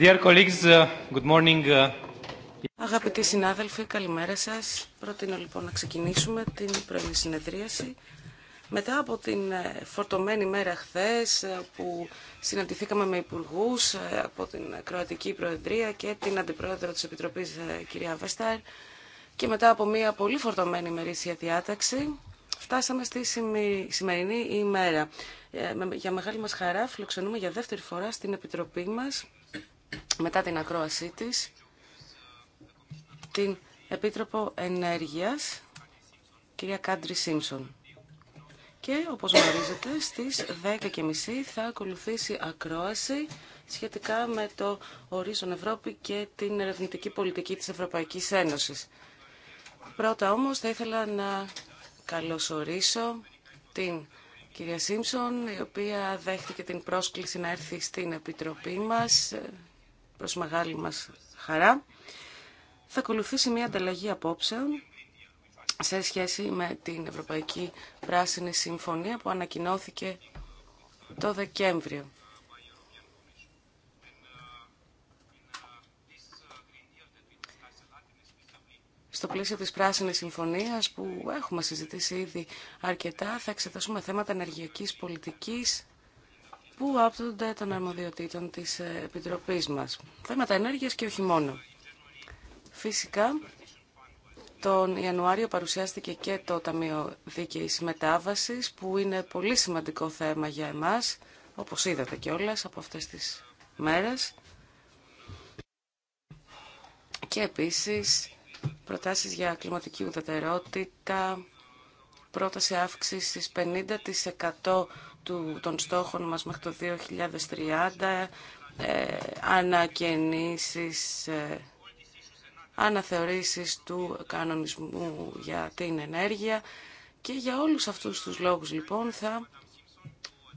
Dear uh, good morning. Uh, Αγαπητοί συνάδελφοι, καλημέρα σας. Προτείνω λοιπόν να ξεκινήσουμε την πρωινή συνεδρίαση. Μετά από την ε, φορτωμένη μέρα χθες ε, που συναντηθήκαμε με υπουργούς ε, από την Κροατική Προεδρία και την Αντιπρόεδρο της Επιτροπής κυρία Βεστάρ και μετά από μια πολύ φορτωμένη μερίσια διάταξη φτάσαμε στη σημερινή ημέρα. Ε, για μεγάλη μας χαρά φιλοξενούμε για δεύτερη φορά στην Επιτροπή μας, μετά την ακρόασή της, την Επίτροπο Ενέργειας, κυρία Κάντρι Σίμψον. Και όπως γνωρίζετε στις 10.30 θα ακολουθήσει ακρόαση σχετικά με το ορίζον Ευρώπη και την ερευνητική πολιτική της Ευρωπαϊκής Ένωσης. Πρώτα όμως θα ήθελα να καλωσορίσω την κυρία Σίμψον, η οποία δέχτηκε την πρόσκληση να έρθει στην Επιτροπή μας, ε, προς μεγάλη μας χαρά. Θα ακολουθήσει μια ανταλλαγή απόψεων σε σχέση με την Ευρωπαϊκή Πράσινη Συμφωνία που ανακοινώθηκε το Δεκέμβριο. στο πλαίσιο της Πράσινης Συμφωνίας που έχουμε συζητήσει ήδη αρκετά θα εξετάσουμε θέματα ενεργειακής πολιτικής που άπτονται των αρμοδιοτήτων της Επιτροπής μας. Θέματα ενέργειας και όχι μόνο. Φυσικά, τον Ιανουάριο παρουσιάστηκε και το Ταμείο Δίκαιης Μετάβασης που είναι πολύ σημαντικό θέμα για εμάς, όπως είδατε κιόλας από αυτές τις μέρες. Και επίσης προτάσεις για κλιματική ουδετερότητα, πρόταση αύξησης 50% των στόχων μας μέχρι το 2030, ε, ανακαινήσεις, ε, αναθεωρήσεις του κανονισμού για την ενέργεια και για όλους αυτούς τους λόγους λοιπόν θα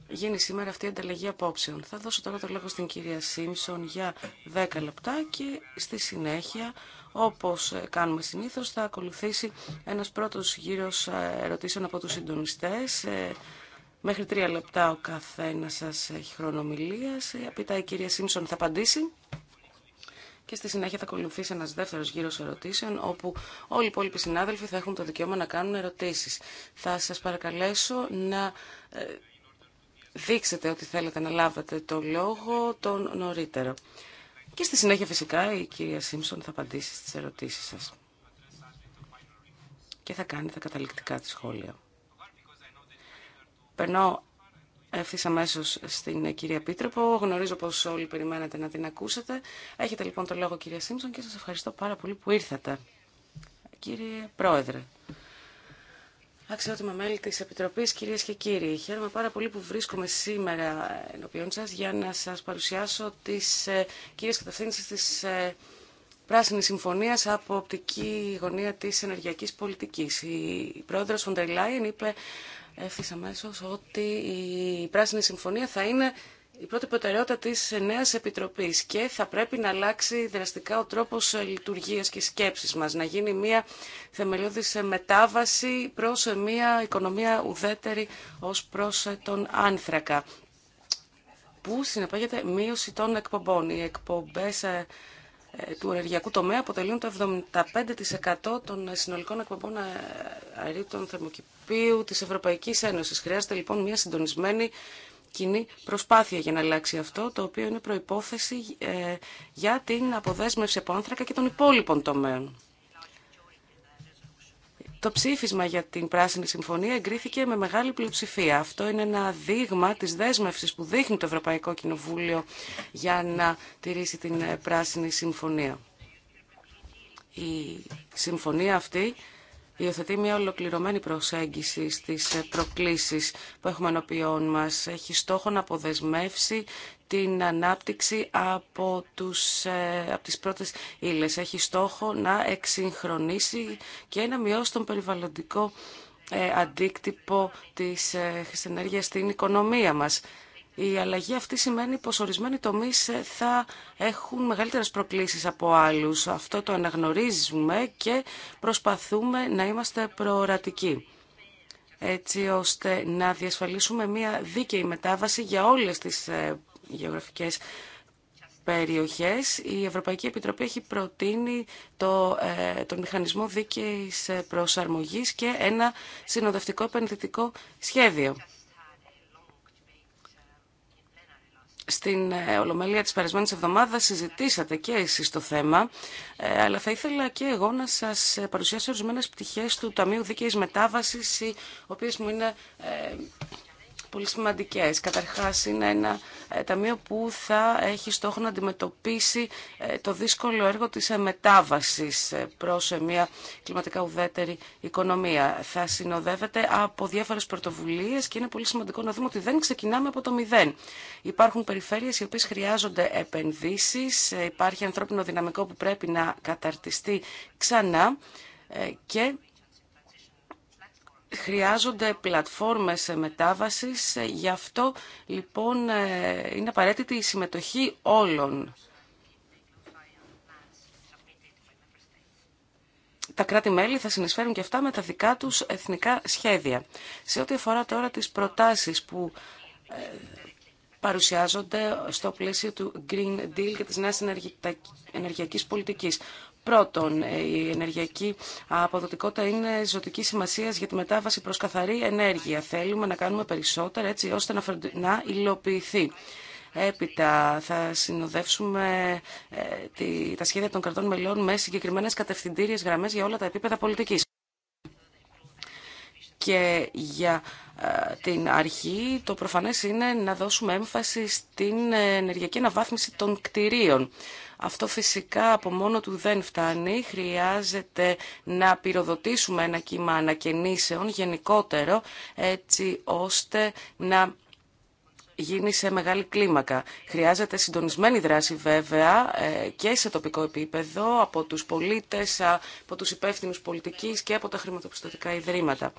γίνει σήμερα αυτή η ανταλλαγή απόψεων. Θα δώσω τώρα το λόγο στην κυρία Σίμψον για 10 λεπτά και στη συνέχεια όπως ε, κάνουμε συνήθως θα ακολουθήσει ένας πρώτος γύρος ε, ερωτήσεων από τους συντονιστές. Ε, μέχρι τρία λεπτά ο καθένας σας έχει χρόνο Απίτα η κυρία Σίμψον θα απαντήσει. Και στη συνέχεια θα ακολουθήσει ένα δεύτερο γύρος ερωτήσεων, όπου όλοι οι υπόλοιποι συνάδελφοι θα έχουν το δικαίωμα να κάνουν ερωτήσει. Θα σα παρακαλέσω να δείξετε ότι θέλετε να λάβετε το λόγο τον νωρίτερο. Και στη συνέχεια φυσικά η κυρία Σίμψον θα απαντήσει στις ερωτήσεις σας. Και θα κάνει τα καταληκτικά της σχόλια. Περνώ ευθύ αμέσω στην κυρία Πίτροπο. Γνωρίζω πως όλοι περιμένατε να την ακούσετε. Έχετε λοιπόν το λόγο κυρία Σίμψον και σας ευχαριστώ πάρα πολύ που ήρθατε. Κύριε Πρόεδρε, Αξιότιμα μέλη της Επιτροπής, κυρίες και κύριοι, χαίρομαι πάρα πολύ που βρίσκομαι σήμερα ενώπιον σας για να σας παρουσιάσω τις ε, κύριες κατευθύνσεις της ε, Πράσινη Συμφωνία από οπτική γωνία τη ενεργειακή πολιτική. Η πρόεδρο Φοντερ Λάιεν είπε ευθύ αμέσω ότι η Πράσινη Συμφωνία θα είναι η πρώτη προτεραιότητα της νέας επιτροπής και θα πρέπει να αλλάξει δραστικά ο τρόπος ε, λειτουργίας και σκέψης μας, να γίνει μια θεμελιώδης ε, μετάβαση προς ε, μια οικονομία ουδέτερη ως προς τον άνθρακα που συνεπάγεται μείωση των εκπομπών. Οι εκπομπές του ενεργειακού τομέα αποτελούν το 75% των συνολικών εκπομπών αερίου των θερμοκηπίου της Ευρωπαϊκής Ένωσης. Χρειάζεται λοιπόν μια συντονισμένη κοινή προσπάθεια για να αλλάξει αυτό, το οποίο είναι προϋπόθεση ε, για την αποδέσμευση από άνθρακα και των υπόλοιπων τομέων. Το ψήφισμα για την Πράσινη Συμφωνία εγκρίθηκε με μεγάλη πλειοψηφία. Αυτό είναι ένα δείγμα της δέσμευσης που δείχνει το Ευρωπαϊκό Κοινοβούλιο για να τηρήσει την Πράσινη Συμφωνία. Η συμφωνία αυτή υιοθετεί μια ολοκληρωμένη προσέγγιση στις ε, προκλήσεις που έχουμε ενωπιών μας. Έχει στόχο να αποδεσμεύσει την ανάπτυξη από, τους, ε, από τις πρώτες ύλες. Έχει στόχο να εξυγχρονίσει και να μειώσει τον περιβαλλοντικό ε, αντίκτυπο της ενέργειας στην οικονομία μας. Η αλλαγή αυτή σημαίνει πως ορισμένοι τομείς ε, θα έχουν μεγαλύτερες προκλήσεις από άλλους. Αυτό το αναγνωρίζουμε και προσπαθούμε να είμαστε προορατικοί έτσι ώστε να διασφαλίσουμε μια δίκαιη μετάβαση για όλες τις ε, γεωγραφικές περιοχές. Η Ευρωπαϊκή Επιτροπή έχει προτείνει το, ε, τον μηχανισμό δίκαιης προσαρμογής και ένα συνοδευτικό επενδυτικό σχέδιο. Στην ε, Ολομέλεια της περασμένης εβδομάδας συζητήσατε και εσείς το θέμα, ε, αλλά θα ήθελα και εγώ να σας ε, παρουσιάσω ορισμένε πτυχές του Ταμείου Δίκαιης Μετάβασης, οι οποίες μου είναι πολύ σημαντικές. Καταρχάς, είναι ένα ε, ταμείο που θα έχει στόχο να αντιμετωπίσει ε, το δύσκολο έργο της μετάβασης ε, προς μια κλιματικά ουδέτερη οικονομία. Θα συνοδεύεται από διάφορες πρωτοβουλίες και είναι πολύ σημαντικό να δούμε ότι δεν ξεκινάμε από το μηδέν. Υπάρχουν περιφέρειες οι οποίες χρειάζονται επενδύσεις, υπάρχει ανθρώπινο δυναμικό που πρέπει να καταρτιστεί ξανά και χρειάζονται πλατφόρμες μετάβασης. Γι' αυτό λοιπόν ε, είναι απαραίτητη η συμμετοχή όλων. Τα κράτη-μέλη θα συνεισφέρουν και αυτά με τα δικά τους εθνικά σχέδια. Σε ό,τι αφορά τώρα τις προτάσεις που ε, παρουσιάζονται στο πλαίσιο του Green Deal και της νέας ενεργειακής πολιτικής. Πρώτον, ε, η ενεργειακή αποδοτικότητα είναι ζωτική σημασία για τη μετάβαση προ καθαρή ενέργεια. Θέλουμε να κάνουμε περισσότερα έτσι ώστε να, φροντι... να υλοποιηθεί. Έπειτα θα συνοδεύσουμε ε, τη... τα σχέδια των κρατών μελών με συγκεκριμένε κατευθυντήριες γραμμές για όλα τα επίπεδα πολιτικής. Και για ε, την αρχή το προφανές είναι να δώσουμε έμφαση στην ενεργειακή αναβάθμιση των κτηρίων. Αυτό φυσικά από μόνο του δεν φτάνει. Χρειάζεται να πυροδοτήσουμε ένα κύμα ανακαινήσεων γενικότερο έτσι ώστε να γίνει σε μεγάλη κλίμακα. Χρειάζεται συντονισμένη δράση βέβαια ε, και σε τοπικό επίπεδο από τους πολίτες, από τους υπεύθυνους πολιτικής και από τα χρηματοπιστωτικά ιδρύματα.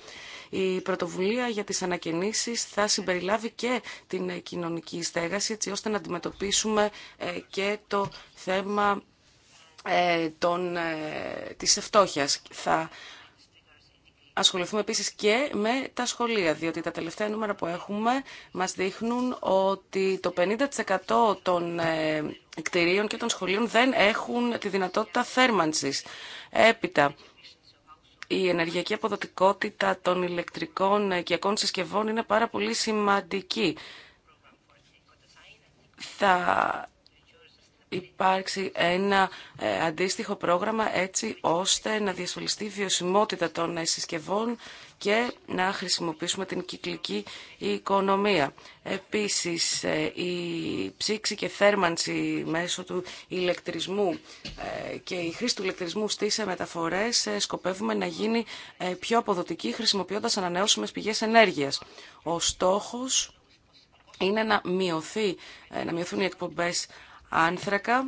Η πρωτοβουλία για τις ανακαινήσεις θα συμπεριλάβει και την ε, κοινωνική στέγαση έτσι ώστε να αντιμετωπίσουμε ε, και το θέμα των, της ευτόχειας. Θα ασχοληθούμε επίσης και με τα σχολεία, διότι τα τελευταία νούμερα που έχουμε μας δείχνουν ότι το 50% των ε, κτηρίων και των σχολείων δεν έχουν τη δυνατότητα θέρμανσης. Έπειτα, η ενεργειακή αποδοτικότητα των ηλεκτρικών οικιακών ε, συσκευών είναι πάρα πολύ σημαντική. Θα υπάρξει ένα ε, αντίστοιχο πρόγραμμα έτσι ώστε να διασφαλιστεί η βιωσιμότητα των συσκευών και να χρησιμοποιήσουμε την κυκλική οικονομία. Επίσης, ε, η ψήξη και θέρμανση μέσω του ηλεκτρισμού ε, και η χρήση του ηλεκτρισμού στις μεταφορές σκοπεύουμε να γίνει πιο αποδοτική χρησιμοποιώντας ανανεώσιμες πηγές ενέργειας. Ο στόχος είναι να, μειωθεί, να μειωθούν οι εκπομπές άνθρακα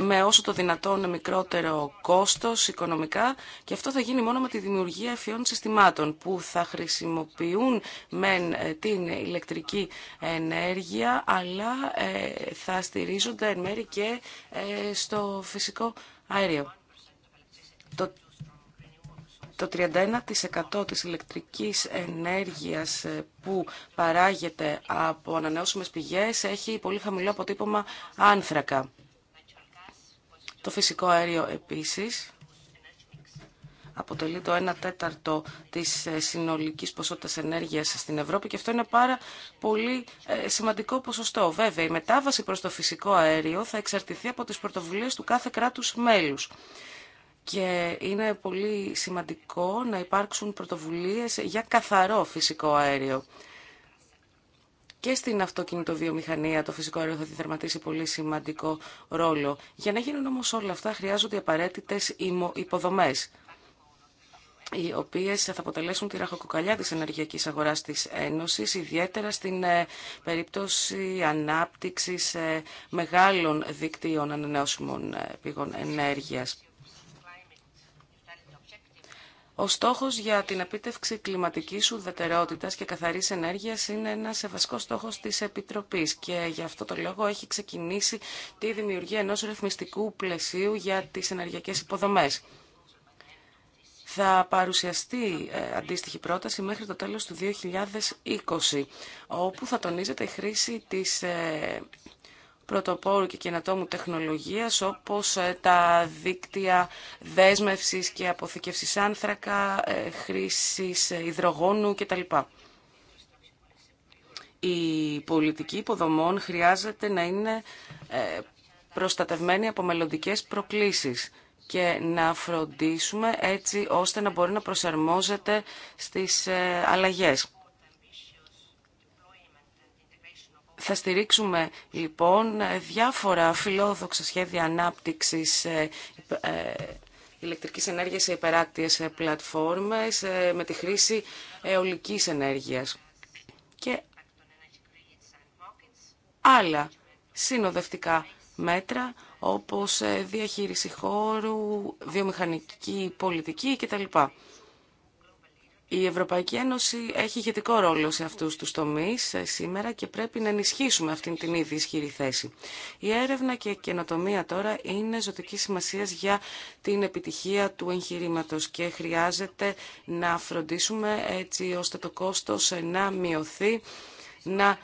με όσο το δυνατόν μικρότερο κόστος οικονομικά και αυτό θα γίνει μόνο με τη δημιουργία ευφυών συστημάτων που θα χρησιμοποιούν μεν ε, την ηλεκτρική ενέργεια αλλά ε, θα στηρίζονται εν μέρη και ε, στο φυσικό αέριο το 31% της ηλεκτρικής ενέργειας ε, που παράγεται από ανανεώσιμες πηγές έχει πολύ χαμηλό αποτύπωμα άνθρακα. Το φυσικό αέριο επίσης αποτελεί το 1 τέταρτο της ε, συνολικής ποσότητας ενέργειας στην Ευρώπη και αυτό είναι πάρα πολύ ε, σημαντικό ποσοστό. Βέβαια, η μετάβαση προς το φυσικό αέριο θα εξαρτηθεί από τις πρωτοβουλίες του κάθε κράτους μέλους και είναι πολύ σημαντικό να υπάρξουν πρωτοβουλίες για καθαρό φυσικό αέριο. Και στην αυτοκινητοβιομηχανία το φυσικό αέριο θα διδερματίσει πολύ σημαντικό ρόλο. Για να γίνουν όμως όλα αυτά χρειάζονται οι απαραίτητες υποδομές οι οποίες θα αποτελέσουν τη ραχοκοκαλιά της ενεργειακής αγοράς της Ένωσης, ιδιαίτερα στην ε, περίπτωση ανάπτυξης ε, μεγάλων δικτύων ανανεώσιμων ε, πηγών ενέργειας. Ο στόχο για την επίτευξη κλιματικής ουδετερότητας και καθαρή ενέργεια είναι ένα βασικό στόχο τη επιτροπή. και γι' αυτό το λόγο έχει ξεκινήσει τη δημιουργία ενός ρυθμιστικού πλαισίου για τις ενεργειακές υποδομές. Θα παρουσιαστεί ε, αντίστοιχη πρόταση μέχρι το τέλος του 2020, όπου θα τονίζεται η χρήση της ε, πρωτοπόρου και καινοτόμου τεχνολογίας όπως ε, τα δίκτυα δέσμευσης και αποθήκευσης άνθρακα, ε, χρήσης ε, υδρογόνου κτλ. Η πολιτική υποδομών χρειάζεται να είναι προστατευμένη από μελλοντικέ προκλήσεις και να φροντίσουμε έτσι ώστε να μπορεί να προσαρμόζεται στις αλλαγές. Θα στηρίξουμε λοιπόν διάφορα φιλόδοξα σχέδια ανάπτυξης ε, ε, ηλεκτρικής ενέργειας σε υπεράκτιες ε, πλατφόρμες με τη χρήση αιωλικής ενέργειας και άλλα συνοδευτικά μέτρα όπως διαχείριση χώρου, βιομηχανική πολιτική κτλ. Η Ευρωπαϊκή Ένωση έχει ηγετικό ρόλο σε αυτούς τους τομείς ε, σήμερα και πρέπει να ενισχύσουμε αυτήν την ήδη ισχυρή θέση. Η έρευνα και η καινοτομία τώρα είναι ζωτική σημασία για την επιτυχία του εγχειρήματο και χρειάζεται να φροντίσουμε έτσι ώστε το κόστος ε, να μειωθεί να,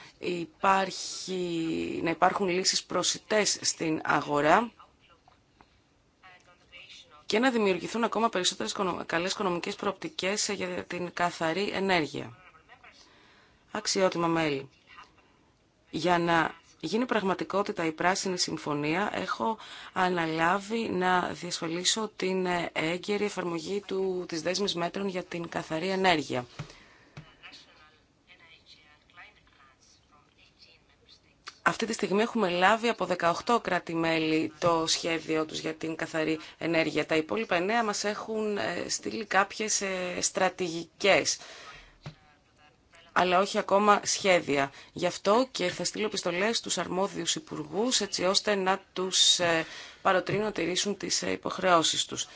να υπάρχουν λύσεις προσιτές στην αγορά και να δημιουργηθούν ακόμα περισσότερες καλές οικονομικές προοπτικές για την καθαρή ενέργεια. Αξιότιμα μέλη. Για να γίνει πραγματικότητα η Πράσινη Συμφωνία, έχω αναλάβει να διασφαλίσω την έγκαιρη εφαρμογή του, της δέσμης μέτρων για την καθαρή ενέργεια. Αυτή τη στιγμή έχουμε λάβει από 18 κράτη-μέλη το σχέδιο τους για την καθαρή ενέργεια. Τα υπόλοιπα εννέα μας έχουν ε, στείλει κάποιες ε, στρατηγικές, αλλά όχι ακόμα σχέδια. Γι' αυτό και θα στείλω επιστολές στους αρμόδιους υπουργούς, έτσι ώστε να τους ε, παροτρύνω να τηρήσουν τις υποχρεώσεις τους.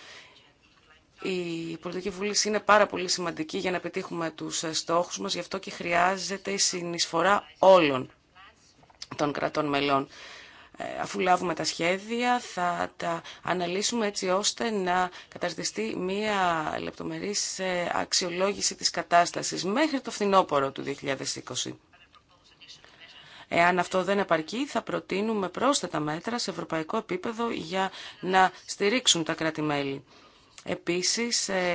Η πολιτική βούληση είναι πάρα πολύ σημαντική για να πετύχουμε τους στόχους μας, γι' αυτό και χρειάζεται η συνεισφορά όλων των κρατών μελών. Ε, αφού λάβουμε τα σχέδια θα τα αναλύσουμε έτσι ώστε να καταρτιστεί μία λεπτομερής ε, αξιολόγηση της κατάστασης μέχρι το φθινόπωρο του 2020. Εάν αυτό δεν επαρκεί, θα προτείνουμε πρόσθετα μέτρα σε ευρωπαϊκό επίπεδο για να στηρίξουν τα κράτη-μέλη. Επίσης, ε,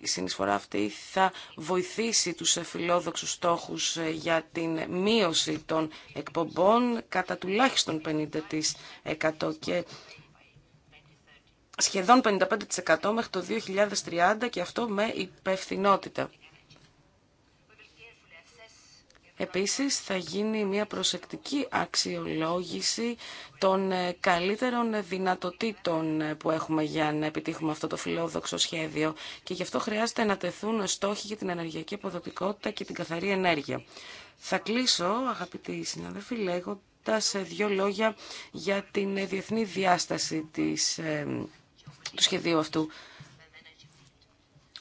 η συνεισφορά αυτή θα βοηθήσει τους φιλόδοξους στόχους ε, για την μείωση των εκπομπών κατά τουλάχιστον 50% και σχεδόν 55% μέχρι το 2030 και αυτό με υπευθυνότητα. Επίσης θα γίνει μια προσεκτική αξιολόγηση των ε, καλύτερων δυνατοτήτων ε, που έχουμε για να επιτύχουμε αυτό το φιλόδοξο σχέδιο και γι' αυτό χρειάζεται να τεθούν στόχοι για την ενεργειακή αποδοτικότητα και την καθαρή ενέργεια. Θα κλείσω, αγαπητοί συναδελφοί, λέγοντας ε, δύο λόγια για την διεθνή διάσταση της, του σχεδίου αυτού.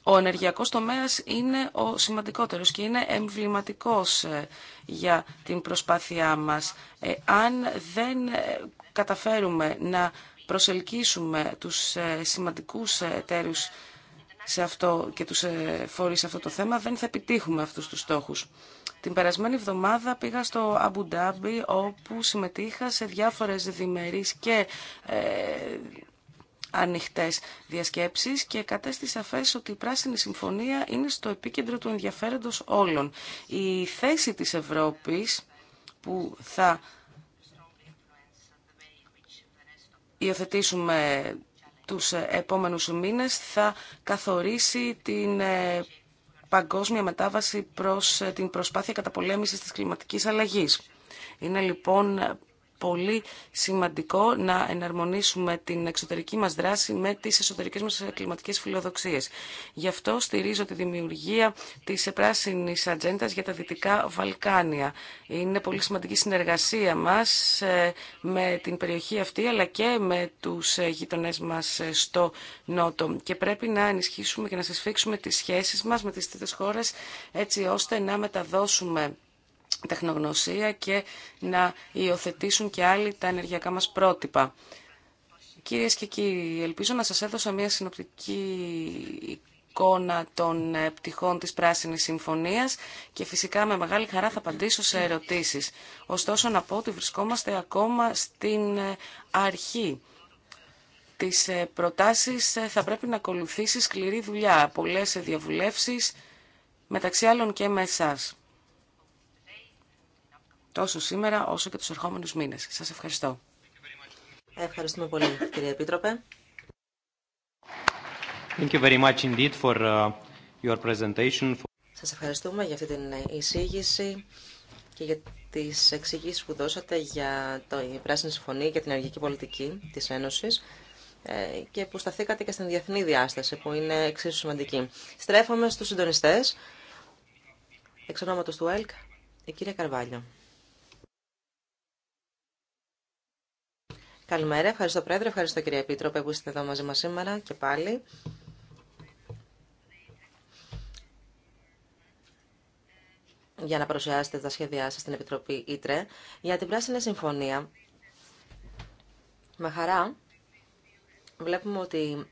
Ο ενεργειακός τομέας είναι ο σημαντικότερος και είναι εμβληματικός ε, για την προσπάθειά μας. Ε, αν δεν ε, καταφέρουμε να προσελκύσουμε τους σημαντικούς εταίρους σε αυτό και τους φορείς σε αυτό το θέμα, δεν θα επιτύχουμε αυτούς τους στόχους. Την περασμένη εβδομάδα πήγα στο Αμπουντάμπι, όπου συμμετείχα σε διάφορες διμερείς και Ανοιχτέ διασκέψεις και κατέστη σαφέ ότι η Πράσινη Συμφωνία είναι στο επίκεντρο του ενδιαφέροντος όλων. Η θέση της Ευρώπης που θα υιοθετήσουμε τους επόμενους μήνες θα καθορίσει την ε, παγκόσμια μετάβαση προς ε, την προσπάθεια καταπολέμησης της κλιματικής αλλαγής. Είναι λοιπόν πολύ σημαντικό να εναρμονίσουμε την εξωτερική μας δράση με τις εσωτερικές μας κλιματικές φιλοδοξίες. Γι' αυτό στηρίζω τη δημιουργία της πράσινης ατζέντα για τα Δυτικά Βαλκάνια. Είναι πολύ σημαντική συνεργασία μας ε, με την περιοχή αυτή αλλά και με τους ε, γειτονές μας ε, στο Νότο και πρέπει να ενισχύσουμε και να συσφίξουμε τις σχέσεις μας με τις τρίτες χώρες έτσι ώστε να μεταδώσουμε τεχνογνωσία και να υιοθετήσουν και άλλοι τα ενεργειακά μας πρότυπα. Κυρίες και κύριοι, ελπίζω να σας έδωσα μια συνοπτική εικόνα των ε, πτυχών της Πράσινης Συμφωνίας και φυσικά με μεγάλη χαρά θα απαντήσω σε ερωτήσεις. Ωστόσο να πω ότι βρισκόμαστε ακόμα στην ε, αρχή. της ε, προτάσεις θα πρέπει να ακολουθήσει σκληρή δουλειά, πολλές διαβουλεύσεις, μεταξύ άλλων και με εσάς τόσο σήμερα όσο και τους ερχόμενους μήνες. Σας ευχαριστώ. Ευχαριστούμε πολύ, κύριε Επίτροπε. Thank you very much indeed for uh, your presentation. Σας ευχαριστούμε για αυτή την εισήγηση και για τις εξηγήσεις που δώσατε για το, η Πράσινη Συμφωνία και την ενεργειακή πολιτική της Ένωσης ε, και που σταθήκατε και στην διεθνή διάσταση που είναι εξίσου σημαντική. Στρέφομαι στους συντονιστές. Εξ ονόματος του ΕΛΚ, η κυρία Καρβάλιο. Καλημέρα, ευχαριστώ Πρόεδρε, ευχαριστώ κύριε Επίτροπε που είστε εδώ μαζί μας σήμερα και πάλι. για να παρουσιάσετε τα σχέδιά σας στην Επιτροπή Ήτρε για την Πράσινη Συμφωνία. Με χαρά βλέπουμε ότι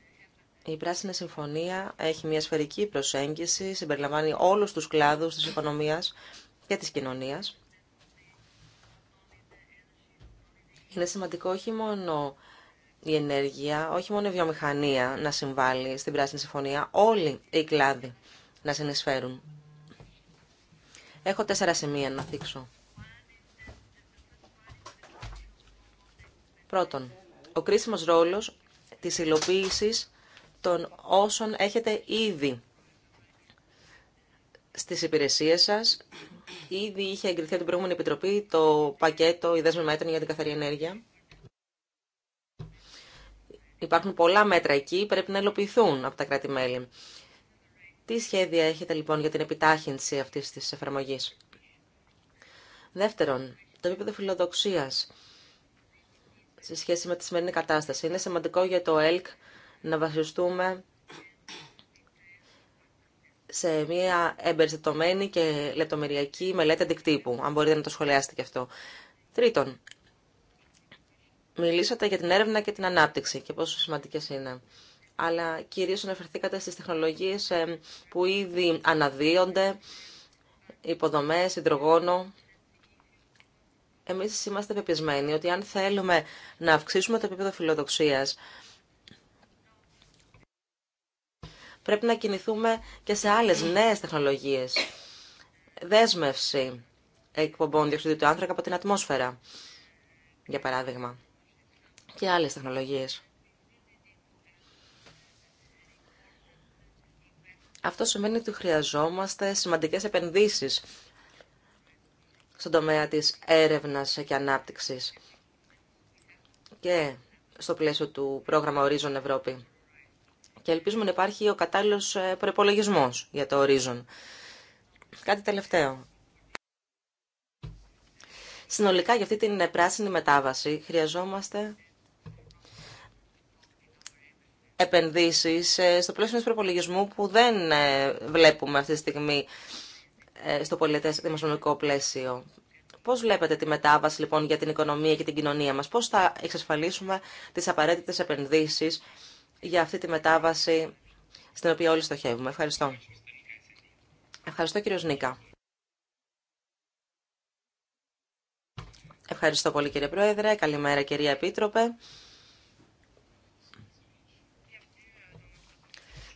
η Πράσινη Συμφωνία έχει μια σφαιρική προσέγγιση, συμπεριλαμβάνει όλους τους κλάδους της οικονομίας και της κοινωνίας. Είναι σημαντικό όχι μόνο η ενέργεια, όχι μόνο η βιομηχανία να συμβάλλει στην Πράσινη Συμφωνία, όλοι οι κλάδοι να συνεισφέρουν. Έχω τέσσερα σημεία να θίξω. Πρώτον, ο κρίσιμος ρόλος της υλοποίησης των όσων έχετε ήδη στις υπηρεσίες σας Ήδη είχε εγκριθεί από την προηγούμενη επιτροπή το πακέτο οι με μέτρων για την καθαρή ενέργεια». Υπάρχουν πολλά μέτρα εκεί, πρέπει να ελοπιθούν από τα κράτη-μέλη. Τι σχέδια έχετε λοιπόν για την επιτάχυνση αυτής της εφαρμογής. Δεύτερον, το επίπεδο φιλοδοξίας σε σχέση με τη σημερινή κατάσταση. Είναι σημαντικό για το ΕΛΚ να βασιστούμε σε μια εμπεριστατωμένη και λεπτομεριακή μελέτη αντικτύπου, αν μπορείτε να το σχολιάσετε και αυτό. Τρίτον, μιλήσατε για την έρευνα και την ανάπτυξη και πόσο σημαντικές είναι. Αλλά κυρίως αναφερθήκατε στις τεχνολογίες ε, που ήδη αναδύονται, υποδομές, υδρογόνο. Εμείς είμαστε πεπισμένοι ότι αν θέλουμε να αυξήσουμε το επίπεδο φιλοδοξίας πρέπει να κινηθούμε και σε άλλες νέες τεχνολογίες. Δέσμευση εκπομπών διοξιδίου του άνθρακα από την ατμόσφαιρα, για παράδειγμα, και άλλες τεχνολογίες. Αυτό σημαίνει ότι χρειαζόμαστε σημαντικές επενδύσεις στον τομέα της έρευνας και ανάπτυξης και στο πλαίσιο του πρόγραμμα Horizon Ευρώπη και ελπίζουμε να υπάρχει ο κατάλληλο ε, προπολογισμό για το ορίζον. Κάτι τελευταίο. Συνολικά για αυτή την ε, πράσινη μετάβαση χρειαζόμαστε επενδύσεις ε, στο πλαίσιο ενός προπολογισμού που δεν βλέπουμε αυτή τη στιγμή στο πολιτές δημοσιονομικό πλαίσιο. Πώς βλέπετε τη μετάβαση λοιπόν για την οικονομία και την κοινωνία μας, πώς θα εξασφαλίσουμε τις απαραίτητες επενδύσεις για αυτή τη μετάβαση στην οποία όλοι στοχεύουμε. Ευχαριστώ. Ευχαριστώ κύριο Νίκα. Ευχαριστώ πολύ κύριε Πρόεδρε. Καλημέρα κυρία Επίτροπε.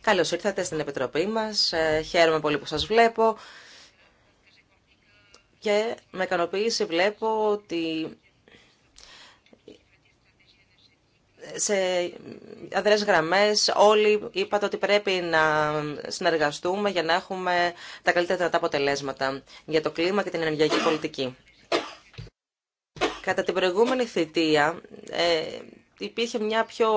Καλώς ήρθατε στην Επιτροπή μας. Ε, χαίρομαι πολύ που σας βλέπω. Και με ικανοποίηση βλέπω ότι σε αδρές γραμμές όλοι είπατε ότι πρέπει να συνεργαστούμε για να έχουμε τα καλύτερα τα αποτελέσματα για το κλίμα και την ενεργειακή πολιτική. Κατά την προηγούμενη θητεία ε, υπήρχε μια πιο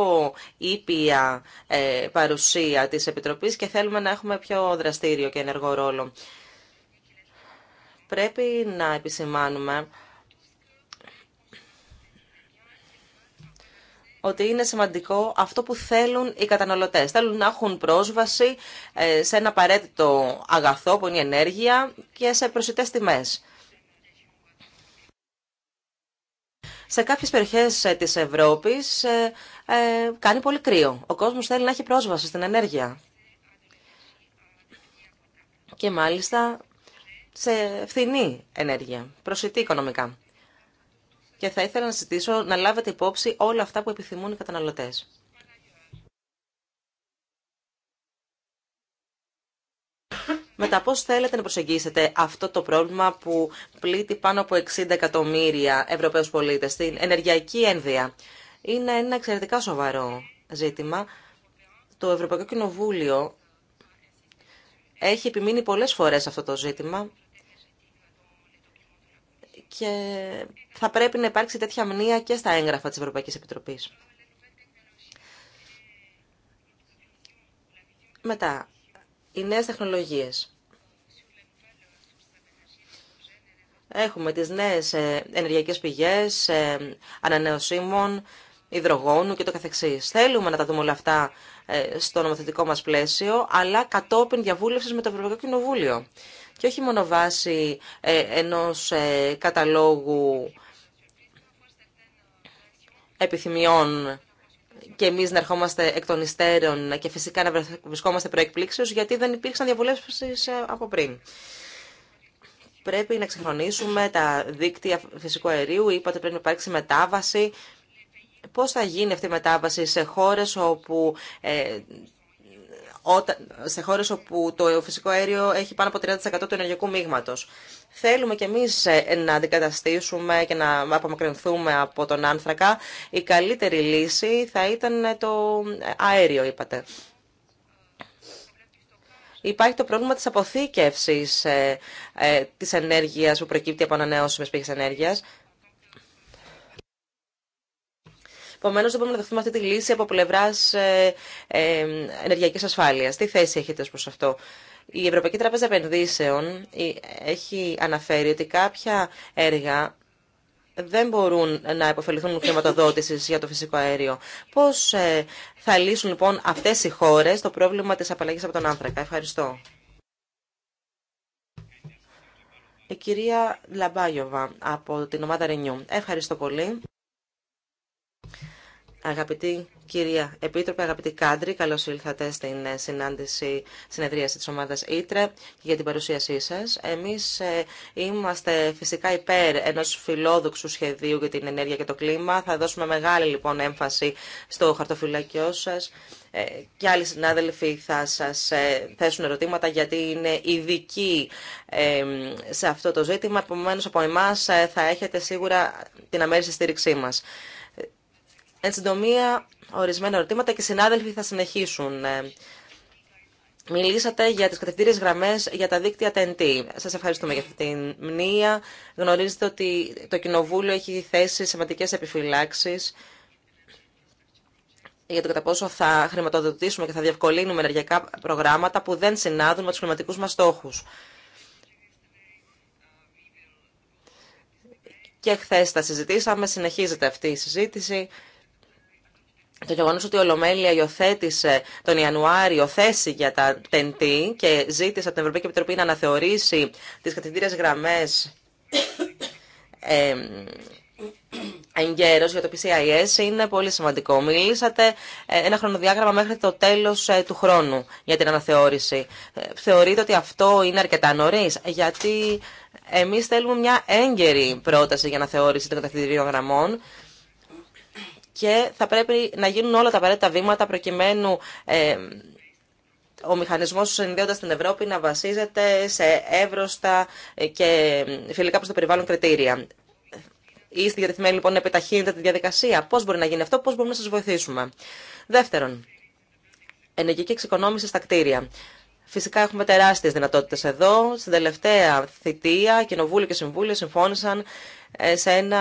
ήπια ε, παρουσία της Επιτροπής και θέλουμε να έχουμε πιο δραστήριο και ενεργό ρόλο. Πρέπει να επισημάνουμε ότι είναι σημαντικό αυτό που θέλουν οι καταναλωτές. Θέλουν να έχουν πρόσβαση ε, σε ένα απαραίτητο αγαθό που είναι η ενέργεια και σε προσιτές τιμές. Σε κάποιες περιοχές ε, της Ευρώπης ε, κάνει πολύ κρύο. Ο κόσμος θέλει να έχει πρόσβαση στην ενέργεια. Και μάλιστα σε φθηνή ενέργεια, προσιτή οικονομικά και θα ήθελα να ζητήσω να λάβετε υπόψη όλα αυτά που επιθυμούν οι καταναλωτές. Μετά πώς θέλετε να προσεγγίσετε αυτό το πρόβλημα που πλήττει πάνω από 60 εκατομμύρια Ευρωπαίους πολίτες, στην ενεργειακή ένδυα. Είναι ένα εξαιρετικά σοβαρό ζήτημα. Το Ευρωπαϊκό Κοινοβούλιο έχει επιμείνει πολλές φορές αυτό το ζήτημα και θα πρέπει να υπάρξει τέτοια μνήα και στα έγγραφα της Ευρωπαϊκής Επιτροπής. Μετά, οι νέες τεχνολογίες. Έχουμε τις νέες ε, ενεργειακές πηγές, ε, ανανεωσίμων, υδρογόνου και το καθεξής. Θέλουμε να τα δούμε όλα αυτά ε, στο νομοθετικό μας πλαίσιο, αλλά κατόπιν διαβούλευσης με το Ευρωπαϊκό Κοινοβούλιο και όχι μόνο βάσει ενός ε, καταλόγου επιθυμιών και εμείς να ερχόμαστε εκ των υστέρων και φυσικά να βρισκόμαστε προεκπλήξεως γιατί δεν υπήρξαν διαβουλεύσεις ε, από πριν. Πρέπει να ξεχρονίσουμε τα δίκτυα φυσικού αερίου. Είπατε πρέπει να υπάρξει μετάβαση. Πώς θα γίνει αυτή η μετάβαση σε χώρες όπου ε, σε χώρες όπου το φυσικό αέριο έχει πάνω από 30% του ενεργειακού μείγματος. Θέλουμε κι εμείς ε, να αντικαταστήσουμε και να απομακρυνθούμε από τον άνθρακα. Η καλύτερη λύση θα ήταν ε, το ε, αέριο, είπατε. Υπάρχει το πρόβλημα της αποθήκευσης της ενέργειας που προκύπτει από ανανεώσιμες πηγές ενέργειας. Επομένω, δεν μπορούμε να δεχθούμε αυτή τη λύση από πλευρά ε, ε, ενεργειακή ασφάλεια. Τι θέση έχετε ω προ αυτό. Η Ευρωπαϊκή Τράπεζα Επενδύσεων έχει αναφέρει ότι κάποια έργα δεν μπορούν να υποφεληθούν χρηματοδότηση για το φυσικό αέριο. Πώ ε, θα λύσουν λοιπόν αυτέ οι χώρε το πρόβλημα τη απαλλαγή από τον άνθρακα. Ευχαριστώ. Η κυρία Λαμπάγιοβα από την ομάδα Renew. Ευχαριστώ πολύ. Αγαπητή κυρία Επίτροπε, αγαπητή Κάντρη, καλώ ήλθατε στην συνάντηση συνεδρίαση τη ομάδα Ήτρε για την παρουσίασή σα. Εμεί ε, είμαστε φυσικά υπέρ ενό φιλόδοξου σχεδίου για την ενέργεια και το κλίμα. Θα δώσουμε μεγάλη λοιπόν έμφαση στο χαρτοφυλακιό σα ε, και άλλοι συνάδελφοι θα σας ε, θέσουν ερωτήματα γιατί είναι ειδικοί σε αυτό το ζήτημα. Επομένω από εμάς θα έχετε σίγουρα την αμέριστη στήριξή μας. Εν συντομία, ορισμένα ερωτήματα και οι συνάδελφοι θα συνεχίσουν. Ε, μιλήσατε για τις κατευθύνσεις γραμμές για τα δίκτυα TNT. Σας ευχαριστούμε για αυτή την μνήα. Γνωρίζετε ότι το Κοινοβούλιο έχει θέσει σημαντικές επιφυλάξεις για το κατά πόσο θα χρηματοδοτήσουμε και θα διευκολύνουμε ενεργειακά προγράμματα που δεν συνάδουν με τους κλιματικούς μας στόχους. Και χθε τα συζητήσαμε, συνεχίζεται αυτή η συζήτηση το γεγονό ότι η Ολομέλεια υιοθέτησε τον Ιανουάριο θέση για τα TNT και ζήτησε από την Ευρωπαϊκή Επιτροπή να αναθεωρήσει τι κατευθυντήριε γραμμέ ε, εγκαίρω για το PCIS είναι πολύ σημαντικό. Μιλήσατε ε, ένα χρονοδιάγραμμα μέχρι το τέλο ε, του χρόνου για την αναθεώρηση. Ε, θεωρείτε ότι αυτό είναι αρκετά νωρί, γιατί εμεί θέλουμε μια έγκαιρη πρόταση για αναθεώρηση των κατευθυντηρίων γραμμών και θα πρέπει να γίνουν όλα τα απαραίτητα βήματα προκειμένου ε, ο μηχανισμός του συνδέοντας στην Ευρώπη να βασίζεται σε εύρωστα ε, και ε, φιλικά προς το περιβάλλον κριτήρια. Είστε διατεθειμένοι λοιπόν να επιταχύνετε τη διαδικασία. Πώς μπορεί να γίνει αυτό, πώς μπορούμε να σας βοηθήσουμε. Δεύτερον, ενεργική εξοικονόμηση στα κτίρια. Φυσικά έχουμε τεράστιες δυνατότητες εδώ. Στην τελευταία θητεία, Κοινοβούλιο και Συμβούλιο συμφώνησαν ε, σε, ένα,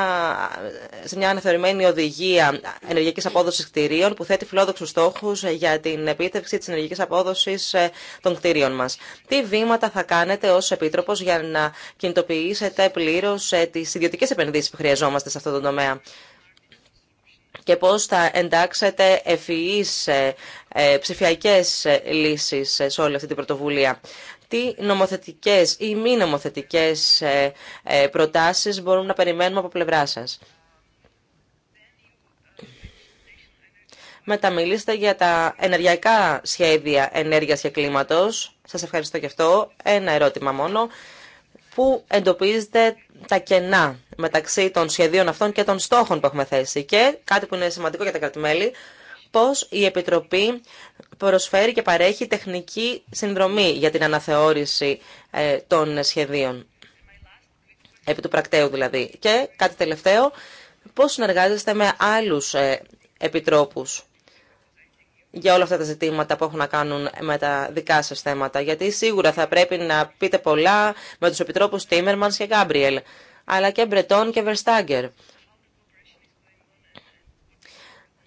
μια αναθεωρημένη οδηγία ενεργειακής απόδοσης κτηρίων που θέτει φιλόδοξους στόχους για την επίτευξη της ενεργειακής απόδοσης ε, των κτηρίων μας. Τι βήματα θα κάνετε ως Επίτροπος για να κινητοποιήσετε πλήρως ε, τις ιδιωτικές επενδύσεις που χρειαζόμαστε σε αυτό το τομέα και πώς θα εντάξετε ευφυείς ψηφιακές λύσεις σε όλη αυτή την πρωτοβουλία τι νομοθετικές ή μη νομοθετικές ε, ε, προτάσεις μπορούμε να περιμένουμε από πλευρά σας. Μεταμιλήστε για τα ενεργειακά σχέδια ενέργειας και κλίματος. Σας ευχαριστώ και αυτό. Ένα ερώτημα μόνο. Πού εντοπίζετε τα κενά μεταξύ των σχεδίων αυτών και των στόχων που έχουμε θέσει. Και κάτι που είναι σημαντικό για τα κρατημέλη, πώς η Επιτροπή προσφέρει και παρέχει τεχνική συνδρομή για την αναθεώρηση ε, των σχεδίων. Επί του πρακτέου δηλαδή. Και κάτι τελευταίο, πώς συνεργάζεστε με άλλους ε, επιτρόπους για όλα αυτά τα ζητήματα που έχουν να κάνουν με τα δικά σας θέματα. Γιατί σίγουρα θα πρέπει να πείτε πολλά με τους επιτρόπους Τίμερμανς και Γκάμπριελ, αλλά και Μπρετόν και Βερστάγκερ.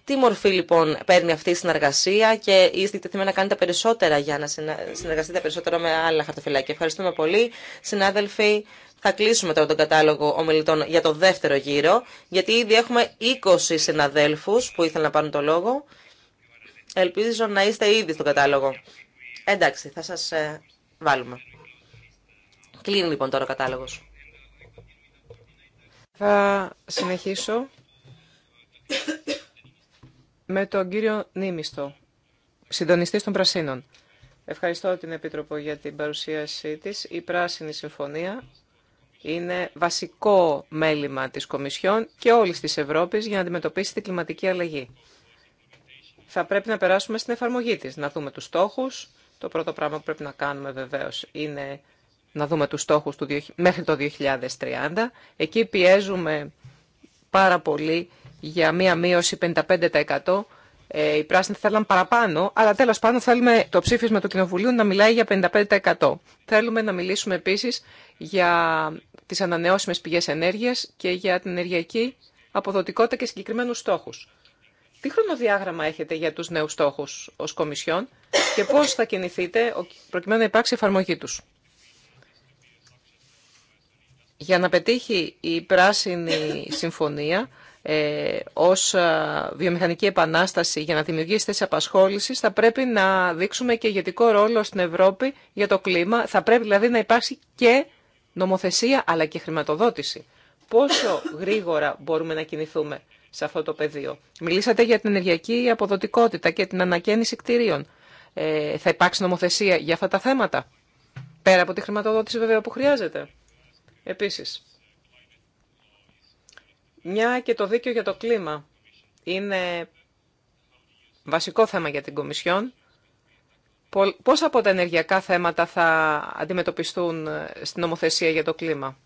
Τι μορφή λοιπόν παίρνει αυτή η συνεργασία και είστε τεθειμένοι να κάνετε περισσότερα για να συνεργαστείτε περισσότερο με άλλα χαρτοφυλάκια. Ευχαριστούμε πολύ. Συνάδελφοι, θα κλείσουμε τώρα τον κατάλογο ομιλητών για το δεύτερο γύρο, γιατί ήδη έχουμε 20 συναδέλφου που ήθελαν να πάρουν το λόγο. Ελπίζω να είστε ήδη στον κατάλογο. Εντάξει, θα σας ε, βάλουμε. Κλείνει λοιπόν τώρα ο κατάλογος. Θα συνεχίσω με τον κύριο Νίμιστο, συντονιστή των Πρασίνων. Ευχαριστώ την Επίτροπο για την παρουσίασή της. Η Πράσινη Συμφωνία είναι βασικό μέλημα της Κομισιόν και όλης της Ευρώπης για να αντιμετωπίσει την κλιματική αλλαγή. Θα πρέπει να περάσουμε στην εφαρμογή της, να δούμε τους στόχους. Το πρώτο πράγμα που πρέπει να κάνουμε βεβαίως είναι να δούμε τους στόχους του, μέχρι το 2030. Εκεί πιέζουμε πάρα πολύ για μία μείωση 55%. Ε, οι πράσινοι θέλαν παραπάνω, αλλά τέλος πάντων θέλουμε το ψήφισμα του Κοινοβουλίου να μιλάει για 55%. Θέλουμε να μιλήσουμε επίσης για τις ανανεώσιμε πηγές ενέργειας και για την ενεργειακή αποδοτικότητα και συγκεκριμένους στόχους. Τι χρονοδιάγραμμα έχετε για τους νέους στόχους ως Κομισιόν και πώς θα κινηθείτε προκειμένου να υπάρξει εφαρμογή τους. Για να πετύχει η Πράσινη Συμφωνία ε, ως ε, βιομηχανική επανάσταση για να δημιουργήσει θέσεις απασχόλησης, θα πρέπει να δείξουμε και ηγετικό ρόλο στην Ευρώπη για το κλίμα. Θα πρέπει δηλαδή να υπάρξει και νομοθεσία αλλά και χρηματοδότηση. Πόσο γρήγορα μπορούμε να κινηθούμε σε αυτό το πεδίο. Μιλήσατε για την ενεργειακή αποδοτικότητα και την ανακαίνιση κτηρίων. Ε, θα υπάρξει νομοθεσία για αυτά τα θέματα, πέρα από τη χρηματοδότηση βέβαια που χρειάζεται. Επίσης, μια και το δίκαιο για το κλίμα είναι βασικό θέμα για την Κομισιόν. Πώς από τα ενεργειακά θέματα θα αντιμετωπιστούν ε, στην νομοθεσία για το κλίμα,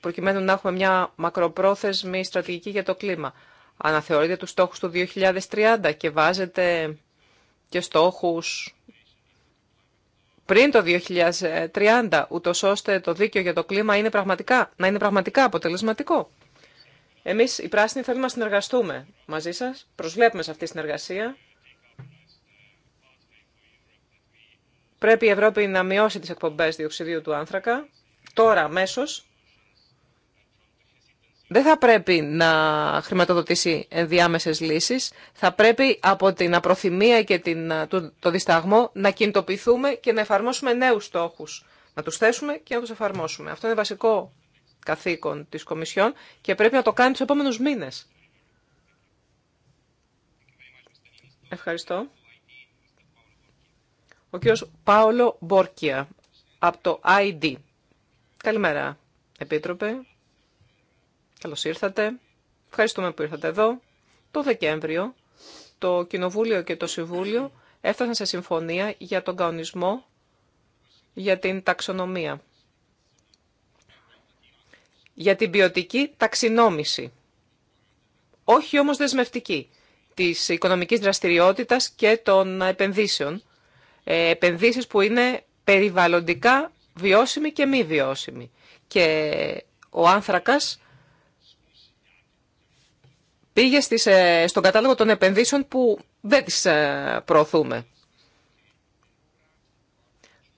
προκειμένου να έχουμε μια μακροπρόθεσμη στρατηγική για το κλίμα. Αναθεωρείτε τους στόχους του 2030 και βάζετε και στόχους πριν το 2030, ούτω ώστε το δίκαιο για το κλίμα είναι πραγματικά, να είναι πραγματικά αποτελεσματικό. Εμείς οι πράσινοι θέλουμε να συνεργαστούμε μαζί σας, προσβλέπουμε σε αυτή τη συνεργασία. Πρέπει η Ευρώπη να μειώσει τις εκπομπές διοξιδίου του άνθρακα, τώρα αμέσω. Δεν θα πρέπει να χρηματοδοτήσει ενδιάμεσες λύσεις, θα πρέπει από την απροθυμία και την, το, το δισταγμό να κινητοποιηθούμε και να εφαρμόσουμε νέους στόχους. Να τους θέσουμε και να τους εφαρμόσουμε. Αυτό είναι βασικό καθήκον της Κομισιόν και πρέπει να το κάνει τους επόμενους μήνες. Ευχαριστώ. Ο κύριος Πάολο Μπόρκια από το ID. Καλημέρα, Επίτροπε. Καλώς ήρθατε. Ευχαριστούμε που ήρθατε εδώ. Το Δεκέμβριο το Κοινοβούλιο και το Συμβούλιο έφτασαν σε συμφωνία για τον καονισμό για την ταξονομία για την ποιοτική ταξινόμηση, όχι όμως δεσμευτική, της οικονομικής δραστηριότητας και των επενδύσεων, ε, επενδύσεις που είναι περιβαλλοντικά βιώσιμη και μη βιώσιμη. Και ο άνθρακας πήγε στις, ε, στον κατάλογο των επενδύσεων που δεν τις ε, προωθούμε.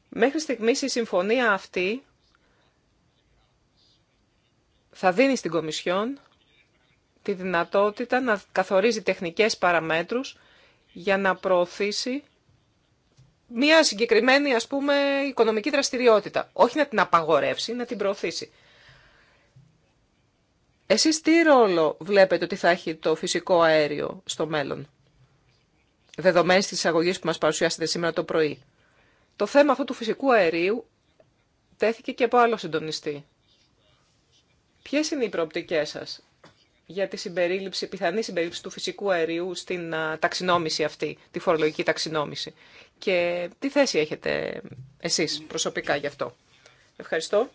Μέχρι στιγμής η συμφωνία αυτή θα δίνει στην Κομισιόν τη δυνατότητα να καθορίζει τεχνικές παραμέτρους για να προωθήσει μια συγκεκριμένη ας πούμε οικονομική δραστηριότητα. Όχι να την απαγορεύσει, να την προωθήσει. Εσείς τι ρόλο βλέπετε ότι θα έχει το φυσικό αέριο στο μέλλον, δεδομένης της εισαγωγής που μας παρουσιάσετε σήμερα το πρωί. Το θέμα αυτού του φυσικού αερίου τέθηκε και από άλλο συντονιστή. Ποιες είναι οι προοπτικές σας για τη συμπερίληψη, πιθανή συμπερίληψη του φυσικού αερίου στην ταξινόμηση αυτή, τη φορολογική ταξινόμηση. Και τι θέση έχετε εσείς προσωπικά γι' αυτό. Ευχαριστώ.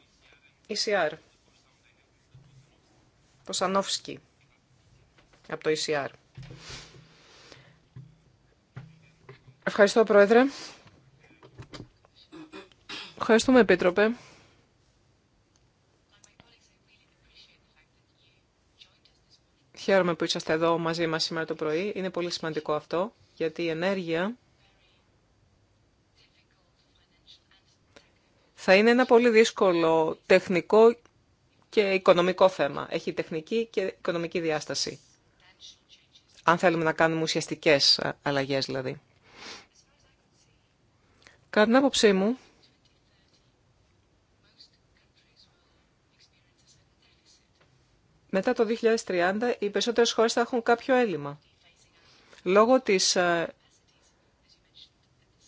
ECR. Ποσανόφσκι. Από το ECR. Ευχαριστώ, Πρόεδρε. Ευχαριστούμε, Επίτροπε. Χαίρομαι που είσαστε εδώ μαζί μας σήμερα το πρωί. Είναι πολύ σημαντικό αυτό, γιατί η ενέργεια θα είναι ένα πολύ δύσκολο τεχνικό και οικονομικό θέμα. Έχει τεχνική και οικονομική διάσταση. Αν θέλουμε να κάνουμε ουσιαστικές ε, αλλαγές δηλαδή. Κατά την άποψή μου, μετά το 2030 οι περισσότερες χώρες θα έχουν κάποιο έλλειμμα. Λόγω της ε,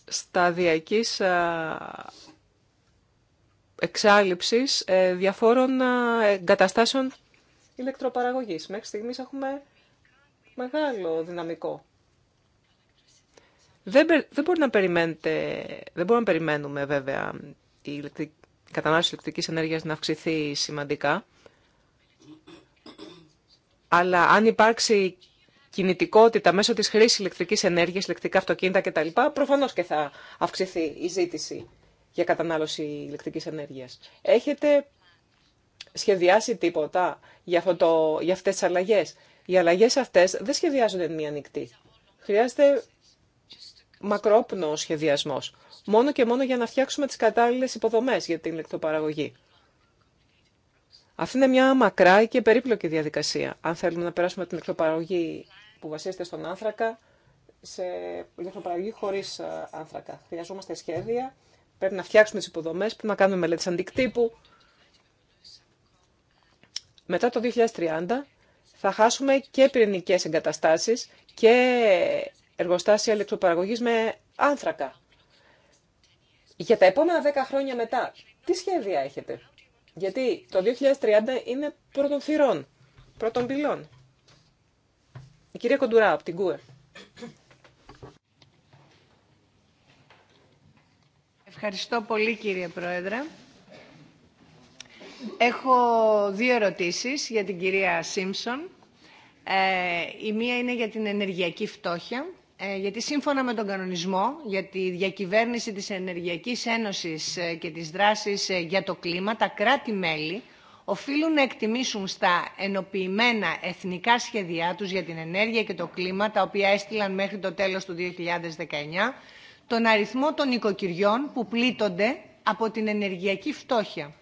σταδιακής ε, εξάλληψης ε, διαφόρων εγκαταστάσεων ηλεκτροπαραγωγής. Μέχρι στιγμής έχουμε μεγάλο δυναμικό. Δεν, δεν, μπορεί να περιμένετε, δεν μπορούμε να περιμένουμε βέβαια η, η κατανάλωση ηλεκτρικής ενέργειας να αυξηθεί σημαντικά. Αλλά αν υπάρξει κινητικότητα μέσω της χρήσης ηλεκτρικής ενέργειας, ηλεκτρικά αυτοκίνητα κτλ, προφανώς και θα αυξηθεί η ζήτηση για κατανάλωση ηλεκτρικής ενέργειας. Έχετε σχεδιάσει τίποτα για, αυτό το, για αυτές τις αλλαγές. Οι αλλαγές αυτές δεν σχεδιάζονται μία νυχτή. Χρειάζεται μακρόπνο σχεδιασμός. Μόνο και μόνο για να φτιάξουμε τις κατάλληλες υποδομές για την ηλεκτροπαραγωγή. Αυτή είναι μια μακρά και περίπλοκη διαδικασία. Αν θέλουμε να περάσουμε την ηλεκτροπαραγωγή που βασίζεται στον άνθρακα σε ηλεκτροπαραγωγή χωρί ε, άνθρακα. Χρειαζόμαστε σχέδια, πρέπει να φτιάξουμε τι υποδομέ, πρέπει να κάνουμε μελέτε αντικτύπου. Μετά το 2030 θα χάσουμε και πυρηνικέ εγκαταστάσει και εργοστάσια ηλεκτροπαραγωγή με άνθρακα. Για τα επόμενα 10 χρόνια μετά, τι σχέδια έχετε. Γιατί το 2030 είναι πρώτον θυρών, πρώτον πυλών. Η κυρία Κοντουρά από την ΚΟΕ. Ευχαριστώ πολύ κύριε Πρόεδρε. Έχω δύο ερωτήσεις για την κυρία Σίμψον. Ε, η μία είναι για την ενεργειακή φτώχεια ε, γιατί σύμφωνα με τον κανονισμό για τη διακυβέρνηση της Ενεργειακής Ένωσης ε, και τις δράσεις ε, για το κλίμα, τα κράτη-μέλη οφείλουν να εκτιμήσουν στα ενοποιημένα εθνικά σχέδιά τους για την ενέργεια και το κλίμα, τα οποία έστειλαν μέχρι το τέλος του 2019, τον αριθμό των οικοκυριών που πλήττονται από την ενεργειακή φτώχεια.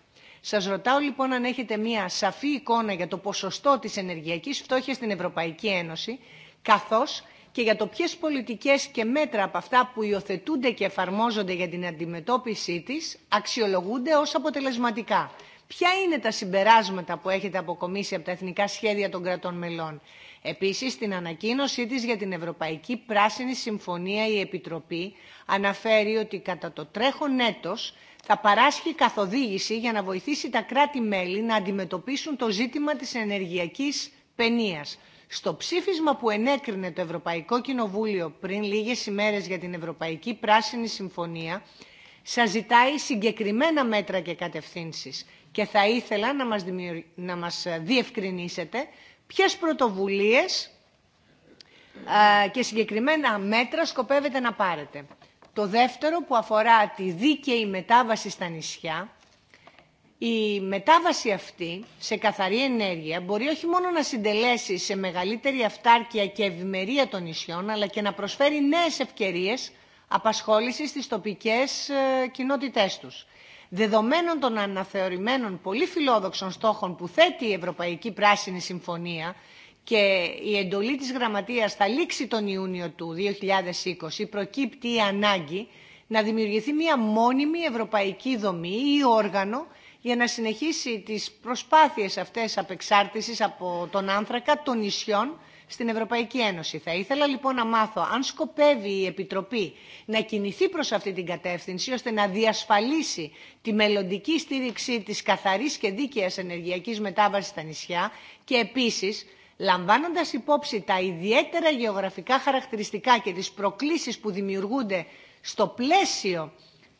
Σας ρωτάω λοιπόν αν έχετε μία σαφή εικόνα για το ποσοστό της ενεργειακής φτώχειας στην Ευρωπαϊκή Ένωση, καθώς και για το ποιες πολιτικές και μέτρα από αυτά που υιοθετούνται και εφαρμόζονται για την αντιμετώπιση της αξιολογούνται ως αποτελεσματικά. Ποια είναι τα συμπεράσματα που έχετε αποκομίσει από τα εθνικά σχέδια των κρατών μελών. Επίσης, στην ανακοίνωσή της για την Ευρωπαϊκή Πράσινη Συμφωνία η Επιτροπή αναφέρει ότι κατά το τρέχον έτος θα παράσχει καθοδήγηση για να βοηθήσει τα κράτη-μέλη να αντιμετωπίσουν το ζήτημα της ενεργειακής παινίας. Στο ψήφισμα που ενέκρινε το Ευρωπαϊκό Κοινοβούλιο πριν λίγες ημέρες για την Ευρωπαϊκή Πράσινη Συμφωνία, σας ζητάει συγκεκριμένα μέτρα και κατευθύνσεις και θα ήθελα να μας, να μας διευκρινίσετε ποιες πρωτοβουλίες ε, και συγκεκριμένα μέτρα σκοπεύετε να πάρετε. Το δεύτερο που αφορά τη δίκαιη μετάβαση στα νησιά, η μετάβαση αυτή σε καθαρή ενέργεια μπορεί όχι μόνο να συντελέσει σε μεγαλύτερη αυτάρκεια και ευημερία των νησιών, αλλά και να προσφέρει νέες ευκαιρίες απασχόλησης στις τοπικές ε, κοινότητές τους. Δεδομένων των αναθεωρημένων πολύ φιλόδοξων στόχων που θέτει η Ευρωπαϊκή Πράσινη Συμφωνία και η εντολή της Γραμματείας θα λήξει τον Ιούνιο του 2020, προκύπτει η ανάγκη να δημιουργηθεί μια μόνιμη ευρωπαϊκή δομή ή όργανο για να συνεχίσει τις προσπάθειες αυτές απεξάρτησης από τον άνθρακα των νησιών στην Ευρωπαϊκή Ένωση. Θα ήθελα λοιπόν να μάθω αν σκοπεύει η Επιτροπή να κινηθεί προς αυτή την κατεύθυνση ώστε να διασφαλίσει τη μελλοντική στήριξη της καθαρής και δίκαιας ενεργειακής μετάβασης στα νησιά και επίσης λαμβάνοντας υπόψη τα ιδιαίτερα γεωγραφικά χαρακτηριστικά και τις προκλήσεις που δημιουργούνται στο πλαίσιο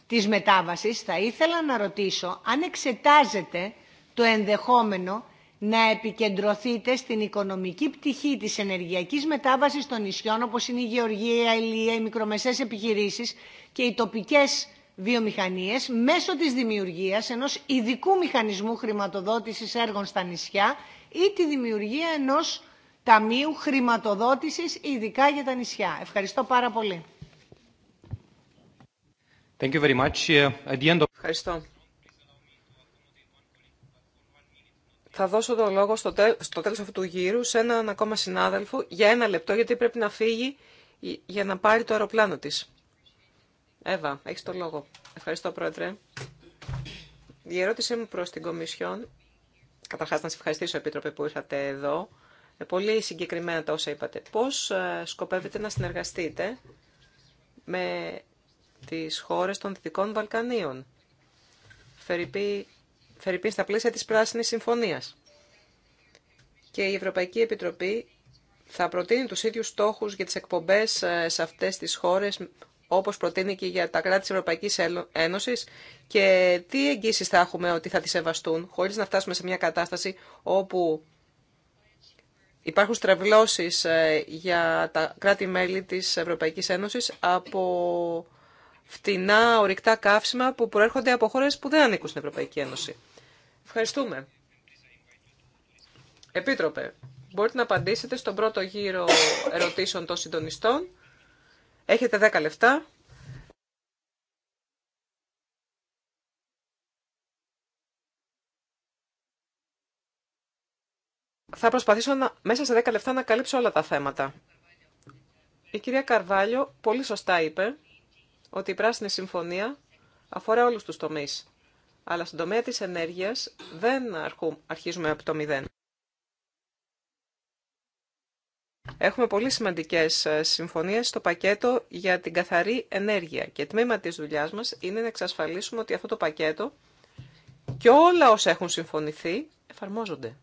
της μετάβασης, θα ήθελα να ρωτήσω αν εξετάζετε το ενδεχόμενο να επικεντρωθείτε στην οικονομική πτυχή της ενεργειακής μετάβασης των νησιών, όπως είναι η γεωργία, η ηλία, οι μικρομεσαίες επιχειρήσεις και οι τοπικές βιομηχανίες, μέσω της δημιουργίας ενός ειδικού μηχανισμού χρηματοδότησης έργων στα νησιά ή τη δημιουργία ενός ταμείου χρηματοδότησης ειδικά για τα νησιά. Ευχαριστώ πάρα πολύ. Ε, Ευχαριστώ. Θα δώσω το λόγο στο, τέλ, τέλος αυτού του γύρου σε έναν ακόμα συνάδελφο για ένα λεπτό γιατί πρέπει να φύγει για να πάρει το αεροπλάνο της. Εύα, έχεις το λόγο. Ευχαριστώ πρόεδρε. Η ερώτησή μου προς την Κομισιόν, καταρχάς να σας ευχαριστήσω επίτροπε που ήρθατε εδώ, ε, πολύ συγκεκριμένα τα όσα είπατε. Πώς ε, σκοπεύετε να συνεργαστείτε με τις χώρες των Δυτικών Βαλκανίων. Φερρυπή, στα πλαίσια της Πράσινης Συμφωνίας. Και η Ευρωπαϊκή Επιτροπή θα προτείνει τους ίδιους στόχους για τις εκπομπές ε, σε αυτές τις χώρες, όπως προτείνει και για τα κράτη της Ευρωπαϊκής Ένωσης και τι εγγύσεις θα έχουμε ότι θα τις σεβαστούν, χωρίς να φτάσουμε σε μια κατάσταση όπου υπάρχουν στρεβλώσεις ε, για τα κράτη-μέλη της Ευρωπαϊκής Ένωσης από φτηνά ορυκτά καύσιμα που προέρχονται από χώρες που δεν ανήκουν στην Ευρωπαϊκή Ένωση. Ευχαριστούμε. Επίτροπε, μπορείτε να απαντήσετε στον πρώτο γύρο ερωτήσεων των συντονιστών. Έχετε 10 λεπτά. Θα προσπαθήσω να, μέσα σε 10 λεπτά να καλύψω όλα τα θέματα. Η κυρία Καρβάλιο πολύ σωστά είπε ότι η Πράσινη Συμφωνία αφορά όλους τους τομείς. Αλλά στον τομέα της ενέργειας δεν αρχίζουμε από το μηδέν. Έχουμε πολύ σημαντικές ε, συμφωνίες στο πακέτο για την καθαρή ενέργεια και τμήμα της δουλειάς μας είναι να εξασφαλίσουμε ότι αυτό το πακέτο και όλα όσα έχουν συμφωνηθεί εφαρμόζονται.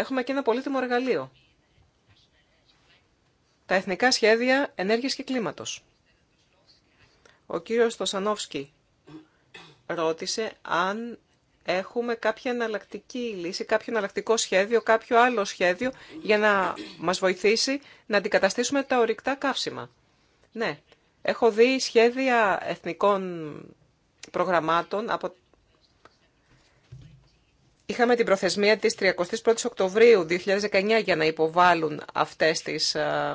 έχουμε και ένα πολύτιμο εργαλείο. Τα Εθνικά Σχέδια Ενέργειας και Κλίματος. Ο κύριος Στοσανόφσκι ρώτησε αν έχουμε κάποια εναλλακτική λύση, κάποιο εναλλακτικό σχέδιο, κάποιο άλλο σχέδιο για να μας βοηθήσει να αντικαταστήσουμε τα ορυκτά καύσιμα. Ναι, έχω δει σχέδια εθνικών προγραμμάτων από Είχαμε την προθεσμία της 31ης Οκτωβρίου 2019 για να υποβάλουν αυτές τις, ε,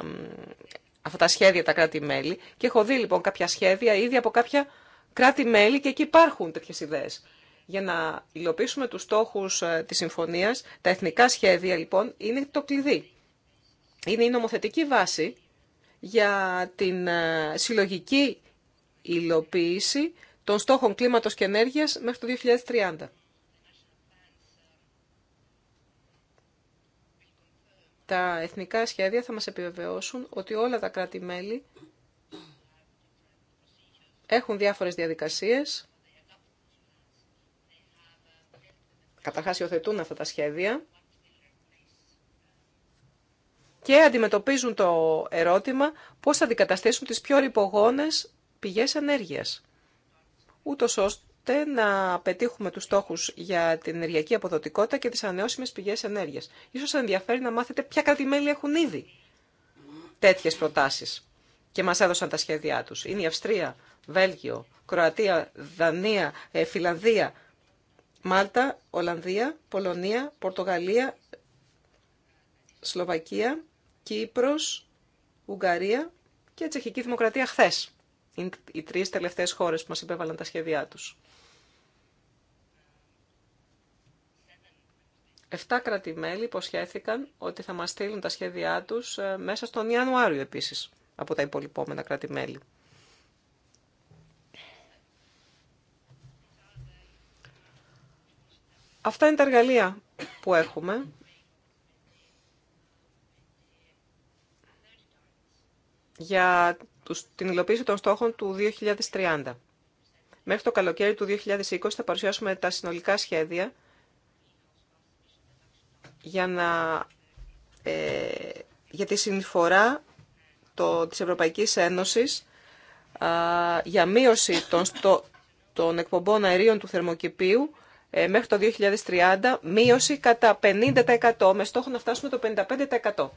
αυτά τα σχέδια τα κράτη-μέλη και έχω δει λοιπόν κάποια σχέδια ήδη από κάποια κράτη-μέλη και εκεί υπάρχουν τέτοιες ιδέες. Για να υλοποιήσουμε τους στόχους ε, της συμφωνίας, τα εθνικά σχέδια λοιπόν είναι το κλειδί. Είναι η νομοθετική βάση για την ε, συλλογική υλοποίηση των στόχων κλίματος και ενέργειας μέχρι το 2030. Τα εθνικά σχέδια θα μας επιβεβαιώσουν ότι όλα τα κράτη-μέλη έχουν διάφορες διαδικασίες. Καταρχάς υιοθετούν αυτά τα σχέδια και αντιμετωπίζουν το ερώτημα πώς θα αντικαταστήσουν τις πιο ρηπογόνες πηγές ενέργειας. Ούτως ώστε ώστε να πετύχουμε τους στόχους για την ενεργειακή αποδοτικότητα και τις ανανεώσιμες πηγές ενέργειας. Ίσως σας ενδιαφέρει να μάθετε ποια κρατημέλη έχουν ήδη τέτοιες προτάσεις και μας έδωσαν τα σχέδιά τους. Είναι η Αυστρία, Βέλγιο, Κροατία, Δανία, ε, Φιλανδία, Μάλτα, Ολλανδία, Πολωνία, Πορτογαλία, Σλοβακία, Κύπρος, Ουγγαρία και Τσεχική Δημοκρατία χθες. Είναι οι τρεις τελευταίες χώρες που μας υπέβαλαν τα σχέδιά τους. Εφτά κρατημέλη υποσχέθηκαν ότι θα μας στείλουν τα σχέδιά τους ε, μέσα στον Ιανουάριο επίσης από τα υπολοιπόμενα κρατημέλη. Αυτά είναι τα εργαλεία που έχουμε. για την υλοποίηση των στόχων του 2030. Μέχρι το καλοκαίρι του 2020 θα παρουσιάσουμε τα συνολικά σχέδια για, να, ε, για τη συνεισφορά το, της Ευρωπαϊκής Ένωσης για μείωση των, στο, των εκπομπών αερίων του θερμοκηπίου ε, μέχρι το 2030, μείωση κατά 50% με στόχο να φτάσουμε το 55%.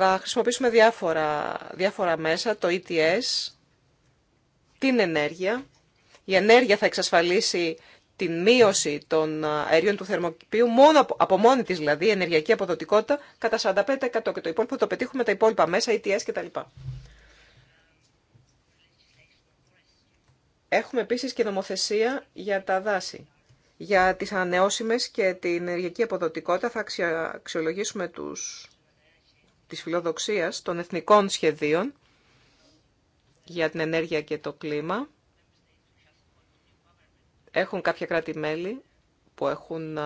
Θα χρησιμοποιήσουμε διάφορα, διάφορα μέσα, το ETS, την ενέργεια. Η ενέργεια θα εξασφαλίσει την μείωση των αερίων του θερμοκηπίου, μόνο από, μόνη της δηλαδή, η ενεργειακή αποδοτικότητα, κατά 45% και το υπόλοιπο το πετύχουμε τα υπόλοιπα μέσα, ETS κτλ. Έχουμε επίσης και νομοθεσία για τα δάση. Για τις ανανεώσιμες και την ενεργειακή αποδοτικότητα θα αξιολογήσουμε τους της φιλοδοξίας των εθνικών σχεδίων για την ενέργεια και το κλίμα. Έχουν κάποια κράτη-μέλη που έχουν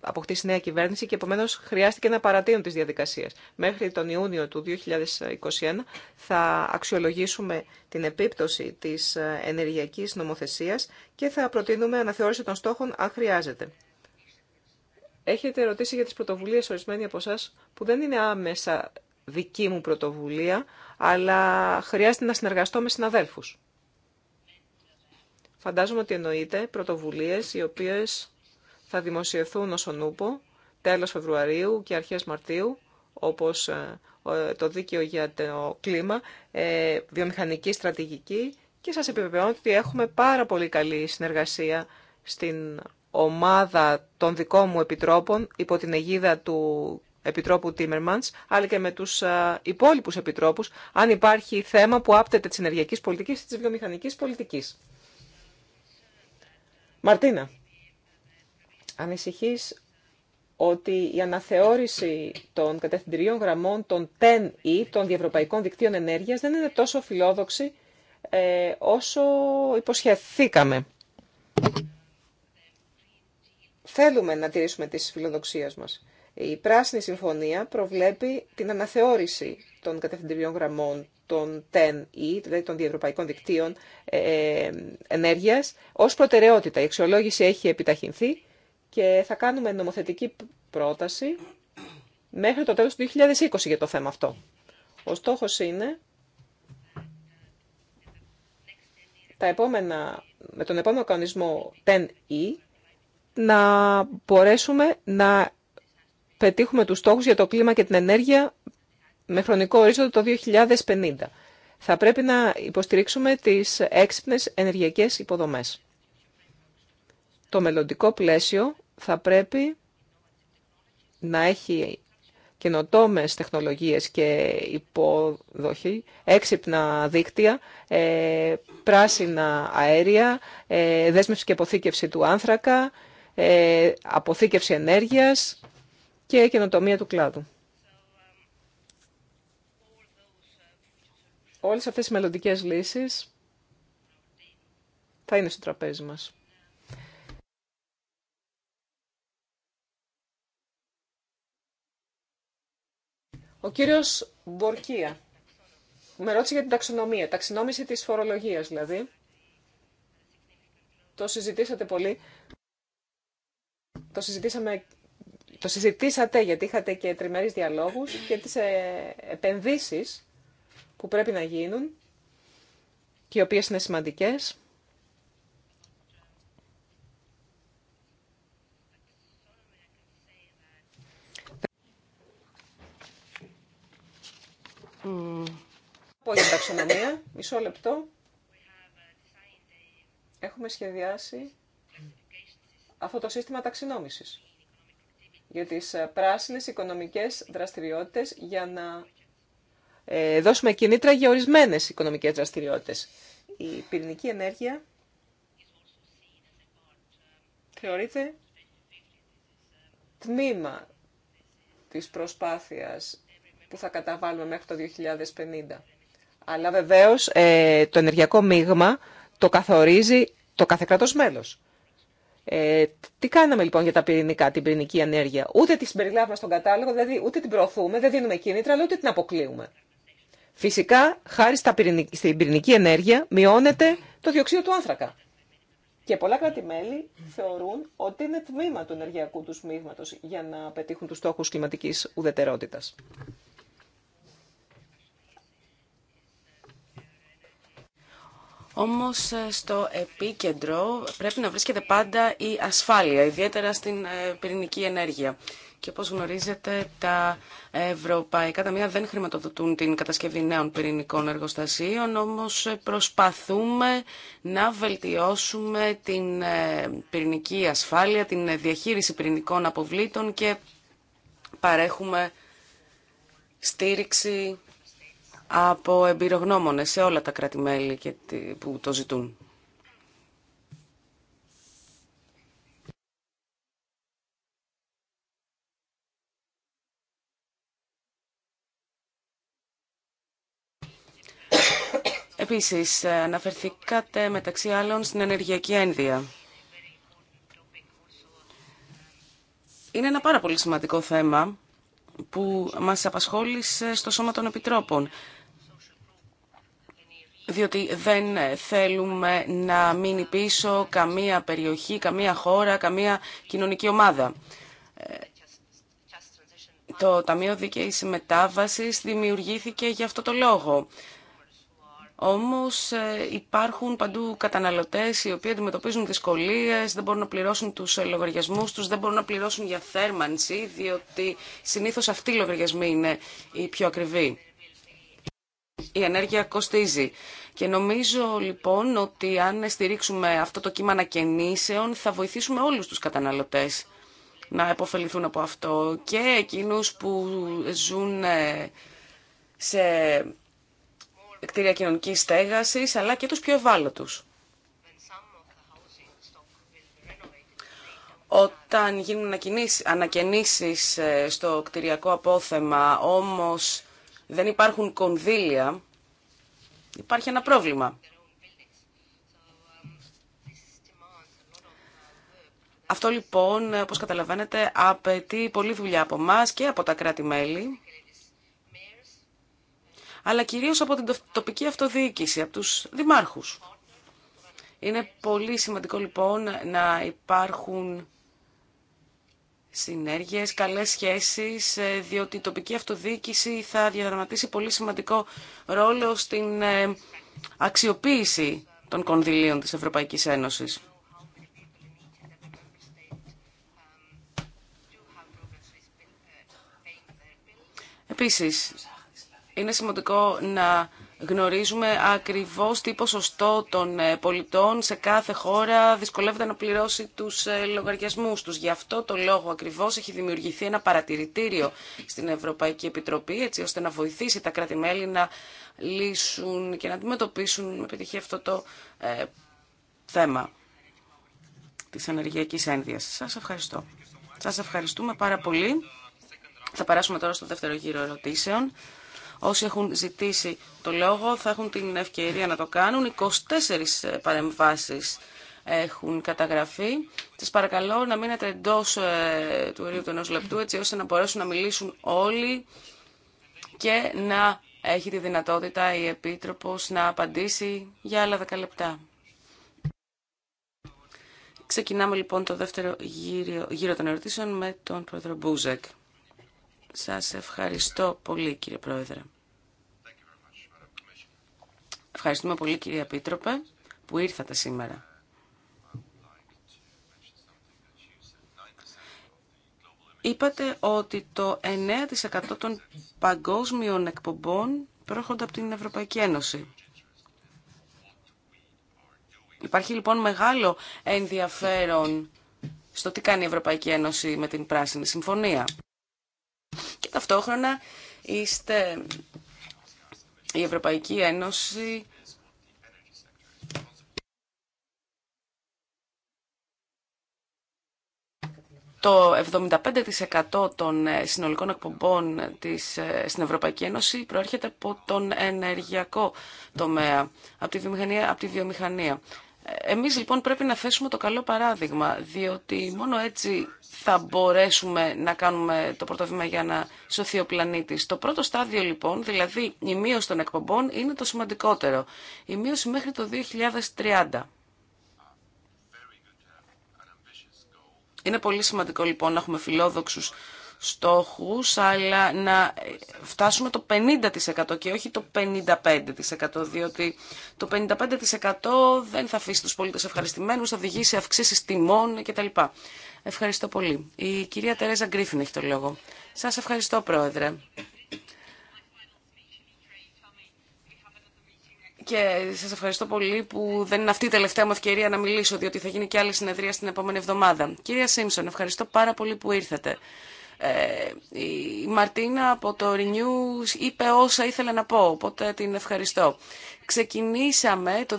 αποκτήσει νέα κυβέρνηση και επομένως χρειάστηκε να παρατείνουν τις διαδικασίες. Μέχρι τον Ιούνιο του 2021 θα αξιολογήσουμε την επίπτωση της ενεργειακής νομοθεσίας και θα προτείνουμε αναθεώρηση των στόχων αν χρειάζεται. Έχετε ρωτήσει για τις πρωτοβουλίες ορισμένοι από εσά που δεν είναι άμεσα δική μου πρωτοβουλία, αλλά χρειάζεται να συνεργαστώ με συναδέλφους. Φαντάζομαι ότι εννοείται πρωτοβουλίες οι οποίες θα δημοσιευθούν ως Νούπο, τέλος Φεβρουαρίου και αρχές Μαρτίου, όπως ε, το δίκαιο για το κλίμα, ε, βιομηχανική στρατηγική και σας επιβεβαιώνω ότι έχουμε πάρα πολύ καλή συνεργασία στην ομάδα των δικών μου επιτρόπων υπό την αιγίδα του Επιτρόπου Τίμερμαντς, αλλά και με τους υπόλοιπους επιτρόπους, αν υπάρχει θέμα που άπτεται της ενεργειακής πολιτικής ή της βιομηχανικής πολιτικής. Μαρτίνα, ανησυχείς ότι η αναθεώρηση των κατευθυντηρίων γραμμών των TEN ή των διευρωπαϊκών δικτύων ενέργειας δεν είναι τόσο φιλόδοξη ε, όσο υποσχεθήκαμε. Θέλουμε να τηρήσουμε τις φιλοδοξίες μας. Η Πράσινη Συμφωνία προβλέπει την αναθεώρηση των κατευθυντηριών γραμμών των TEN-E, δηλαδή των διευρωπαϊκών δικτύων ε, ε, ενέργειας, ως προτεραιότητα. Η αξιολόγηση έχει επιταχυνθεί και θα κάνουμε νομοθετική πρόταση μέχρι το τέλος του 2020 για το θέμα αυτό. Ο στόχος είναι τα επόμενα, με τον επόμενο κανονισμό 10E να μπορέσουμε να πετύχουμε τους στόχους για το κλίμα και την ενέργεια με χρονικό ορίζοντα το 2050. Θα πρέπει να υποστηρίξουμε τις έξυπνες ενεργειακές υποδομές. Το μελλοντικό πλαίσιο θα πρέπει να έχει καινοτόμε τεχνολογίες και υποδοχή, έξυπνα δίκτυα, ε, πράσινα αέρια, ε, δέσμευση και αποθήκευση του άνθρακα, ε, αποθήκευση ενέργειας, και καινοτομία του κλάδου. Όλες αυτές οι μελλοντικέ λύσεις θα είναι στο τραπέζι μας. Ο κύριος Μπορκία με ρώτησε για την ταξινομία, ταξινόμηση της φορολογίας δηλαδή. Το συζητήσατε πολύ. Το συζητήσαμε το συζητήσατε γιατί είχατε και τριμερείς διαλόγους και τις ε, επενδύσεις που πρέπει να γίνουν και οι οποίες είναι σημαντικές. Mm. Από μισό λεπτό. Έχουμε σχεδιάσει αυτό το σύστημα ταξινόμησης για τις ε, πράσινες οικονομικές δραστηριότητες για να ε, δώσουμε κινήτρα για ορισμένες οικονομικές δραστηριότητες. Η πυρηνική ενέργεια θεωρείται τμήμα της προσπάθειας που θα καταβάλουμε μέχρι το 2050. Αλλά βεβαίως ε, το ενεργειακό μείγμα το καθορίζει το κάθε κράτος μέλος. Ε, τι κάναμε λοιπόν για τα πυρηνικά, την πυρηνική ενέργεια. Ούτε τη συμπεριλάβουμε στον κατάλογο, δηλαδή ούτε την προωθούμε, δεν δίνουμε κίνητρα, αλλά ούτε την αποκλείουμε. Φυσικά, χάρη στα πυρηνική, στην πυρηνική ενέργεια, μειώνεται το διοξείδιο του άνθρακα. Και πολλά κράτη-μέλη θεωρούν ότι είναι τμήμα του ενεργειακού του μείγματο για να πετύχουν του στόχου κλιματική ουδετερότητα. Όμως ε, στο επίκεντρο πρέπει να βρίσκεται πάντα η ασφάλεια, ιδιαίτερα στην ε, πυρηνική ενέργεια. Και όπως γνωρίζετε, τα ευρωπαϊκά ταμεία δεν χρηματοδοτούν την κατασκευή νέων πυρηνικών εργοστασίων, όμως ε, προσπαθούμε να βελτιώσουμε την πυρηνική ασφάλεια, την διαχείριση πυρηνικών αποβλήτων και παρέχουμε στήριξη από εμπειρογνώμονες σε όλα τα κράτη-μέλη που το ζητούν. Επίσης, αναφερθήκατε μεταξύ άλλων στην ενεργειακή ένδυα. Είναι ένα πάρα πολύ σημαντικό θέμα που μας απασχόλησε στο Σώμα των Επιτρόπων διότι δεν θέλουμε να μείνει πίσω καμία περιοχή, καμία χώρα, καμία κοινωνική ομάδα. Το Ταμείο Δίκαιης Μετάβασης δημιουργήθηκε για αυτό το λόγο. Όμως ε, υπάρχουν παντού καταναλωτές οι οποίοι αντιμετωπίζουν δυσκολίες, δεν μπορούν να πληρώσουν τους ε, λογαριασμούς τους, δεν μπορούν να πληρώσουν για θέρμανση, διότι συνήθως αυτοί οι λογαριασμοί είναι οι πιο ακριβοί. Η ενέργεια κοστίζει. Και νομίζω λοιπόν ότι αν στηρίξουμε αυτό το κύμα ανακαινήσεων θα βοηθήσουμε όλους τους καταναλωτές να επωφεληθούν από αυτό και εκείνους που ζουν ε, σε κτίρια κοινωνικής στέγασης αλλά και τους πιο ευάλωτους. Όταν γίνουν ανακαινήσεις ε, στο κτηριακό απόθεμα όμως δεν υπάρχουν κονδύλια Υπάρχει ένα πρόβλημα. Αυτό λοιπόν, όπως καταλαβαίνετε, απαιτεί πολλή δουλειά από εμά και από τα κράτη-μέλη, αλλά κυρίως από την τοπική αυτοδιοίκηση, από τους δημάρχους. Είναι πολύ σημαντικό λοιπόν να υπάρχουν συνέργειες, καλές σχέσεις, ε, διότι η τοπική αυτοδιοίκηση θα διαδραματίσει πολύ σημαντικό ρόλο στην ε, αξιοποίηση των κονδυλίων της Ευρωπαϊκής Ένωσης. Επίσης, είναι σημαντικό να γνωρίζουμε ακριβώς τι ποσοστό των ε, πολιτών σε κάθε χώρα δυσκολεύεται να πληρώσει τους ε, λογαριασμούς τους. Γι' αυτό το λόγο ακριβώς έχει δημιουργηθεί ένα παρατηρητήριο στην Ευρωπαϊκή Επιτροπή, έτσι ώστε να βοηθήσει τα κράτη-μέλη να λύσουν και να αντιμετωπίσουν με επιτυχία αυτό το ε, θέμα της ενεργειακής ένδυας. Σας ευχαριστώ. Σας ευχαριστούμε πάρα πολύ. Θα περάσουμε τώρα στο δεύτερο γύρο ερωτήσεων. Όσοι έχουν ζητήσει το λόγο θα έχουν την ευκαιρία να το κάνουν. 24 ε, παρεμβάσεις έχουν καταγραφεί. Σας παρακαλώ να μείνετε εντός ε, του ορίου του ενός λεπτού έτσι ώστε να μπορέσουν να μιλήσουν όλοι και να έχει τη δυνατότητα η Επίτροπος να απαντήσει για άλλα 10 λεπτά. Ξεκινάμε λοιπόν το δεύτερο γύρο, γύρο των ερωτήσεων με τον πρόεδρο Μπούζεκ. Σας ευχαριστώ πολύ κύριε Πρόεδρε. Ευχαριστούμε πολύ κύριε Πίτροπε, που ήρθατε σήμερα. Είπατε ότι το 9% των παγκόσμιων εκπομπών προέρχονται από την Ευρωπαϊκή Ένωση. Υπάρχει λοιπόν μεγάλο ενδιαφέρον στο τι κάνει η Ευρωπαϊκή Ένωση με την Πράσινη Συμφωνία. Και ταυτόχρονα είστε η Ευρωπαϊκή Ένωση το 75% των ε, συνολικών εκπομπών της, ε, στην Ευρωπαϊκή Ένωση προέρχεται από τον ενεργειακό τομέα, από τη βιομηχανία. Από τη βιομηχανία. Εμείς λοιπόν πρέπει να θέσουμε το καλό παράδειγμα, διότι μόνο έτσι θα μπορέσουμε να κάνουμε το πρώτο βήμα για να σωθεί ο πλανήτης. Το πρώτο στάδιο λοιπόν, δηλαδή η μείωση των εκπομπών, είναι το σημαντικότερο. Η μείωση μέχρι το 2030. Είναι πολύ σημαντικό λοιπόν να έχουμε φιλόδοξους στόχους, αλλά να φτάσουμε το 50% και όχι το 55%, διότι το 55% δεν θα αφήσει τους πολίτες ευχαριστημένους, θα οδηγήσει αυξήσει τιμών κτλ. Ευχαριστώ πολύ. Η κυρία Τερέζα Γκρίφιν έχει το λόγο. Σας ευχαριστώ, Πρόεδρε. και σα ευχαριστώ πολύ που δεν είναι αυτή η τελευταία μου ευκαιρία να μιλήσω, διότι θα γίνει και άλλη συνεδρία στην επόμενη εβδομάδα. Κυρία Σίμψον, ευχαριστώ πάρα πολύ που ήρθατε. Ε, η Μαρτίνα από το Renews είπε όσα ήθελα να πω, οπότε την ευχαριστώ. Ξεκινήσαμε το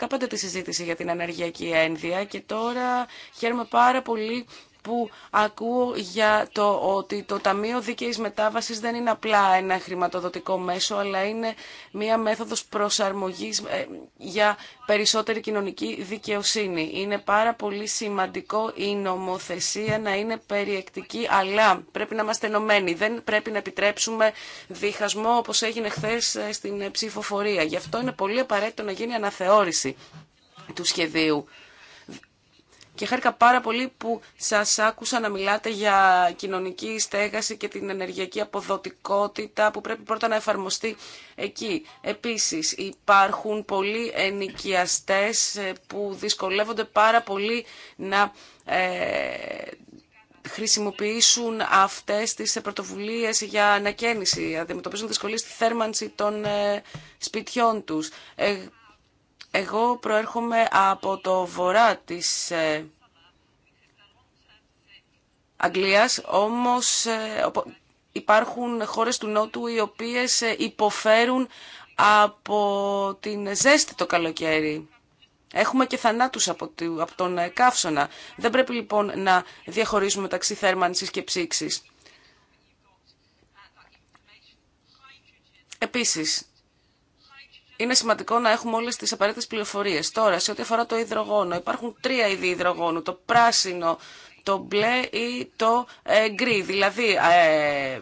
2015 τη συζήτηση για την ενεργειακή Ένδια και τώρα χαίρομαι πάρα πολύ που ακούω για το ότι το Ταμείο Δίκαιης Μετάβασης δεν είναι απλά ένα χρηματοδοτικό μέσο, αλλά είναι μία μέθοδος προσαρμογής ε, για περισσότερη κοινωνική δικαιοσύνη. Είναι πάρα πολύ σημαντικό η νομοθεσία να είναι περιεκτική, αλλά πρέπει να είμαστε ενωμένοι. Δεν πρέπει να επιτρέψουμε διχασμό όπως έγινε χθε ε, στην ψηφοφορία. Γι' αυτό είναι πολύ απαραίτητο να γίνει αναθεώρηση του σχεδίου και χάρηκα πάρα πολύ που σας άκουσα να μιλάτε για κοινωνική στέγαση και την ενεργειακή αποδοτικότητα που πρέπει πρώτα να εφαρμοστεί εκεί. Επίσης υπάρχουν πολλοί ενοικιαστές ε, που δυσκολεύονται πάρα πολύ να ε, χρησιμοποιήσουν αυτές τις πρωτοβουλίες για ανακαίνιση. Αντιμετωπίζουν δυσκολίες στη θέρμανση των ε, σπιτιών τους. Εγώ προέρχομαι από το βορρά της ε, Αγγλίας, όμως ε, υπάρχουν χώρες του Νότου οι οποίες ε, υποφέρουν από την ζέστη το καλοκαίρι. Έχουμε και θανάτους από τον καύσωνα. Δεν πρέπει λοιπόν να διαχωρίζουμε μεταξύ θέρμανσης και ψήξης. Επίσης, είναι σημαντικό να έχουμε όλε τι απαραίτητε πληροφορίε. Τώρα, σε ό,τι αφορά το υδρογόνο, υπάρχουν τρία είδη υδρογόνου. Το πράσινο, το μπλε ή το ε, γκρι. Δηλαδή, ε,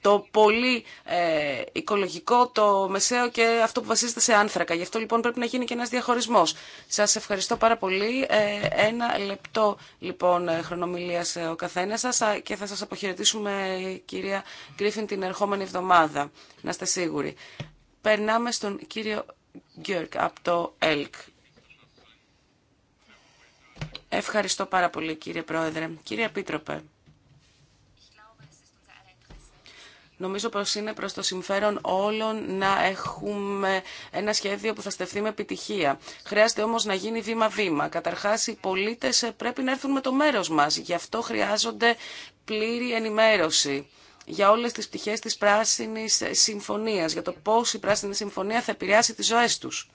το πολύ ε, οικολογικό, το μεσαίο και αυτό που βασίζεται σε άνθρακα. Γι' αυτό λοιπόν πρέπει να γίνει και ένας διαχωρισμός. Σας ευχαριστώ πάρα πολύ. Ε, ένα λεπτό λοιπόν σε ο καθένας σας και θα σας αποχαιρετήσουμε κυρία Γκρίφιν την ερχόμενη εβδομάδα. Να είστε σίγουροι. Περνάμε στον κύριο Γκιόρκ από το ΕΛΚ. Ευχαριστώ πάρα πολύ κύριε Πρόεδρε. Κύριε Επίτροπε, νομίζω πως είναι προς το συμφέρον όλων να έχουμε ένα σχέδιο που θα στεφθεί με επιτυχία. Χρειάζεται όμως να γίνει βήμα-βήμα. Καταρχάς οι πολίτες πρέπει να έρθουν με το μέρος μας. Γι' αυτό χρειάζονται πλήρη ενημέρωση για όλες τις πτυχές της Πράσινης Συμφωνίας, για το πώς η Πράσινη Συμφωνία θα επηρεάσει τις ζωές τους.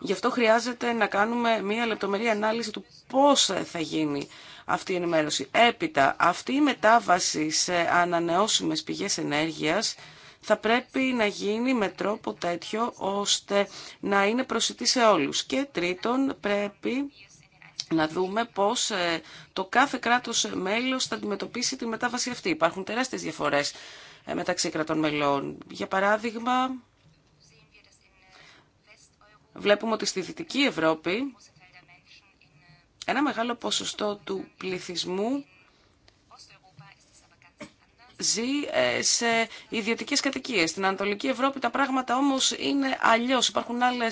Γι' αυτό χρειάζεται να κάνουμε μία λεπτομερή ανάλυση του πώς θα γίνει αυτή η ενημέρωση. Έπειτα, αυτή η μετάβαση σε ανανεώσιμες πηγές ενέργειας θα πρέπει να γίνει με τρόπο τέτοιο ώστε να είναι προσιτή σε όλους. Και τρίτον, πρέπει να δούμε πώς ε, το κάθε κράτος μέλος θα αντιμετωπίσει τη μετάβαση αυτή. Υπάρχουν τεράστιες διαφορές ε, μεταξύ κρατών μελών. Για παράδειγμα, βλέπουμε ότι στη Δυτική Ευρώπη ένα μεγάλο ποσοστό του πληθυσμού ζει ε, σε ιδιωτικέ κατοικίε. Στην Ανατολική Ευρώπη τα πράγματα όμω είναι αλλιώ. Υπάρχουν άλλε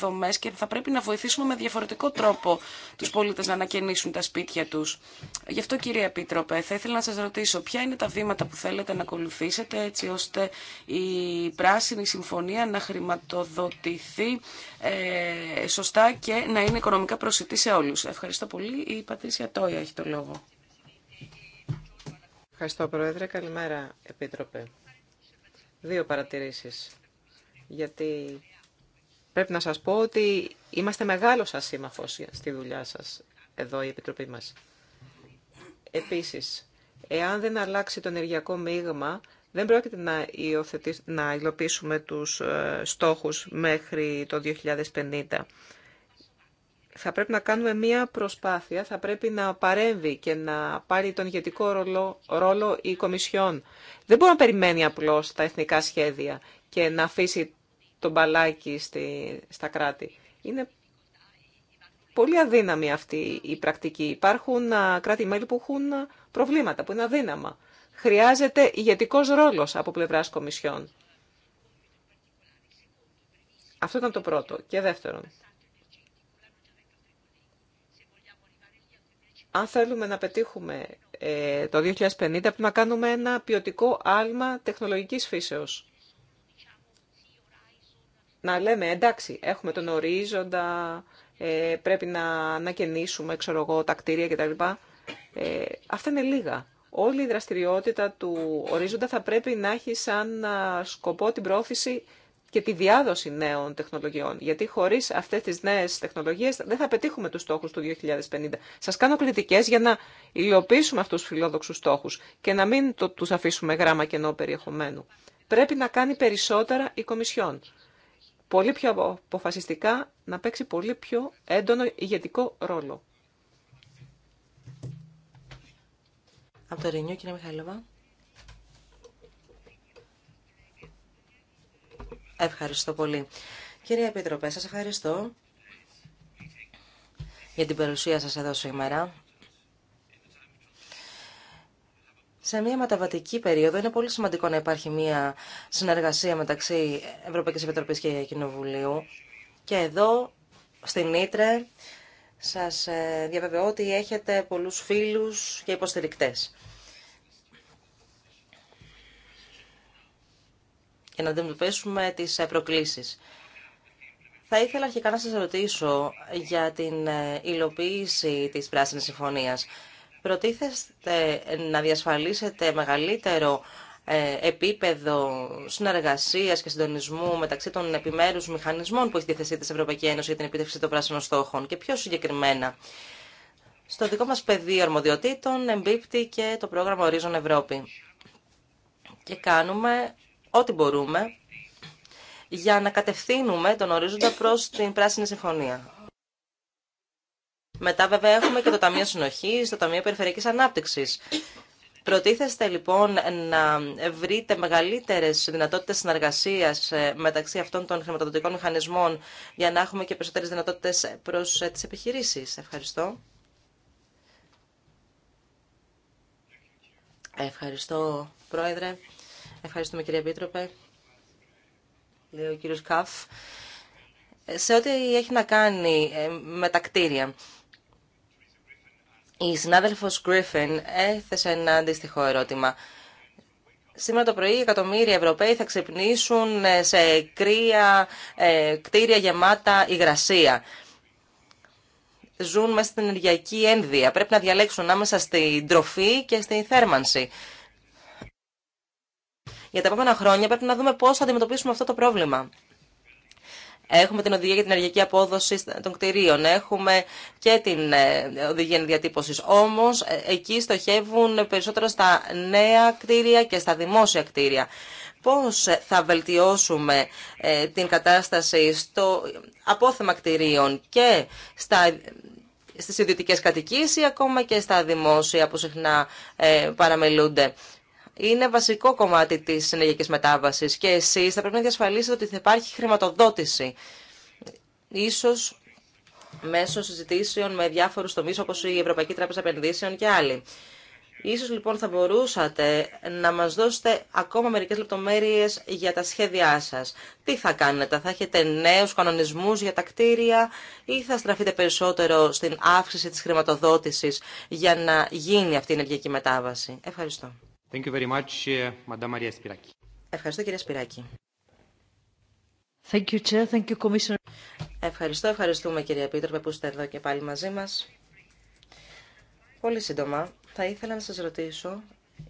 δομέ και θα πρέπει να βοηθήσουμε με διαφορετικό τρόπο του πολίτε να ανακαινήσουν τα σπίτια του. Γι' αυτό κυρία Επίτροπε, θα ήθελα να σα ρωτήσω ποια είναι τα βήματα που θέλετε να ακολουθήσετε έτσι ώστε η Πράσινη Συμφωνία να χρηματοδοτηθεί ε, σωστά και να είναι οικονομικά προσιτή σε όλου. Ευχαριστώ πολύ. Η Πατρίσια Τόια έχει το λόγο. Ευχαριστώ, Πρόεδρε. Καλημέρα, Επίτροπε. Δύο παρατηρήσεις. Γιατί πρέπει να σας πω ότι είμαστε μεγάλος σας στη δουλειά σας εδώ η Επιτροπή μας. Επίσης, εάν δεν αλλάξει το ενεργειακό μείγμα, δεν πρόκειται να, να υλοποιήσουμε τους ε, στόχους μέχρι το 2050 θα πρέπει να κάνουμε μία προσπάθεια, θα πρέπει να παρέμβει και να πάρει τον ηγετικό ρόλο, η Κομισιόν. Δεν μπορεί να περιμένει απλώς τα εθνικά σχέδια και να αφήσει τον μπαλάκι στη, στα κράτη. Είναι πολύ αδύναμη αυτή η πρακτική. Υπάρχουν κράτη-μέλη που έχουν προβλήματα, που είναι αδύναμα. Χρειάζεται ηγετικός ρόλος από πλευράς Κομισιόν. Αυτό ήταν το πρώτο. Και δεύτερον, αν θέλουμε να πετύχουμε ε, το 2050, πρέπει να κάνουμε ένα ποιοτικό άλμα τεχνολογικής φύσεως. Να λέμε, εντάξει, έχουμε τον ορίζοντα, ε, πρέπει να ανακαινήσουμε, ξέρω εγώ, τα κτίρια κτλ. Ε, αυτά είναι λίγα. Όλη η δραστηριότητα του ορίζοντα θα πρέπει να έχει σαν σκοπό την πρόθεση και τη διάδοση νέων τεχνολογιών. Γιατί χωρί αυτέ τι νέε τεχνολογίε δεν θα πετύχουμε του στόχου του 2050. Σα κάνω κριτικέ για να υλοποιήσουμε αυτού του φιλόδοξου στόχου και να μην το, του αφήσουμε γράμμα κενό περιεχομένου. Πρέπει να κάνει περισσότερα η Κομισιόν. Πολύ πιο αποφασιστικά να παίξει πολύ πιο έντονο ηγετικό ρόλο. Από το κύριε Ευχαριστώ πολύ. Κύριε Επίτροπε, σας ευχαριστώ για την παρουσία σας εδώ σήμερα. Σε μια μεταβατική περίοδο είναι πολύ σημαντικό να υπάρχει μια συνεργασία μεταξύ Ευρωπαϊκής Επιτροπής και Κοινοβουλίου. Και εδώ, στην Ήτρε, σας ε, διαβεβαιώ ότι έχετε πολλούς φίλους και υποστηρικτές. για να αντιμετωπίσουμε τις ε, προκλήσεις. Θα ήθελα αρχικά να σας ρωτήσω για την ε, υλοποίηση της Πράσινης Συμφωνίας. Προτίθεστε να διασφαλίσετε μεγαλύτερο ε, επίπεδο συνεργασίας και συντονισμού μεταξύ των επιμέρους μηχανισμών που έχει τη θέση της Ευρωπαϊκή Ένωση για την επίτευξη των πράσινων στόχων και πιο συγκεκριμένα. Στο δικό μας πεδίο αρμοδιοτήτων εμπίπτει και το πρόγραμμα Horizon Ευρώπη. Και κάνουμε ό,τι μπορούμε για να κατευθύνουμε τον ορίζοντα προς την Πράσινη Συμφωνία. Μετά βέβαια έχουμε και το Ταμείο Συνοχής, το Ταμείο Περιφερειακής Ανάπτυξης. Προτίθεστε λοιπόν να βρείτε μεγαλύτερες δυνατότητες συνεργασίας ε, μεταξύ αυτών των χρηματοδοτικών μηχανισμών για να έχουμε και περισσότερες δυνατότητες προς ε, τις επιχειρήσεις. Ευχαριστώ. Ευχαριστώ, Πρόεδρε. Ευχαριστούμε κύριε Επίτροπε. Λέει ο κύριος Καφ. Ε, σε ό,τι έχει να κάνει ε, με τα κτίρια. Η συνάδελφος Γκρίφιν έθεσε ένα αντίστοιχο ερώτημα. Σήμερα το πρωί εκατομμύρια Ευρωπαίοι θα ξυπνήσουν ε, σε κρύα κτίρια γεμάτα υγρασία. Ζουν μέσα στην ενεργειακή ένδυα. Πρέπει να διαλέξουν άμεσα στην τροφή και στη θέρμανση. Για τα επόμενα χρόνια πρέπει να δούμε πώς θα αντιμετωπίσουμε αυτό το πρόβλημα. Έχουμε την οδηγία για την ενεργειακή απόδοση των κτηρίων. Έχουμε και την ε, οδηγία διατύπωση. Όμω, ε, εκεί στοχεύουν περισσότερο στα νέα κτίρια και στα δημόσια κτίρια. Πώς θα βελτιώσουμε ε, την κατάσταση στο απόθεμα κτηρίων και στα, στις ιδιωτικές κατοικίες ή ακόμα και στα δημόσια που συχνά παραμελούνται είναι βασικό κομμάτι τη ενεργειακή μετάβαση και εσεί θα πρέπει να διασφαλίσετε ότι θα υπάρχει χρηματοδότηση. Ίσως μέσω συζητήσεων με διάφορους τομείς όπως η Ευρωπαϊκή Τράπεζα Επενδύσεων και άλλοι. Ίσως λοιπόν θα μπορούσατε να μας δώσετε ακόμα μερικές λεπτομέρειες για τα σχέδιά σας. Τι θα κάνετε, θα έχετε νέους κανονισμούς για τα κτίρια ή θα στραφείτε περισσότερο στην αύξηση της χρηματοδότησης για να γίνει αυτή η ενεργειακή μετάβαση. Ευχαριστώ. Uh, Ευχαριστώ κύριε Σπυράκη. Thank Ευχαριστώ, ευχαριστούμε κύριε Επίτροπε που είστε εδώ και πάλι μαζί μας. Πολύ σύντομα, θα ήθελα να σας ρωτήσω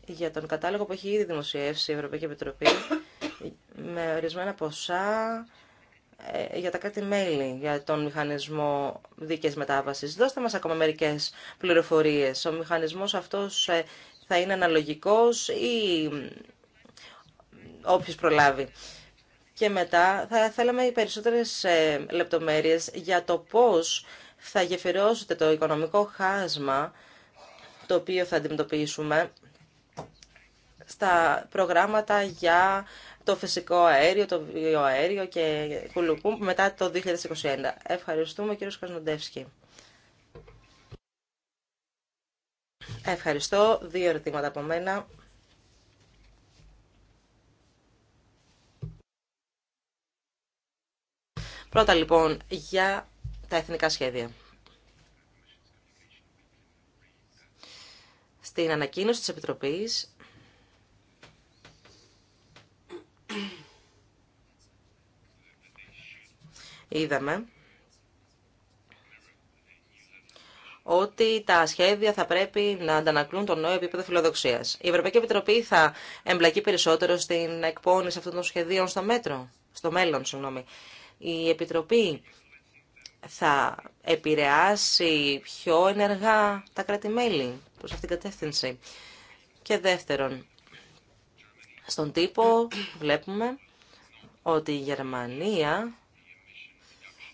για τον κατάλογο που έχει ήδη δημοσιεύσει η Ευρωπαϊκή Επιτροπή με ορισμένα ποσά ε, για τα κάτι μέλη, για τον μηχανισμό δίκαιης μετάβασης. Δώστε μας ακόμα μερικές πληροφορίες. Ο μηχανισμός αυτός ε, θα είναι αναλογικός ή όποιος προλάβει. Και μετά θα θέλαμε οι περισσότερες ε, λεπτομέρειες για το πώς θα γεφυρώσετε το οικονομικό χάσμα το οποίο θα αντιμετωπίσουμε στα προγράμματα για το φυσικό αέριο, το βιοαέριο και κουλουπού μετά το 2021. Ευχαριστούμε κύριο Κασνοντεύσκη. Ευχαριστώ. Δύο ερωτήματα από μένα. Πρώτα λοιπόν για τα εθνικά σχέδια. Στην ανακοίνωση της Επιτροπής είδαμε ότι τα σχέδια θα πρέπει να αντανακλούν τον νέο επίπεδο φιλοδοξία. Η Ευρωπαϊκή Επιτροπή θα εμπλακεί περισσότερο στην εκπόνηση αυτών των σχεδίων στο μέτρο, στο μέλλον, συγγνώμη. Η Επιτροπή θα επηρεάσει πιο ενεργά τα κράτη-μέλη προς αυτήν την κατεύθυνση. Και δεύτερον, στον τύπο βλέπουμε ότι η Γερμανία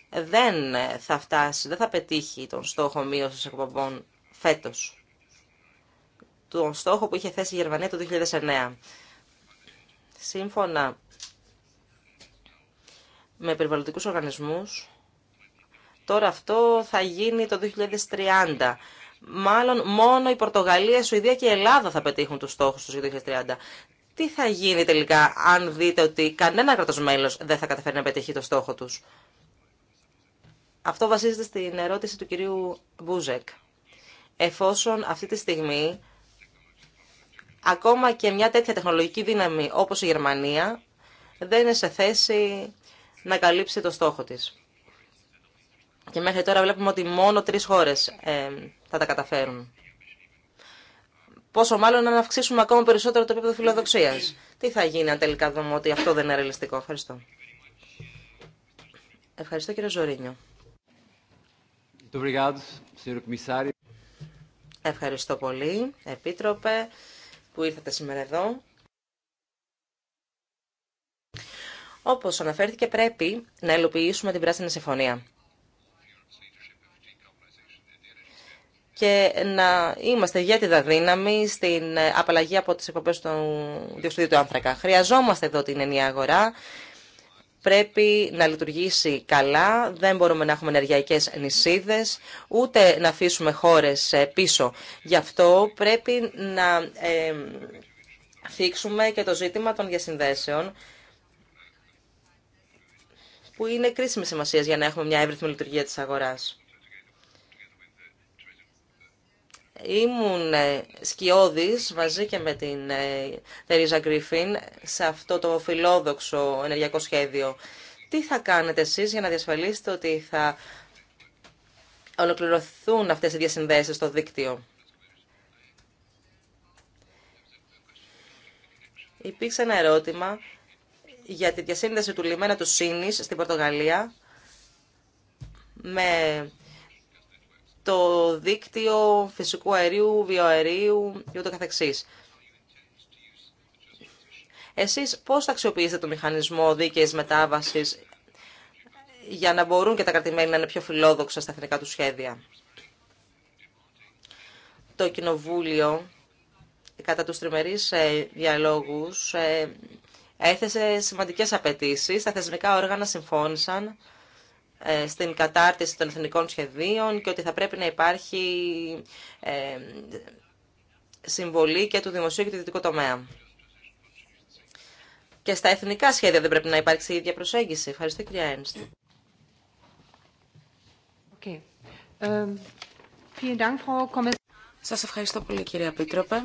δεν θα φτάσει, δεν θα πετύχει τον στόχο μείωση εκπομπών φέτος. Τον στόχο που είχε θέσει η Γερμανία το 2009. Σύμφωνα με περιβαλλοντικούς οργανισμούς, τώρα αυτό θα γίνει το 2030. Μάλλον μόνο η Πορτογαλία, η Σουηδία και η Ελλάδα θα πετύχουν τους στόχους του για το 2030. Τι θα γίνει τελικά αν δείτε ότι κανένα κράτος δεν θα καταφέρει να πετύχει το στόχο τους. Αυτό βασίζεται στην ερώτηση του κυρίου Μπούζεκ. Εφόσον αυτή τη στιγμή ακόμα και μια τέτοια τεχνολογική δύναμη όπως η Γερμανία δεν είναι σε θέση να καλύψει το στόχο της. Και μέχρι τώρα βλέπουμε ότι μόνο τρεις χώρες ε, θα τα καταφέρουν. Πόσο μάλλον να αυξήσουμε ακόμα περισσότερο το επίπεδο φιλοδοξίας. Τι θα γίνει αν τελικά δούμε ότι αυτό δεν είναι ρεαλιστικό. Ευχαριστώ. Ευχαριστώ κύριε Ζωρίνιο. Ευχαριστώ πολύ, Επίτροπε, που ήρθατε σήμερα εδώ. Όπως αναφέρθηκε, πρέπει να υλοποιήσουμε την Πράσινη Συμφωνία. και να είμαστε ηγέτιδα δύναμη στην απαλλαγή από τις εκπομπές του διοξιδίου του άνθρακα. Χρειαζόμαστε εδώ την ενιαία αγορά πρέπει να λειτουργήσει καλά, δεν μπορούμε να έχουμε ενεργειακές νησίδες, ούτε να αφήσουμε χώρες ε, πίσω. Γι' αυτό πρέπει να ε, θίξουμε και το ζήτημα των διασυνδέσεων, που είναι κρίσιμη σημασία για να έχουμε μια εύρυθμη λειτουργία της αγοράς. ήμουν ε, σκιώδης μαζί και με την ε, Τερίζα Γκρίφιν σε αυτό το φιλόδοξο ενεργειακό σχέδιο. Τι θα κάνετε εσείς για να διασφαλίσετε ότι θα ολοκληρωθούν αυτές οι διασυνδέσεις στο δίκτυο. Υπήρξε ένα ερώτημα για τη διασύνδεση του λιμένα του Σίνης στην Πορτογαλία με το δίκτυο φυσικού αερίου, βιοαερίου και ούτω καθεξής. Εσείς πώς θα αξιοποιήσετε το μηχανισμό δίκαιης μετάβασης για να μπορούν και τα κρατημένη να είναι πιο φιλόδοξα στα εθνικά του σχέδια. Το Κοινοβούλιο, κατά τους τριμερείς ε, διαλόγους, ε, έθεσε σημαντικές απαιτήσεις. Τα θεσμικά όργανα συμφώνησαν ε, στην κατάρτιση των εθνικών σχεδίων και ότι θα πρέπει να υπάρχει ε, συμβολή και του δημοσίου και του ιδιωτικού τομέα. Και στα εθνικά σχέδια δεν πρέπει να υπάρξει η ίδια προσέγγιση. Ευχαριστώ, κυρία Ένστ. Okay. Ε, Σας ευχαριστώ πολύ, κυρία Πίτροπε.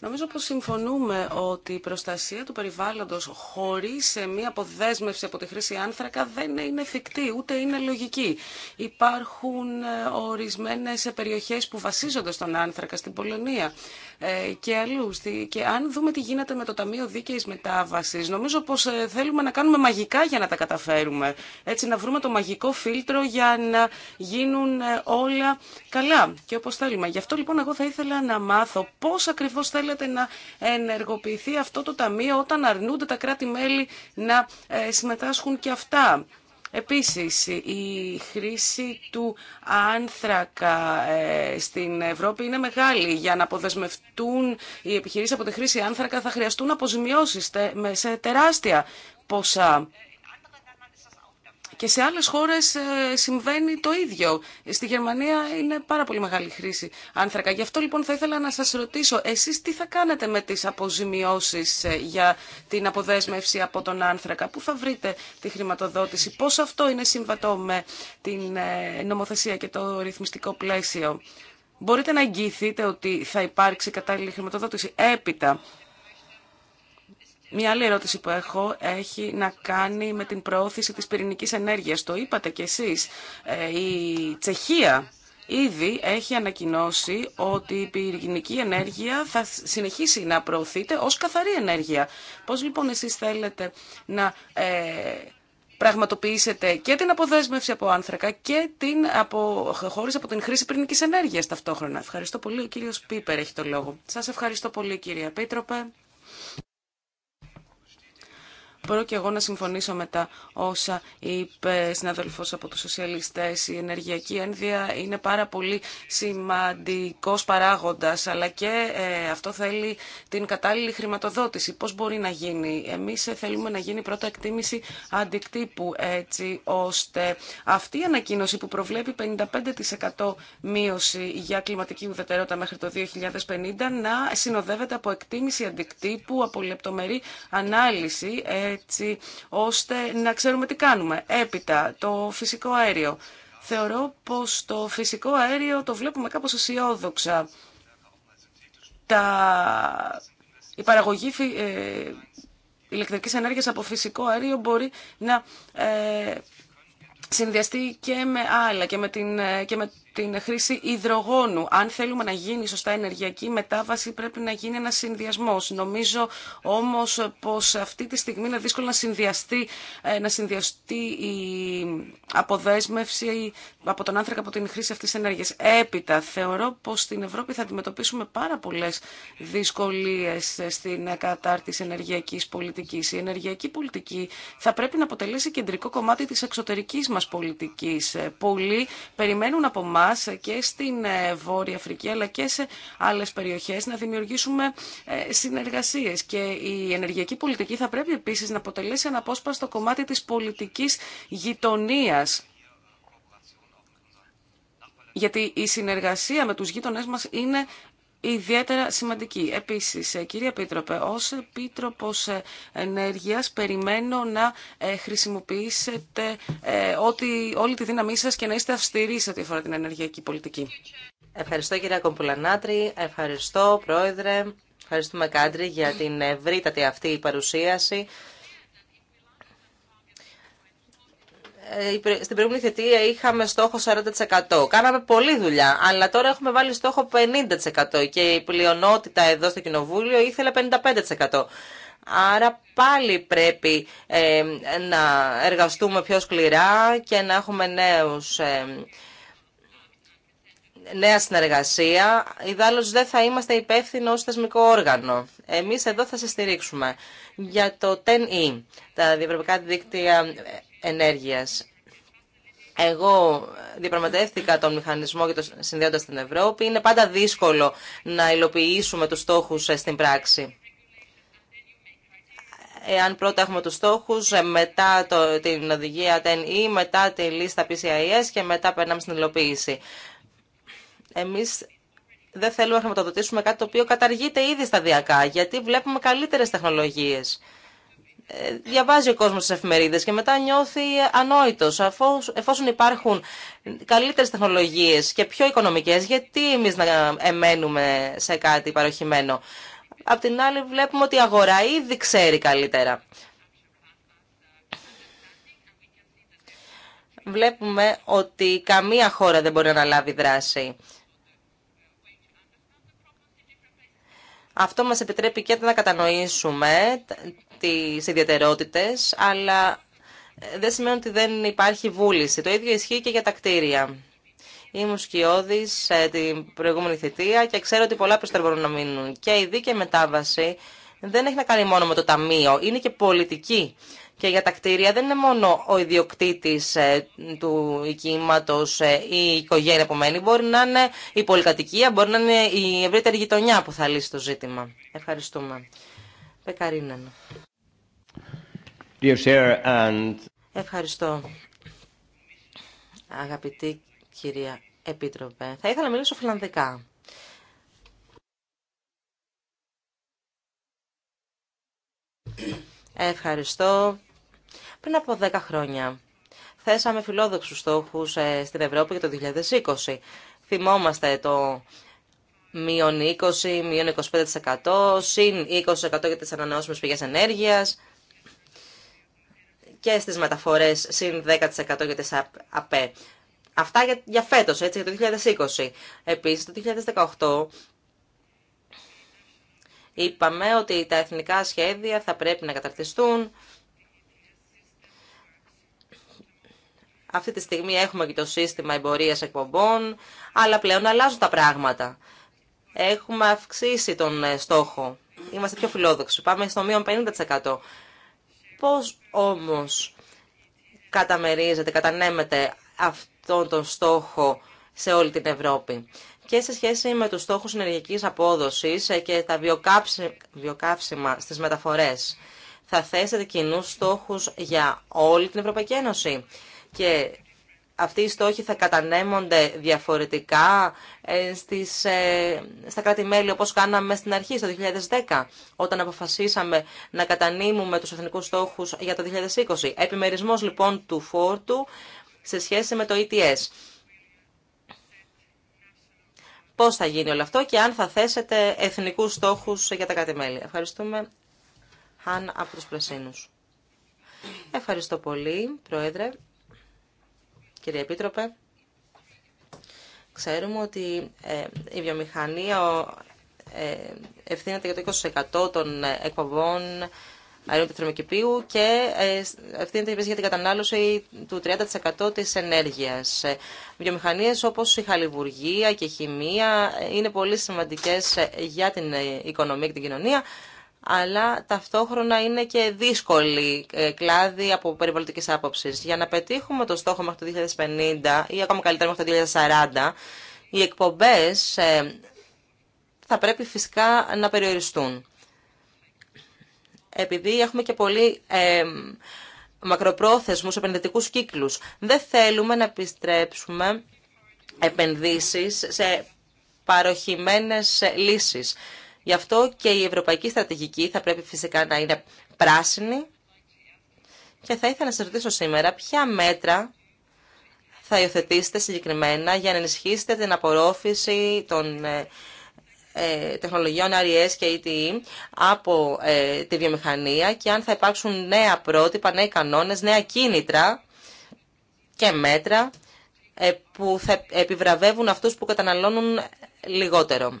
Νομίζω πως συμφωνούμε ότι η προστασία του περιβάλλοντος χωρίς ε, μία αποδέσμευση από τη χρήση άνθρακα δεν είναι εφικτή, ούτε είναι λογική. Υπάρχουν ε, ορισμένες ε, περιοχές που βασίζονται στον άνθρακα, στην Πολωνία και αλλού. Και αν δούμε τι γίνεται με το Ταμείο Δίκαιης Μετάβασης, νομίζω πως θέλουμε να κάνουμε μαγικά για να τα καταφέρουμε. Έτσι να βρούμε το μαγικό φίλτρο για να γίνουν όλα καλά και όπως θέλουμε. Γι' αυτό λοιπόν εγώ θα ήθελα να μάθω πώς ακριβώς θέλει θέλετε να ενεργοποιηθεί αυτό το ταμείο όταν αρνούνται τα κράτη-μέλη να ε, συμμετάσχουν και αυτά. Επίσης, η χρήση του άνθρακα ε, στην Ευρώπη είναι μεγάλη. Για να αποδεσμευτούν οι επιχειρήσεις από τη χρήση άνθρακα θα χρειαστούν αποζημιώσεις σε τεράστια ποσά. Και σε άλλες χώρες ε, συμβαίνει το ίδιο. Στη Γερμανία είναι πάρα πολύ μεγάλη χρήση άνθρακα. Γι' αυτό λοιπόν θα ήθελα να σας ρωτήσω, εσείς τι θα κάνετε με τις αποζημιώσεις ε, για την αποδέσμευση από τον άνθρακα. Πού θα βρείτε τη χρηματοδότηση. Πώς αυτό είναι συμβατό με την ε, νομοθεσία και το ρυθμιστικό πλαίσιο. Μπορείτε να εγγυηθείτε ότι θα υπάρξει κατάλληλη χρηματοδότηση έπειτα. Μια άλλη ερώτηση που έχω έχει να κάνει με την προώθηση της πυρηνικής ενέργειας. Το είπατε κι εσείς. Ε, η Τσεχία ήδη έχει ανακοινώσει ότι η πυρηνική ενέργεια θα συνεχίσει να προωθείται ως καθαρή ενέργεια. Πώς λοιπόν εσείς θέλετε να ε, πραγματοποιήσετε και την αποδέσμευση από άνθρακα και την από την χρήση πυρηνικής ενέργειας ταυτόχρονα. Ευχαριστώ πολύ. Ο κύριος Πίπερ έχει το λόγο. Σας ευχαριστώ πολύ κυρία Πίτροπε μπορώ και εγώ να συμφωνήσω με τα όσα είπε συναδελφός από του Σοσιαλιστέ. Η ενεργειακή ένδυα είναι πάρα πολύ σημαντικό παράγοντα, αλλά και ε, αυτό θέλει την κατάλληλη χρηματοδότηση. Πώ μπορεί να γίνει. εμεί θέλουμε να γίνει πρώτα εκτίμηση αντικτύπου, έτσι ώστε αυτή η ανακοίνωση που προβλέπει 55% μείωση για κλιματική ουδετερότητα μέχρι το 2050 να συνοδεύεται από εκτίμηση αντικτύπου, από λεπτομερή ανάλυση, έτσι ώστε να ξέρουμε τι κάνουμε. Έπειτα, το φυσικό αέριο. Θεωρώ πως το φυσικό αέριο το βλέπουμε κάπως αισιόδοξα. Τα... Η παραγωγή ε, ηλεκτρικής ενέργειας από φυσικό αέριο μπορεί να ε, συνδυαστεί και με άλλα και με, την, ε, και με την χρήση υδρογόνου. Αν θέλουμε να γίνει σωστά ενεργειακή μετάβαση πρέπει να γίνει ένα συνδυασμό. Νομίζω όμω πω αυτή τη στιγμή είναι δύσκολο να συνδυαστεί, ε, να συνδυαστεί η αποδέσμευση από τον άνθρακα από την χρήση αυτή τη ενέργεια. Έπειτα θεωρώ πω στην Ευρώπη θα αντιμετωπίσουμε πάρα πολλέ δυσκολίε στην κατάρτιση ενεργειακή πολιτική. Η ενεργειακή πολιτική θα πρέπει να αποτελέσει κεντρικό κομμάτι τη εξωτερική μα πολιτική Πολλοί περιμένουν από μα και στην ε, Βόρεια Αφρική αλλά και σε άλλε περιοχέ να δημιουργήσουμε ε, συνεργασίε. και η ενεργειακή πολιτική θα πρέπει επίση να αποτελέσει αναπόσπαστο κομμάτι τη πολιτική γειτονία. γιατί η συνεργασία με τους γείτονές μας είναι ιδιαίτερα σημαντική. Επίσης, ε, κύριε Πίτροπε, ως Επίτροπος ε, Ενέργειας περιμένω να ε, χρησιμοποιήσετε ό,τι, όλη τη δύναμή σας και να είστε αυστηροί σε ό,τι αφορά την ενεργειακή πολιτική. Ευχαριστώ κυρία Κομπουλανάτρη, ευχαριστώ Πρόεδρε, ευχαριστούμε Κάντρι για την ευρύτατη αυτή παρουσίαση. Ε, στην προηγούμενη θετία είχαμε στόχο 40%. Κάναμε πολλή δουλειά, αλλά τώρα έχουμε βάλει στόχο 50% και η πλειονότητα εδώ στο Κοινοβούλιο ήθελε 55%. Άρα πάλι πρέπει ε, να εργαστούμε πιο σκληρά και να έχουμε νέους, ε, νέα συνεργασία. Ιδάλλως δεν θα είμαστε υπεύθυνοι ως θεσμικό όργανο. Εμείς εδώ θα σε στηρίξουμε. Για το 10E, τα διευρωπαϊκά δίκτυα ενέργειας. Εγώ διαπραγματεύτηκα τον μηχανισμό και το συνδέοντα στην Ευρώπη. Είναι πάντα δύσκολο να υλοποιήσουμε τους στόχους ε, στην πράξη. Εάν πρώτα έχουμε τους στόχους, ε, μετά το, την οδηγια 10 TEN-E, μετά τη λίστα PCIS και μετά περνάμε στην υλοποίηση. Εμείς δεν θέλουμε να χρηματοδοτήσουμε κάτι το οποίο καταργείται ήδη σταδιακά, γιατί βλέπουμε καλύτερες τεχνολογίες διαβάζει ο κόσμος στις εφημερίδες και μετά νιώθει ανόητος εφόσον υπάρχουν καλύτερες τεχνολογίες και πιο οικονομικές γιατί εμείς να εμένουμε σε κάτι παροχημένο. Απ' την άλλη βλέπουμε ότι η αγορά ήδη ξέρει καλύτερα. Βλέπουμε ότι καμία χώρα δεν μπορεί να λάβει δράση. Αυτό μας επιτρέπει και να κατανοήσουμε τις ιδιαιτερότητες, αλλά ε, δεν σημαίνει ότι δεν υπάρχει βούληση. Το ίδιο ισχύει και για τα κτίρια. Ήμουν σκιώδη ε, την προηγούμενη θητεία και ξέρω ότι πολλά πιστεύω μπορούν να μείνουν. Και η δίκαιη μετάβαση δεν έχει να κάνει μόνο με το ταμείο, είναι και πολιτική. Και για τα κτίρια δεν είναι μόνο ο ιδιοκτήτη ε, του οικήματο ή η οικογένεια που μένει. Μπορεί να είναι η πολυκατοικία, μπορεί να είναι η ευρύτερη γειτονιά που θα λύσει το ζήτημα. Ευχαριστούμε. Πεκαρίνεν. Ευχαριστώ. Αγαπητή κυρία Επίτροπε, θα ήθελα να μιλήσω φιλανδικά. Ευχαριστώ. Πριν από 10 χρόνια θέσαμε φιλόδοξους στόχους ε, στην Ευρώπη για το 2020. Θυμόμαστε το μείον 20, μείον 25%, συν 20% για τις ανανεώσιμες πηγές ενέργειας, και στις μεταφορές συν 10% για τις ΑΠΕ. Αυτά για, για φέτος, έτσι, για το 2020. Επίσης, το 2018 είπαμε ότι τα εθνικά σχέδια θα πρέπει να καταρτιστούν. Αυτή τη στιγμή έχουμε και το σύστημα εμπορίας εκπομπών, αλλά πλέον αλλάζουν τα πράγματα. Έχουμε αυξήσει τον ε, στόχο. Είμαστε πιο φιλόδοξοι. Πάμε στο μείον 50%. Πώς όμως καταμερίζεται, κατανέμεται αυτόν τον στόχο σε όλη την Ευρώπη. Και σε σχέση με τους στόχους ενεργειακής απόδοσης ε, και τα βιοκαύσιμα στις μεταφορές, θα θέσετε κοινούς στόχους για όλη την Ευρωπαϊκή Ένωση. Και αυτοί οι στόχοι θα κατανέμονται διαφορετικά ε, στις, ε, στα κράτη-μέλη όπως κάναμε στην αρχή, στο 2010, όταν αποφασίσαμε να κατανείμουμε τους εθνικούς στόχους για το 2020. Επιμερισμός λοιπόν του φόρτου σε σχέση με το ETS. Πώς θα γίνει όλο αυτό και αν θα θέσετε εθνικούς στόχους για τα κράτη-μέλη. Ευχαριστούμε, Χάν, από τους Πρασίνους. Ευχαριστώ πολύ, Πρόεδρε. Κύριε Επίτροπε, ξέρουμε ότι ε, η βιομηχανία ε, ευθύνεται για το 20% των εκπομπών αερίων του θερμοκηπίου και ε, ευθύνεται για την κατανάλωση του 30% της ενέργειας. Βιομηχανίες όπως η χαλιβουργία και η χημεία είναι πολύ σημαντικές για την οικονομία και την κοινωνία αλλά ταυτόχρονα είναι και δύσκολη ε, κλάδη από περιβαλλοντική άποψη. Για να πετύχουμε το στόχο μέχρι το 2050 ή ακόμα καλύτερα μέχρι το 2040, οι εκπομπές ε, θα πρέπει φυσικά να περιοριστούν. Επειδή έχουμε και πολύ ε, μακροπρόθεσμους επενδυτικούς κύκλους, δεν θέλουμε να επιστρέψουμε επενδύσεις σε παροχημένες λύσεις. Γι' αυτό και η ευρωπαϊκή στρατηγική θα πρέπει φυσικά να είναι πράσινη. Και θα ήθελα να σας ρωτήσω σήμερα ποια μέτρα θα υιοθετήσετε συγκεκριμένα για να ενισχύσετε την απορρόφηση των ε, ε, τεχνολογιών RES και ETE e από ε, τη βιομηχανία και αν θα υπάρξουν νέα πρότυπα, νέοι κανόνες, νέα κίνητρα και μέτρα που θα επιβραβεύουν αυτούς που καταναλώνουν λιγότερο.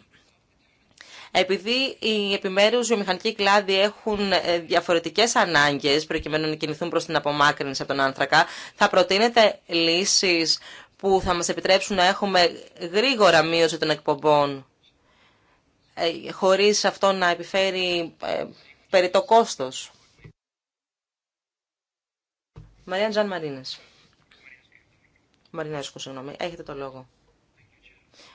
Επειδή οι επιμέρου βιομηχανικοί κλάδοι έχουν ε, διαφορετικέ ανάγκε προκειμένου να κινηθούν προ την απομάκρυνση από τον άνθρακα, θα προτείνετε λύσει που θα μας επιτρέψουν να έχουμε γρήγορα μείωση των εκπομπών ε, χωρίς αυτό να επιφέρει ε, περί το κόστος. Μαρία Τζαν Μαρίνες. Μαρινέσκου, συγγνώμη. Έχετε το λόγο.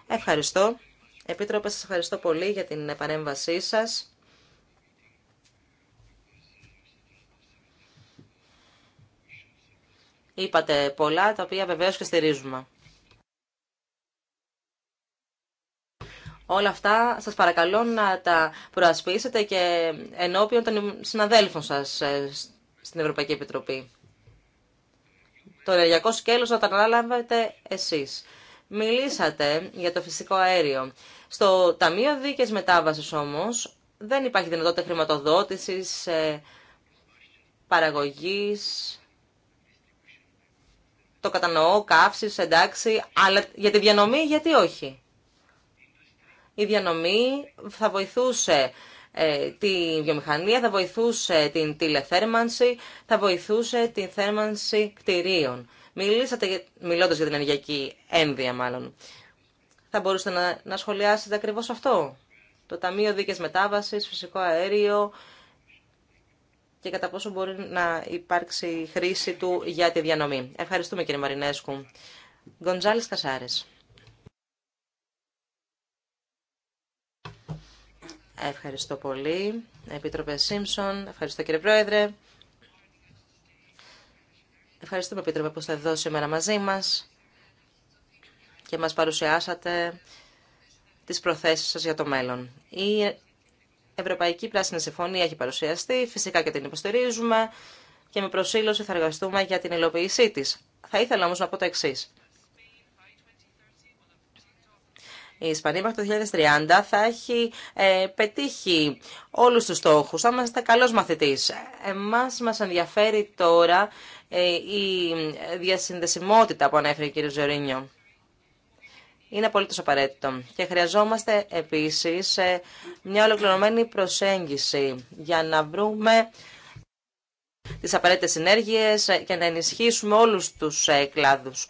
Ευχαριστώ. Επίτροπε, σας ευχαριστώ πολύ για την παρέμβασή σας. Είπατε πολλά, τα οποία βεβαίως και στηρίζουμε. Όλα αυτά σας παρακαλώ να τα προασπίσετε και ενώπιον των συναδέλφων σας ε, στην Ευρωπαϊκή Επιτροπή. Το ενεργειακό σκέλος θα τα αναλάβετε εσείς μιλήσατε για το φυσικό αέριο. Στο Ταμείο Δίκαιες Μετάβασης όμως δεν υπάρχει δυνατότητα χρηματοδότησης, ε, παραγωγής, το κατανοώ, καύσης, εντάξει, αλλά για τη διανομή γιατί όχι. Η διανομή θα βοηθούσε ε, τη βιομηχανία, θα βοηθούσε την τηλεθέρμανση, θα βοηθούσε την θέρμανση κτηρίων. Μιλήσατε, μιλώντας για την ενεργειακή ένδυα μάλλον. Θα μπορούσατε να, να σχολιάσετε ακριβώς αυτό. Το Ταμείο δίκες Μετάβασης, Φυσικό Αέριο και κατά πόσο μπορεί να υπάρξει χρήση του για τη διανομή. Ευχαριστούμε κύριε Μαρινέσκου. Γκοντζάλης Κασάρης. Ευχαριστώ πολύ. Επίτροπε Σίμψον, ευχαριστώ κύριε Πρόεδρε. Ευχαριστούμε, Επίτροπε, που είστε εδώ σήμερα μαζί μας και μας παρουσιάσατε τις προθέσεις σας για το μέλλον. Η Ευρωπαϊκή Πράσινη Συμφωνία έχει παρουσιαστεί, φυσικά και την υποστηρίζουμε και με προσήλωση θα εργαστούμε για την υλοποίησή της. Θα ήθελα όμως να πω το εξής. η Ισπανία μέχρι το 2030 θα έχει ε, πετύχει όλους τους στόχους. Θα είμαστε καλός μαθητής. Εμάς μας ενδιαφέρει τώρα ε, η διασυνδεσιμότητα που ανέφερε ο κ. Ζωρίνιο. Είναι απολύτως απαραίτητο. Και χρειαζόμαστε επίσης ε, μια ολοκληρωμένη προσέγγιση για να βρούμε τις απαραίτητες συνέργειες και να ενισχύσουμε όλους τους κλάδους.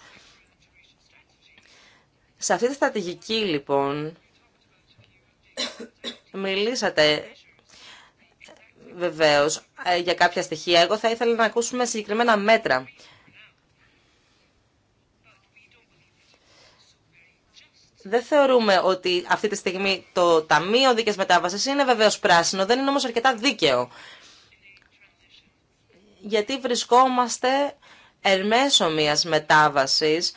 Σε αυτή τη στρατηγική λοιπόν μιλήσατε βεβαίως ε, για κάποια στοιχεία. Εγώ θα ήθελα να ακούσουμε συγκεκριμένα μέτρα. Δεν θεωρούμε ότι αυτή τη στιγμή το Ταμείο Δίκαιας Μετάβασης είναι βεβαίως πράσινο, δεν είναι όμως αρκετά δίκαιο. Γιατί βρισκόμαστε εν μέσω μιας μετάβασης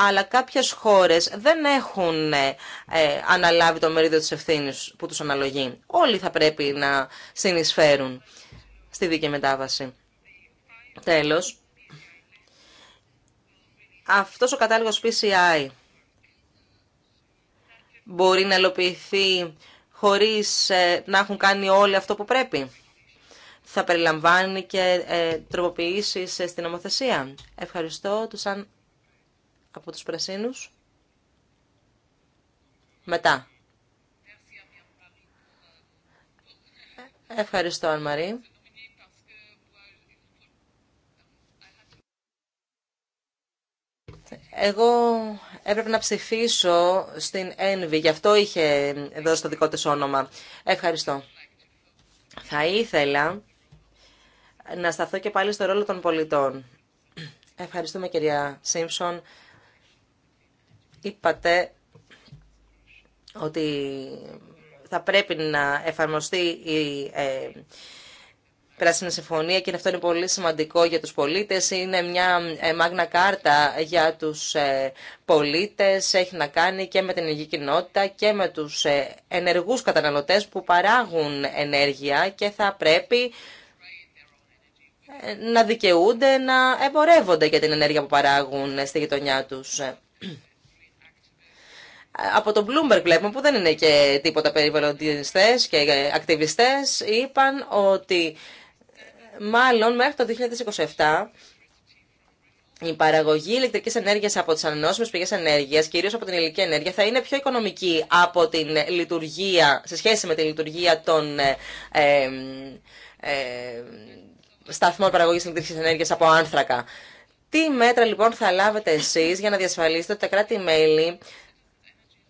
αλλά κάποιες χώρες δεν έχουν ε, ε, αναλάβει το μερίδιο της ευθύνη που τους αναλογεί. Όλοι θα πρέπει να συνεισφέρουν στη δίκαιη μετάβαση. Τέλος, αυτός ο κατάλογος PCI μπορεί να ελοποιηθεί χωρίς ε, να έχουν κάνει όλοι αυτό που πρέπει. Θα περιλαμβάνει και ε, τροποποιήσεις στην ομοθεσία. Ευχαριστώ, Σαν από τους πρασίνους. Μετά. Ευχαριστώ, Αν-Μαρή. Εγώ έπρεπε να ψηφίσω στην Envy, γι' αυτό είχε δώσει το δικό της όνομα. Ευχαριστώ. Θα ήθελα να σταθώ και πάλι στο ρόλο των πολιτών. Ευχαριστούμε κυρία Σίμψον. Είπατε ότι θα πρέπει να εφαρμοστεί η ε, Πράσινη Συμφωνία και αυτό είναι πολύ σημαντικό για τους πολίτες. Είναι μια ε, μάγνα κάρτα για τους ε, πολίτες. Έχει να κάνει και με την ενεργή κοινότητα και με τους ε, ενεργούς καταναλωτές που παράγουν ενέργεια και θα πρέπει ε, να δικαιούνται να εμπορεύονται για την ενέργεια που παράγουν στη γειτονιά τους από τον Bloomberg βλέπουμε που δεν είναι και τίποτα περιβαλλοντιστές και ε, ακτιβιστές είπαν ότι μάλλον μέχρι το 2027 η παραγωγή ηλεκτρικής ενέργειας από τις ανανεώσιμες πηγές ενέργειας, κυρίως από την ηλική ενέργεια, θα είναι πιο οικονομική από την λειτουργία, σε σχέση με τη λειτουργία των ε, ε, ε, σταθμών παραγωγής ηλεκτρικής ενέργειας από άνθρακα. Τι μέτρα λοιπόν θα λάβετε εσείς για να διασφαλίσετε ότι τα κράτη-μέλη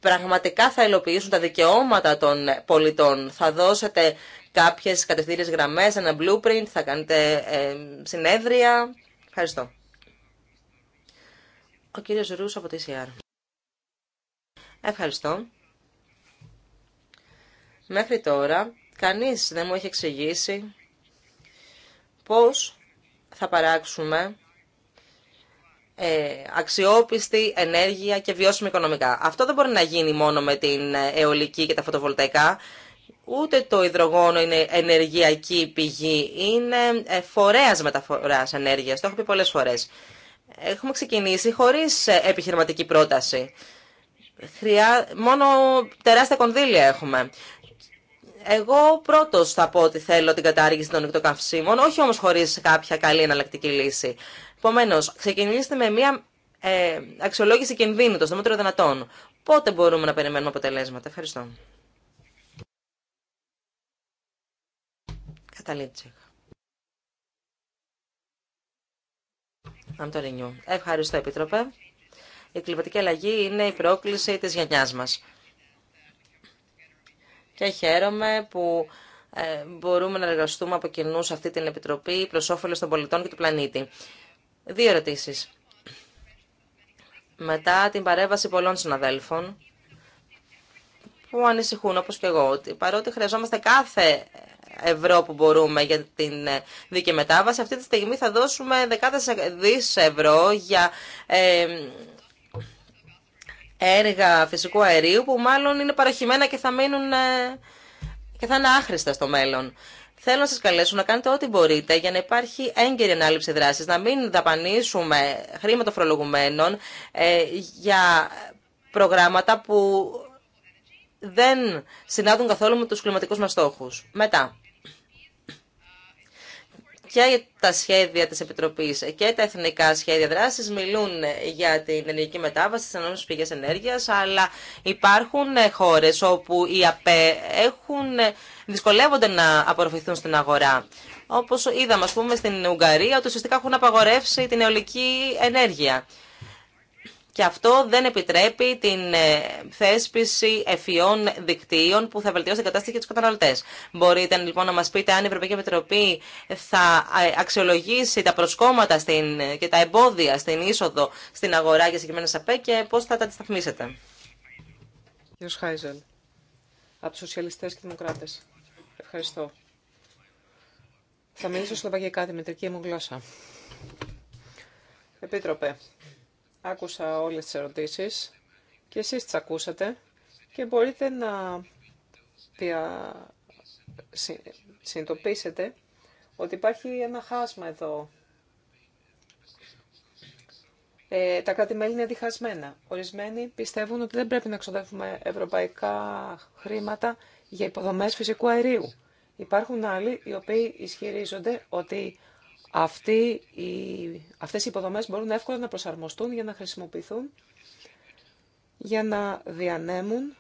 πραγματικά θα υλοποιήσουν τα δικαιώματα των πολιτών. Θα δώσετε κάποιες κατευθύνες γραμμές, ένα blueprint, θα κάνετε ε, συνέδρια. Ευχαριστώ. Ο κύριος Ρούς από τη ΣΥΑΡ. Ευχαριστώ. Μέχρι τώρα, κανείς δεν μου έχει εξηγήσει πώς θα παράξουμε ε, αξιόπιστη ενέργεια και βιώσιμη οικονομικά. Αυτό δεν μπορεί να γίνει μόνο με την ε, αιωλική και τα φωτοβολταϊκά. Ούτε το υδρογόνο είναι ενεργειακή πηγή, είναι ε, φορέας μεταφοράς ενέργειας. Το έχω πει πολλές φορές. Έχουμε ξεκινήσει χωρίς επιχειρηματική πρόταση. Χρειά... Μόνο τεράστια κονδύλια έχουμε. Εγώ πρώτο θα πω ότι θέλω την κατάργηση των νεκτοκαυσίμων, όχι όμω χωρί κάποια καλή εναλλακτική λύση. Επομένω, ξεκινήστε με μια ε, αξιολόγηση κινδύνου, των στομότερο δυνατόν. Πότε μπορούμε να περιμένουμε αποτελέσματα. Ευχαριστώ. Ευχαριστώ, Επίτροπε. Η κλιματική αλλαγή είναι η πρόκληση της γενιάς μας και χαίρομαι που ε, μπορούμε να εργαστούμε από κοινού σε αυτή την Επιτροπή προ όφελο των πολιτών και του πλανήτη. Δύο ερωτήσει. Μετά την παρέμβαση πολλών συναδέλφων που ανησυχούν όπως και εγώ ότι παρότι χρειαζόμαστε κάθε ευρώ που μπορούμε για την ε, δίκαιη μετάβαση αυτή τη στιγμή θα δώσουμε δεκάδες δις ευρώ για ε, έργα φυσικού αερίου που μάλλον είναι παροχημένα και θα μείνουν ε, και θα είναι άχρηστα στο μέλλον. Θέλω να σας καλέσω να κάνετε ό,τι μπορείτε για να υπάρχει έγκαιρη ανάληψη δράσης, να μην δαπανίσουμε χρήματα φορολογουμένων ε, για προγράμματα που δεν συνάδουν καθόλου με τους κλιματικούς μας στόχους. Μετά, και τα σχέδια της Επιτροπής και τα εθνικά σχέδια δράσης μιλούν για την ενεργική μετάβαση στις ανώνυμες πηγές ενέργειας, αλλά υπάρχουν χώρες όπου οι ΑΠΕ έχουν, δυσκολεύονται να απορροφηθούν στην αγορά. Όπως είδαμε, ας πούμε, στην Ουγγαρία, ότι ουσιαστικά έχουν απαγορεύσει την αιωλική ενέργεια και αυτό δεν επιτρέπει την ε, θέσπιση ευφυών δικτύων που θα βελτιώσει την κατάσταση για του καταναλωτέ. Μπορείτε λοιπόν να μα πείτε αν η Ευρωπαϊκή Επιτροπή θα ε, αξιολογήσει τα προσκόμματα στην, και τα εμπόδια στην είσοδο στην αγορά για συγκεκριμένε ΑΠΕ και πώ θα τα αντισταθμίσετε. Κύριο Χάιζελ, από τους Σοσιαλιστέ και Ευχαριστώ. Θα μιλήσω σλοβακικά, μετρική μου γλώσσα. Επίτροπε, Άκουσα όλες τις ερωτήσεις και εσείς τις ακούσατε και μπορείτε να συνειδητοποιήσετε ότι υπάρχει ένα χάσμα εδώ. Ε, τα κράτη-μέλη είναι διχασμένα. Ορισμένοι πιστεύουν ότι δεν πρέπει να εξοδεύουμε ευρωπαϊκά χρήματα για υποδομές φυσικού αερίου. Υπάρχουν άλλοι οι οποίοι ισχυρίζονται ότι αυτοί, οι, αυτές οι υποδομές μπορούν εύκολα να προσαρμοστούν για να χρησιμοποιηθούν, για να διανέμουν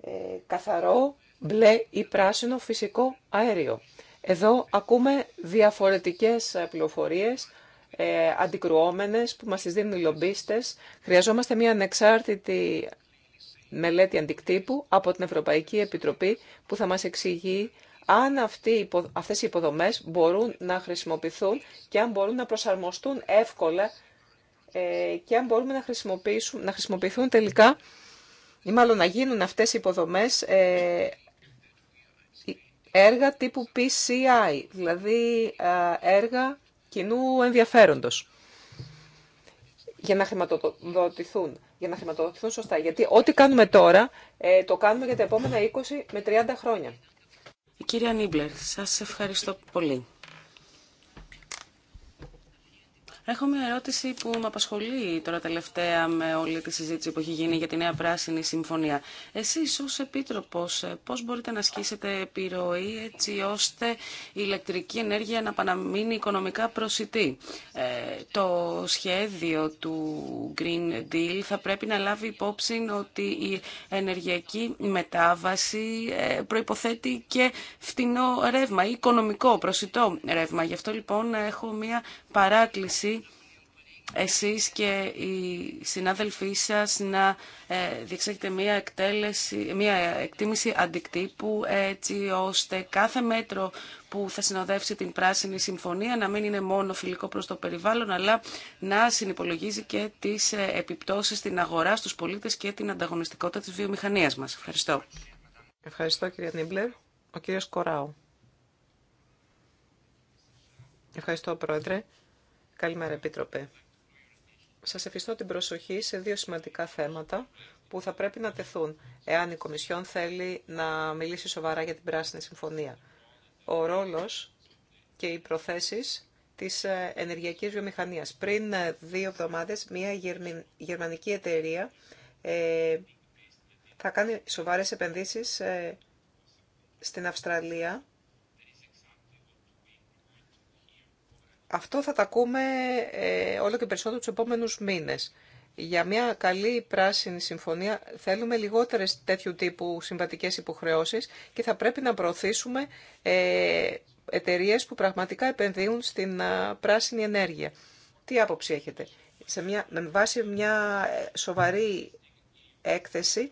ε, καθαρό, μπλε ή πράσινο φυσικό αέριο. Εδώ ακούμε διαφορετικές πληροφορίες, ε, αντικρουόμενες που μας τις δίνουν οι λομπίστες. Χρειαζόμαστε μια ανεξάρτητη μελέτη αντικτύπου από την Ευρωπαϊκή Επιτροπή που θα μας εξηγεί αν αυτές οι υποδομές μπορούν να χρησιμοποιηθούν και αν μπορούν να προσαρμοστούν εύκολα ε, και αν μπορούμε να, χρησιμοποιήσουν, να χρησιμοποιηθούν τελικά ή μάλλον να γίνουν αυτές οι υποδομές ε, έργα τύπου PCI, δηλαδή ε, έργα κοινού ενδιαφέροντος για να χρηματοδοτηθούν για να χρηματοδοτηθούν σωστά. Γιατί ό,τι κάνουμε τώρα ε, το κάνουμε για τα επόμενα 20 με 30 χρόνια. Η κυρία Νίμπλερ, σας ευχαριστώ πολύ. Έχω μια ερώτηση που με απασχολεί τώρα τελευταία με όλη τη συζήτηση που έχει γίνει για τη Νέα Πράσινη Συμφωνία. Εσείς ως επίτροπο, ε, πώς μπορείτε να ασκήσετε επιρροή έτσι ώστε η ηλεκτρική ενέργεια να παραμείνει οικονομικά προσιτή. Ε, το σχέδιο του Green Deal θα πρέπει να λάβει υπόψη ότι η ενεργειακή μετάβαση ε, προϋποθέτει και φτηνό ρεύμα ή οικονομικό προσιτό ρεύμα. Γι' αυτό λοιπόν έχω μια παράκληση εσείς και οι συνάδελφοί σας να ε, διεξάγετε μία, εκτέλεση, μία εκτίμηση αντικτύπου έτσι ώστε κάθε μέτρο που θα συνοδεύσει την Πράσινη Συμφωνία να μην είναι μόνο φιλικό προς το περιβάλλον αλλά να συνυπολογίζει και τις ε, επιπτώσεις στην αγορά, στους πολίτες και την ανταγωνιστικότητα της βιομηχανίας μας. Ευχαριστώ. Ευχαριστώ κυρία Νίμπλερ. Ο κύριος Κοράου. Ευχαριστώ πρόεδρε. Καλημέρα, Επίτροπε. Σας ευχηστώ την προσοχή σε δύο σημαντικά θέματα που θα πρέπει να τεθούν εάν η Κομισιόν θέλει να μιλήσει σοβαρά για την Πράσινη Συμφωνία. Ο ρόλος και οι προθέσεις της ε, ενεργειακής βιομηχανίας. Πριν ε, δύο εβδομάδες μια γερμανική εταιρεία ε, θα κάνει σοβαρές επενδύσεις στην Αυστραλία Αυτό θα τα ακούμε ε, όλο και περισσότερο τους επόμενους μήνες. Για μια καλή πράσινη συμφωνία θέλουμε λιγότερες τέτοιου τύπου συμβατικές υποχρεώσεις και θα πρέπει να προωθήσουμε ε, εταιρείες που πραγματικά επενδύουν στην πράσινη ενέργεια. Τι άποψη έχετε. Σε μια, με βάση μια ε, σοβαρή έκθεση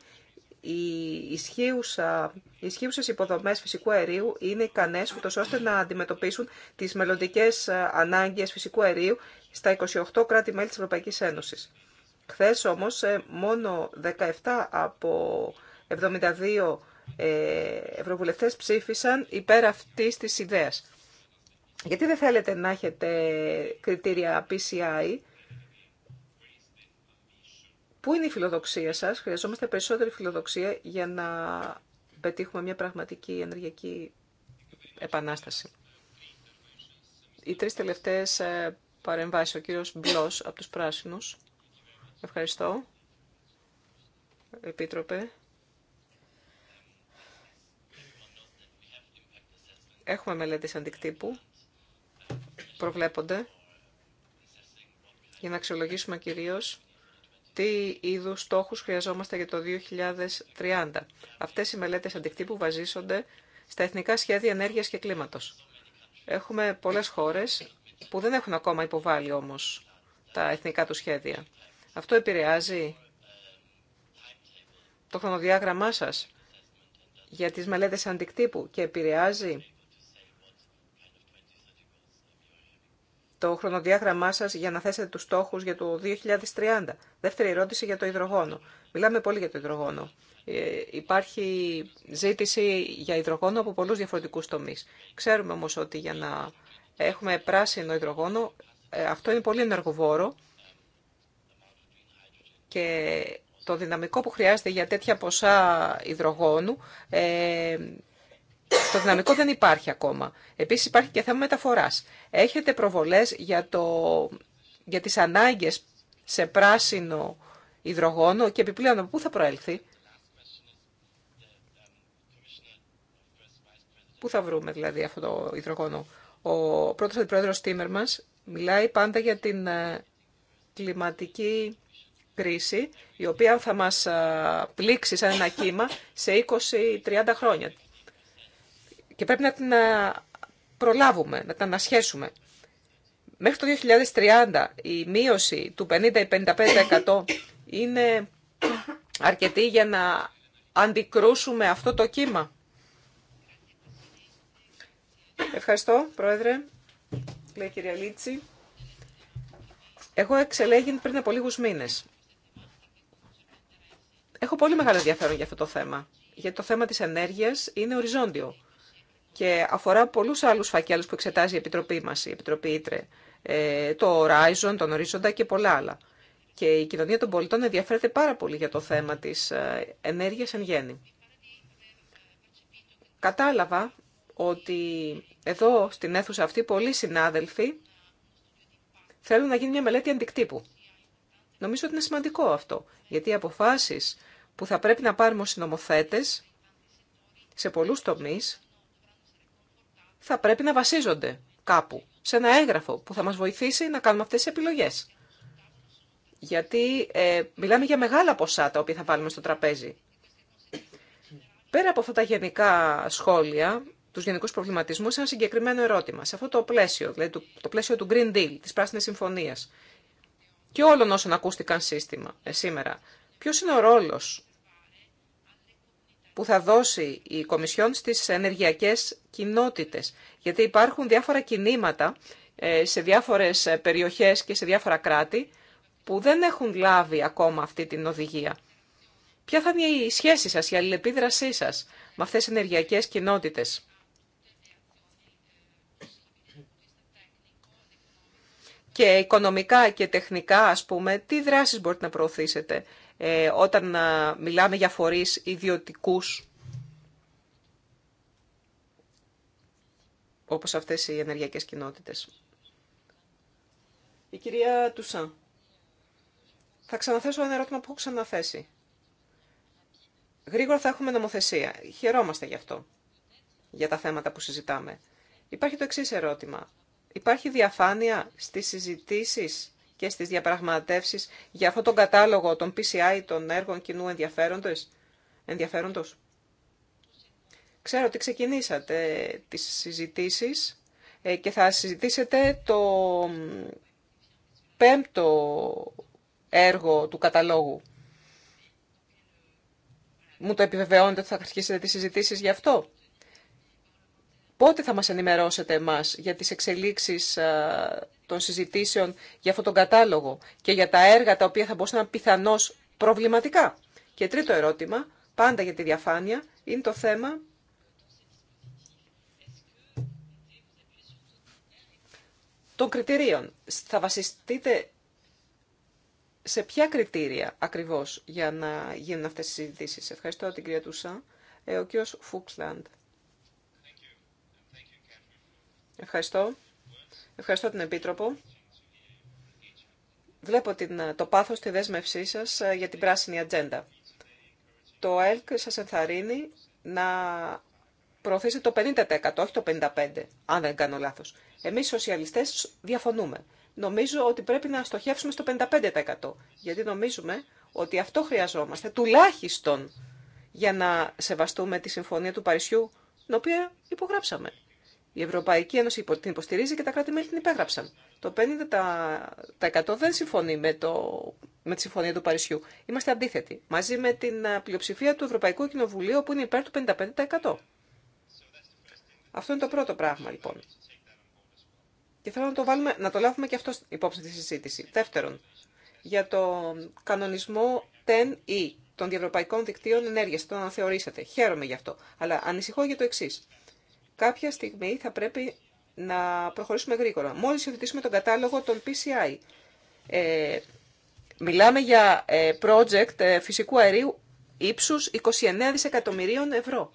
οι ισχύουσα, ισχύουσες υποδομές φυσικού αερίου είναι ικανές ούτως ώστε να αντιμετωπίσουν τις μελλοντικέ ε, ανάγκες φυσικού αερίου στα 28 κράτη-μέλη της Ευρωπαϊκής Ένωσης. Χθε όμως ε, μόνο 17 από 72 ε, ευρωβουλευτές ψήφισαν υπέρ αυτής της ιδέας. Γιατί δεν θέλετε να έχετε κριτήρια PCI Πού είναι η φιλοδοξία σας, χρειαζόμαστε περισσότερη φιλοδοξία για να πετύχουμε μια πραγματική ενεργειακή επανάσταση. Οι τρεις τελευταίες ε, παρεμβάσεις, ο κύριος Μπλός από τους Πράσινους. Ευχαριστώ. Επίτροπε. Έχουμε μελέτες αντικτύπου. Προβλέπονται. Για να αξιολογήσουμε κυρίως τι είδους στόχους χρειαζόμαστε για το 2030. Αυτές οι μελέτες αντικτύπου βασίζονται στα εθνικά σχέδια ενέργειας και κλίματος. Έχουμε πολλές χώρες που δεν έχουν ακόμα υποβάλει όμως τα εθνικά του σχέδια. Αυτό επηρεάζει το χρονοδιάγραμμά σας για τις μελέτες αντικτύπου και επηρεάζει το χρονοδιάγραμμά σα για να θέσετε τους στόχους για το 2030. Δεύτερη ερώτηση για το υδρογόνο. Μιλάμε πολύ για το υδρογόνο. Ε, υπάρχει ζήτηση για υδρογόνο από πολλούς διαφορετικούς τομείς. Ξέρουμε όμω ότι για να έχουμε πράσινο υδρογόνο, ε, αυτό είναι πολύ ενεργοβόρο και το δυναμικό που χρειάζεται για τέτοια ποσά υδρογόνου ε, το δυναμικό δεν υπάρχει ακόμα. Επίσης υπάρχει και θέμα μεταφοράς. Έχετε προβολές για, το, για τις ανάγκες σε πράσινο υδρογόνο και επιπλέον από πού θα προέλθει. Πού θα βρούμε δηλαδή αυτό το υδρογόνο. Ο πρώτος αντιπρόεδρος μας μιλάει πάντα για την ε, κλιματική κρίση, η οποία θα μας ε, πλήξει σαν ένα κύμα σε 20-30 χρόνια και πρέπει να την προλάβουμε, να την ανασχέσουμε. Μέχρι το 2030 η μείωση του 50-55% είναι αρκετή για να αντικρούσουμε αυτό το κύμα. Ευχαριστώ, Πρόεδρε. Λέει κυρία Λίτση. Εγώ εξελέγην πριν από λίγους μήνες. Έχω πολύ μεγάλο ενδιαφέρον για αυτό το θέμα, γιατί το θέμα της ενέργειας είναι οριζόντιο και αφορά πολλούς άλλους φακέλους που εξετάζει η Επιτροπή μας, η Επιτροπή Ήτρε, ε, το Horizon, τον Ορίζοντα και πολλά άλλα. Και η κοινωνία των πολιτών ενδιαφέρεται πάρα πολύ για το θέμα της ε, ενέργειας εν γέννη. Κατάλαβα ότι εδώ στην αίθουσα αυτή πολλοί συνάδελφοι θέλουν να γίνει μια μελέτη αντικτύπου. Νομίζω ότι είναι σημαντικό αυτό, γιατί οι αποφάσεις που θα πρέπει να πάρουμε ως συνομοθέτες σε πολλούς τομείς θα πρέπει να βασίζονται κάπου, σε ένα έγγραφο που θα μας βοηθήσει να κάνουμε αυτές τις επιλογές. Γιατί ε, μιλάμε για μεγάλα ποσά τα οποία θα βάλουμε στο τραπέζι. Πέρα από αυτά τα γενικά σχόλια, του γενικού προβληματισμού, ένα συγκεκριμένο ερώτημα. Σε αυτό το πλαίσιο, δηλαδή το πλαίσιο του Green Deal, τη Πράσινη Συμφωνία και όλων όσων ακούστηκαν σύστημα, ε, σήμερα, ποιο είναι ο ρόλο που θα δώσει η Κομισιόν στις ενεργειακές κοινότητες. Γιατί υπάρχουν διάφορα κινήματα ε, σε διάφορες ε, περιοχές και σε διάφορα κράτη που δεν έχουν λάβει ακόμα αυτή την οδηγία. Ποια θα είναι η σχέση σας, η αλληλεπίδρασή σας με αυτές τις ενεργειακές κοινότητες. Και οικονομικά και τεχνικά, ας πούμε, τι δράσεις μπορείτε να προωθήσετε ε, όταν ε, μιλάμε για φορείς ιδιωτικούς, όπως αυτές οι ενεργειακές κοινότητες. Η κυρία Τουσάν. Θα ξαναθέσω ένα ερώτημα που έχω ξαναθέσει. Γρήγορα θα έχουμε νομοθεσία. Χαιρόμαστε γι' αυτό, για τα θέματα που συζητάμε. Υπάρχει το εξής ερώτημα. Υπάρχει διαφάνεια στις συζητήσεις και στις διαπραγματεύσεις για αυτόν τον κατάλογο των PCI των έργων κοινού ενδιαφέροντος. ενδιαφέροντος. Ξέρω ότι ξεκινήσατε τις συζητήσεις ε, και θα συζητήσετε το πέμπτο έργο του καταλόγου. Μου το επιβεβαιώνετε ότι θα αρχίσετε τις συζητήσεις γι' αυτό. Πότε θα μας ενημερώσετε εμάς για τις εξελίξεις ε, των συζητήσεων για αυτόν τον κατάλογο και για τα έργα τα οποία θα μπορούσαν να πιθανώς προβληματικά. Και τρίτο ερώτημα, πάντα για τη διαφάνεια, είναι το θέμα των κριτηρίων. Θα βασιστείτε σε ποια κριτήρια ακριβώς για να γίνουν αυτές τις συζητήσεις. Ευχαριστώ την κυρία Τουσά. Ε, ο κύριος Φούξλαντ. Ευχαριστώ. Ευχαριστώ την Επίτροπο. Βλέπω την, το πάθος τη δέσμευσή σας ε, για την πράσινη ατζέντα. Το ΕΛΚ σας ενθαρρύνει να προωθήσει το 50%, όχι το 55%, αν δεν κάνω λάθος. Εμείς οι σοσιαλιστές διαφωνούμε. Νομίζω ότι πρέπει να στοχεύσουμε στο 55%, γιατί νομίζουμε ότι αυτό χρειαζόμαστε, τουλάχιστον για να σεβαστούμε τη Συμφωνία του Παρισιού, την οποία υπογράψαμε. Η Ευρωπαϊκή Ένωση την υποστηρίζει και τα κράτη-μέλη την υπέγραψαν. Το 50% δεν συμφωνεί με, το, με τη Συμφωνία του Παρισιού. Είμαστε αντίθετοι. Μαζί με την ε, πλειοψηφία του Ευρωπαϊκού Κοινοβουλίου που είναι υπέρ του 55%. Αυτό είναι το πρώτο πράγμα λοιπόν. Και θέλω να το, βάλουμε, να το λάβουμε και αυτό υπόψη τη συζήτηση. Δεύτερον, για το κανονισμό 10E των διευρωπαϊκών δικτύων ενέργεια. Το αναθεωρήσατε. Χαίρομαι γι' αυτό. Αλλά ανησυχώ για το εξή κάποια στιγμή θα πρέπει να προχωρήσουμε γρήγορα. Μόλις υιοθετήσουμε τον κατάλογο των PCI. Ε, μιλάμε για ε, project ε, φυσικού αερίου ύψους 29 δισεκατομμυρίων ευρώ.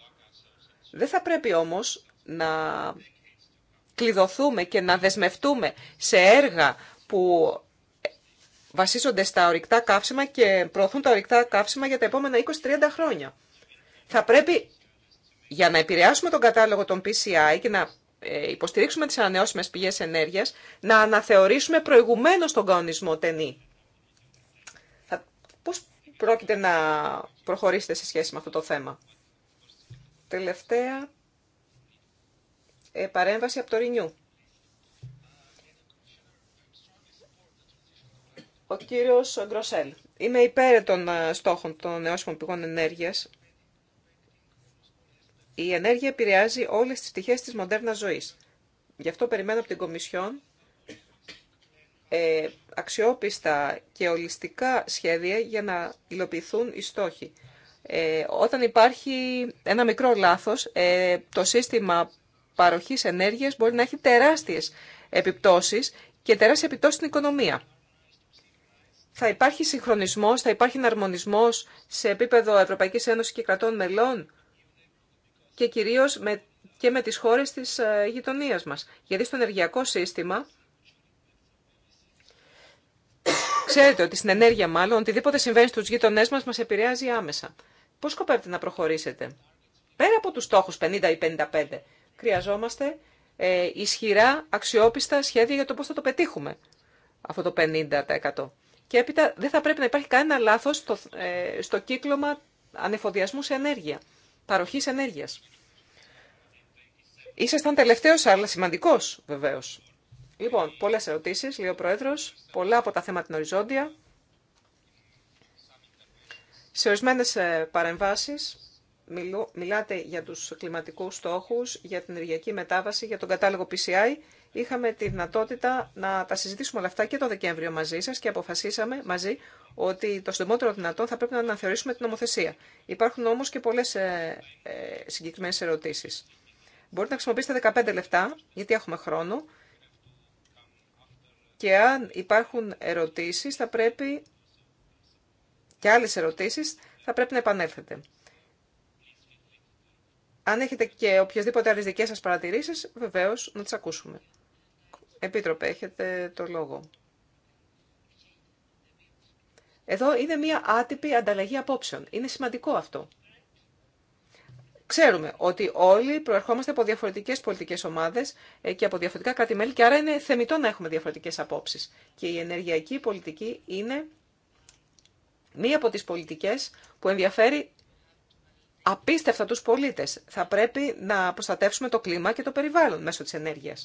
Δεν θα πρέπει όμως να κλειδωθούμε και να δεσμευτούμε σε έργα που βασίζονται στα ορυκτά καύσιμα και προωθούν τα ορυκτά καύσιμα για τα επόμενα 20-30 χρόνια. Θα πρέπει για να επηρεάσουμε τον κατάλογο των PCI και να ε, υποστηρίξουμε τις ανανεώσιμες πηγές ενέργειας, να αναθεωρήσουμε προηγουμένως τον κανονισμό ταινί. Πώς πρόκειται να προχωρήσετε σε σχέση με αυτό το θέμα. Τελευταία ε, παρέμβαση από το Ρινιού. Ο κύριος Γκροσέλ. Είμαι υπέρ των ε, στόχων των νεώσιμων πηγών ενέργειας η ενέργεια επηρεάζει όλες τις πτυχέ της μοντέρνα ζωής. Γι' αυτό περιμένω από την Κομισιόν ε, αξιόπιστα και ολιστικά σχέδια για να υλοποιηθούν οι στόχοι. Ε, όταν υπάρχει ένα μικρό λάθος, ε, το σύστημα παροχής ενέργειας μπορεί να έχει τεράστιες επιπτώσεις και τεράστια επιπτώσεις στην οικονομία. Θα υπάρχει συγχρονισμός, θα υπάρχει εναρμονισμός σε επίπεδο Ευρωπαϊκής Ένωσης και κρατών μελών και κυρίως με, και με τις χώρες της ε, γειτονίας μας. Γιατί στο ενεργειακό σύστημα, ξέρετε ότι στην ενέργεια μάλλον, οτιδήποτε συμβαίνει στους γειτονές μας μας επηρεάζει άμεσα. Πώς σκοπεύετε να προχωρήσετε. Πέρα από τους στόχους 50 ή 55, χρειαζόμαστε ε, ισχυρά, αξιόπιστα σχέδια για το πώς θα το πετύχουμε αυτό το 50%. Και έπειτα δεν θα πρέπει να υπάρχει κανένα λάθος στο, ε, στο κύκλωμα ανεφοδιασμού σε ενέργεια παροχής ενέργειας. Ήσασταν τελευταίος, αλλά σημαντικός βεβαίως. Λοιπόν, πολλές ερωτήσεις, λέει ο Πρόεδρος, πολλά από τα θέματα την οριζόντια. Σε ορισμένε παρεμβάσει, μιλάτε για τους κλιματικούς στόχους, για την ενεργειακή μετάβαση, για τον κατάλογο PCI είχαμε τη δυνατότητα να τα συζητήσουμε όλα αυτά και το Δεκέμβριο μαζί σα και αποφασίσαμε μαζί ότι το συντομότερο δυνατό θα πρέπει να αναθεωρήσουμε την νομοθεσία. Υπάρχουν όμω και πολλέ ε, ε, συγκεκριμένε ερωτήσει. Μπορείτε να χρησιμοποιήσετε 15 λεπτά, γιατί έχουμε χρόνο. Και αν υπάρχουν ερωτήσεις, θα πρέπει και άλλες ερωτήσεις, θα πρέπει να επανέλθετε. Αν έχετε και οποιασδήποτε άλλες δικές σας παρατηρήσεις, βεβαίως να τις ακούσουμε. Επίτροπε, έχετε το λόγο. Εδώ είναι μια άτυπη ανταλλαγή απόψεων. Είναι σημαντικό αυτό. Ξέρουμε ότι όλοι προερχόμαστε από διαφορετικέ πολιτικέ ομάδε ε, και από διαφορετικά κράτη-μέλη και άρα είναι θεμητό να έχουμε διαφορετικέ απόψει. Και η ενεργειακή πολιτική είναι μία από τι πολιτικέ που ενδιαφέρει απίστευτα του πολίτε. Θα πρέπει να προστατεύσουμε το κλίμα και το περιβάλλον μέσω τη ενέργεια.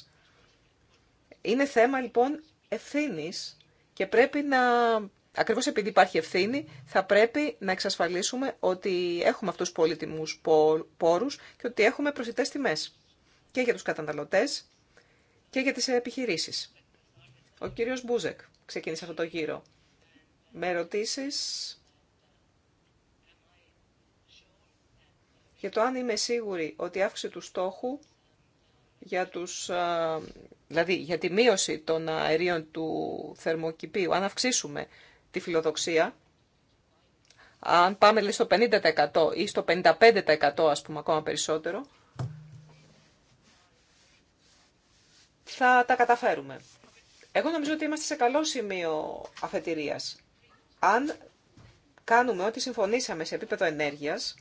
Είναι θέμα λοιπόν ευθύνη και πρέπει να. Ακριβώ επειδή υπάρχει ευθύνη, θα πρέπει να εξασφαλίσουμε ότι έχουμε αυτού του πολύτιμου πόρου και ότι έχουμε προσιτέ τιμέ και για του καταναλωτέ και για τι επιχειρήσει. Ο κύριος Μπούζεκ ξεκίνησε αυτό το γύρο. Με ερωτήσει για το αν είμαι σίγουρη ότι η αύξηση του στόχου για, τους, δηλαδή για τη μείωση των αερίων του θερμοκηπίου, αν αυξήσουμε τη φιλοδοξία, αν πάμε λέει, στο 50% ή στο 55% ας πούμε ακόμα περισσότερο, θα τα καταφέρουμε. Εγώ νομίζω ότι είμαστε σε καλό σημείο αφετηρίας. Αν κάνουμε ό,τι συμφωνήσαμε σε επίπεδο ενέργειας,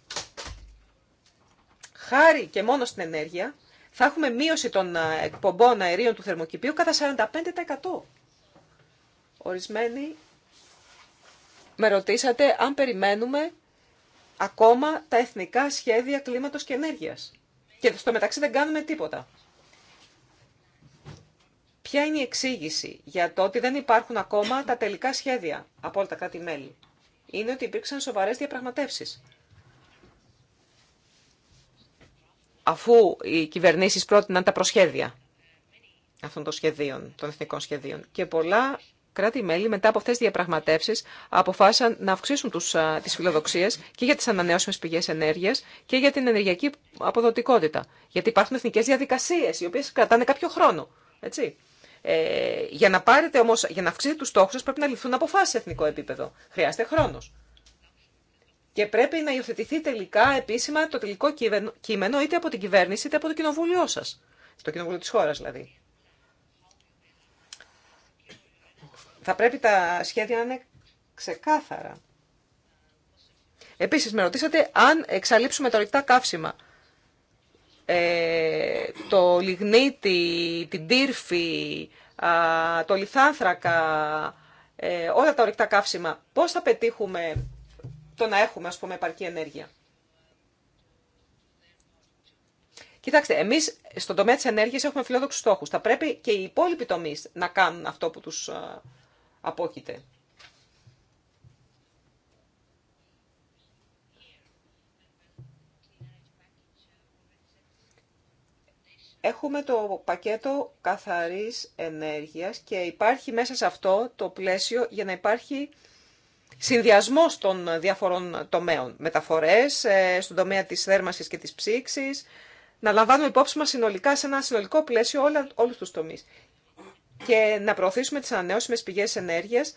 χάρη και μόνο στην ενέργεια, θα έχουμε μείωση των ε, εκπομπών αερίων του θερμοκηπίου κατά 45%. Ορισμένοι με ρωτήσατε αν περιμένουμε ακόμα τα εθνικά σχέδια κλίματος και ενέργειας. Και στο μεταξύ δεν κάνουμε τίποτα. Ποια είναι η εξήγηση για το ότι δεν υπάρχουν ακόμα τα τελικά σχέδια από όλα τα κράτη-μέλη. Είναι ότι υπήρξαν σοβαρές διαπραγματεύσεις αφού οι κυβερνήσεις πρότειναν τα προσχέδια αυτών των σχεδίων, των εθνικών σχεδίων. Και πολλά κράτη-μέλη μετά από αυτές τις διαπραγματεύσεις αποφάσισαν να αυξήσουν τους, φιλοδοξίε τις φιλοδοξίες και για τις ανανεώσιμες πηγές ενέργειας και για την ενεργειακή αποδοτικότητα. Γιατί υπάρχουν εθνικές διαδικασίες οι οποίες κρατάνε κάποιο χρόνο. Έτσι. Ε, για να πάρετε όμως, για να αυξήσετε τους στόχους πρέπει να ληφθούν αποφάσεις σε εθνικό επίπεδο. Χρειάζεται χρόνος. Και πρέπει να υιοθετηθεί τελικά επίσημα το τελικό κείμενο είτε από την κυβέρνηση είτε από το κοινοβούλιο σα. στο κοινοβούλιο τη χώρα δηλαδή. Θα πρέπει τα σχέδια να είναι ξεκάθαρα. Επίσης με ρωτήσατε αν εξαλείψουμε τα ορυκτά καύσιμα. Ε, το λιγνίτι, την τύρφη, α, το λιθάνθρακα, ε, όλα τα ορυκτά καύσιμα. Πώς θα πετύχουμε το να έχουμε, ας πούμε, επαρκή ενέργεια. Κοιτάξτε, εμεί στον τομέα τη ενέργεια έχουμε φιλόδοξου στόχου. Θα πρέπει και οι υπόλοιποι τομεί να κάνουν αυτό που του απόκειται. Έχουμε το πακέτο καθαρής ενέργειας και υπάρχει μέσα σε αυτό το πλαίσιο για να υπάρχει συνδυασμός των διαφορών τομέων. Μεταφορές, ε, στον τομέα της θέρμανσης και της ψήξης, να λαμβάνουμε υπόψη μας συνολικά σε ένα συνολικό πλαίσιο όλα, όλους τους τομείς. Και να προωθήσουμε τις ανανεώσιμες πηγές ενέργειας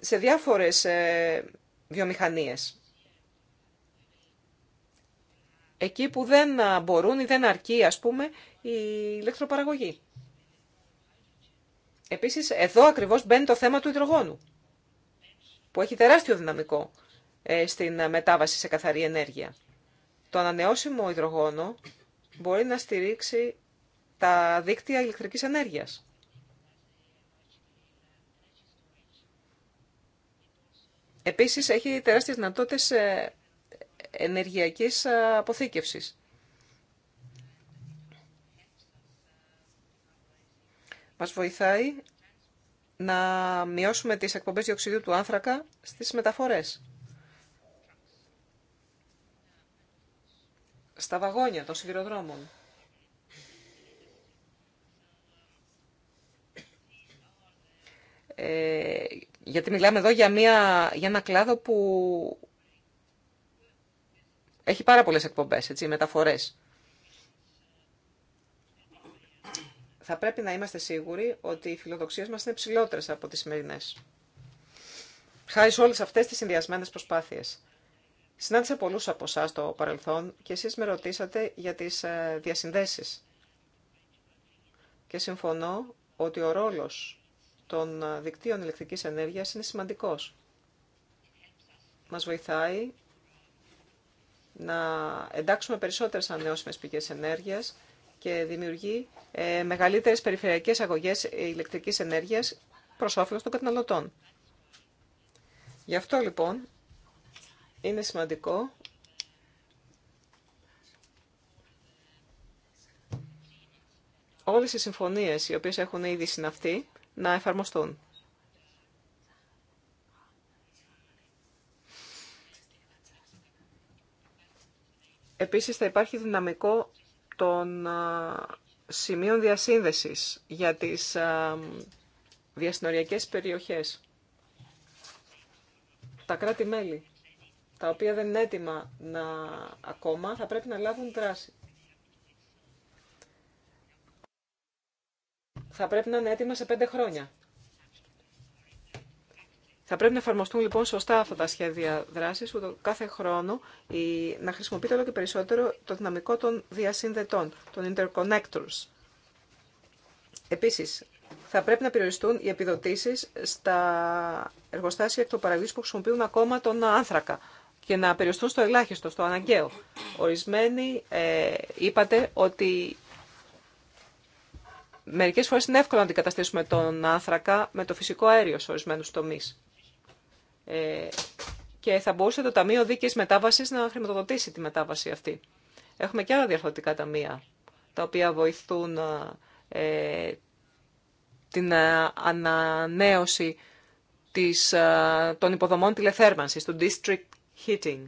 σε διάφορες ε, βιομηχανίες. Εκεί που δεν μπορούν ή δεν αρκεί, ας πούμε, η ηλεκτροπαραγωγή. Επίσης, εδώ ακριβώς μπαίνει το θέμα του υδρογόνου που έχει τεράστιο δυναμικό ε, στην ε, μετάβαση σε καθαρή ενέργεια. Το ανανεώσιμο υδρογόνο μπορεί να στηρίξει τα δίκτυα ηλεκτρικής ενέργειας. Επίσης έχει τεράστιες δυνατότητες ε, ενεργειακής αποθήκευσης. Μας βοηθάει να μειώσουμε τις εκπομπές διοξιδίου του άνθρακα στις μεταφορές. Στα βαγόνια των σιδηροδρόμων. Ε, γιατί μιλάμε εδώ για, μια, για ένα κλάδο που έχει πάρα πολλές εκπομπές, έτσι, μεταφορές. θα πρέπει να είμαστε σίγουροι ότι οι φιλοδοξίες μας είναι ψηλότερε από τις σημερινέ. Χάρη σε όλες αυτές τις συνδυασμένες προσπάθειες. Συνάντησα πολλούς από εσά στο παρελθόν και εσείς με ρωτήσατε για τις ε, διασυνδέσεις. Και συμφωνώ ότι ο ρόλος των ε, δικτύων ηλεκτρικής ενέργειας είναι σημαντικός. Μας βοηθάει να εντάξουμε περισσότερες ανανεώσιμες πηγές ενέργειας, και δημιουργεί ε, μεγαλύτερες περιφερειακές αγωγές ηλεκτρικής ενέργειας προς όφελος των καταναλωτών. Γι' αυτό λοιπόν είναι σημαντικό όλες οι συμφωνίες οι οποίες έχουν ήδη συναυτεί να εφαρμοστούν. Επίσης θα υπάρχει δυναμικό των ε, σημείων διασύνδεσης για τις ε, διασυνοριακές περιοχές. Τα κράτη-μέλη, τα οποία δεν είναι έτοιμα να, ακόμα, θα πρέπει να λάβουν δράση. Θα πρέπει να είναι έτοιμα σε πέντε χρόνια. Θα πρέπει να εφαρμοστούν λοιπόν σωστά αυτά τα σχέδια δράση, ούτω κάθε χρόνο η, να χρησιμοποιείται όλο και περισσότερο το δυναμικό των διασύνδετών, των interconnectors. Επίση, θα πρέπει να περιοριστούν οι επιδοτήσει στα εργοστάσια εκτοπαραγωγή που χρησιμοποιούν ακόμα τον άνθρακα και να περιοριστούν στο ελάχιστο, στο αναγκαίο. Ορισμένοι ε, είπατε ότι μερικέ φορέ είναι εύκολο να αντικαταστήσουμε τον άνθρακα με το φυσικό αέριο σε ορισμένου τομεί. Ε, και θα μπορούσε το Ταμείο Δίκαιης Μετάβασης να χρηματοδοτήσει τη μετάβαση αυτή. Έχουμε και άλλα διαρθρωτικά ταμεία, τα οποία βοηθούν ε, ε, την ανανέωση των υποδομών τηλεθέρμανσης, του district heating.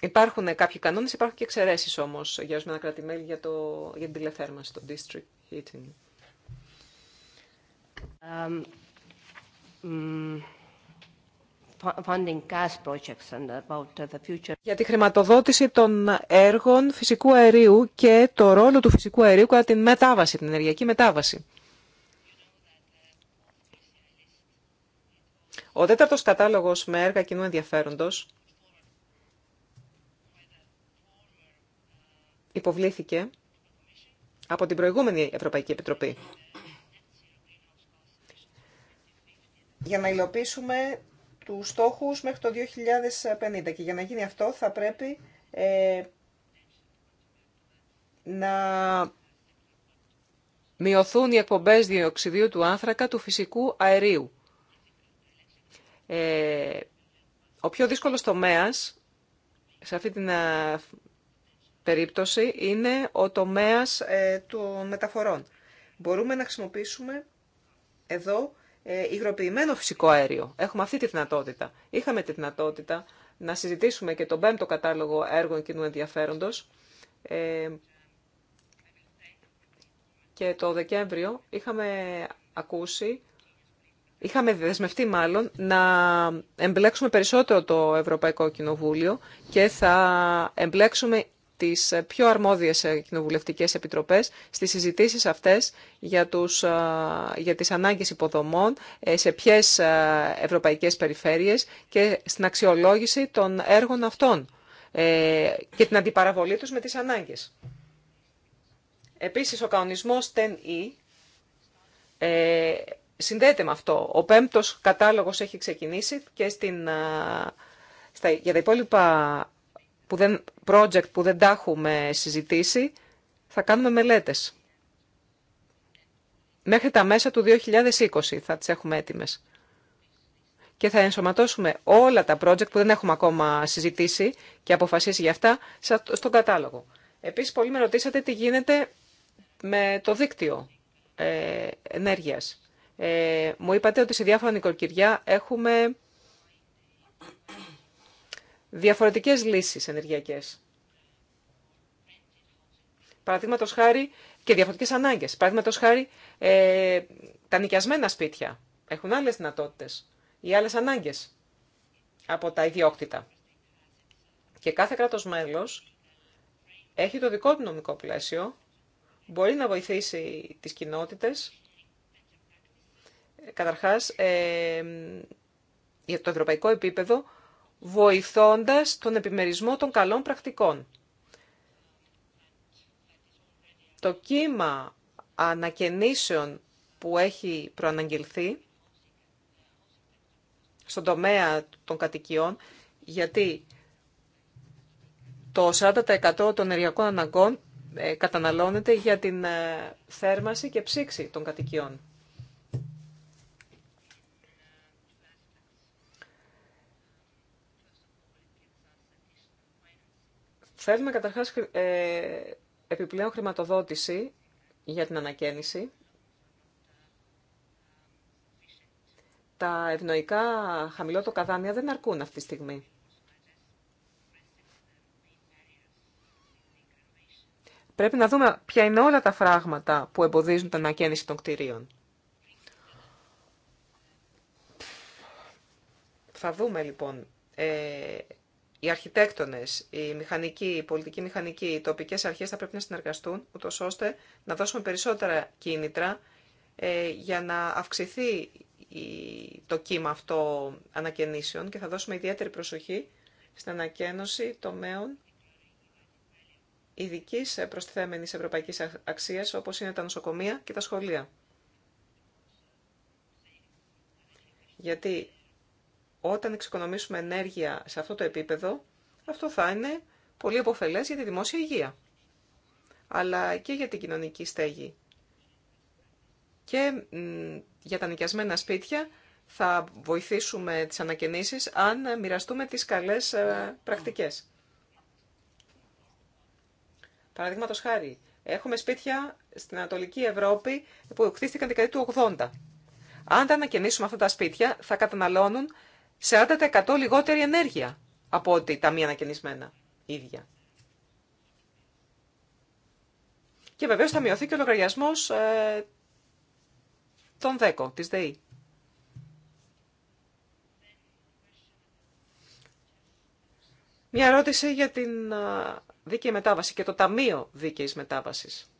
Υπάρχουν κάποιοι κανόνε, υπάρχουν και εξαιρέσεις όμω για ορισμένα κράτη-μέλη για, το, για την τηλεθέρμανση, το district heating. Για τη χρηματοδότηση των έργων φυσικού αερίου και το ρόλο του φυσικού αερίου κατά την μετάβαση, την ενεργειακή μετάβαση. Ο τέταρτος κατάλογος με έργα κοινού ενδιαφέροντος υποβλήθηκε από την προηγούμενη Ευρωπαϊκή Επιτροπή. για να υλοποιήσουμε τους στόχους μέχρι το 2050 και για να γίνει αυτό θα πρέπει ε, να μειωθούν οι εκπομπές διοξιδίου του άνθρακα του φυσικού αερίου. Ε, ο πιο δύσκολος τομέας σε αυτή την ε, περίπτωση είναι ο τομέας ε, των μεταφορών. Μπορούμε να χρησιμοποιήσουμε εδώ ε, υγροποιημένο φυσικό αέριο. Έχουμε αυτή τη δυνατότητα. Είχαμε τη δυνατότητα να συζητήσουμε και τον πέμπτο κατάλογο έργων κοινού ενδιαφέροντος. Ε, και το Δεκέμβριο είχαμε ακούσει, είχαμε δεσμευτεί μάλλον, να εμπλέξουμε περισσότερο το Ευρωπαϊκό Κοινοβούλιο και θα εμπλέξουμε τις ε, πιο αρμόδιες ε, κοινοβουλευτικέ επιτροπές στις συζητήσεις αυτές για, τους, ε, για τις ανάγκες υποδομών σε ποιες ευρωπαϊκές περιφέρειες και στην αξιολόγηση των έργων αυτών και την αντιπαραβολή τους με τις ανάγκες. Επίσης, ο κανονισμός TEN-E συνδέεται με αυτό. Ο πέμπτος κατάλογος έχει ξεκινήσει και στην, στα, για τα υπόλοιπα που δεν, project που δεν τα έχουμε συζητήσει, θα κάνουμε μελέτες. Μέχρι τα μέσα του 2020 θα τις έχουμε έτοιμες. Και θα ενσωματώσουμε όλα τα project που δεν έχουμε ακόμα συζητήσει και αποφασίσει για αυτά στον κατάλογο. Επίσης, πολύ με ρωτήσατε τι γίνεται με το δίκτυο ε, ενέργειας. Ε, μου είπατε ότι σε διάφορα νοικοκυριά έχουμε διαφορετικές λύσεις ενεργειακές. Παραδείγματο χάρη και διαφορετικές ανάγκες. Παραδείγματο χάρη ε, τα νοικιασμένα σπίτια έχουν άλλες δυνατότητες ή άλλες ανάγκες από τα ιδιόκτητα. Και κάθε κράτος μέλος έχει το δικό του νομικό πλαίσιο, μπορεί να βοηθήσει τις κοινότητες, καταρχάς ε, για το ευρωπαϊκό επίπεδο βοηθώντας τον επιμερισμό των καλών πρακτικών. Το κύμα ανακαινήσεων που έχει προαναγγελθεί στον τομέα των κατοικιών, γιατί το 40% των ενεργειακών αναγκών ε, καταναλώνεται για την ε, θέρμαση και ψήξη των κατοικιών. Θέλουμε καταρχάς ε, επιπλέον χρηματοδότηση για την ανακαίνιση. Τα ευνοϊκά χαμηλότοκα δάνεια δεν αρκούν αυτή τη στιγμή. Πρέπει να δούμε ποια είναι όλα τα φράγματα που εμποδίζουν την ανακαίνιση των κτηρίων. Θα δούμε λοιπόν ε, οι αρχιτέκτονες, οι μηχανικοί, οι πολιτικοί μηχανικοί, οι τοπικέ αρχέ θα πρέπει να συνεργαστούν, ούτω ώστε να δώσουμε περισσότερα κίνητρα ε, για να αυξηθεί το κύμα αυτό ανακαινήσεων και θα δώσουμε ιδιαίτερη προσοχή στην ανακαίνωση τομέων ειδική προστιθέμενη ευρωπαϊκή αξία, όπω είναι τα νοσοκομεία και τα σχολεία. Γιατί όταν εξοικονομήσουμε ενέργεια σε αυτό το επίπεδο, αυτό θα είναι πολύ επωφελές για τη δημόσια υγεία, αλλά και για την κοινωνική στέγη. Και για τα νοικιασμένα σπίτια θα βοηθήσουμε τις ανακαινήσεις αν μοιραστούμε τις καλές ε, πρακτικές. Παραδείγματος χάρη, έχουμε σπίτια στην Ανατολική Ευρώπη που χτίστηκαν δεκαετή του 80. Αν τα ανακαινήσουμε αυτά τα σπίτια, θα καταναλώνουν 40% λιγότερη ενέργεια από ότι τα μη ανακαινισμένα ίδια. Και βεβαίως θα μειωθεί και ο λογαριασμός ε, των ΔΕΚΟ, της ΔΕΗ. Μια ερώτηση για την ε, δίκαιη μετάβαση και το Ταμείο Δίκαιης Μετάβασης.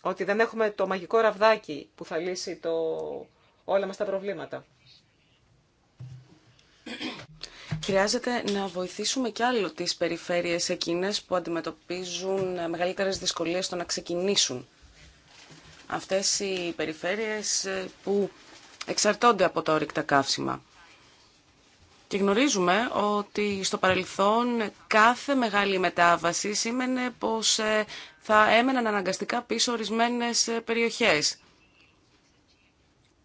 Ότι δεν έχουμε το μαγικό ραβδάκι που θα λύσει το... όλα μας τα προβλήματα. Χρειάζεται να βοηθήσουμε κι άλλο τις περιφέρειες εκείνες που αντιμετωπίζουν μεγαλύτερες δυσκολίες στο να ξεκινήσουν. Αυτές οι περιφέρειες ε, που εξαρτώνται από τα ορυκτά καύσιμα. Και γνωρίζουμε ότι στο παρελθόν κάθε μεγάλη μετάβαση σήμαινε πως ε, θα έμεναν αναγκαστικά πίσω ορισμένες ε, περιοχές.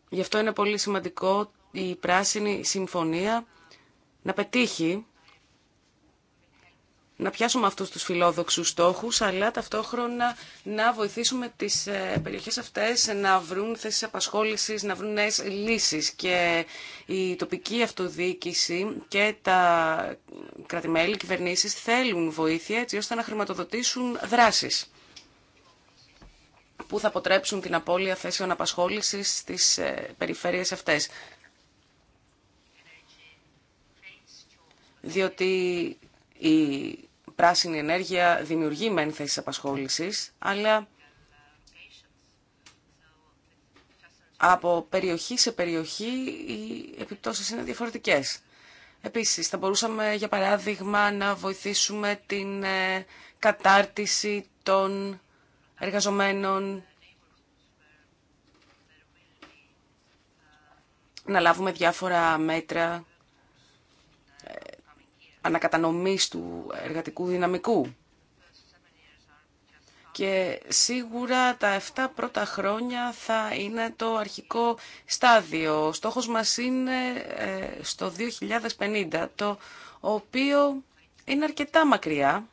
Γι' αυτό είναι πολύ σημαντικό η Πράσινη Συμφωνία να πετύχει να πιάσουμε αυτούς τους φιλόδοξους στόχους, αλλά ταυτόχρονα να βοηθήσουμε τις ε, περιοχές αυτές να βρουν θέσεις απασχόλησης, να βρουν νέες λύσεις. Και η τοπική αυτοδιοίκηση και τα κρατημέλη, κυβερνήσεις θέλουν βοήθεια έτσι ώστε να χρηματοδοτήσουν δράσεις που θα αποτρέψουν την απώλεια θέσεων απασχόλησης στις ε, περιφέρειες αυτές. διότι η πράσινη ενέργεια δημιουργεί μεν θέσεις απασχόλησης, αλλά από περιοχή σε περιοχή οι επιπτώσεις είναι διαφορετικές. Επίσης, θα μπορούσαμε, για παράδειγμα, να βοηθήσουμε την ε, κατάρτιση των εργαζομένων, να λάβουμε διάφορα μέτρα ανακατανομής του εργατικού δυναμικού. Και σίγουρα τα 7 πρώτα χρόνια θα είναι το αρχικό στάδιο. Ο στόχος μας είναι ε, στο 2050, το οποίο είναι αρκετά μακριά.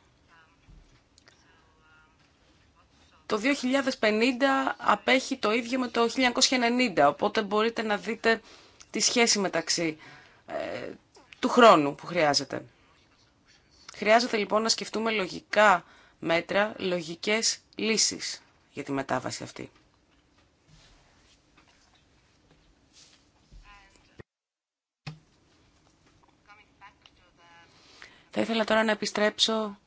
Το 2050 απέχει το ίδιο με το 1990, οπότε μπορείτε να δείτε τη σχέση μεταξύ ε, του χρόνου που χρειάζεται. Χρειάζεται λοιπόν να σκεφτούμε λογικά μέτρα, λογικές λύσεις για τη μετάβαση αυτή. Θα ήθελα τώρα να επιστρέψω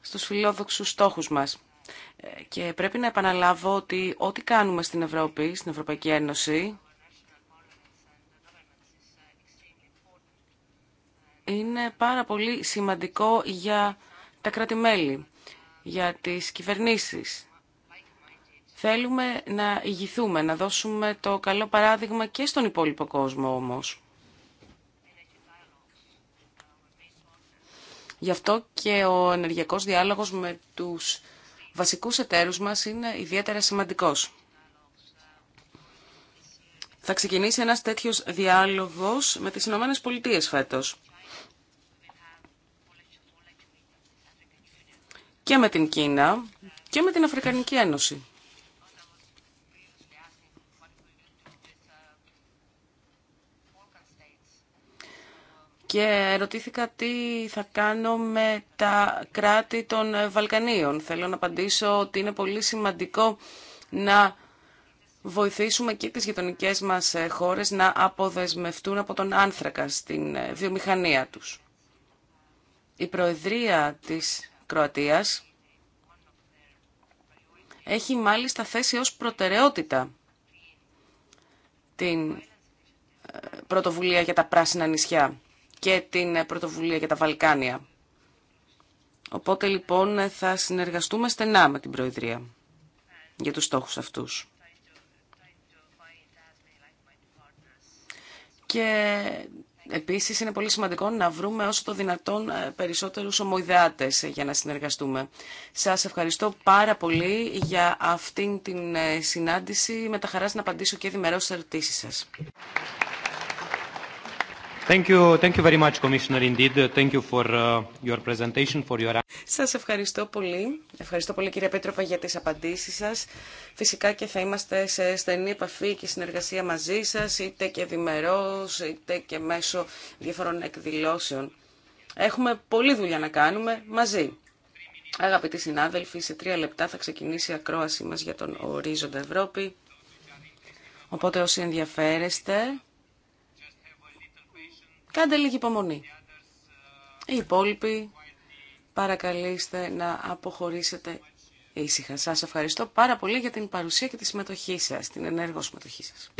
στους φιλόδοξους στόχους μας. Ε, και πρέπει να επαναλάβω ότι ό,τι κάνουμε στην Ευρώπη, στην Ευρωπαϊκή Ένωση, είναι πάρα πολύ σημαντικό για τα κράτη-μέλη, για τις κυβερνήσεις. Θέλουμε να ηγηθούμε, να δώσουμε το καλό παράδειγμα και στον υπόλοιπο κόσμο όμως. Γι' αυτό και ο ενεργειακός διάλογος με τους βασικούς εταίρους μας είναι ιδιαίτερα σημαντικός. Θα ξεκινήσει ένας τέτοιος διάλογος με τις Ηνωμένε Πολιτείες φέτος. και με την Κίνα και με την Αφρικανική Ένωση. Και ρωτήθηκα τι θα κάνω με τα κράτη των Βαλκανίων. Θέλω να απαντήσω ότι είναι πολύ σημαντικό να βοηθήσουμε και τις γειτονικέ μας χώρες να αποδεσμευτούν από τον άνθρακα στην βιομηχανία τους. Η Προεδρία της Κροατίας έχει μάλιστα θέση ως προτεραιότητα την ε, πρωτοβουλία για τα πράσινα νησιά και την ε, πρωτοβουλία για τα Βαλκάνια. Οπότε λοιπόν ε, θα συνεργαστούμε στενά με την Προεδρία για τους στόχους αυτούς. Και Επίση, είναι πολύ σημαντικό να βρούμε όσο το δυνατόν ε, περισσότερους ομοειδεάτε για να συνεργαστούμε. Σα ευχαριστώ πάρα πολύ για αυτήν την ε, συνάντηση. Με τα χαρά να απαντήσω και διμερώς στις ερωτήσεις Σα uh, Σας ευχαριστώ πολύ. Ευχαριστώ πολύ, κύριε Πέτροπα, για τις απαντήσεις σας. Φυσικά και θα είμαστε σε στενή επαφή και συνεργασία μαζί σας, είτε και διμερώς, είτε και μέσω διαφορών εκδηλώσεων. Έχουμε πολλή δουλειά να κάνουμε μαζί. Αγαπητοί συνάδελφοι, σε τρία λεπτά θα ξεκινήσει η ακρόασή μας για τον ορίζοντα Ευρώπη. Οπότε όσοι ενδιαφέρεστε Κάντε λίγη υπομονή. Οι υπόλοιποι παρακαλείστε να αποχωρήσετε ήσυχα. Σας ευχαριστώ πάρα πολύ για την παρουσία και τη συμμετοχή σας, την ενέργο συμμετοχή σας.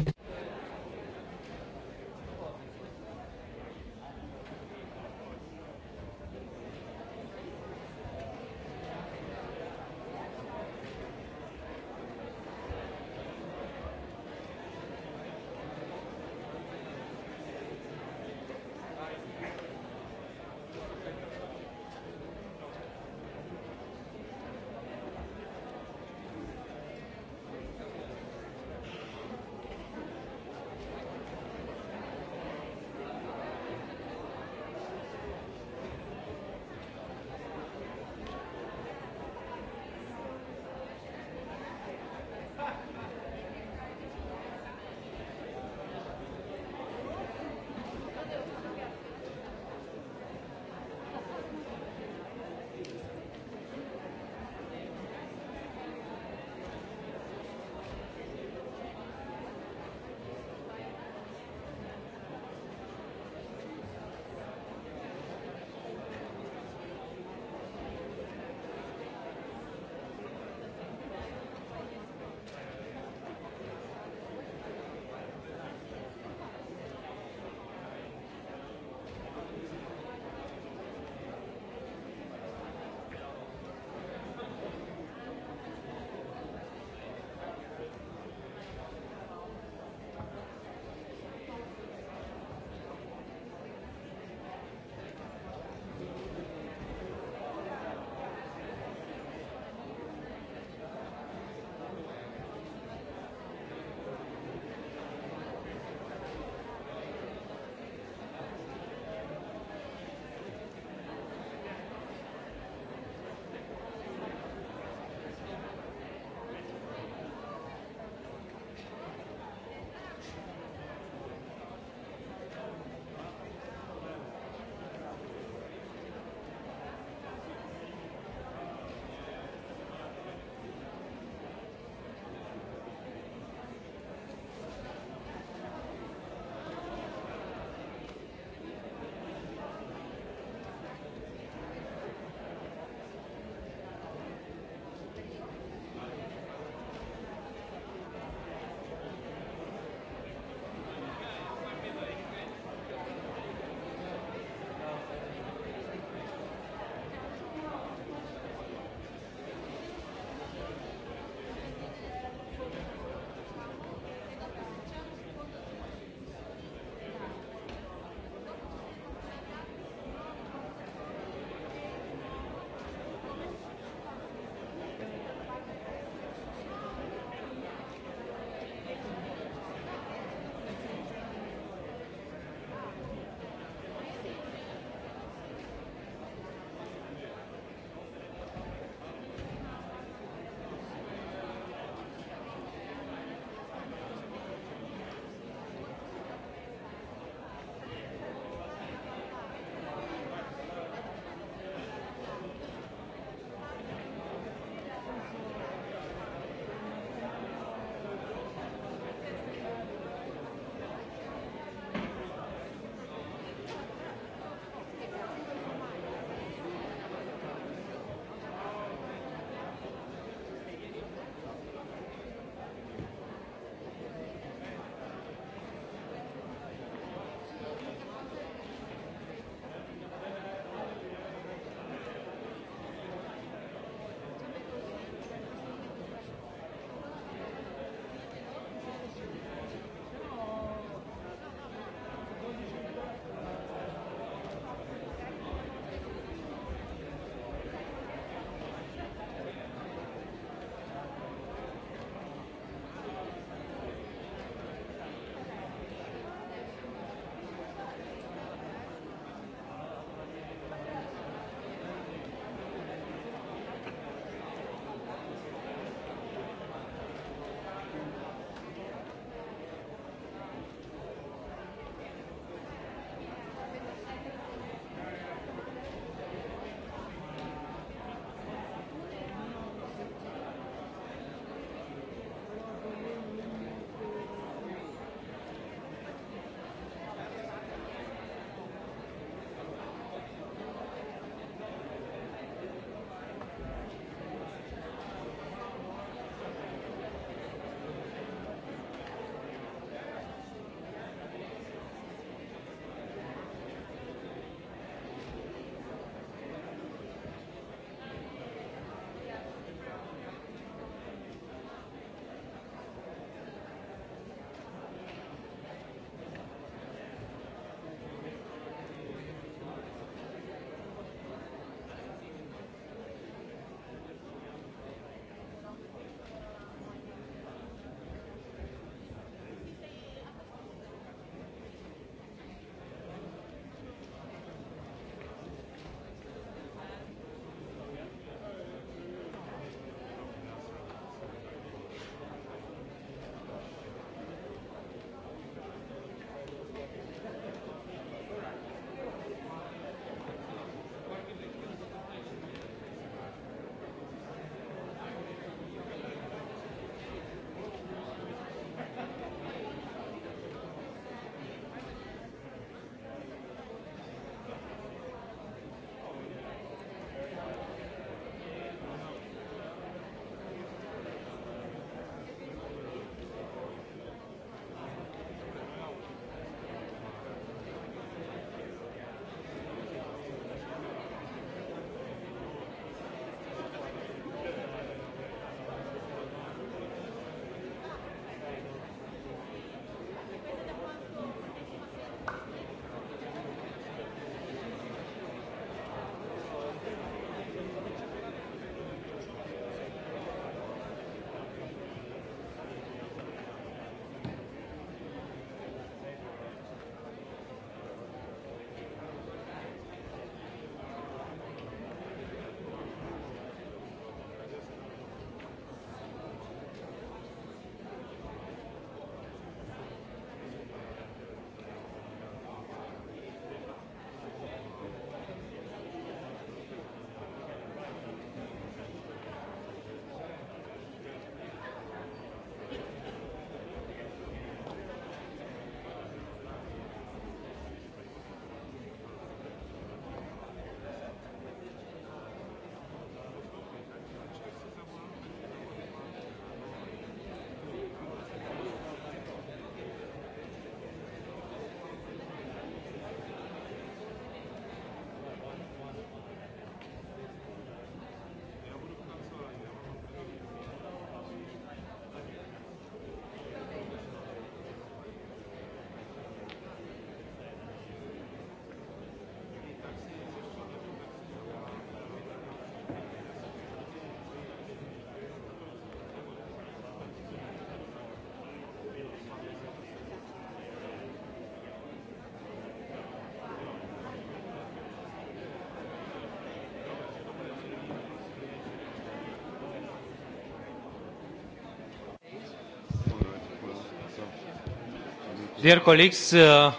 Dear colleagues, uh,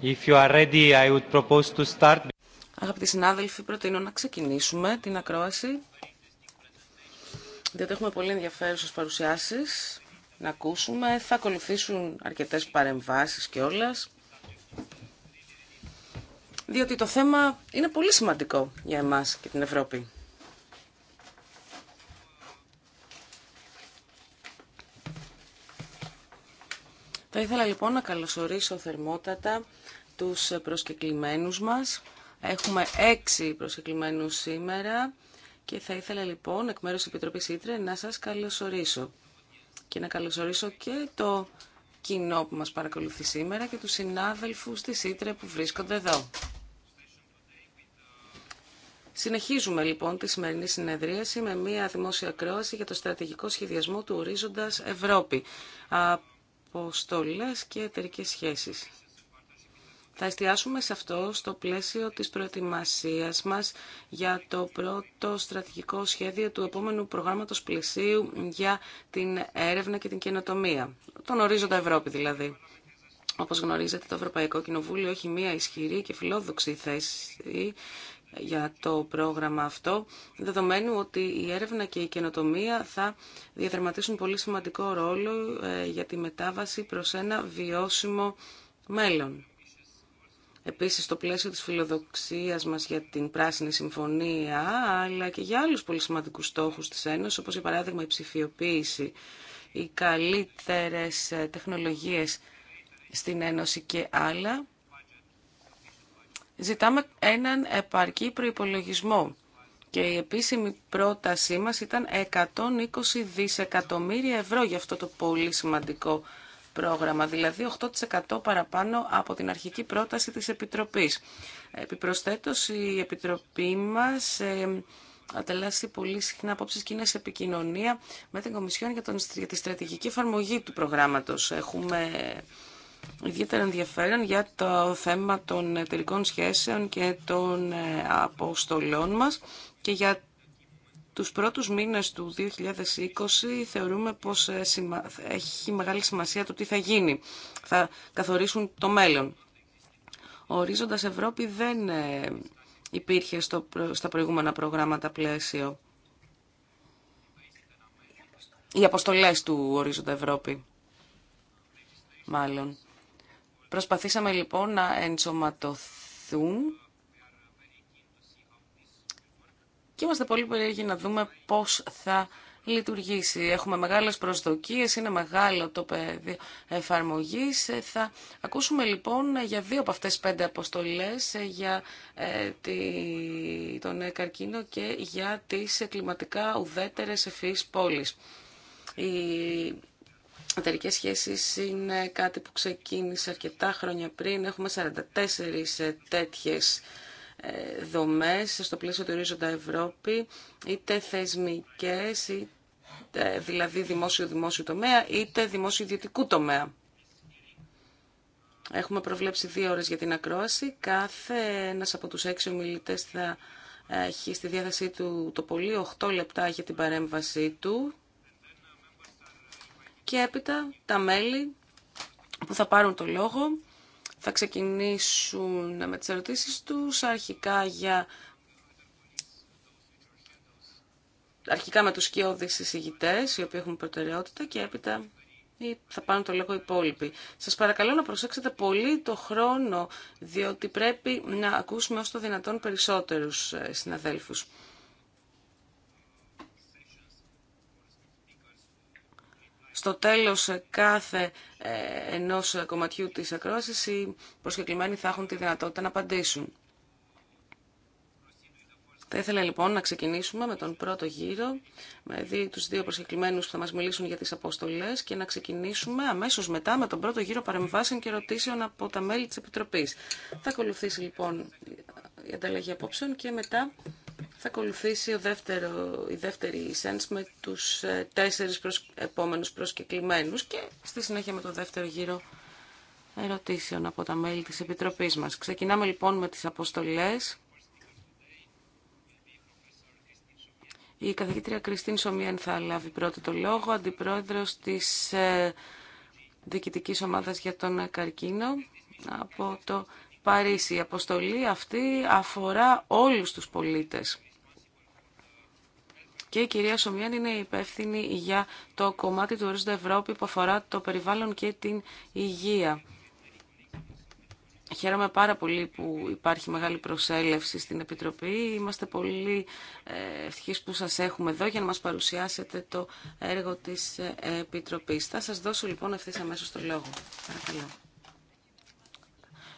if you are ready, I would propose to start. Αγαπητοί συνάδελφοι, προτείνω να ξεκινήσουμε την ακρόαση, διότι έχουμε πολύ ενδιαφέρουσες παρουσιάσεις να ακούσουμε. Θα ακολουθήσουν αρκετές παρεμβάσεις και όλας, διότι το θέμα είναι πολύ σημαντικό για εμάς και την Ευρώπη. Θα ήθελα λοιπόν να καλωσορίσω θερμότατα τους προσκεκλημένους μας. Έχουμε έξι προσκεκλημένους σήμερα και θα ήθελα λοιπόν εκ μέρους της Επιτροπής Ήτρε να σας καλωσορίσω και να καλωσορίσω και το κοινό που μας παρακολουθεί σήμερα και τους συνάδελφους της Ήτρε που βρίσκονται εδώ. Συνεχίζουμε λοιπόν τη σημερινή συνεδρίαση με μια δημόσια κρόαση για το στρατηγικό σχεδιασμό του ορίζοντας Ευρώπη αποστολές και εταιρικέ σχέσεις. Θα εστιάσουμε σε αυτό στο πλαίσιο της προετοιμασίας μας για το πρώτο στρατηγικό σχέδιο του επόμενου προγράμματος πλαισίου για την έρευνα και την καινοτομία. Τον ορίζοντα Ευρώπη δηλαδή. Όπως γνωρίζετε, το Ευρωπαϊκό Κοινοβούλιο έχει μία ισχυρή και φιλόδοξη θέση για το πρόγραμμα αυτό, δεδομένου ότι η έρευνα και η καινοτομία θα διαδραματίσουν πολύ σημαντικό ρόλο ε, για τη μετάβαση προς ένα βιώσιμο μέλλον. Επίσης, στο πλαίσιο της φιλοδοξίας μας για την Πράσινη Συμφωνία, αλλά και για άλλους πολύ σημαντικούς στόχους της Ένωσης, όπως για παράδειγμα η ψηφιοποίηση, οι καλύτερες ε, τεχνολογίες στην Ένωση και άλλα, ζητάμε έναν επαρκή προϋπολογισμό και η επίσημη πρότασή μας ήταν 120 δισεκατομμύρια ευρώ για αυτό το πολύ σημαντικό πρόγραμμα, δηλαδή 8% παραπάνω από την αρχική πρόταση της Επιτροπής. Επιπροσθέτως, η Επιτροπή μας ατελάσσει πολύ συχνά απόψεις και σε επικοινωνία με την Κομισιόν για, τον, τη στρατηγική εφαρμογή του προγράμματος. Έχουμε ιδιαίτερα ενδιαφέρον για το θέμα των εταιρικών σχέσεων και των ε, αποστολών μας και για τους πρώτους μήνες του 2020 θεωρούμε πως ε, έχει μεγάλη σημασία το τι θα γίνει. Θα καθορίσουν το μέλλον. Ο ορίζοντας Ευρώπη δεν ε, υπήρχε στο, στα προηγούμενα προγράμματα πλαίσιο. Οι αποστολές του ορίζοντα Ευρώπη, μάλλον. Προσπαθήσαμε λοιπόν να ενσωματωθούν και είμαστε πολύ περίεργοι να δούμε πώς θα λειτουργήσει. Έχουμε μεγάλες προσδοκίες, είναι μεγάλο το πεδίο εφαρμογής. Θα ακούσουμε λοιπόν για δύο από αυτές τις πέντε αποστολές, για ε, τον καρκίνο και για τις κλιματικά ουδέτερες ευφύς πόλεις εταιρικές σχέσεις είναι κάτι που ξεκίνησε αρκετά χρόνια πριν. Έχουμε 44 ε, τέτοιες ε, δομές στο πλαίσιο του ορίζοντα Ευρώπη, είτε θεσμικές, είτε δηλαδή δημόσιο-δημόσιο τομέα, είτε δημόσιο-ιδιωτικού τομέα. Έχουμε προβλέψει δύο ώρες για την ακρόαση. Κάθε ένας από τους έξι ομιλητές θα ε, έχει στη διάθεσή του το πολύ 8 λεπτά για την παρέμβασή του και έπειτα τα μέλη που θα πάρουν το λόγο θα ξεκινήσουν με τις ερωτήσεις τους αρχικά για αρχικά με τους σκιώδεις εισηγητές οι οποίοι έχουν προτεραιότητα και έπειτα θα πάρουν το λόγο οι υπόλοιποι. Σας παρακαλώ να προσέξετε πολύ το χρόνο διότι πρέπει να ακούσουμε όσο το δυνατόν περισσότερους ε, συναδέλφους. στο τέλος κάθε ε, ενός κομματιού της ακρόασης οι προσκεκλημένοι θα έχουν τη δυνατότητα να απαντήσουν. Θα ήθελα λοιπόν να ξεκινήσουμε με τον πρώτο γύρο, με τους δύο προσκεκλημένους που θα μας μιλήσουν για τις αποστολές και να ξεκινήσουμε αμέσως μετά με τον πρώτο γύρο παρεμβάσεων και ερωτήσεων από τα μέλη της Επιτροπής. Θα ακολουθήσει λοιπόν η ανταλλαγή απόψεων και μετά θα ακολουθήσει δεύτερο, η δεύτερη σένς με τους ε, τέσσερις προσ, επόμενους προσκεκλημένους και στη συνέχεια με το δεύτερο γύρο ερωτήσεων από τα μέλη της Επιτροπής μας. Ξεκινάμε λοιπόν με τις αποστολές. Η καθηγήτρια Κριστίν Σομιέν θα λάβει πρώτο το λόγο, αντιπρόεδρος της ε, Διοικητικής Ομάδας για τον Καρκίνο από το Παρίσι. Η αποστολή αυτή αφορά όλους τους πολίτες και η κυρία Σομιάν είναι υπεύθυνη για το κομμάτι του ορίζοντα Ευρώπη που αφορά το περιβάλλον και την υγεία. Χαίρομαι πάρα πολύ που υπάρχει μεγάλη προσέλευση στην Επιτροπή. Είμαστε πολύ ε, ευτυχείς που σας έχουμε εδώ για να μας παρουσιάσετε το έργο της ε, Επιτροπής. Θα σας δώσω λοιπόν ευθύ αμέσω το λόγο. Παρακαλώ.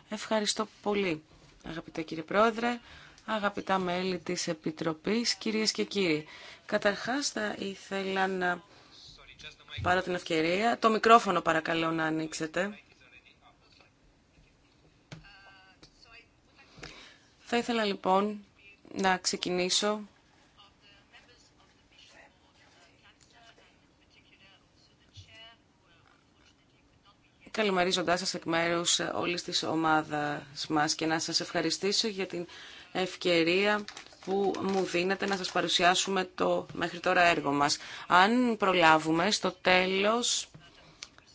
Ευχαριστώ πολύ, αγαπητέ κύριε Πρόεδρε αγαπητά μέλη της Επιτροπής, κυρίες και κύριοι. Καταρχάς θα ήθελα να πάρω την ευκαιρία. Το μικρόφωνο παρακαλώ να ανοίξετε. Θα ήθελα λοιπόν να ξεκινήσω καλημερίζοντάς σας εκ μέρους όλης της ομάδας μας και να σας ευχαριστήσω για την ευκαιρία που μου δίνετε να σας παρουσιάσουμε το μέχρι τώρα έργο μας. Αν προλάβουμε, στο τέλος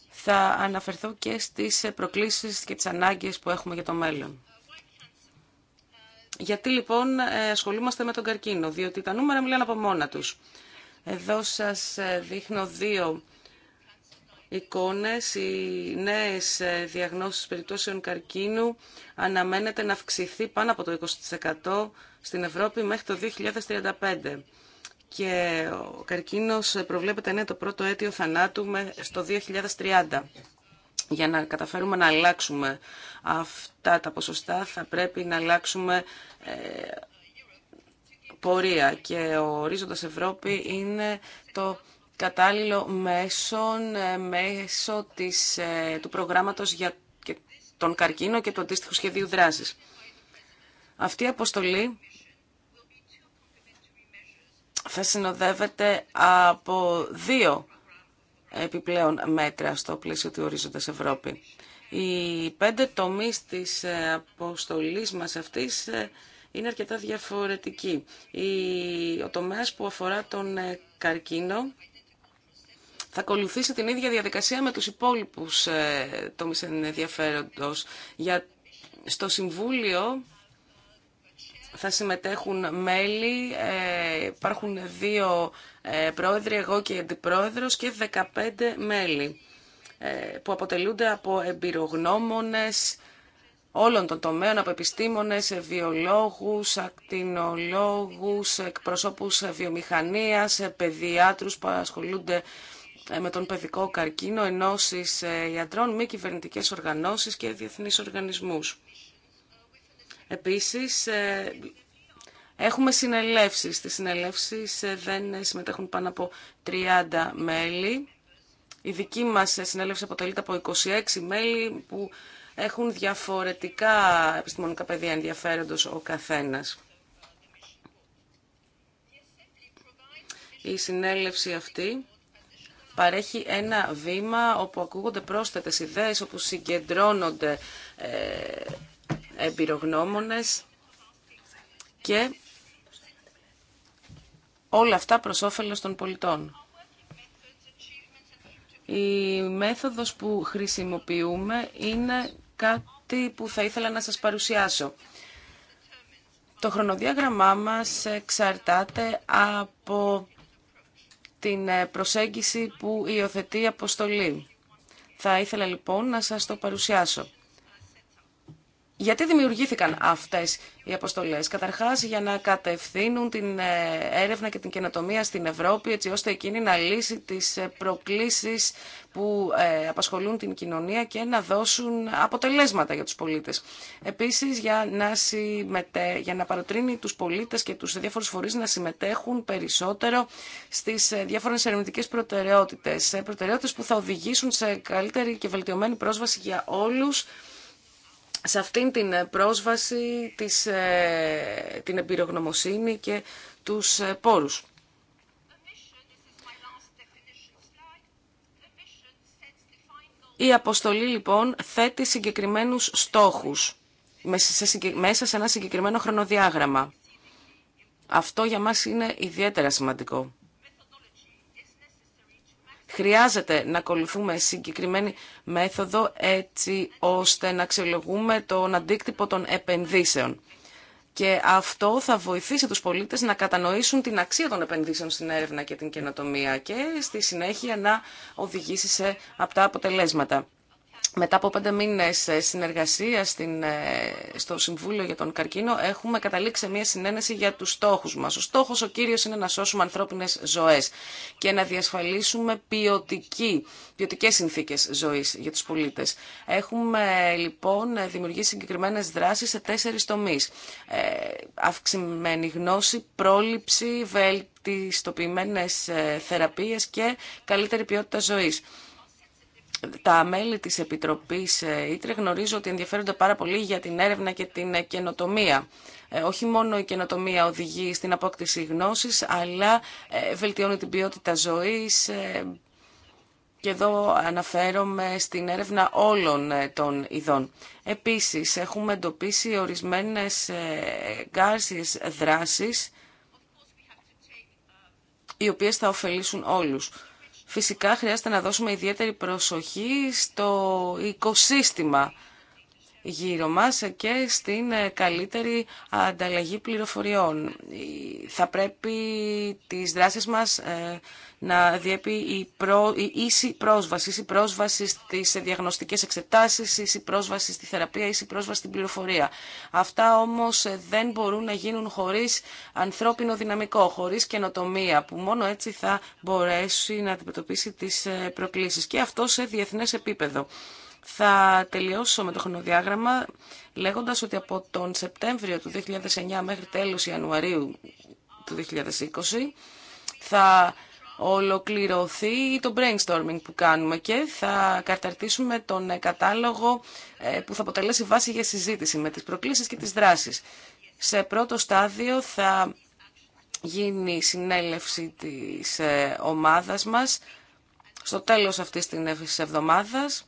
θα αναφερθώ και στις προκλήσεις και τις ανάγκες που έχουμε για το μέλλον. Γιατί λοιπόν ε, ασχολούμαστε με τον καρκίνο, διότι τα νούμερα μιλάνε από μόνα τους. Εδώ σας ε, δείχνω δύο εικόνες, οι νέες ε, διαγνώσεις περιπτώσεων καρκίνου αναμένεται να αυξηθεί πάνω από το 20% στην Ευρώπη μέχρι το 2035. Και ο καρκίνος προβλέπεται να είναι το πρώτο αίτιο θανάτου στο 2030. Για να καταφέρουμε να αλλάξουμε αυτά τα ποσοστά θα πρέπει να αλλάξουμε ε, πορεία και ο ορίζοντας Ευρώπη είναι το κατάλληλο μέσον ε, μέσω της, ε, του προγράμματος για τον καρκίνο και το αντίστοιχου σχεδίου δράσης. Αυτή η αποστολή θα συνοδεύεται από δύο επιπλέον μέτρα στο πλαίσιο του ορίζοντας Ευρώπη. Οι πέντε τομείς της ε, αποστολής μας αυτής είναι αρκετά διαφορετικοί. Ο τομέας που αφορά τον καρκίνο θα ακολουθήσει την ίδια διαδικασία με τους υπόλοιπους ε, τομείς ενδιαφέροντος. Για, στο Συμβούλιο θα συμμετέχουν μέλη, ε, υπάρχουν δύο ε, πρόεδροι, εγώ και αντιπρόεδρος και 15 μέλη ε, που αποτελούνται από εμπειρογνώμονες όλων των τομέων, από επιστήμονες, ε, βιολόγους, ακτινολόγους, εκπροσώπους ε, βιομηχανίας, παιδιάτρους που ασχολούνται ε, με τον παιδικό καρκίνο, ενώσεις ε, ιατρών, μη κυβερνητικέ οργανώσει και διεθνεί οργανισμούς. Επίσης, ε, έχουμε συνελεύσεις. Στι συνελεύσεις δεν συμμετέχουν πάνω από 30 μέλη. Η δική μα συνέλευση αποτελείται από 26 μέλη που έχουν διαφορετικά επιστημονικά πεδία ενδιαφέροντος ο καθένας. Η συνέλευση αυτή παρέχει ένα βήμα όπου ακούγονται πρόσθετες ιδέες, όπου συγκεντρώνονται ε, εμπειρογνώμονες και όλα αυτά προς όφελος των πολιτών. Η μέθοδος που χρησιμοποιούμε είναι κάτι που θα ήθελα να σας παρουσιάσω. Το χρονοδιάγραμμά μας εξαρτάται από την ε, προσέγγιση που υιοθετεί η αποστολή. Θα ήθελα λοιπόν να σας το παρουσιάσω. Γιατί δημιουργήθηκαν αυτές οι αποστολές. Καταρχάς για να κατευθύνουν την ε, έρευνα και την καινοτομία στην Ευρώπη έτσι ώστε εκείνη να λύσει τις ε, προκλήσεις που ε, απασχολούν την κοινωνία και να δώσουν αποτελέσματα για τους πολίτες. Επίσης για να, συμμετέ... για να παροτρύνει τους πολίτες και τους διάφορους φορείς να συμμετέχουν περισσότερο στις διάφορες ερευνητικέ προτεραιότητες. Προτεραιότητες που θα οδηγήσουν σε καλύτερη και βελτιωμένη πρόσβαση για όλους σε αυτήν την ε, πρόσβαση, της, ε, την εμπειρογνωμοσύνη και τους ε, πόρους. Η αποστολή λοιπόν θέτει συγκεκριμένους στόχους μέσα σε ένα συγκεκριμένο χρονοδιάγραμμα. Αυτό για μας είναι ιδιαίτερα σημαντικό. Χρειάζεται να ακολουθούμε συγκεκριμένη μέθοδο έτσι ώστε να αξιολογούμε τον αντίκτυπο των επενδύσεων. Και αυτό θα βοηθήσει τους πολίτες να κατανοήσουν την αξία των επενδύσεων στην έρευνα και την καινοτομία και στη συνέχεια να οδηγήσει σε αυτά αποτελέσματα μετά από πέντε μήνε ε, συνεργασία ε, στο Συμβούλιο για τον Καρκίνο έχουμε καταλήξει μια συνένεση για τους στόχους μας. Ο στόχος ο κύριος είναι να σώσουμε ανθρώπινες ζωές και να διασφαλίσουμε ποιοτικέ συνθήκε συνθήκες ζωής για τους πολίτες. Έχουμε λοιπόν δημιουργήσει συγκεκριμένε δράσεις σε τέσσερι τομείς. Ε, αυξημένη γνώση, πρόληψη, βελτιστοποιημένε θεραπείες και καλύτερη ποιότητα ζωή τα μέλη της Επιτροπής ε, Ήτρε γνωρίζω ότι ενδιαφέρονται πάρα πολύ για την έρευνα και την ε, καινοτομία. Ε, όχι μόνο η καινοτομία οδηγεί στην απόκτηση γνώσης, αλλά βελτιώνει την ποιότητα ζωής και εδώ αναφέρομαι στην έρευνα όλων των ειδών. Επίσης, έχουμε εντοπίσει ορισμένες γκάρσιες δράσεις οι οποίες θα ωφελήσουν όλους. Φυσικά χρειάζεται να δώσουμε ιδιαίτερη προσοχή στο οικοσύστημα γύρω μας και στην ε, καλύτερη ανταλλαγή πληροφοριών. Θα πρέπει τις δράσεις μας ε, να διέπει η, προ... η ίση πρόσβαση, η ίση πρόσβαση στις διαγνωστικές εξετάσεις, η ίση πρόσβαση στη θεραπεία, η ίση πρόσβαση στην πληροφορία. Αυτά όμως ε, δεν μπορούν να γίνουν χωρίς ανθρώπινο δυναμικό, χωρίς καινοτομία, που μόνο έτσι θα μπορέσει να αντιμετωπίσει τις προκλήσεις. Και αυτό σε διεθνές επίπεδο. Θα τελειώσω με το χρονοδιάγραμμα λέγοντας ότι από τον Σεπτέμβριο του 2009 μέχρι τέλος Ιανουαρίου του 2020 θα ολοκληρωθεί το brainstorming που κάνουμε και θα καταρτήσουμε τον κατάλογο ε, που θα αποτελέσει βάση για συζήτηση με τις προκλήσεις και τις δράσεις. Σε πρώτο στάδιο θα γίνει η συνέλευση της ε, ομάδας μας στο τέλος αυτής της εβδομάδας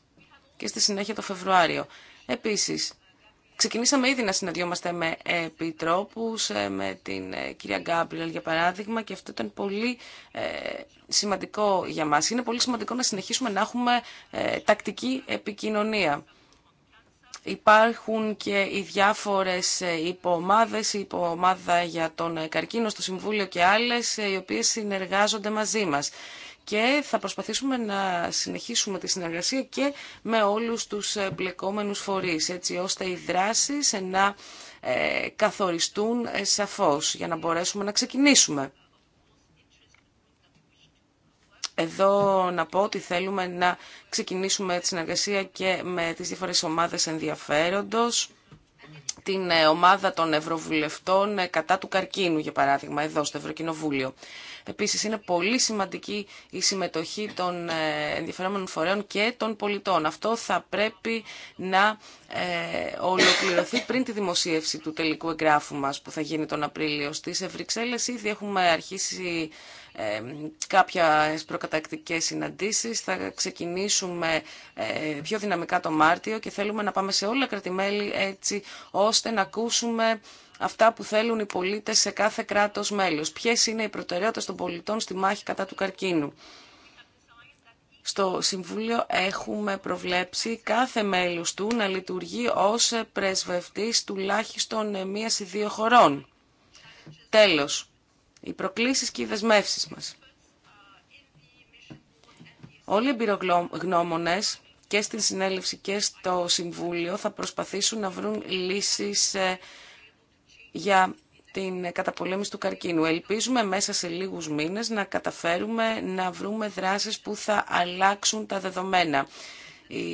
και στη συνέχεια το Φεβρουάριο. Επίσης, ξεκινήσαμε ήδη να συναντιόμαστε με επιτρόπους, ε, με την ε, κυρία Γκάμπριελ για παράδειγμα και αυτό ήταν πολύ ε, σημαντικό για μας. Είναι πολύ σημαντικό να συνεχίσουμε να έχουμε τακτική επικοινωνία. Υπάρχουν και οι διάφορες υποομάδες, η υποομάδα για τον καρκίνο στο Συμβούλιο και άλλες, οι οποίες συνεργάζονται μαζί μας και θα προσπαθήσουμε να συνεχίσουμε τη συνεργασία και με όλους τους μπλεκόμενους φορείς, έτσι ώστε οι δράσεις να ε, καθοριστούν ε, σαφώς για να μπορέσουμε να ξεκινήσουμε. Εδώ να πω ότι θέλουμε να ξεκινήσουμε τη συνεργασία και με τις διάφορες ομάδες ενδιαφέροντος, την ε, ομάδα των Ευρωβουλευτών κατά του καρκίνου, για παράδειγμα, εδώ στο Ευρωκοινοβούλιο. Επίσης είναι πολύ σημαντική η συμμετοχή των ε, ενδιαφερόμενων φορέων και των πολιτών. Αυτό θα πρέπει να ε, ολοκληρωθεί πριν τη δημοσίευση του τελικού εγγράφου μας που θα γίνει τον Απρίλιο στις Ευρυξέλλες. Ήδη έχουμε αρχίσει ε, κάποιες προκατακτικές συναντήσεις. Θα ξεκινήσουμε ε, πιο δυναμικά το Μάρτιο και θέλουμε να πάμε σε όλα κρατημέλη έτσι ώστε να ακούσουμε αυτά που θέλουν οι πολίτες σε κάθε κράτος μέλος. Ποιε είναι οι προτεραιότητες των πολιτών στη μάχη κατά του καρκίνου. Στο Συμβούλιο έχουμε προβλέψει κάθε μέλος του να λειτουργεί ως πρεσβευτής τουλάχιστον μίας ή δύο χωρών. Τέλος, οι προκλήσεις και οι δεσμεύσεις μας. Όλοι οι εμπειρογνώμονες και στην συνέλευση και στο Συμβούλιο θα προσπαθήσουν να βρουν λύσεις για την καταπολέμηση του καρκίνου. Ελπίζουμε μέσα σε λίγους μήνες να καταφέρουμε να βρούμε δράσεις που θα αλλάξουν τα δεδομένα. Η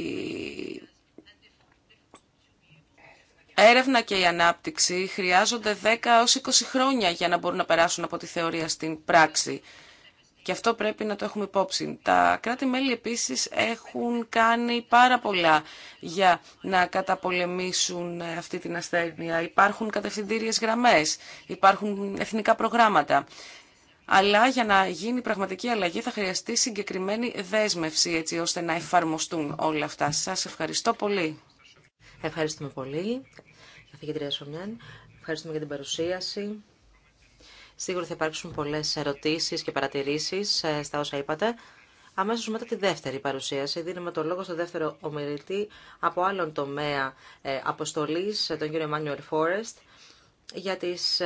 έρευνα και η ανάπτυξη χρειάζονται 10 έως 20 χρόνια για να μπορούν να περάσουν από τη θεωρία στην πράξη. Και αυτό πρέπει να το έχουμε υπόψη. Τα κράτη-μέλη επίσης έχουν κάνει πάρα πολλά για να καταπολεμήσουν ε, αυτή την ασθένεια. Υπάρχουν κατευθυντήριες γραμμές, υπάρχουν εθνικά προγράμματα. Αλλά για να γίνει πραγματική αλλαγή θα χρειαστεί συγκεκριμένη δέσμευση έτσι ώστε να εφαρμοστούν όλα αυτά. Σας ευχαριστώ πολύ. Ευχαριστούμε πολύ, καθηγητρία Σομιάν. Ευχαριστούμε για την παρουσίαση. Σίγουρα θα υπάρξουν πολλές ερωτήσεις και παρατηρήσεις ε, στα όσα είπατε. Αμέσως μετά τη δεύτερη παρουσίαση δίνουμε το λόγο στο δεύτερο ομιλητή από άλλον τομέα ε, αποστολής, ε, τον κύριο Emmanuel Forest, για τις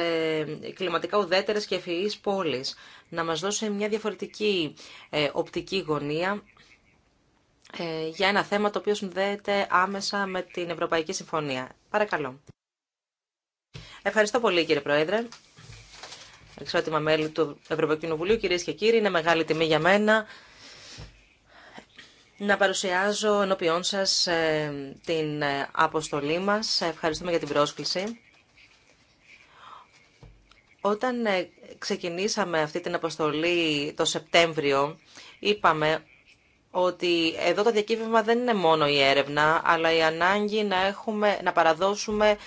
κλιματικά ουδέτερες και ευφυείς πόλεις. Να μας δώσει μια διαφορετική οπτική γωνία για ένα θέμα το οποίο συνδέεται άμεσα με την Ευρωπαϊκή Συμφωνία. Παρακαλώ. Ευχαριστώ πολύ κύριε Πρόεδρε εξώτημα μέλη του Ευρωπαϊκού Κοινοβουλίου, κυρίες και κύριοι, είναι μεγάλη τιμή για μένα να παρουσιάζω ενώπιόν σας ε, την ε, αποστολή μας. Ε, ευχαριστούμε για την πρόσκληση. Όταν ξεκινήσαμε αυτή την αποστολή το Σεπτέμβριο, είπαμε ότι εδώ το διακύβευμα δεν είναι μόνο η έρευνα, αλλά η ανάγκη να, έχουμε, να παραδώσουμε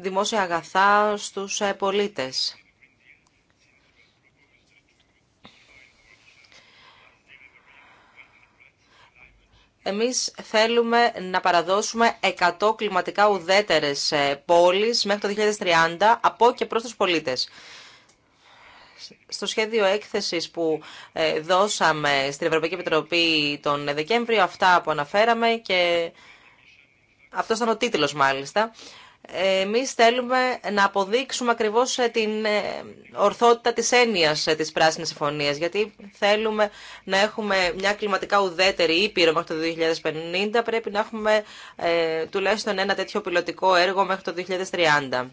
δημόσια αγαθά στους πολίτες. Εμείς θέλουμε να παραδώσουμε 100 κλιματικά ουδέτερες ε, πόλεις μέχρι το 2030 από και προς τους πολίτες. Στο σχέδιο έκθεσης που ε, δώσαμε στην Ευρωπαϊκή Επιτροπή τον Δεκέμβριο, αυτά που αναφέραμε και αυτό ήταν ο τίτλος μάλιστα εμείς θέλουμε να αποδείξουμε ακριβώς ε, την ε, ορθότητα της έννοιας ε, της Πράσινης Συμφωνίας, γιατί θέλουμε να έχουμε μια κλιματικά ουδέτερη ήπειρο μέχρι το 2050, πρέπει να έχουμε τουλάχιστον ένα τέτοιο πιλωτικό έργο μέχρι το 2030.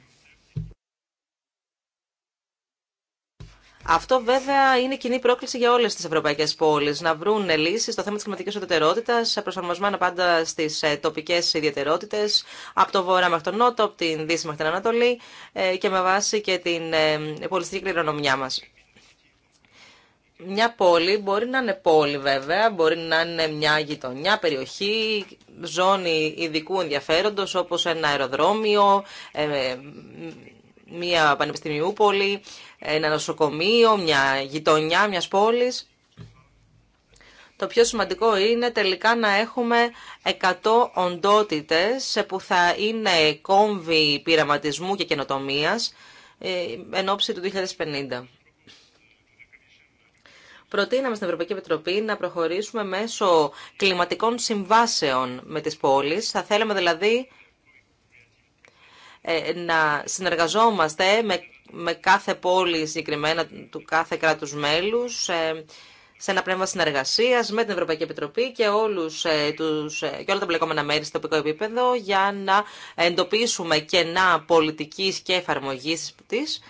Αυτό βέβαια είναι κοινή πρόκληση για όλε τι ευρωπαϊκέ πόλει να βρουν λύσει στο θέμα τη κλιματική ουδετερότητα, προσαρμοσμένα πάντα στι ε, τοπικέ ιδιαιτερότητε, από το βορρά μέχρι τον νότο, από την δύση μέχρι την ανατολή ε, και με βάση και την ε, πολιτιστική κληρονομιά μα. Μια πόλη μπορεί να είναι πόλη βέβαια, μπορεί να είναι μια γειτονιά, περιοχή, ζώνη ειδικού ενδιαφέροντος όπως ένα αεροδρόμιο, μια πανεπιστημιούπολη, ένα νοσοκομείο, μια γειτονιά μιας πόλης. Το πιο σημαντικό είναι τελικά να έχουμε 100 οντότητες που θα είναι κόμβοι πειραματισμού και καινοτομίας ε, εν ώψη του 2050. Προτείναμε στην Ευρωπαϊκή Επιτροπή να προχωρήσουμε μέσω κλιματικών συμβάσεων με τις πόλεις. Θα θέλαμε δηλαδή ε, να συνεργαζόμαστε με, με κάθε πόλη συγκεκριμένα του κάθε κράτους μέλους ε, σε ένα πνεύμα συνεργασίας με την Ευρωπαϊκή Επιτροπή και, όλους, ε, τους, όλα τα μπλεκόμενα μέρη στο τοπικό επίπεδο για να εντοπίσουμε κενά πολιτικής και εφαρμογή της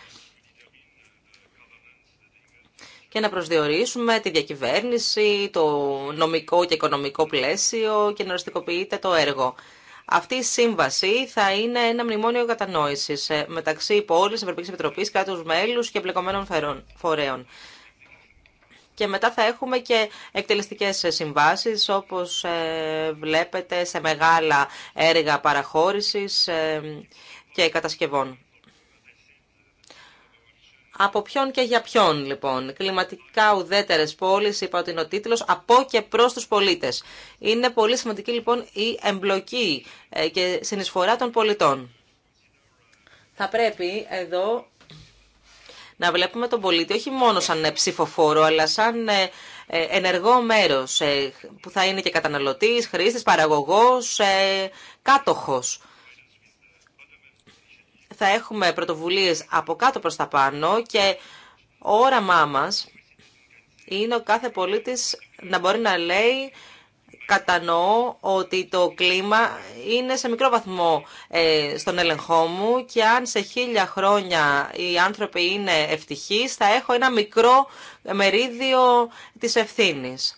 και να προσδιορίσουμε τη διακυβέρνηση, το νομικό και οικονομικό πλαίσιο και να οριστικοποιείται το έργο. Αυτή η σύμβαση θα είναι ένα μνημόνιο κατανόηση ε, μεταξύ πόλη, Ευρωπαϊκή Επιτροπή, κράτου μέλου και εμπλεκομένων φορέων. Και μετά θα έχουμε και εκτελεστικές ε, συμβάσεις, όπως ε, βλέπετε σε μεγάλα έργα παραχώρησης και κατασκευών. Από ποιον και για ποιον, λοιπόν. Κλιματικά ουδέτερε πόλει, είπα ότι είναι ο τίτλο, από και προ του πολίτε. Είναι πολύ σημαντική, λοιπόν, η εμπλοκή ε, και συνεισφορά των πολιτών. Θα πρέπει εδώ να βλέπουμε τον πολίτη όχι μόνο σαν ε, ψηφοφόρο, αλλά σαν ε, ενεργό μέρος που θα είναι και καταναλωτής, χρήστης, παραγωγός, κάτοχος θα έχουμε πρωτοβουλίες από κάτω προς τα πάνω και όραμά μας είναι ο κάθε πολίτης να μπορεί να λέει κατανοώ ότι το κλίμα είναι σε μικρό βαθμό ε, στον έλεγχό μου και αν σε χίλια χρόνια οι άνθρωποι είναι ευτυχείς θα έχω ένα μικρό μερίδιο της ευθύνης.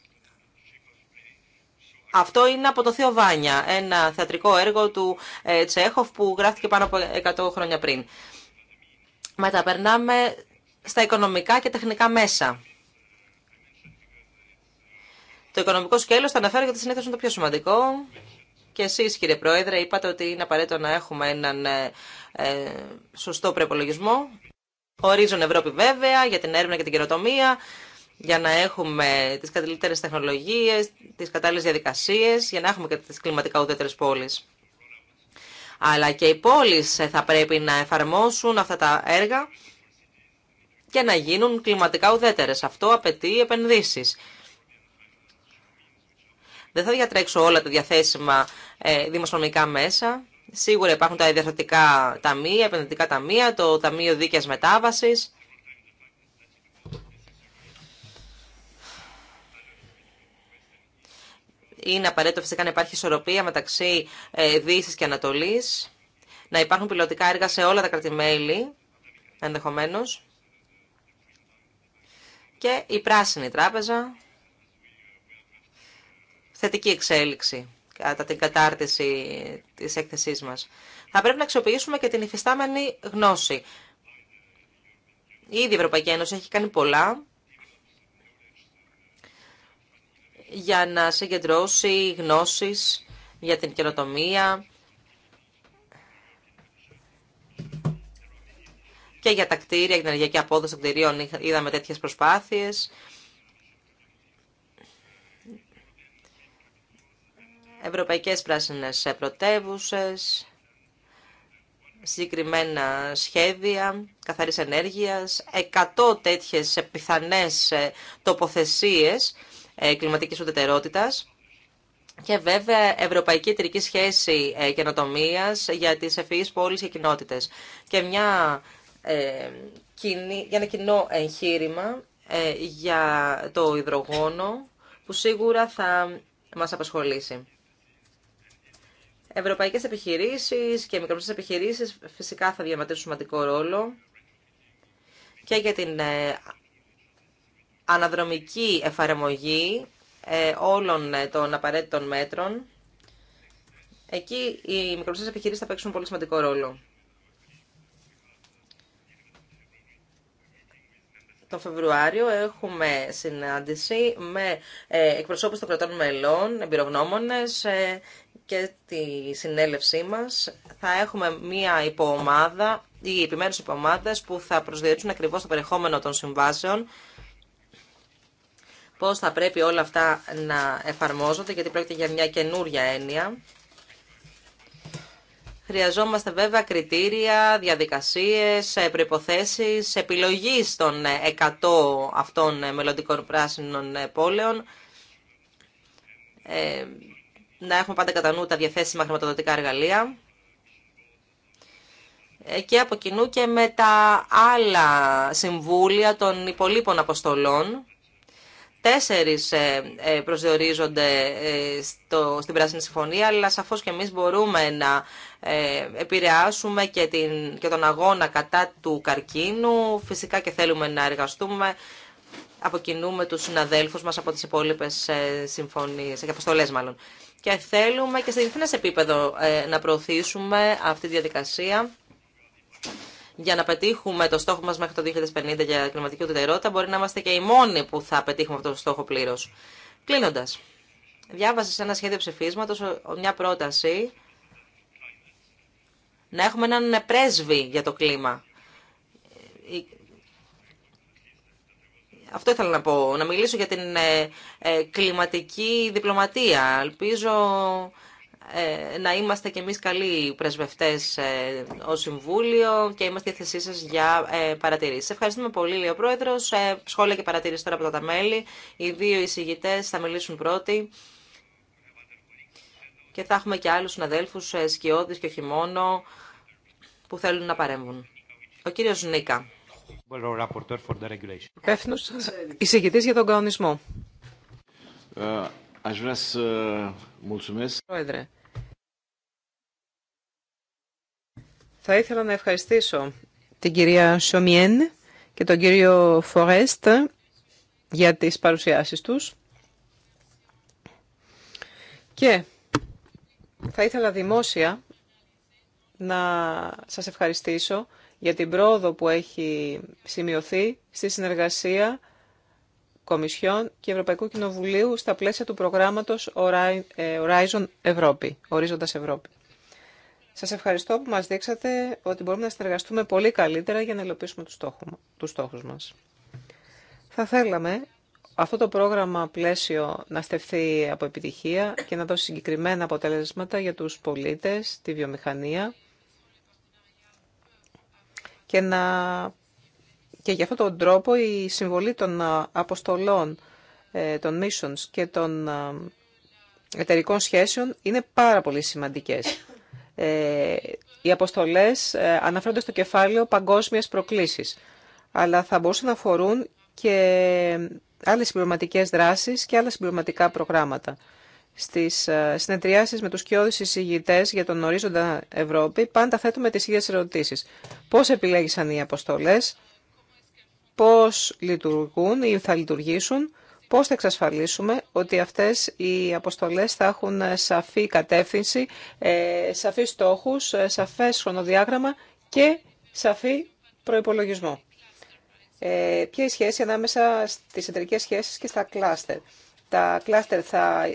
Αυτό είναι από το Θεό Βάνια, ένα θεατρικό έργο του ε, Τσέχοφ που γράφτηκε πάνω από 100 χρόνια πριν. Μετά περνάμε στα οικονομικά και τεχνικά μέσα. Το οικονομικό σκέλος θα αναφέρω γιατί συνήθως είναι το πιο σημαντικό. Και εσείς κύριε Πρόεδρε είπατε ότι είναι απαραίτητο να έχουμε έναν ε, ε σωστό προπολογισμό. Ορίζον Ευρώπη βέβαια για την έρευνα και την καινοτομία για να έχουμε τις καλύτερες τεχνολογίες, τις κατάλληλες διαδικασίες, για να έχουμε και τις κλιματικά ουδέτερες πόλεις. Αλλά και οι πόλεις θα πρέπει να εφαρμόσουν αυτά τα έργα και να γίνουν κλιματικά ουδέτερες. Αυτό απαιτεί επενδύσεις. Δεν θα διατρέξω όλα τα διαθέσιμα ε, δημοσιονομικά μέσα. Σίγουρα υπάρχουν τα διαθετικά ταμεία, επενδυτικά ταμεία, το Ταμείο Δίκαιας Μετάβασης είναι απαραίτητο φυσικά να υπάρχει ισορροπία μεταξύ ε, Δύσης και Ανατολής, να υπάρχουν πιλωτικά έργα σε όλα τα κρατημέλη, ενδεχομένω. και η Πράσινη Τράπεζα, θετική εξέλιξη κατά την κατάρτιση της έκθεσής μας. Θα πρέπει να αξιοποιήσουμε και την υφιστάμενη γνώση. Ήδη η Ευρωπαϊκή Ένωση έχει κάνει πολλά για να συγκεντρώσει γνώσεις για την καινοτομία και για τα κτίρια, για την ενεργειακή απόδοση των κτιρίων είδαμε τέτοιες προσπάθειες. Ευρωπαϊκές πράσινες πρωτεύουσες, συγκεκριμένα σχέδια καθαρής ενέργειας, 100 τέτοιες ε, πιθανές ε, τοποθεσίες ε, κλιματικής ουδετερότητας. Και βέβαια Ευρωπαϊκή Εταιρική Σχέση ε, καινοτομία για τις ευφυείς πόλεις και κοινότητες. Και μια, ε, για ένα κοινό εγχείρημα ε, για το υδρογόνο που σίγουρα θα μας απασχολήσει. Ευρωπαϊκές επιχειρήσεις και μικρομεσαίες επιχειρήσεις φυσικά θα διαματήσουν σημαντικό ρόλο και για την αναδρομική εφαρμογή ε, όλων ε, των απαραίτητων μέτρων. Εκεί οι μικρομεσαίες επιχειρήσεις θα παίξουν πολύ σημαντικό ρόλο. Τον Φεβρουάριο έχουμε συνάντηση με ε, εκπροσώπους των κρατών μελών, εμπειρογνώμονες και τη συνέλευσή μας. Θα έχουμε μία υποομάδα ή επιμέρους υποομάδες που θα προσδιορίσουν ακριβώς το περιεχόμενο των συμβάσεων πώς θα πρέπει όλα αυτά να εφαρμόζονται, γιατί πρόκειται για μια καινούρια έννοια. Χρειαζόμαστε βέβαια κριτήρια, διαδικασίες, ε, προϋποθέσεις, επιλογής των 100 ε, αυτών ε, μελλοντικών πράσινων πόλεων. να έχουμε πάντα κατά νου τα διαθέσιμα χρηματοδοτικά εργαλεία και από κοινού και με τα άλλα συμβούλια των υπολείπων αποστολών τέσσερις ε, ε, προσδιορίζονται ε, στο, στην Πράσινη Συμφωνία, αλλά σαφώς και εμείς μπορούμε να επηρεάσουμε και, την, και τον αγώνα κατά του καρκίνου. Φυσικά και θέλουμε να εργαστούμε αποκινούμε τους συναδέλφους μας από τις υπόλοιπε συμφωνίες, και αποστολές μάλλον. Και θέλουμε και σε διεθνές επίπεδο να προωθήσουμε αυτή τη διαδικασία για να πετύχουμε το στόχο μας μέχρι το 2050 για κλιματική ουδετερότητα, μπορεί να είμαστε και οι μόνοι που θα πετύχουμε αυτό το στόχο πλήρως. Κλείνοντας, διάβασε ένα σχέδιο ψηφίσματος μια πρόταση να έχουμε έναν πρέσβη για το κλίμα. Αυτό ήθελα να πω, να μιλήσω για την ε, ε, κλιματική διπλωματία. Ελπίζω ε, να είμαστε κι εμείς καλοί πρεσβευτές ε, ως Συμβούλιο και είμαστε η θέση σας για ε, παρατηρήσεις. Ευχαριστούμε πολύ, λέει ο Πρόεδρος. Σχόλια και παρατηρήσεις τώρα από τα μέλη. Οι δύο εισηγητές θα μιλήσουν πρώτοι. Και θα έχουμε και άλλους συναδέλφους, σκιώδεις και όχι μόνο, που θέλουν να παρέμβουν. Ο κύριος Νίκα. Υπεύθυνος εισηγητής για τον κανονισμό. Aș vrea să θα ήθελα να ευχαριστήσω την κυρία Σομιέν και τον κύριο Φορέστ για τις παρουσιάσεις τους. Και θα ήθελα δημόσια να σας ευχαριστήσω για την πρόοδο που έχει σημειωθεί στη συνεργασία Κομισιόν και Ευρωπαϊκού Κοινοβουλίου στα πλαίσια του προγράμματος ε, Horizon Ευρώπη, Ορίζοντας Ευρώπη. Σας ευχαριστώ που μας δείξατε ότι μπορούμε να συνεργαστούμε πολύ καλύτερα για να υλοποιήσουμε τους στόχους μας. Θα θέλαμε αυτό το πρόγραμμα πλαίσιο να στεφθεί από επιτυχία και να δώσει συγκεκριμένα αποτελέσματα για τους πολίτες, τη βιομηχανία και να και γι' αυτόν τον τρόπο η συμβολή των ε, αποστολών, ε, των missions και των ε, εταιρικών σχέσεων είναι πάρα πολύ σημαντικές. Οι αποστολές αναφέρονται στο κεφάλαιο παγκόσμιας προκλήσεις, αλλά θα μπορούσαν να αφορούν και άλλες συμπληρωματικέ δράσεις και άλλα συμπληρωματικά προγράμματα. Στις συνεδριάσεις με τους κοιόδης εισηγητές για τον ορίζοντα Ευρώπη πάντα θέτουμε τις ίδιες ερωτήσεις. Πώς επιλέγησαν οι αποστολές, πώς λειτουργούν ή θα λειτουργήσουν, πώς θα εξασφαλίσουμε ότι αυτές οι αποστολές θα έχουν σαφή κατεύθυνση, ε, σαφείς στόχους, ε, σαφές χρονοδιάγραμμα και σαφή προϋπολογισμό. Ε, ποια η σχέση ανάμεσα στις εταιρικές σχέσεις και στα κλάστερ. Τα κλάστερ θα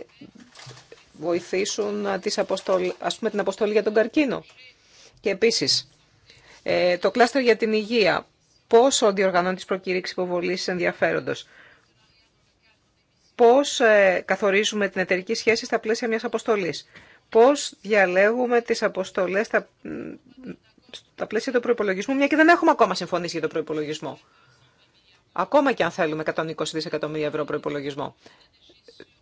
βοηθήσουν τις αποστολ, ας πούμε, την αποστολή για τον καρκίνο. Και επίσης, ε, το κλάστερ για την υγεία πόσο διοργανώνει τις προκήρυξεις υποβολής ενδιαφέροντος. Πώς ε, καθορίζουμε την εταιρική σχέση στα πλαίσια μιας αποστολής. Πώς διαλέγουμε τις αποστολές στα, στα πλαίσια του προϋπολογισμού, μια και δεν έχουμε ακόμα συμφωνήσει για τον προϋπολογισμό. Ακόμα και αν θέλουμε 120 δισεκατομμύρια ευρώ προϋπολογισμό.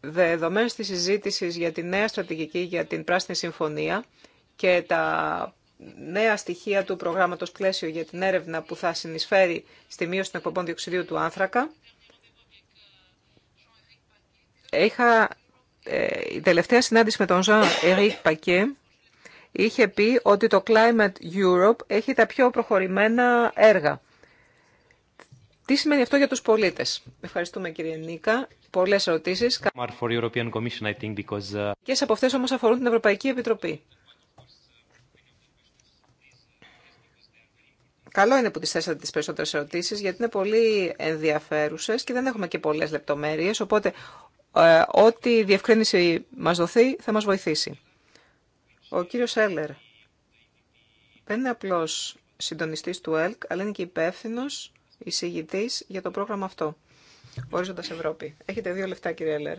Δεδομένως της συζήτηση για τη νέα στρατηγική για την Πράσινη Συμφωνία και τα νέα στοιχεία του προγράμματος πλαίσιο για την έρευνα που θα συνεισφέρει στη μείωση των εκπομπών διοξιδίου του άνθρακα. Είχα, ε, η τελευταία συνάντηση με τον Ζαν Ερικ Πακέ είχε πει ότι το Climate Europe έχει τα πιο προχωρημένα έργα. Τι σημαίνει αυτό για τους πολίτες. Ευχαριστούμε κύριε Νίκα. Πολλές ερωτήσεις. Κάποιες uh, από αυτές όμως αφορούν την Ευρωπαϊκή Επιτροπή. Καλό είναι που τις θέσατε τις περισσότερες ερωτήσεις, γιατί είναι πολύ ενδιαφέρουσες και δεν έχουμε και πολλές λεπτομέρειες, οπότε ε, ό,τι διευκρίνηση μας δοθεί θα μας βοηθήσει. Ο κύριος Έλλερ δεν είναι απλώς συντονιστής του ΕΛΚ, αλλά είναι και υπεύθυνο εισηγητής για το πρόγραμμα αυτό, Ορίζοντα Ευρώπη. Έχετε δύο λεφτά κύριε Έλλερ.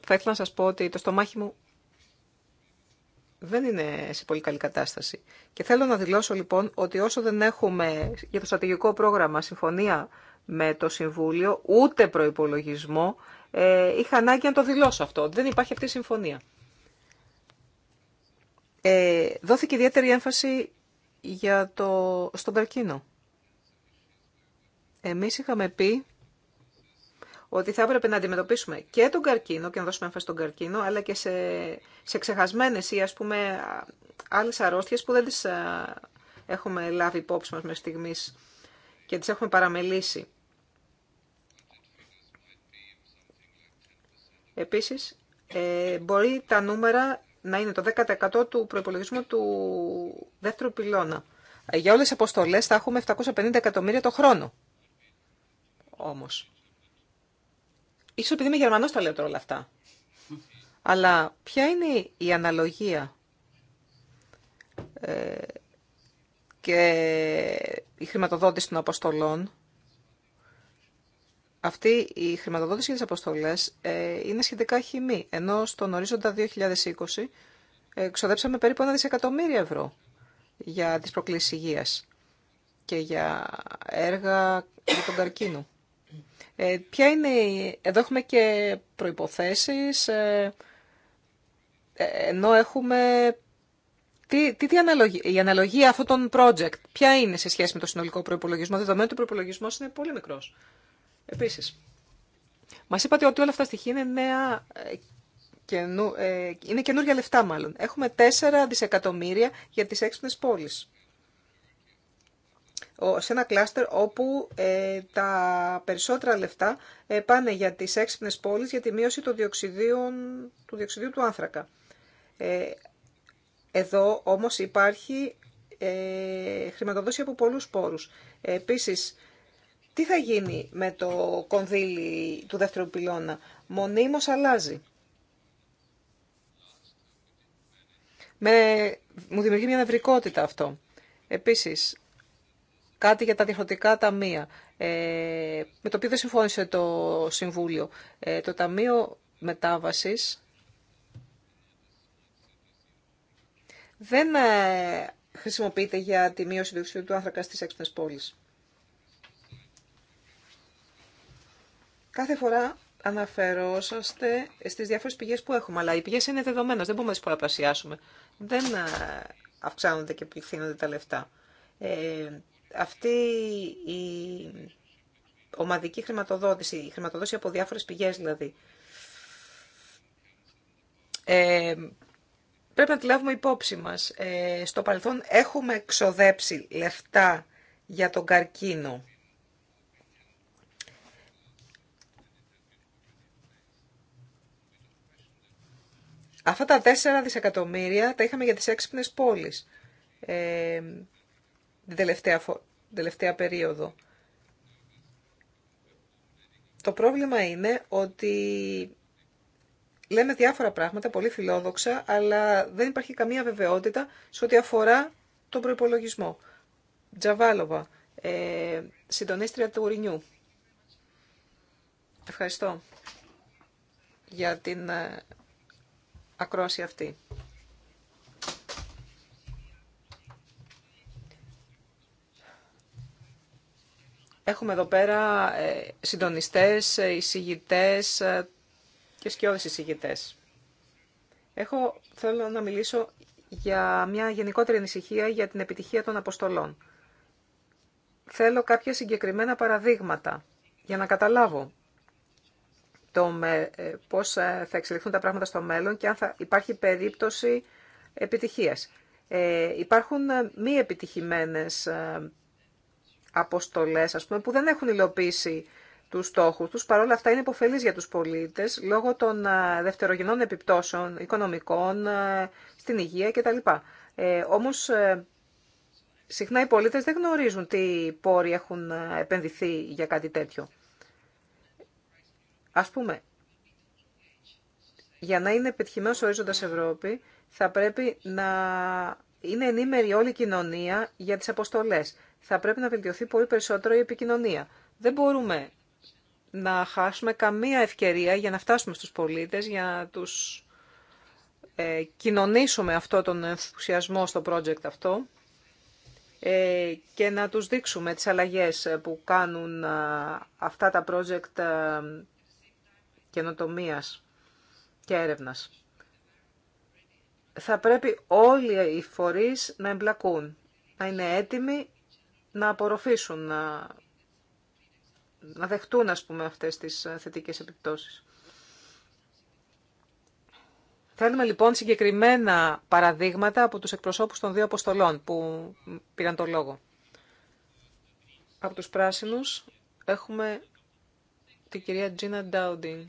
Θα ήθελα να σας πω ότι το στομάχι μου δεν είναι σε πολύ καλή κατάσταση. Και θέλω να δηλώσω λοιπόν ότι όσο δεν έχουμε για το στρατηγικό πρόγραμμα συμφωνία με το Συμβούλιο, ούτε προϋπολογισμό, ε, είχα ανάγκη να το δηλώσω αυτό. Δεν υπάρχει αυτή η συμφωνία. Ε, δόθηκε ιδιαίτερη έμφαση για το, στον Περκίνο. Εμείς είχαμε πει ότι θα έπρεπε να αντιμετωπίσουμε και τον καρκίνο και να δώσουμε έμφαση στον καρκίνο, αλλά και σε, σε ξεχασμένες ή ας πούμε άλλες αρρώστιες που δεν τις ε, έχουμε λάβει υπόψη μας με στιγμής και τις έχουμε παραμελήσει. Επίσης, ε, μπορεί τα νούμερα να είναι το 10% του προπολογισμού του δεύτερου πυλώνα. Ε, για όλες τις αποστολές θα έχουμε 750 εκατομμύρια το χρόνο. Όμως, Ίσως επειδή είμαι Γερμανός τα λέω τώρα όλα αυτά. Αλλά ποια είναι η αναλογία ε, και η χρηματοδότηση των αποστολών. Αυτή η χρηματοδότηση για τις αποστολές ε, είναι σχετικά χυμή, ενώ στον ορίζοντα 2020 ε, ξοδέψαμε περίπου ένα δισεκατομμύριο ευρώ για τις προκλήσεις υγείας και για έργα για τον καρκίνο. Ε, ποια είναι, εδώ έχουμε και προϋποθέσεις, ε, ε, ενώ έχουμε... Τι, τι, τι αναλογία, η αναλογία αυτών των project, ποια είναι σε σχέση με το συνολικό προϋπολογισμό, δεδομένου ότι ο προϋπολογισμός είναι πολύ μικρός. Επίσης, μας είπατε ότι όλα αυτά τα στοιχεία είναι νέα είναι καινούργια λεφτά μάλλον. Έχουμε 4 δισεκατομμύρια για τις έξυπνες πόλεις σε ένα κλάστερ όπου ε, τα περισσότερα λεφτά ε, πάνε για τις έξυπνες πόλεις για τη μείωση του διοξιδίου του, του άνθρακα. Ε, εδώ όμως υπάρχει χρηματοδότηση από πολλούς πόρους. Επίσης, τι θα γίνει με το κονδύλι του δεύτερου πυλώνα. Μονίμως αλλάζει. Με, μου δημιουργεί μια νευρικότητα αυτό. Επίσης, κάτι για τα διαφορετικά ταμεία, ε, με το οποίο δεν συμφώνησε το Συμβούλιο. Ε, το Ταμείο Μετάβασης δεν ε, χρησιμοποιείται για τη μείωση του του άνθρακα στις έξυπνες πόλεις. Κάθε φορά αναφερόσαστε στις διάφορες πηγές που έχουμε, αλλά οι πηγές είναι δεδομένες, δεν μπορούμε να τις πολλαπλασιάσουμε. Δεν αυξάνονται και πληθύνονται τα λεφτά. Ε, αυτή η ομαδική χρηματοδότηση, η χρηματοδότηση από διάφορες πηγές δηλαδή, ε, πρέπει να τη λάβουμε υπόψη μας. Ε, στο παρελθόν έχουμε ξοδέψει λεφτά για τον καρκίνο. Αυτά τα 4 δισεκατομμύρια τα είχαμε για τις έξυπνες πόλεις. Ε, την τελευταία, περίοδο. Το πρόβλημα είναι ότι λέμε διάφορα πράγματα, πολύ φιλόδοξα, αλλά δεν υπάρχει καμία βεβαιότητα σε ό,τι αφορά τον προϋπολογισμό. Τζαβάλοβα, ε, συντονίστρια του Ουρινιού. Ευχαριστώ για την ε, ακρόαση αυτή. Έχουμε εδώ πέρα ε, συντονιστές, ε, εισηγητές ε, και σκιώδες εισηγητές. Έχω, θέλω να μιλήσω για μια γενικότερη ανησυχία για την επιτυχία των αποστολών. Θέλω κάποια συγκεκριμένα παραδείγματα για να καταλάβω το με, πώς θα εξελιχθούν τα πράγματα στο μέλλον και αν θα υπάρχει περίπτωση επιτυχίας. Ε, υπάρχουν μη επιτυχημένες αποστολές, ας πούμε, που δεν έχουν υλοποιήσει τους στόχους τους. παρόλα αυτά είναι υποφελής για τους πολίτες λόγω των ε, δευτερογενών επιπτώσεων οικονομικών, ε, στην υγεία κτλ. Ε, όμως ε, συχνά οι πολίτες δεν γνωρίζουν τι πόροι έχουν επενδυθεί για κάτι τέτοιο. Ας πούμε, για να είναι πετυχημένος ορίζοντας Ευρώπη θα πρέπει να είναι ενήμερη όλη η κοινωνία για τις αποστολές θα πρέπει να βελτιωθεί πολύ περισσότερο η επικοινωνία. Δεν μπορούμε να χάσουμε καμία ευκαιρία για να φτάσουμε στους πολίτες, για να τους ε, κοινωνήσουμε αυτό τον ενθουσιασμό στο project αυτό ε, και να τους δείξουμε τις αλλαγές που κάνουν ε, αυτά τα project ε, καινοτομίας και έρευνας. Θα πρέπει όλοι οι φορείς να εμπλακούν, να είναι έτοιμοι να απορροφήσουν, να, να δεχτούν ας πούμε αυτές τις ε, θετικές επιπτώσεις. Θέλουμε λοιπόν συγκεκριμένα παραδείγματα από τους εκπροσώπους των δύο αποστολών που πήραν το λόγο. Από τους πράσινους έχουμε την κυρία Τζίνα Ντάουντιν.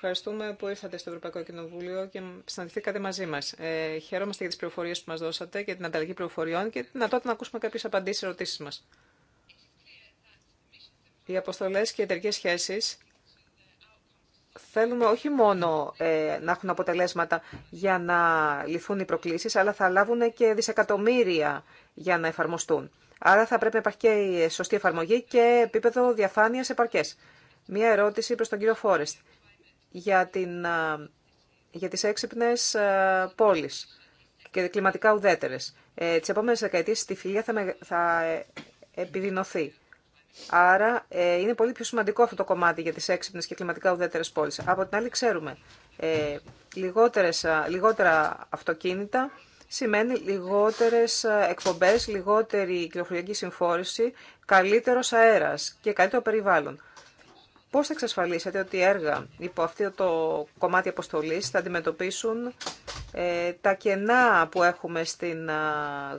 Ευχαριστούμε που ήρθατε στο Ευρωπαϊκό Κοινοβούλιο και συναντηθήκατε μαζί μα. Ε, χαιρόμαστε για τι πληροφορίε που μα δώσατε, και την ανταλλαγή πληροφοριών και να δυνατότητα να ακούσουμε κάποιε απαντήσει ερωτήσει μα. Οι αποστολέ και οι εταιρικέ σχέσει θέλουμε όχι μόνο ε, να έχουν αποτελέσματα για να λυθούν οι προκλήσει, αλλά θα λάβουν και δισεκατομμύρια για να εφαρμοστούν. Άρα θα πρέπει να υπάρχει και η σωστή εφαρμογή και επίπεδο διαφάνεια επαρκέ. Μία ερώτηση προ τον κύριο Φόρεστ για, την, ε, για τις έξυπνες ε, πόλεις και κλιματικά ουδέτερες. Ε, τις επόμενες δεκαετίες στη φιλία θα, θα ε, επιδεινωθεί. Άρα ε, είναι πολύ πιο σημαντικό αυτό το κομμάτι για τις έξυπνες και κλιματικά ουδέτερες πόλεις. Από την άλλη ξέρουμε, ε, λιγότερες, λιγότερα αυτοκίνητα σημαίνει λιγότερες εκπομπές, λιγότερη κυκλοφοριακή συμφόρηση, καλύτερος αέρας και καλύτερο περιβάλλον. Πώς θα εξασφαλίσετε ότι έργα υπό αυτό το κομμάτι αποστολής θα αντιμετωπίσουν ε, τα κενά που έχουμε στην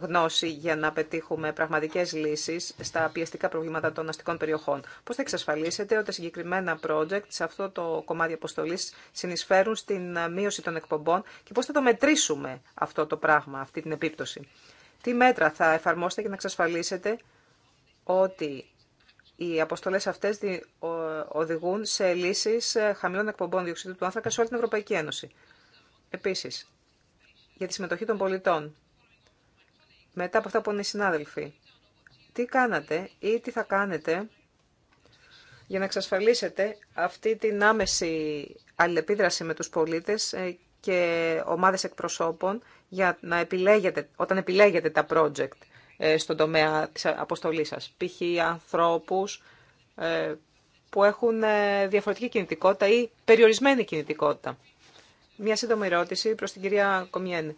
γνώση για να πετύχουμε πραγματικές λύσεις στα πιεστικά προβλήματα των αστικών περιοχών. Πώς θα εξασφαλίσετε ότι συγκεκριμένα project σε αυτό το κομμάτι αποστολής συνεισφέρουν στην μείωση των εκπομπών και πώς θα το μετρήσουμε αυτό το πράγμα, αυτή την επίπτωση. Τι μέτρα θα εφαρμόσετε για να εξασφαλίσετε ότι οι αποστολές αυτές οδηγούν σε λύσεις ε, χαμηλών εκπομπών διοξιδίου του άνθρακα σε όλη την Ευρωπαϊκή Ένωση. Επίσης, για τη συμμετοχή των πολιτών, μετά από αυτά που είναι οι συνάδελφοι, τι κάνατε ή τι θα κάνετε για να εξασφαλίσετε αυτή την άμεση αλληλεπίδραση με τους πολίτες ε, και ομάδες εκπροσώπων για να επιλέγετε, όταν επιλέγετε τα project ε, στον τομέα της αποστολής σας. Π.χ. ανθρώπους ε, που έχουν ε, διαφορετική κινητικότητα ή περιορισμένη κινητικότητα. Μια σύντομη ερώτηση προς την κυρία Κομιέν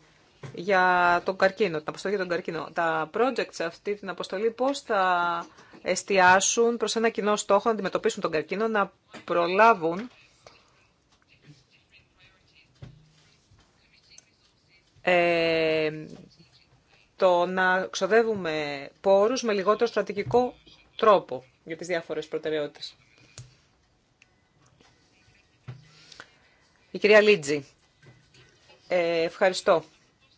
για τον καρκίνο, την αποστολή για τον καρκίνο. Τα projects αυτή την αποστολή πώς θα εστιάσουν προς ένα κοινό στόχο να αντιμετωπίσουν τον καρκίνο, να προλάβουν το να ξοδεύουμε πόρους με λιγότερο στρατηγικό τρόπο για τις διάφορες προτεραιότητες. Η κυρία Λίτζη, ε, ευχαριστώ.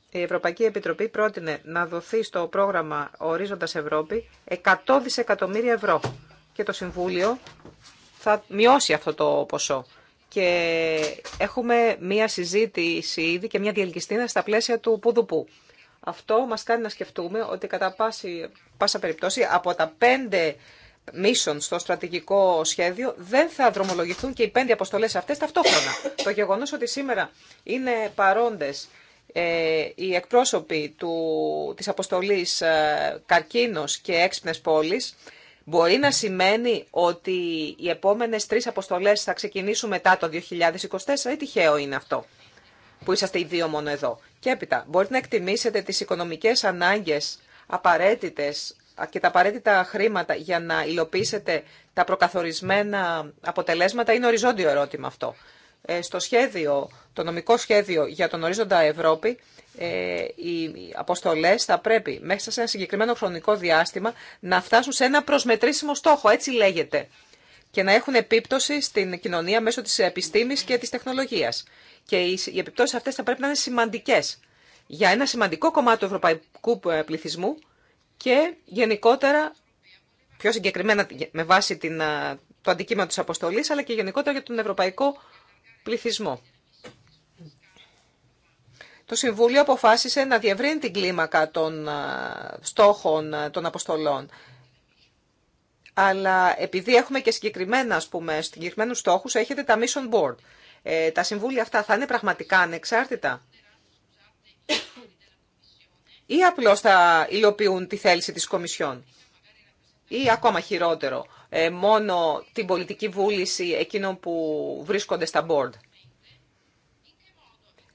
Η Ευρωπαϊκή Επιτροπή πρότεινε να δοθεί στο πρόγραμμα Ορίζοντας Ευρώπη 100 δισεκατομμύρια ευρώ και το Συμβούλιο θα μειώσει αυτό το ποσό. Και έχουμε μία συζήτηση ήδη και μία διελκυστήνα στα πλαίσια του Πουδουπού. Αυτό μας κάνει να σκεφτούμε ότι κατά πάση, πάσα περιπτώσει από τα πέντε μίσον στο στρατηγικό σχέδιο δεν θα δρομολογηθούν και οι πέντε αποστολές αυτές ταυτόχρονα. Το γεγονός ότι σήμερα είναι παρόντες ε, οι εκπρόσωποι του, της αποστολής ε, καρκίνος και έξυπνες πόλεις μπορεί να σημαίνει ότι οι επόμενες τρεις αποστολές θα ξεκινήσουν μετά το 2024 ή τυχαίο είναι αυτό που είσαστε οι δύο μόνο εδώ. Και έπειτα, μπορείτε να εκτιμήσετε τις οικονομικές ανάγκες απαραίτητες και τα απαραίτητα χρήματα για να υλοποιήσετε τα προκαθορισμένα αποτελέσματα είναι οριζόντιο ερώτημα αυτό. Ε, στο σχέδιο, το νομικό σχέδιο για τον ορίζοντα Ευρώπη, ε, οι αποστολές θα πρέπει μέσα σε ένα συγκεκριμένο χρονικό διάστημα να φτάσουν σε ένα προσμετρήσιμο στόχο, έτσι λέγεται, και να έχουν επίπτωση στην κοινωνία μέσω της επιστήμης και της τεχνολογίας και οι επιπτώσεις αυτές θα πρέπει να είναι σημαντικές για ένα σημαντικό κομμάτι του ευρωπαϊκού ε, πληθυσμού και γενικότερα, πιο συγκεκριμένα με βάση την, ε, το αντικείμενο της αποστολής, αλλά και γενικότερα για τον ευρωπαϊκό πληθυσμό. Το Συμβούλιο αποφάσισε να διευρύνει την κλίμακα των ε, στόχων των αποστολών. Αλλά επειδή έχουμε και συγκεκριμένα, ας πούμε, συγκεκριμένους στόχους, έχετε τα mission board. Ε, τα συμβούλια αυτά θα είναι πραγματικά ανεξάρτητα ή απλώς θα υλοποιούν τη θέληση της Κομισιόν ή ακόμα χειρότερο, ε, μόνο την πολιτική βούληση εκείνων που βρίσκονται στα board.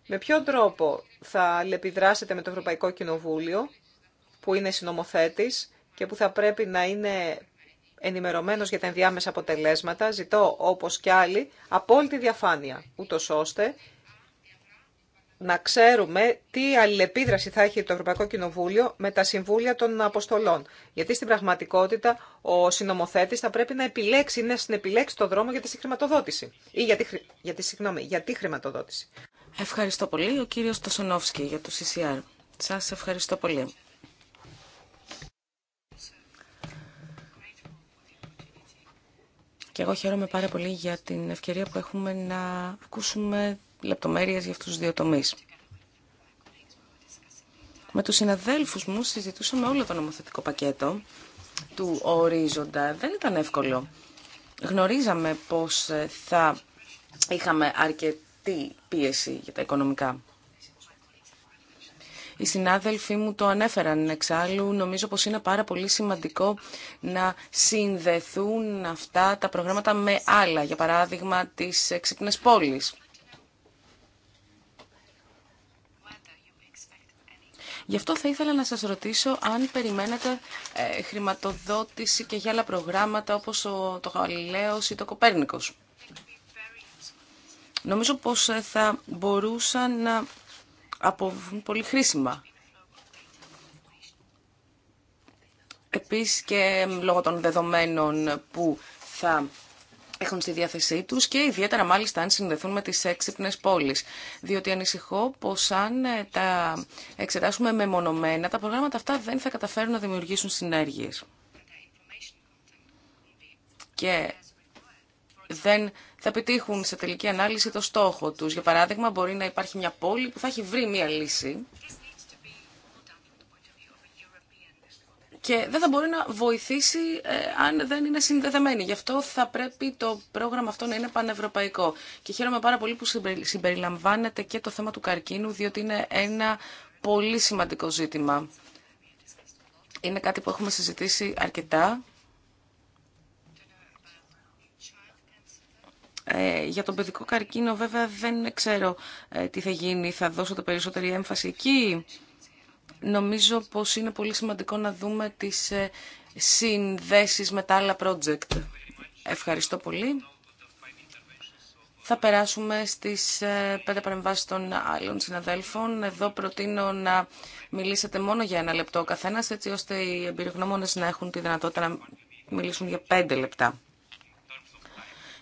Με ποιον τρόπο θα λεπιδράσετε με το Ευρωπαϊκό Κοινοβούλιο, που είναι συνομοθέτης και που θα πρέπει να είναι ενημερωμένος για τα ενδιάμεσα αποτελέσματα, ζητώ όπως κι άλλοι απόλυτη διαφάνεια, ούτω ώστε να ξέρουμε τι αλληλεπίδραση θα έχει το Ευρωπαϊκό Κοινοβούλιο με τα συμβούλια των αποστολών. Γιατί στην πραγματικότητα ο συνομοθέτη θα πρέπει να επιλέξει, να συνεπιλέξει το δρόμο για τη συγχρηματοδότηση. Ή για τη, συγγνώμη, για τη χρηματοδότηση. Ευχαριστώ πολύ. Ο κύριο Τασονόφσκι για το CCR. Σα ευχαριστώ πολύ. Και εγώ χαίρομαι πάρα πολύ για την ευκαιρία που έχουμε να ακούσουμε λεπτομέρειες για αυτούς τους δύο τομείς. Με τους συναδέλφους μου συζητούσαμε όλο το νομοθετικό πακέτο του ορίζοντα. Δεν ήταν εύκολο. Γνωρίζαμε πως θα είχαμε αρκετή πίεση για τα οικονομικά. Οι συνάδελφοί μου το ανέφεραν εξάλλου. Νομίζω πως είναι πάρα πολύ σημαντικό να συνδεθούν αυτά τα προγράμματα με άλλα, για παράδειγμα τις εξύπνες πόλεις. Γι' αυτό θα ήθελα να σας ρωτήσω αν περιμένετε ε, χρηματοδότηση και για άλλα προγράμματα όπως το Γαλιλαίος ή το Κοπέρνικος. Νομίζω πως ε, θα μπορούσαν να από πολύ χρήσιμα. Επίσης και λόγω των δεδομένων που θα έχουν στη διάθεσή τους και ιδιαίτερα μάλιστα αν συνδεθούν με τις έξυπνες πόλεις. Διότι ανησυχώ πως αν ε, τα εξετάσουμε μεμονωμένα, τα προγράμματα αυτά δεν θα καταφέρουν να δημιουργήσουν συνέργειες. Και δεν θα επιτύχουν σε τελική ανάλυση το στόχο τους. Για παράδειγμα, μπορεί να υπάρχει μια πόλη που θα έχει βρει μια λύση και δεν θα μπορεί να βοηθήσει ε, αν δεν είναι συνδεδεμένη. Γι' αυτό θα πρέπει το πρόγραμμα αυτό να είναι πανευρωπαϊκό. Και χαίρομαι πάρα πολύ που συμπεριλαμβάνεται και το θέμα του καρκίνου, διότι είναι ένα πολύ σημαντικό ζήτημα. Είναι κάτι που έχουμε συζητήσει αρκετά Ε, για τον παιδικό καρκίνο βέβαια δεν ξέρω ε, τι θα γίνει. Θα δώσω το περισσότερη έμφαση εκεί. Νομίζω πως είναι πολύ σημαντικό να δούμε τις ε, συνδέσεις με τα άλλα project. Ευχαριστώ πολύ. Θα περάσουμε στις πέντε παρεμβάσεις των άλλων συναδέλφων. Εδώ προτείνω να μιλήσετε μόνο για ένα λεπτό ο καθένας, έτσι ώστε οι εμπειρογνώμονες να έχουν τη δυνατότητα να μιλήσουν για πέντε λεπτά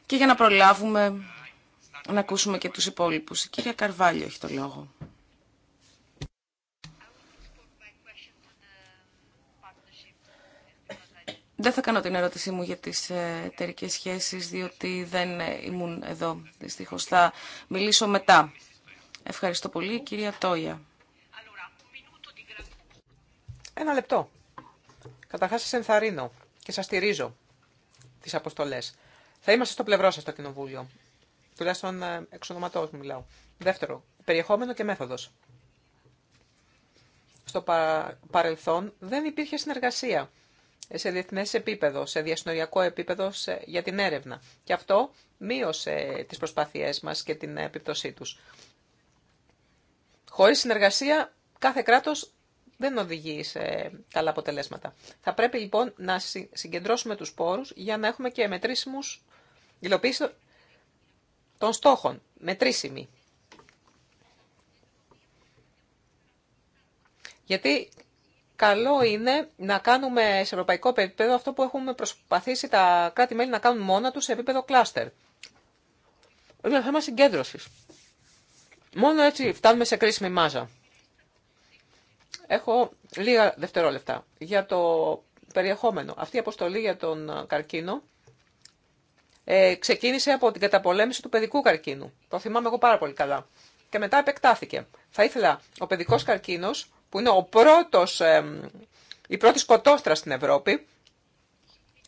και για να προλάβουμε να ακούσουμε και τους υπόλοιπους. Η κυρία Καρβάλιο έχει το λόγο. Δεν θα κάνω την ερώτησή μου για τις ε, εταιρικέ σχέσεις, διότι δεν ε, ήμουν εδώ. Δυστυχώς θα μιλήσω μετά. Ευχαριστώ πολύ, κυρία Τόια. Ένα λεπτό. Καταρχάς σας ενθαρρύνω και σας στηρίζω τις αποστολές. Θα είμαστε στο πλευρό σας στο Κοινοβούλιο. Τουλάχιστον ε, εξ ονοματός μου μιλάω. Δεύτερο, περιεχόμενο και μέθοδος. Στο παρελθόν δεν υπήρχε συνεργασία σε διεθνέ επίπεδο, σε διασυνοριακό επίπεδο για την έρευνα. Και αυτό μείωσε τις προσπάθειές μας και την επίπτωσή τους. Χωρίς συνεργασία κάθε κράτος δεν οδηγεί σε καλά αποτελέσματα. Θα πρέπει λοιπόν να συγκεντρώσουμε τους πόρους για να έχουμε και μετρήσιμους υλοποίηση των στόχων, μετρήσιμοι. Γιατί καλό είναι να κάνουμε σε ευρωπαϊκό επίπεδο αυτό που έχουμε προσπαθήσει τα κράτη-μέλη να κάνουν μόνα τους σε επίπεδο κλάστερ. Είναι θέμα συγκέντρωσης. Μόνο έτσι φτάνουμε σε κρίσιμη μάζα. Έχω λίγα δευτερόλεπτα για το περιεχόμενο. Αυτή η αποστολή για τον ε, καρκίνο ε, ξεκίνησε από την καταπολέμηση του παιδικού καρκίνου. Το θυμάμαι εγώ πάρα πολύ καλά. Και μετά επεκτάθηκε. Θα ήθελα ο παιδικός καρκίνος, που είναι ο πρώτος, ε, η πρώτη σκοτόστρα στην Ευρώπη,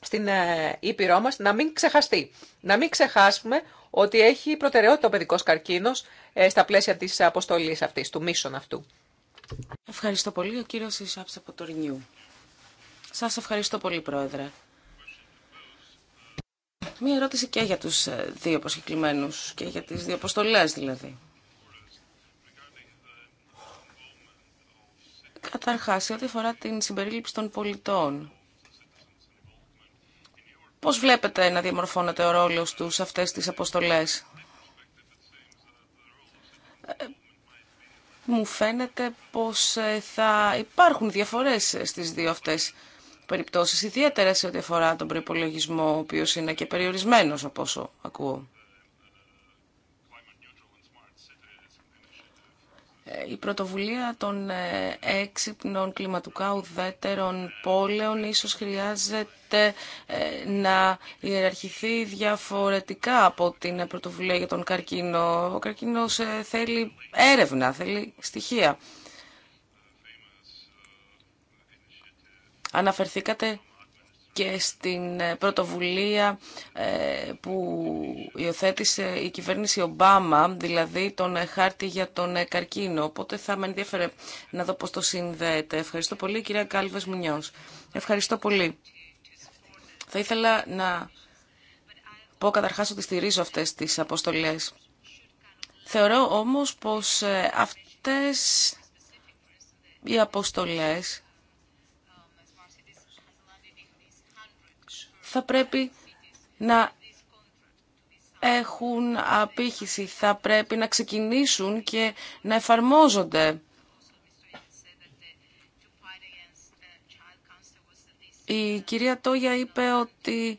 στην ε, Ήπειρό μας, να μην ξεχαστεί. Να μην ξεχάσουμε ότι έχει προτεραιότητα ο παιδικός καρκίνος ε, στα πλαίσια της αποστολής αυτής, του μίσον αυτού. Ευχαριστώ πολύ, ο κύριος Ισάψ από το Ρινιού. Σας ευχαριστώ πολύ, Πρόεδρε. Μία ερώτηση και για τους ε, δύο προσκεκλημένους και για τις δύο αποστολές δηλαδή. Καταρχάς, ό,τι αφορά την συμπερίληψη των πολιτών, πώς βλέπετε να διαμορφώνεται ο ρόλος τους σε αυτές τις αποστολές. Ε, μου φαίνεται πως ε, θα υπάρχουν διαφορές στις δύο αυτές περιπτώσεις, ιδιαίτερα σε ό,τι αφορά τον προπολογισμό, ο οποίος είναι και περιορισμένος από όσο ακούω. Ε, η πρωτοβουλία των ε, έξυπνων κλιματικά ουδέτερων πόλεων ίσως χρειάζεται ε, να ιεραρχηθεί διαφορετικά από την πρωτοβουλία για τον καρκίνο. Ο καρκίνος θέλει έρευνα, θέλει στοιχεία. Αναφερθήκατε και στην ε, πρωτοβουλία ε, που υιοθέτησε η κυβέρνηση Ομπάμα, δηλαδή τον ε, χάρτη για τον καρκίνο. Οπότε θα με ενδιαφέρε να δω πώς το συνδέεται. Ευχαριστώ πολύ, κυρία Κάλβες Μουνιός. Ευχαριστώ πολύ. Θα ήθελα να πω καταρχάς ότι στηρίζω αυτές τις αποστολές. Θεωρώ όμως πως αυτές οι αποστολές θα πρέπει να έχουν απήχηση, θα πρέπει να ξεκινήσουν και να εφαρμόζονται. Η κυρία Τόγια είπε ότι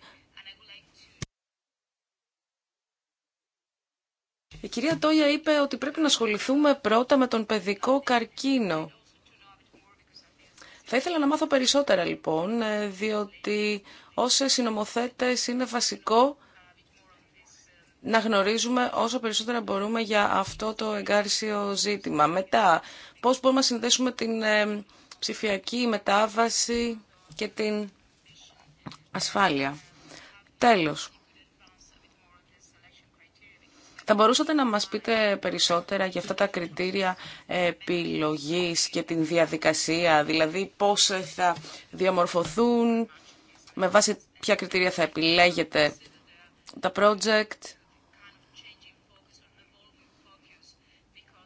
Η κυρία Τόγια είπε ότι πρέπει να ασχοληθούμε πρώτα με τον παιδικό καρκίνο. Θα ήθελα να μάθω περισσότερα λοιπόν, ε, διότι ως συνομοθέτες είναι βασικό να γνωρίζουμε όσο περισσότερα μπορούμε για αυτό το εγκάρσιο ζήτημα. Μετά, πώς μπορούμε να συνδέσουμε την ε, ψηφιακή μετάβαση και την ασφάλεια. Τέλος. Θα μπορούσατε να μας πείτε περισσότερα για αυτά τα κριτήρια επιλογής και την διαδικασία, δηλαδή πώς θα διαμορφωθούν, με βάση ποια κριτήρια θα επιλέγετε τα project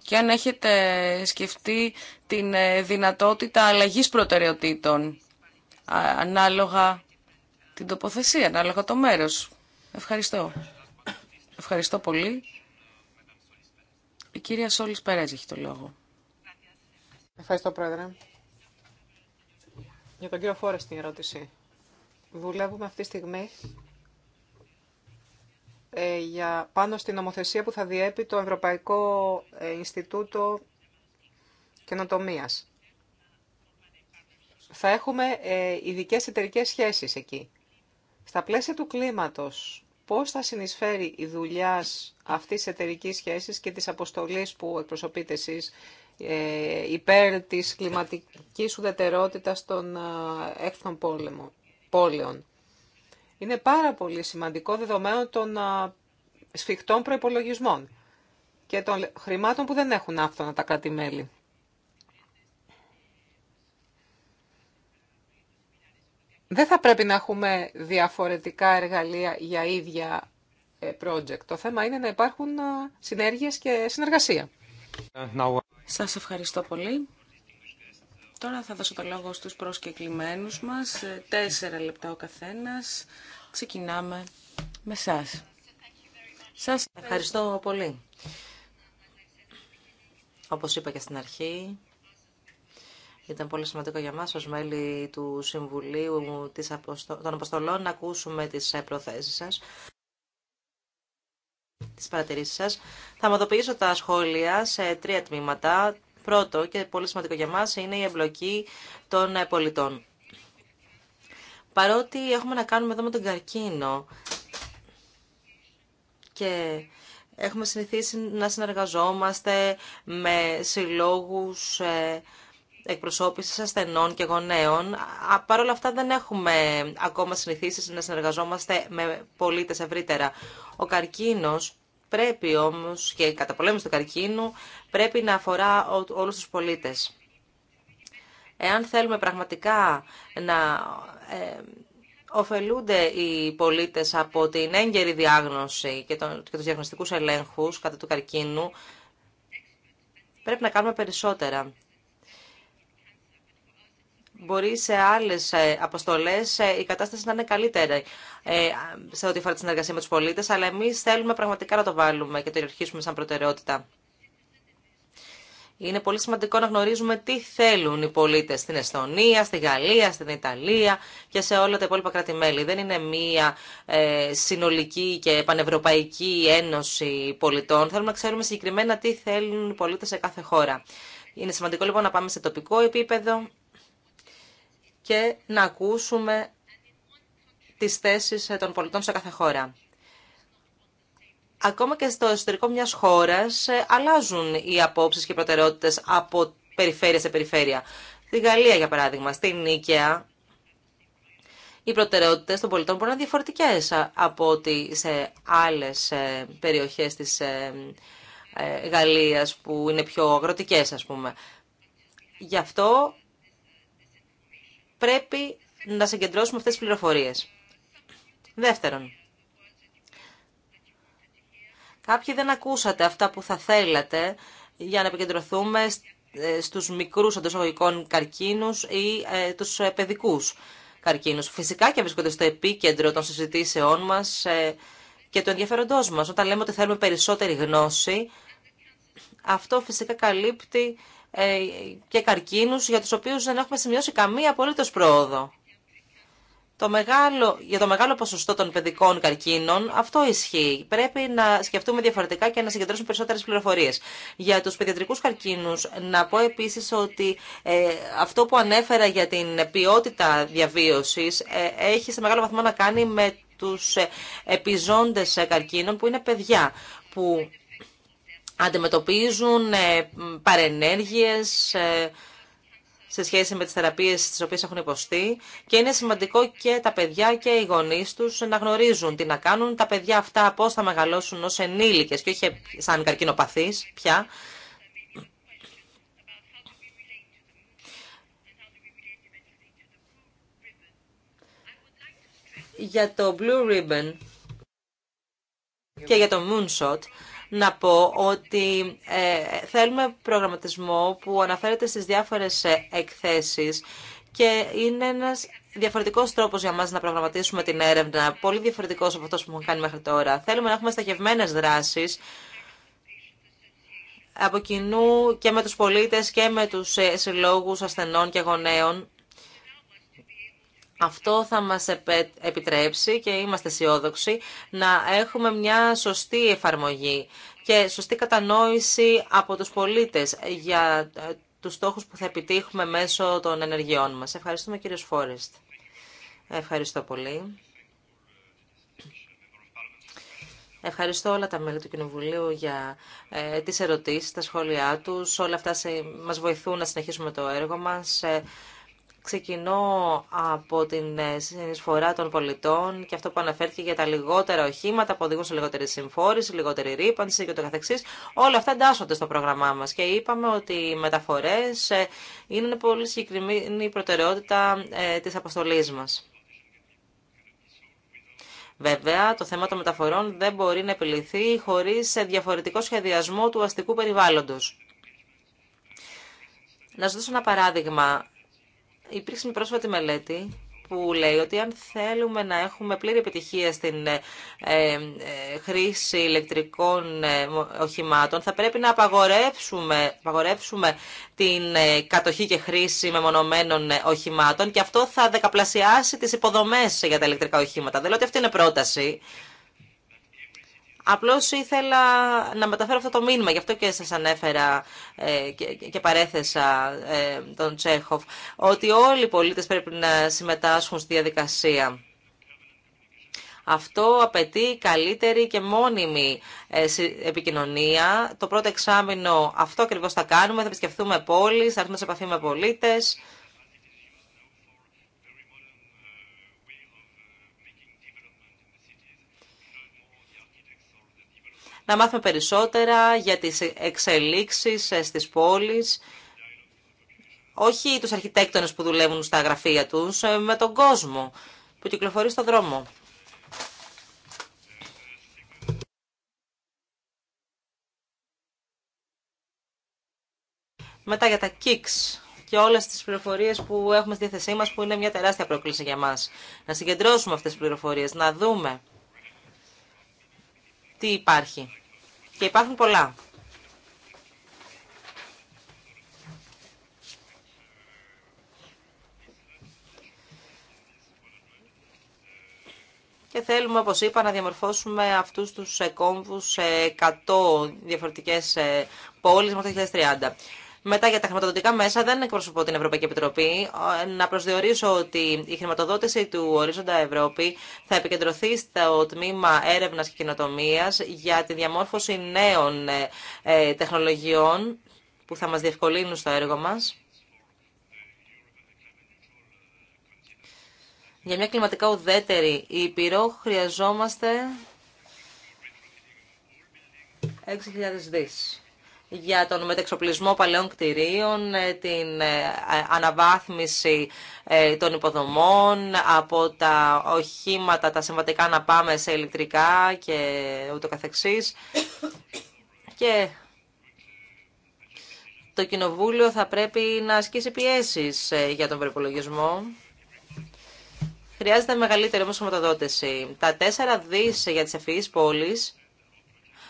και αν έχετε σκεφτεί την ε, δυνατότητα αλλαγής προτεραιοτήτων ανάλογα την τοποθεσία, ανάλογα το μέρος. Ευχαριστώ. Ευχαριστώ πολύ. Η κυρία Σόλης Περέζ έχει το λόγο. Ευχαριστώ, Πρόεδρε. Για τον κύριο Φόρες την ερώτηση. Δουλεύουμε αυτή τη στιγμή ε, για, πάνω στην νομοθεσία που θα διέπει το Ευρωπαϊκό ε, Ινστιτούτο Καινοτομίας. Θα έχουμε ε, ειδικέ εταιρικέ σχέσεις εκεί. Στα πλαίσια του κλίματος, πώς θα συνεισφέρει η δουλειά αυτής της εταιρική σχέσης και της αποστολής που εκπροσωπείτε εσείς υπέρ της κλιματικής ουδετερότητας των έκθων πόλεμων πόλεων. Είναι πάρα πολύ σημαντικό δεδομένο των σφιχτών προϋπολογισμών και των χρημάτων που δεν έχουν άφθονα τα κράτη-μέλη. Δεν θα πρέπει να έχουμε διαφορετικά εργαλεία για ίδια ε, project. Το θέμα είναι να υπάρχουν συνέργειες και συνεργασία. Σας ευχαριστώ πολύ. Τώρα θα δώσω το λόγο στους προσκεκλημένους μας. Ε, τέσσερα λεπτά ο καθένας. Ξεκινάμε με σας. Σας ευχαριστώ πολύ. Όπως είπα και στην αρχή, ήταν πολύ σημαντικό για μας ως μέλη του Συμβουλίου των Αποστολών να ακούσουμε τις ε, προθέσεις σας, τις παρατηρήσεις σας. Θα μοδοποιήσω τα σχόλια σε τρία τμήματα. Πρώτο και πολύ σημαντικό για μας είναι η εμπλοκή των ε, πολιτών. Παρότι έχουμε να κάνουμε εδώ με τον καρκίνο και έχουμε συνηθίσει να συνεργαζόμαστε με συλλόγους ε, εκπροσώπησης ασθενών και γονέων. Παρ' αυτά δεν έχουμε ακόμα συνηθίσει να συνεργαζόμαστε με πολίτες ευρύτερα. Ο καρκίνος πρέπει όμως και η καταπολέμηση του καρκίνου πρέπει να αφορά όλους τους πολίτες. Εάν θέλουμε πραγματικά να ε, ωφελούνται οι πολίτες από την έγκαιρη διάγνωση και, τον, και τους διαγνωστικούς ελέγχους κατά του καρκίνου, πρέπει να κάνουμε περισσότερα μπορεί σε άλλε αποστολέ ε, η κατάσταση να είναι καλύτερη ε, σε ό,τι αφορά τη συνεργασία με του πολίτε, αλλά εμεί θέλουμε πραγματικά να το βάλουμε και το ιεραρχήσουμε σαν προτεραιότητα. Είναι πολύ σημαντικό να γνωρίζουμε τι θέλουν οι πολίτες στην Εστονία, στη Γαλλία, στην Ιταλία και σε όλα τα υπόλοιπα κράτη-μέλη. Δεν είναι μία ε, συνολική και πανευρωπαϊκή ένωση πολιτών. Θέλουμε να ξέρουμε συγκεκριμένα τι θέλουν οι πολίτες σε κάθε χώρα. Είναι σημαντικό λοιπόν να πάμε σε τοπικό επίπεδο και να ακούσουμε τις θέσεις των πολιτών σε κάθε χώρα. Ακόμα και στο εσωτερικό μιας χώρας ε, αλλάζουν οι απόψεις και οι προτεραιότητες από περιφέρεια σε περιφέρεια. Στη Γαλλία, για παράδειγμα, στην Νίκαια, οι προτεραιότητες των πολιτών μπορούν να είναι διαφορετικές ε, από ότι σε άλλες ε, περιοχές της Γαλλίας που είναι πιο αγροτικές, ας πούμε. Γι' αυτό πρέπει να συγκεντρώσουμε αυτές τις πληροφορίες. Δεύτερον, κάποιοι δεν ακούσατε αυτά που θα θέλατε για να επικεντρωθούμε ε, στους μικρούς αντοσογωγικών καρκίνους ή ε, τους ε, παιδικούς καρκίνους. Φυσικά και βρίσκονται στο επίκεντρο των συζητήσεών μας και του ενδιαφέροντός μας. Όταν λέμε ότι θέλουμε περισσότερη γνώση, αυτό φυσικά καλύπτει ε, και καρκίνους για τους οποίους δεν έχουμε σημειώσει καμία απολύτως πρόοδο. Το μεγάλο, για το μεγάλο ποσοστό των παιδικών καρκίνων αυτό ισχύει. Πρέπει να σκεφτούμε διαφορετικά και να συγκεντρώσουμε περισσότερε πληροφορίε. Για του παιδιατρικούς καρκίνους να πω επίση ότι ε, αυτό που ανέφερα για την ποιότητα διαβίωση ε, έχει σε μεγάλο βαθμό να κάνει με του επιζώντε καρκίνων που είναι παιδιά που αντιμετωπίζουν ε, παρενέργειες ε, σε σχέση με τις θεραπείες τις οποίες έχουν υποστεί και είναι σημαντικό και τα παιδιά και οι γονείς τους να γνωρίζουν τι να κάνουν, τα παιδιά αυτά πώς θα μεγαλώσουν ως ενήλικες και όχι σαν καρκινοπαθείς πια. Για το Blue Ribbon και για το Moonshot, να πω ότι ε, θέλουμε προγραμματισμό που αναφέρεται στις διάφορες ε, εκθέσεις και είναι ένας διαφορετικός τρόπος για μας να προγραμματίσουμε την έρευνα, πολύ διαφορετικός από αυτό που έχουμε κάνει μέχρι τώρα. Θέλουμε να έχουμε σταχευμένες δράσεις από κοινού και με τους πολίτες και με τους ε, συλλόγους ασθενών και γονέων αυτό θα μας επιτρέψει και είμαστε αισιόδοξοι να έχουμε μια σωστή εφαρμογή και σωστή κατανόηση από τους πολίτες για ε, τους στόχους που θα επιτύχουμε μέσω των ενεργειών μας. Ευχαριστούμε κύριε Φόρεστ. Ευχαριστώ πολύ. Ευχαριστώ όλα τα μέλη του Κοινοβουλίου για ε, τις ερωτήσεις, τα σχόλιά τους. Όλα αυτά σε, μας βοηθούν να συνεχίσουμε το έργο μας. Ε, Ξεκινώ από την ε, συνεισφορά των πολιτών και αυτό που αναφέρθηκε για τα λιγότερα οχήματα που οδηγούν σε λιγότερη συμφόρηση, λιγότερη ρήπανση και το καθεξής. Όλα αυτά εντάσσονται στο πρόγραμμά μας και είπαμε ότι οι μεταφορές ε, είναι πολύ συγκεκριμένη προτεραιότητα ε, της αποστολής μας. Βέβαια, το θέμα των μεταφορών δεν μπορεί να επιληθεί χωρίς διαφορετικό σχεδιασμό του αστικού περιβάλλοντος. Να σας δώσω ένα παράδειγμα υπήρξε μια πρόσφατη μελέτη που λέει ότι αν θέλουμε να έχουμε πλήρη επιτυχία στην ε, ε, χρήση ηλεκτρικών ε, οχημάτων, θα πρέπει να απαγορεύσουμε, απαγορεύσουμε την κατοχή και χρήση μεμονωμένων οχημάτων και αυτό θα δεκαπλασιάσει τις υποδομές για τα ηλεκτρικά οχήματα. Δεν λέω ότι αυτή είναι πρόταση. Απλώς ήθελα να μεταφέρω αυτό το μήνυμα, γι' αυτό και σας ανέφερα ε, και παρέθεσα ε, τον Τσέχοφ, ότι όλοι οι πολίτες πρέπει να συμμετάσχουν στη διαδικασία. Αυτό απαιτεί καλύτερη και μόνιμη ε, επικοινωνία. Το πρώτο εξάμεινο αυτό ακριβώ θα κάνουμε. Θα επισκεφθούμε πόλεις, θα έρθουμε σε επαφή με πολίτε. να μάθουμε περισσότερα για τις εξελίξεις ε, στις πόλεις, όχι τους αρχιτέκτονες που δουλεύουν στα γραφεία τους, ε, με τον κόσμο που κυκλοφορεί στον δρόμο. Μετά για τα kicks και όλες τις πληροφορίες που έχουμε στη διάθεσή μας που είναι μια τεράστια πρόκληση για μας. Να συγκεντρώσουμε αυτές τις πληροφορίες, να δούμε τι υπάρχει. Και υπάρχουν πολλά. Και θέλουμε, όπως είπα, να διαμορφώσουμε αυτούς τους ε, κόμβους σε 100 διαφορετικές ε, πόλεις με το 2030. Μετά για τα χρηματοδοτικά μέσα δεν εκπροσωπώ την Ευρωπαϊκή Επιτροπή. Ε, να προσδιορίσω ότι η χρηματοδότηση του Ορίζοντα Ευρώπη θα επικεντρωθεί στο τμήμα έρευνας και κοινοτομίας για τη διαμόρφωση νέων ε, ε, τεχνολογιών που θα μας διευκολύνουν στο έργο μας. Για μια κλιματικά ουδέτερη Ήπειρο χρειαζόμαστε 6.000 δις για τον μετεξοπλισμό παλαιών κτηρίων, ε, την ε, αναβάθμιση ε, των υποδομών, από τα οχήματα, τα συμβατικά να πάμε σε ηλεκτρικά και ούτω καθεξής. Και το Κοινοβούλιο θα πρέπει να ασκήσει πιέσεις για τον προπολογισμό. Χρειάζεται μεγαλύτερη όμως χρηματοδότηση. Τα τέσσερα δις για τις ευφυείς πόλεις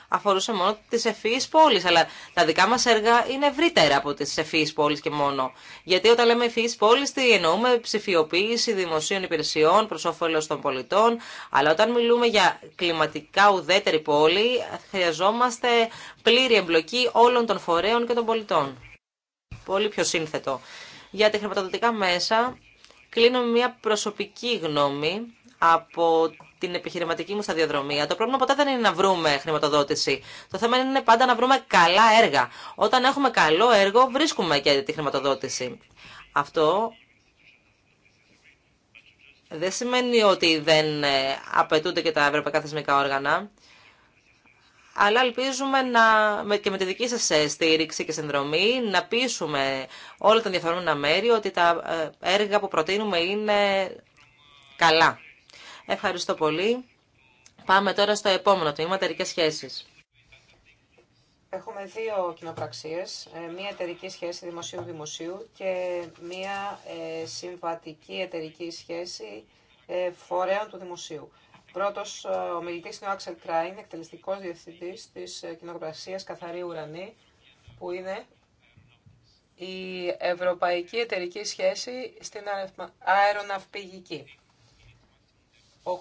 αφορούσε μόνο τις ευφυείς πόλει, αλλά τα δικά μα έργα είναι ευρύτερα από τις ευφυείς πόλει και μόνο. Γιατί όταν λέμε ευφυείς πόλεις, τι εννοούμε ψηφιοποίηση δημοσίων υπηρεσιών προ όφελο των πολιτών, αλλά όταν μιλούμε για κλιματικά ουδέτερη πόλη, χρειαζόμαστε πλήρη εμπλοκή όλων των φορέων και των πολιτών. Πολύ πιο σύνθετο. Για τα χρηματοδοτικά μέσα, κλείνω μια προσωπική γνώμη από την επιχειρηματική μου σταδιοδρομία, το πρόβλημα ποτέ δεν είναι να βρούμε χρηματοδότηση. Το θέμα είναι πάντα να βρούμε καλά έργα. Όταν έχουμε καλό έργο, βρίσκουμε και τη χρηματοδότηση. Αυτό δεν σημαίνει ότι δεν ε, απαιτούνται και τα ευρωπαϊκά θεσμικά όργανα, αλλά ελπίζουμε να, και με τη δική σας ε, στήριξη και συνδρομή να πείσουμε όλα τα ενδιαφερόμενα μέρη ότι τα ε, έργα που προτείνουμε είναι καλά. Ευχαριστώ πολύ. Πάμε τώρα στο επόμενο τμήμα, εταιρικέ σχέσεις. Έχουμε δύο κοινοπραξίες, ε, μία εταιρική σχέση δημοσίου-δημοσίου και μία ε, συμβατική εταιρική σχέση ε, φορέων του δημοσίου. Πρώτο ομιλητή είναι ο Άξελ Κράιν, εκτελεστικό διευθυντή τη κοινοπραξία Καθαρή Ουρανή, που είναι η Ευρωπαϊκή Εταιρική Σχέση στην αεροναυπηγική. 8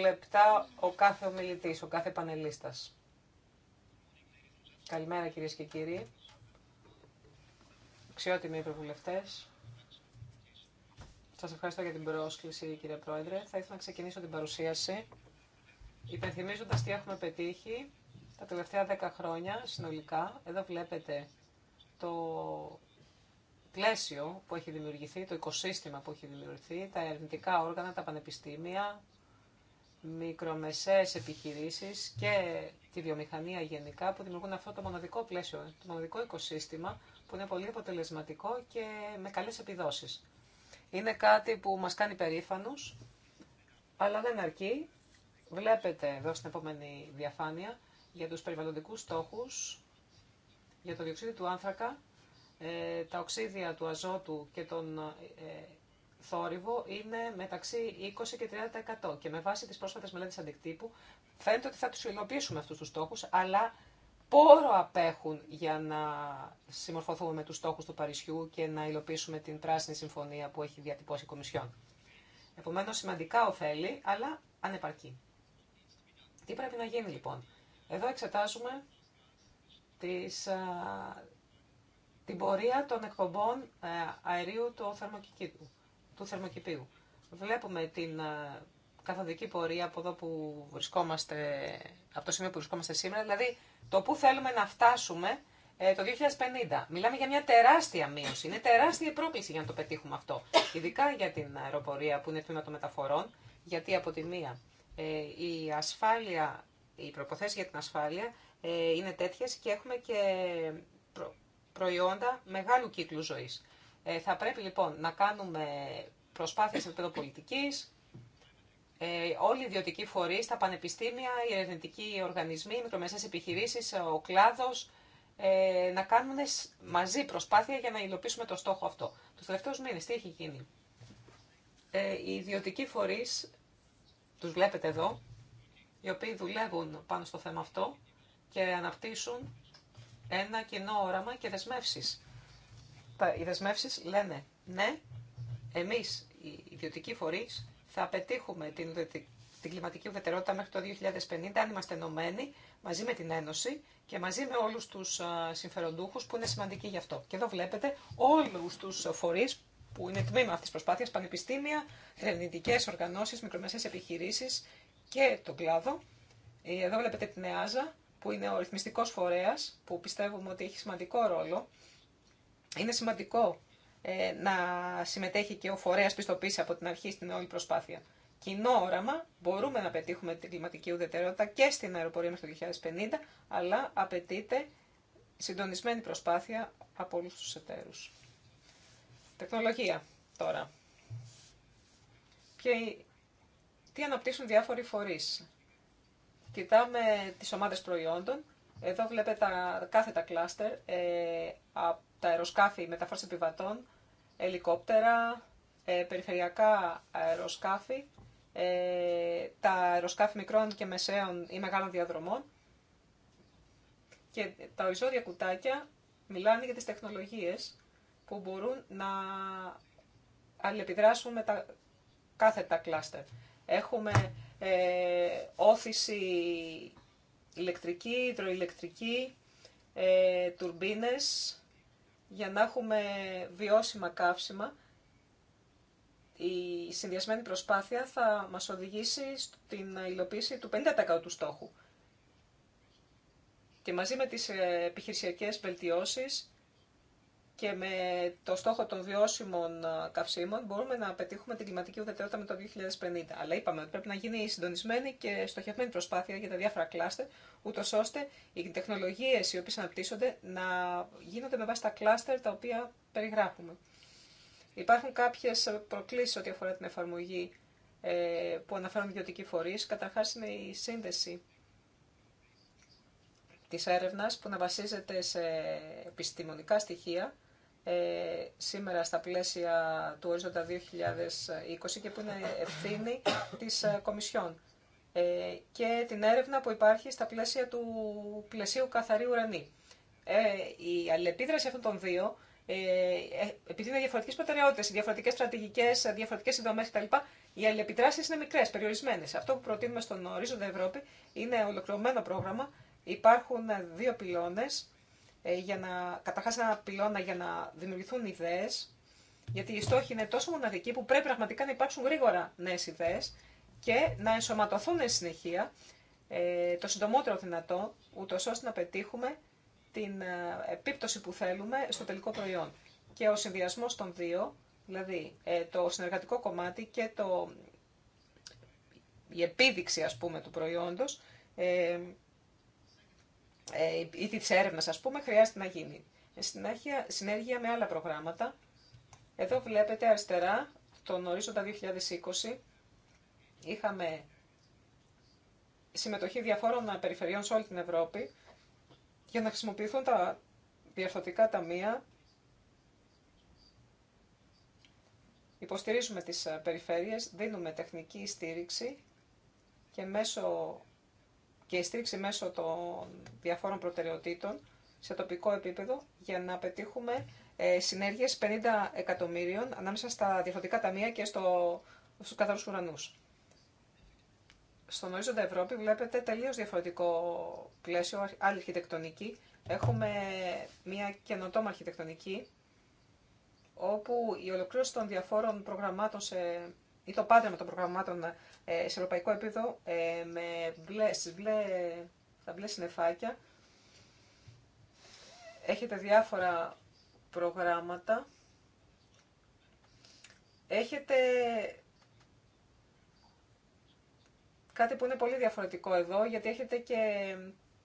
λεπτά ο κάθε ομιλητής, ο κάθε πανελίστας. Καλημέρα κυρίες και κύριοι, αξιότιμοι υπερβουλευτέ. Σας ευχαριστώ για την πρόσκληση κύριε Πρόεδρε. Θα ήθελα να ξεκινήσω την παρουσίαση υπενθυμίζοντας τι έχουμε πετύχει τα τελευταία 10 χρόνια συνολικά. Εδώ βλέπετε το πλαίσιο που έχει δημιουργηθεί, το οικοσύστημα που έχει δημιουργηθεί, τα ερευνητικά όργανα, τα πανεπιστήμια, μικρομεσαίες επιχειρήσεις και τη βιομηχανία γενικά που δημιουργούν αυτό το μοναδικό πλαίσιο, το μοναδικό οικοσύστημα που είναι πολύ αποτελεσματικό και με καλές επιδόσεις. Είναι κάτι που μας κάνει περήφανους, αλλά δεν αρκεί. Βλέπετε εδώ στην επόμενη διαφάνεια για τους περιβαλλοντικούς στόχους, για το διοξείδιο του άνθρακα ε, τα οξύδια του αζότου και τον ε, θόρυβο είναι μεταξύ 20 και 30% και με βάση τις πρόσφατες μελέτες αντικτύπου φαίνεται ότι θα τους υλοποιήσουμε αυτούς τους στόχους, αλλά πόρο απέχουν για να συμμορφωθούμε με τους στόχους του Παρισιού και να υλοποιήσουμε την πράσινη συμφωνία που έχει διατυπώσει η Κομισιόν. Επομένω σημαντικά ωφέλη, αλλά ανεπαρκή. Τι πρέπει να γίνει λοιπόν. Εδώ εξετάζουμε τις, την πορεία των εκπομπών ε, αερίου του, του θερμοκηπίου. Βλέπουμε την ε, καθοδική πορεία από εδώ που βρισκόμαστε, από το σημείο που βρισκόμαστε σήμερα, δηλαδή το που θέλουμε να φτάσουμε ε, το 2050. Μιλάμε για μια τεράστια μείωση. Είναι τεράστια πρόκληση για να το πετύχουμε αυτό. Ειδικά για την αεροπορία που είναι τμήμα των μεταφορών, γιατί από τη μία η ασφάλεια, οι προποθέσει για την ασφάλεια είναι τέτοιε και έχουμε και προϊόντα μεγάλου κύκλου ζωή. Ε, θα πρέπει λοιπόν να κάνουμε προσπάθειε σε επίπεδο πολιτική. Ε, όλοι οι ιδιωτικοί φορεί, τα πανεπιστήμια, οι ερευνητικοί οργανισμοί, οι μικρομεσαίες επιχειρήσει, ο κλάδο, ε, να κάνουν μαζί προσπάθεια για να υλοποιήσουμε το στόχο αυτό. Του τελευταίου μήνε τι έχει γίνει. Ε, οι ιδιωτικοί φορεί, του βλέπετε εδώ, οι οποίοι δουλεύουν πάνω στο θέμα αυτό και αναπτύσσουν ένα κοινό όραμα και δεσμεύσεις. Τα, οι δεσμεύσεις λένε ναι, εμείς οι ιδιωτικοί φορείς θα πετύχουμε την, κλιματική ουδετερότητα μέχρι το 2050 αν είμαστε ενωμένοι μαζί με την Ένωση και μαζί με όλους τους συμφεροντούχους που είναι σημαντικοί γι' αυτό. Και εδώ βλέπετε όλους τους φορείς που είναι τμήμα αυτής της προσπάθειας, πανεπιστήμια, ερευνητικές οργανώσεις, μικρομεσαίες επιχειρήσεις και τον κλάδο. Ε, εδώ βλέπετε την ΕΑΖΑ, που είναι ο ρυθμιστικός φορέας, που πιστεύουμε ότι έχει σημαντικό ρόλο, είναι σημαντικό ε, να συμμετέχει και ο φορέας πιστοποίηση από την αρχή στην όλη προσπάθεια. Κοινό όραμα, μπορούμε να πετύχουμε την κλιματική ουδετερότητα και στην αεροπορία μέχρι το 2050, αλλά απαιτείται συντονισμένη προσπάθεια από όλους τους εταίρους. Τεχνολογία τώρα. τι αναπτύσσουν διάφοροι φορείς. Κοιτάμε τις ομάδες προϊόντων. Εδώ βλέπετε τα, κάθετα κλάστερ, ε, τα αεροσκάφη μεταφόρηση επιβατών, ελικόπτερα, ε, περιφερειακά αεροσκάφη, ε, τα αεροσκάφη μικρών και μεσαίων ή μεγάλων διαδρομών. Και τα οριζόντια κουτάκια μιλάνε για τις τεχνολογίες που μπορούν να αλληλεπιδράσουν με τα κάθετα κλάστερ. Έχουμε ε, όθηση ηλεκτρική, υδροηλεκτρική, ε, τουρμπίνες, για να έχουμε βιώσιμα καύσιμα. Η συνδυασμένη προσπάθεια θα μας οδηγήσει στην υλοποίηση του 50% του στόχου. Και μαζί με τις επιχειρησιακές βελτιώσεις και με το στόχο των βιώσιμων ε, καυσίμων μπορούμε να πετύχουμε την κλιματική ουδετερότητα με το 2050. Αλλά είπαμε ότι πρέπει να γίνει συντονισμένη και στοχευμένη προσπάθεια για τα διάφορα κλάστερ, ούτω ώστε οι τεχνολογίε οι οποίε αναπτύσσονται να γίνονται με βάση τα κλάστερ τα οποία περιγράφουμε. Υπάρχουν κάποιε προκλήσει ό,τι αφορά την εφαρμογή ε, που αναφέρουν ιδιωτικοί φορεί. Καταρχά είναι η σύνδεση της έρευνας που να βασίζεται σε επιστημονικά στοιχεία ε, σήμερα στα πλαίσια του ορίζοντα 2020 και που είναι ευθύνη της ε, Κομισιόν ε, και την έρευνα που υπάρχει στα πλαίσια του πλαισίου καθαρή ουρανή. η αλληλεπίδραση αυτών των δύο, επειδή είναι διαφορετικέ προτεραιότητε, διαφορετικέ στρατηγικέ, διαφορετικέ συνδρομέ κτλ., οι αλληλεπιδράσει είναι μικρέ, περιορισμένε. Αυτό που προτείνουμε στον ορίζοντα Ευρώπη είναι ολοκληρωμένο πρόγραμμα. Υπάρχουν δύο πυλώνε, ε, για να, καταχάσει ένα πυλώνα για να δημιουργηθούν ιδέες, γιατί οι στόχοι είναι τόσο μοναδικοί που πρέπει πραγματικά να υπάρξουν γρήγορα νέες ιδέες και να ενσωματωθούν εν συνεχεία ε, το συντομότερο δυνατό, ούτω ώστε να πετύχουμε την ε, επίπτωση που θέλουμε στο τελικό προϊόν. Και ο συνδυασμό των δύο, δηλαδή το συνεργατικό κομμάτι και το, η επίδειξη ας πούμε του προϊόντος, ε, ή τη έρευνα, ας πούμε, χρειάζεται να γίνει. Ε, συνέχεια, συνέργεια με άλλα προγράμματα. Εδώ βλέπετε αριστερά τον ορίζοντα 2020. Είχαμε συμμετοχή διαφόρων περιφερειών σε όλη την Ευρώπη για να χρησιμοποιηθούν τα διαρθωτικά ταμεία. Υποστηρίζουμε τις ε, περιφέρειες, δίνουμε τεχνική στήριξη και μέσω και η στήριξη μέσω των διαφόρων προτεραιοτήτων σε τοπικό επίπεδο για να πετύχουμε ε, συνέργειες 50 εκατομμύριων ανάμεσα στα διαφορετικά ταμεία και στο, στους καθαρούς ουρανούς. Στον ορίζοντα Ευρώπη βλέπετε τελείως διαφορετικό πλαίσιο, άλλη αρχιτεκτονική. Έχουμε μια καινοτόμα αρχιτεκτονική, όπου η ολοκλήρωση των διαφόρων προγραμμάτων σε ή το πάτρεμα των προγραμμάτων ε, σε ευρωπαϊκό επίπεδο ε, με μπλε, μπλε, τα μπλε συννεφάκια. Έχετε διάφορα προγράμματα. Έχετε κάτι που είναι πολύ διαφορετικό εδώ, γιατί έχετε και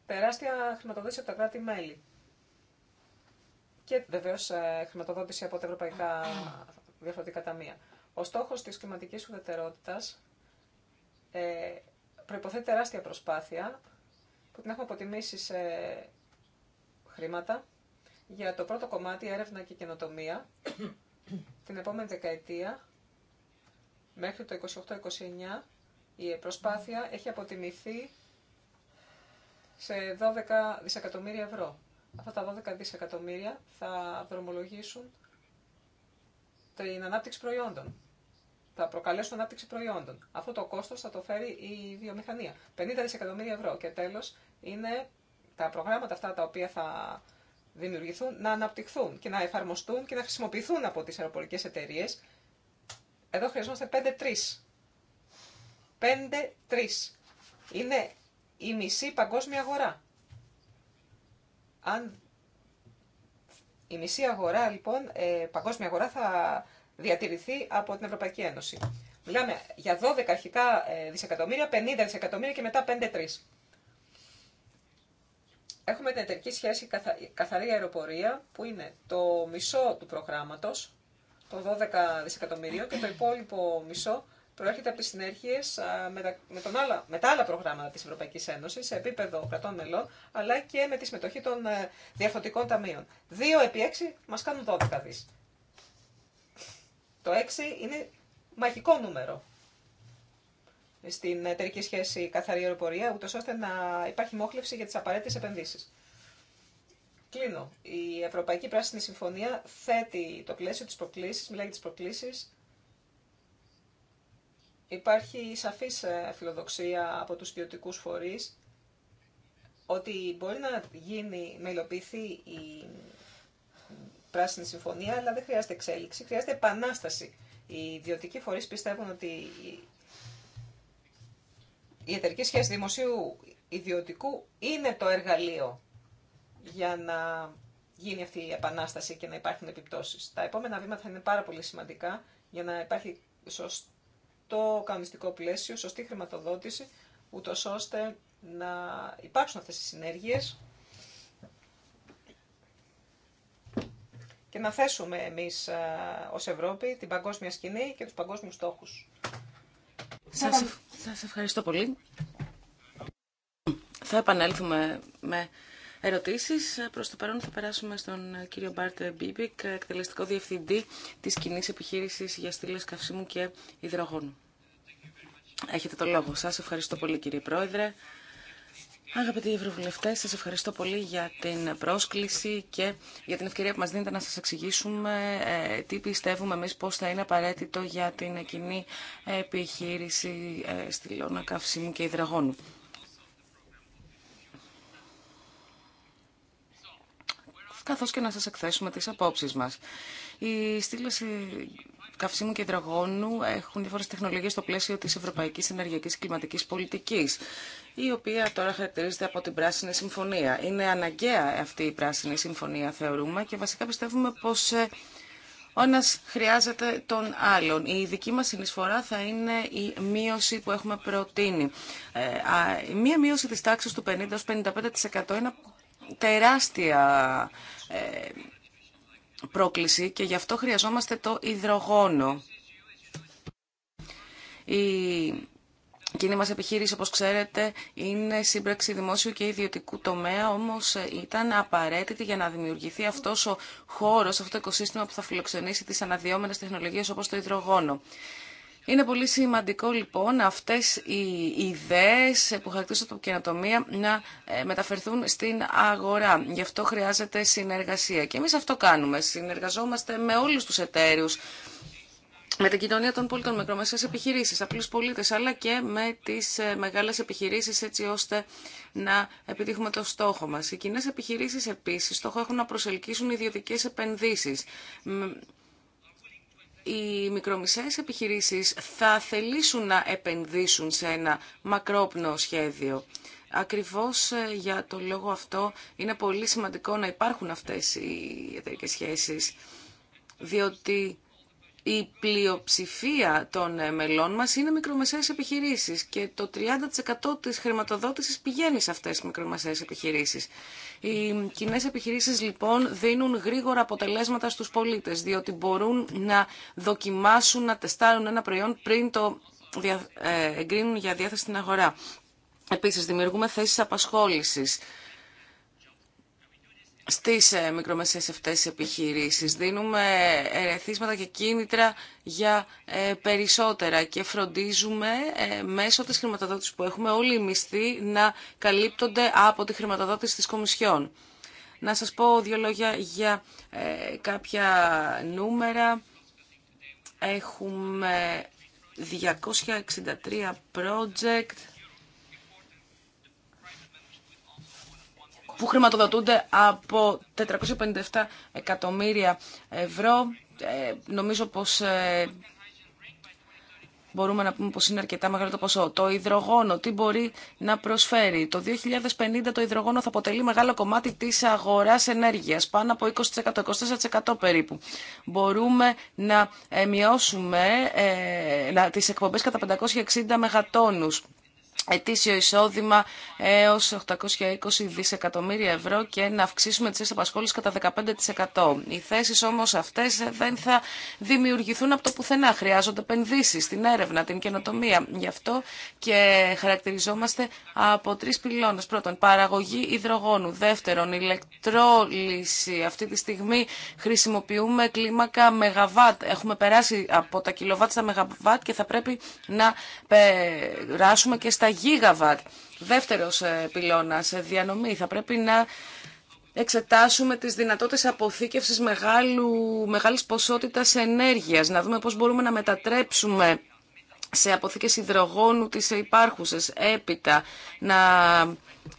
τεράστια χρηματοδότηση από τα κράτη-μέλη. Και βεβαίως ε, χρηματοδότηση από τα ευρωπαϊκά διαφορετικά ταμεία. Ο στόχο της κλιματικής ουδετερότητα ε, προϋποθέτει τεράστια προσπάθεια που την έχουμε αποτιμήσει σε χρήματα για το πρώτο κομμάτι έρευνα και καινοτομία την επόμενη δεκαετία μέχρι το 28-29 η προσπάθεια έχει αποτιμηθεί σε 12 δισεκατομμύρια ευρώ. Αυτά τα 12 δισεκατομμύρια θα δρομολογήσουν την ανάπτυξη προϊόντων. Θα προκαλέσουν ανάπτυξη προϊόντων. Αυτό το κόστο θα το φέρει η βιομηχανία. 50 δισεκατομμύρια ευρώ. Και τέλο είναι τα προγράμματα αυτά τα οποία θα δημιουργηθούν να αναπτυχθούν και να εφαρμοστούν και να χρησιμοποιηθούν από τι αεροπορικέ εταιρείε. Εδώ χρειαζόμαστε 5-3. 5-3. Είναι η μισή παγκόσμια αγορά. Αν η μισή αγορά, λοιπόν, ε, παγκόσμια αγορά θα διατηρηθεί από την Ευρωπαϊκή Ένωση. Μιλάμε για 12 αρχικά ε, δισεκατομμύρια, 50 δισεκατομμύρια και μετά 5-3. Έχουμε την εταιρική σχέση καθαρή αεροπορία, που είναι το μισό του προγράμματος, το 12 δισεκατομμύριο και το υπόλοιπο μισό προέρχεται από τι συνέρχειε με, με, τα άλλα προγράμματα τη Ευρωπαϊκή Ένωση σε επίπεδο κρατών μελών, αλλά και με τη συμμετοχή των ε, διαφορετικών ταμείων. 2 επί 6 μα κάνουν 12 δι. Το 6 είναι μαγικό νούμερο στην εταιρική σχέση καθαρή αεροπορία, ούτω ώστε να υπάρχει μόχλευση για τι απαραίτητε επενδύσει. Κλείνω. Η Ευρωπαϊκή Πράσινη Συμφωνία θέτει το πλαίσιο τη προκλήση, μιλάει για τι προκλήσει Υπάρχει σαφής ε, φιλοδοξία από τους ποιοτικού φορείς ότι μπορεί να γίνει, να η πράσινη συμφωνία, αλλά δεν χρειάζεται εξέλιξη, χρειάζεται επανάσταση. Οι ιδιωτικοί φορείς πιστεύουν ότι η εταιρική σχέση δημοσίου ιδιωτικού είναι το εργαλείο για να γίνει αυτή η επανάσταση και να υπάρχουν επιπτώσεις. Τα επόμενα βήματα θα είναι πάρα πολύ σημαντικά για να υπάρχει σωστή το κανονιστικό πλαίσιο, σωστή χρηματοδότηση, ούτω ώστε να υπάρξουν αυτές οι συνέργειες και να θέσουμε εμείς ως Ευρώπη την παγκόσμια σκηνή και τους παγκόσμιους στόχους. Σας, σας ευχαριστώ πολύ. Θα επανέλθουμε με ερωτήσεις. Προς το παρόν θα περάσουμε στον κύριο Μπάρτ Μπίμπικ, εκτελεστικό διευθυντή της κοινή επιχείρησης για στήλες καυσίμου και υδρογόνου. Έχετε το λόγο. Σας ευχαριστώ πολύ κύριε Πρόεδρε. Αγαπητοί ευρωβουλευτέ, σας ευχαριστώ πολύ για την πρόσκληση και για την ευκαιρία που μας δίνετε να σας εξηγήσουμε ε, τι πιστεύουμε εμεί πώ θα είναι απαραίτητο για την κοινή επιχείρηση ε, στυλώνα καυσίμου και υδραγόνου. καθώς και να σας εκθέσουμε τις απόψεις μας. Η στήλωση καυσίμου και υδρογόνου έχουν διάφορε τεχνολογίε στο πλαίσιο τη Ευρωπαϊκή Ενεργειακή Κλιματική Πολιτική, η οποία τώρα χαρακτηρίζεται από την Πράσινη Συμφωνία. Είναι αναγκαία αυτή η Πράσινη Συμφωνία, θεωρούμε, και βασικά πιστεύουμε πω ε, ο ένα χρειάζεται τον άλλον. Η δική μα συνεισφορά θα είναι η μείωση που έχουμε προτείνει. Ε, μία μείωση τη τάξη του 50-55% είναι τεράστια ε, πρόκληση και γι' αυτό χρειαζόμαστε το υδρογόνο. Η κοινή μας επιχείρηση, όπως ξέρετε, είναι σύμπραξη δημόσιου και ιδιωτικού τομέα, όμως ε, ήταν απαραίτητη για να δημιουργηθεί αυτός ο χώρος, αυτό το οικοσύστημα που θα φιλοξενήσει τις αναδυόμενες τεχνολογίες όπως το υδρογόνο. Είναι πολύ σημαντικό λοιπόν αυτές οι ιδέες που χαρακτηρίζονται από καινοτομία να ε, μεταφερθούν στην αγορά. Γι' αυτό χρειάζεται συνεργασία. Και εμείς αυτό κάνουμε. Συνεργαζόμαστε με όλους τους εταίρους με την κοινωνία των πολιτών, μικρομεσαίες επιχειρήσεις, απλούς πολίτες, αλλά και με τις ε, μεγάλες επιχειρήσεις έτσι ώστε να επιτύχουμε το στόχο μας. Οι κοινέ επιχειρήσεις επίσης στόχο έχουν να προσελκύσουν ιδιωτικές επενδύσεις οι μικρομισές επιχειρήσεις θα θελήσουν να επενδύσουν σε ένα μακρόπνοο σχέδιο. Ακριβώς ε, για το λόγο αυτό είναι πολύ σημαντικό να υπάρχουν αυτές οι εταιρικές σχέσεις, διότι η πλειοψηφία των ε, μελών μας είναι μικρομεσαίες επιχειρήσεις και το 30% της χρηματοδότησης πηγαίνει σε αυτές τις μικρομεσαίες επιχειρήσεις. Οι κοινέ επιχειρήσεις λοιπόν δίνουν γρήγορα αποτελέσματα στους πολίτε, διότι μπορούν να δοκιμάσουν, να τεστάρουν ένα προϊόν πριν το ε, εγκρίνουν για διάθεση στην αγορά. Επίση, δημιουργούμε θέσει απασχόληση στις ε, μικρομεσαίες αυτές επιχειρήσεις. Δίνουμε ερεθίσματα και κίνητρα για ε, περισσότερα και φροντίζουμε ε, μέσω της χρηματοδότησης που έχουμε όλοι οι μισθοί να καλύπτονται από τη χρηματοδότηση της Κομισιόν. Να σας πω δύο λόγια για κάποια νούμερα. Έχουμε 263 project που χρηματοδοτούνται από 457 εκατομμύρια ευρώ. Ε, νομίζω πως ε, μπορούμε να πούμε πως είναι αρκετά μεγάλο το ποσό. Το υδρογόνο, τι μπορεί να προσφέρει. Το 2050 το υδρογόνο θα αποτελεί μεγάλο κομμάτι της αγοράς ενέργειας, πάνω από 20%, 24% περίπου. Μπορούμε να ε, μειώσουμε ε, να, τις εκπομπές κατά 560 μεγατόνους ετήσιο εισόδημα έως 820 δισεκατομμύρια ευρώ και να αυξήσουμε τις απασχόληση κατά 15%. Οι θέσεις όμως αυτές δεν θα δημιουργηθούν από το πουθενά. Χρειάζονται επενδύσεις στην έρευνα, την καινοτομία. Γι' αυτό και χαρακτηριζόμαστε από τρεις πυλώνες. Πρώτον, παραγωγή υδρογόνου. Δεύτερον, ηλεκτρόλυση. Αυτή τη στιγμή χρησιμοποιούμε κλίμακα μεγαβάτ. Έχουμε περάσει από τα κιλοβάτ στα μεγαβάτ και θα πρέπει να περάσουμε και στα γίγαβατ. Δεύτερος ε, πυλώνας, ε, διανομή. Θα πρέπει να εξετάσουμε τις δυνατότητες αποθήκευσης μεγάλου, μεγάλης ποσότητας ενέργειας, να δούμε πώς μπορούμε να μετατρέψουμε σε αποθήκες υδρογόνου τις υπάρχουσες έπειτα, να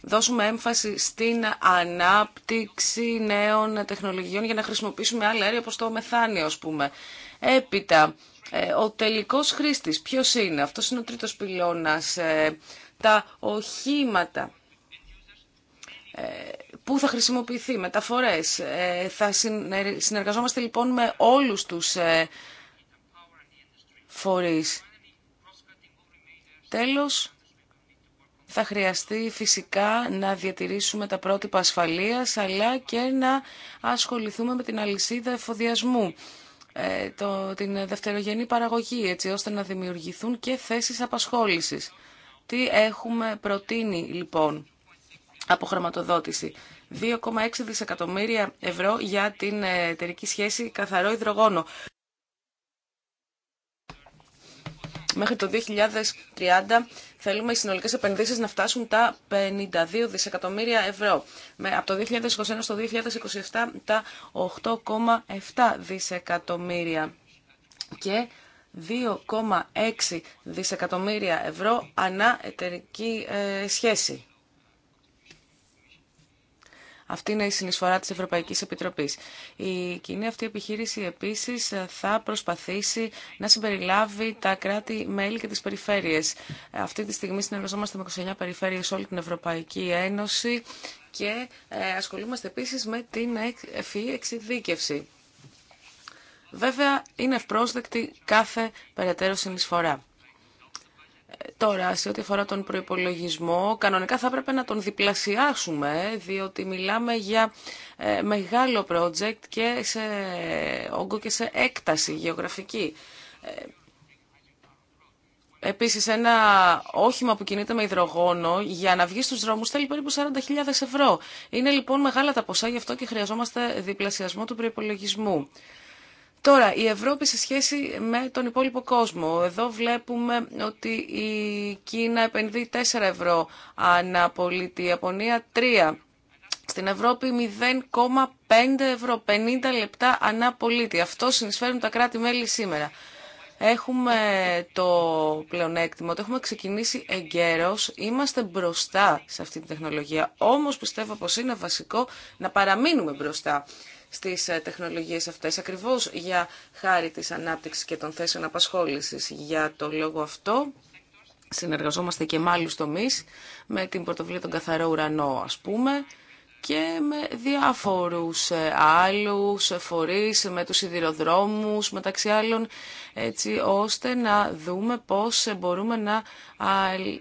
δώσουμε έμφαση στην ανάπτυξη νέων τεχνολογιών για να χρησιμοποιήσουμε άλλα αέρια όπως το μεθάνιο, ας πούμε. Έπειτα, ε, ο τελικός χρήστης ποιος είναι. Αυτός είναι ο τρίτος πυλώνας. Ε, τα οχήματα ε, που θα χρησιμοποιηθεί, μεταφορές. θα συνεργαζόμαστε λοιπόν με όλους τους φορείς. Τέλος, θα χρειαστεί φυσικά να διατηρήσουμε τα πρότυπα ασφαλείας, αλλά και να ασχοληθούμε με την αλυσίδα εφοδιασμού. Ε, το, την δευτερογενή παραγωγή, έτσι ώστε να δημιουργηθούν και θέσεις απασχόλησης. Τι έχουμε προτείνει λοιπόν από χρηματοδότηση. 2,6 δισεκατομμύρια ευρώ για την ε, εταιρική σχέση καθαρό υδρογόνο. Μέχρι το 2030 Θέλουμε οι συνολικέ επενδύσει να φτάσουν τα 52 δισεκατομμύρια ευρώ. Με, από το 2021 στο 2027 τα 8,7 δισεκατομμύρια και 2,6 δισεκατομμύρια ευρώ ανά εταιρική ε, σχέση. Αυτή είναι η συνεισφορά της Ευρωπαϊκής Επιτροπής. Η κοινή αυτή επιχείρηση επίσης θα προσπαθήσει να συμπεριλάβει τα κράτη-μέλη και τις περιφέρειες. Αυτή τη στιγμή συνεργαζόμαστε με 29 περιφέρειες όλη την Ευρωπαϊκή Ένωση και ε, ασχολούμαστε επίσης με την ευφυή εξειδίκευση. Βέβαια, είναι ευπρόσδεκτη κάθε περαιτέρω συνεισφορά. Τώρα, σε ό,τι αφορά τον προϋπολογισμό, κανονικά θα έπρεπε να τον διπλασιάσουμε, διότι μιλάμε για ε, μεγάλο project και σε όγκο και σε έκταση γεωγραφική. Ε, επίσης, ένα όχημα που κινείται με υδρογόνο για να βγει στους δρόμους θέλει περίπου 40.000 ευρώ. Είναι λοιπόν μεγάλα τα ποσά, γι' αυτό και χρειαζόμαστε διπλασιασμό του προϋπολογισμού. Τώρα, η Ευρώπη σε σχέση με τον υπόλοιπο κόσμο. Εδώ βλέπουμε ότι η Κίνα επενδύει 4 ευρώ ανά πολίτη, η Ιαπωνία 3. Στην Ευρώπη 0,5 ευρώ, 50 λεπτά ανά πολίτη. Αυτό συνεισφέρουν τα κράτη-μέλη σήμερα. Έχουμε το πλεονέκτημα, το έχουμε ξεκινήσει εγκαίρως, είμαστε μπροστά σε αυτή την τεχνολογία. Όμως πιστεύω πως είναι βασικό να παραμείνουμε μπροστά. Στι ε, τεχνολογίες αυτές, ακριβώς για χάρη της ανάπτυξης και των θέσεων απασχόληση Για το λόγο αυτό συνεργαζόμαστε και με άλλους τομείς, με την πρωτοβουλία των Καθαρό Ουρανό ας πούμε, και με διάφορους ε, άλλους φορείς, με τους σιδηροδρόμους μεταξύ άλλων, έτσι ώστε να δούμε πώς μπορούμε να,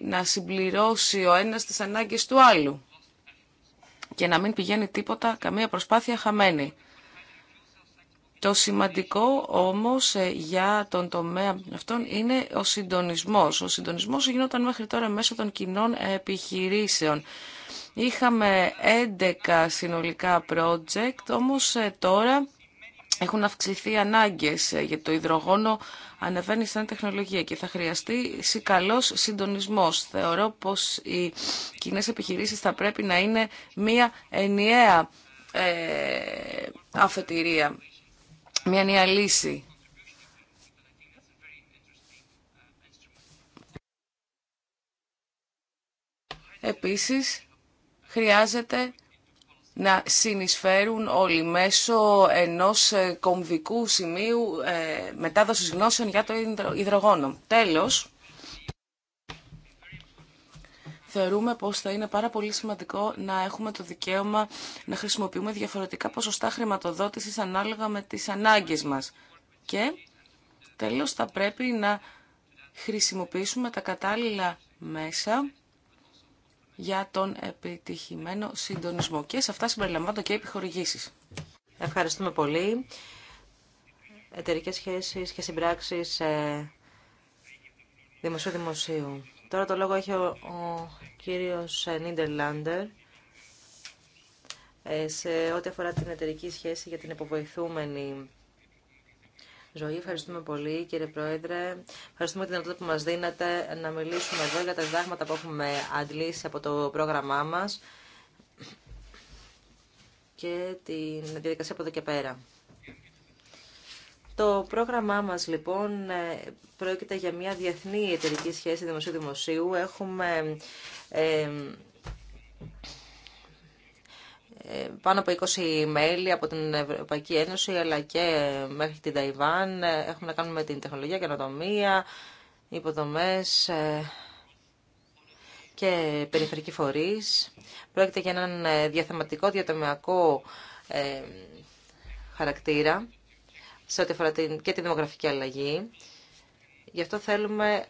να συμπληρώσει ο ένας τις ανάγκες του άλλου και να μην πηγαίνει τίποτα, καμία προσπάθεια χαμένη. Το σημαντικό όμως ε, για τον τομέα αυτόν είναι ο συντονισμός. Ο συντονισμός γινόταν μέχρι τώρα μέσω των κοινών επιχειρήσεων. Είχαμε 11 συνολικά project, όμως ε, τώρα έχουν αυξηθεί ανάγκες ε, για το υδρογόνο ανεβαίνει σαν τεχνολογία και θα χρειαστεί καλό συντονισμός. Θεωρώ πως οι κοινέ επιχειρήσει θα πρέπει να είναι μια ενιαία ε, αφετηρία, μια ενιαία λύση. Επίσης, χρειάζεται να συνεισφέρουν όλοι μέσω ενός ε, κομβικού σημείου ε, μετάδοσης γνώσεων για το υδρογόνο. Τέλος, θεωρούμε πως θα είναι πάρα πολύ σημαντικό να έχουμε το δικαίωμα να χρησιμοποιούμε διαφορετικά ποσοστά χρηματοδότησης ανάλογα με τις ανάγκες μας. Και τέλος θα πρέπει να χρησιμοποιήσουμε τα κατάλληλα μέσα για τον επιτυχημένο συντονισμό. Και σε αυτά συμπεριλαμβάνονται και επιχορηγήσει. Ευχαριστούμε πολύ. Εταιρικέ σχέσει και συμπράξεις δημοσίου-δημοσίου. Ε, Τώρα το λόγο έχει ο, ο κύριος ε, Νίντερλάντερ ε, σε ό,τι αφορά την εταιρική σχέση για την υποβοηθούμενη Ζωή, ευχαριστούμε πολύ κύριε Πρόεδρε. Ευχαριστούμε την δυνατότητα που μας δίνετε να μιλήσουμε εδώ για τα διδάγματα που έχουμε αντλήσει από το πρόγραμμά μας και τη διαδικασία από εδώ και πέρα. Το πρόγραμμά μας λοιπόν πρόκειται για μια διεθνή εταιρική σχέση δημοσίου-δημοσίου. Έχουμε ε, ε, πάνω από 20 μέλη από την Ευρωπαϊκή Ένωση αλλά και μέχρι την Ταϊβάν. Ε, Έχουμε να κάνουμε με την τεχνολογία, και καινοτομία, υποδομές ε, και περιφερική φορείς. Πρόκειται για έναν διαθεματικό, διατομιακό χαρακτήρα σε ό,τι αφορά και τη δημογραφική αλλαγή. Γι' αυτό θέλουμε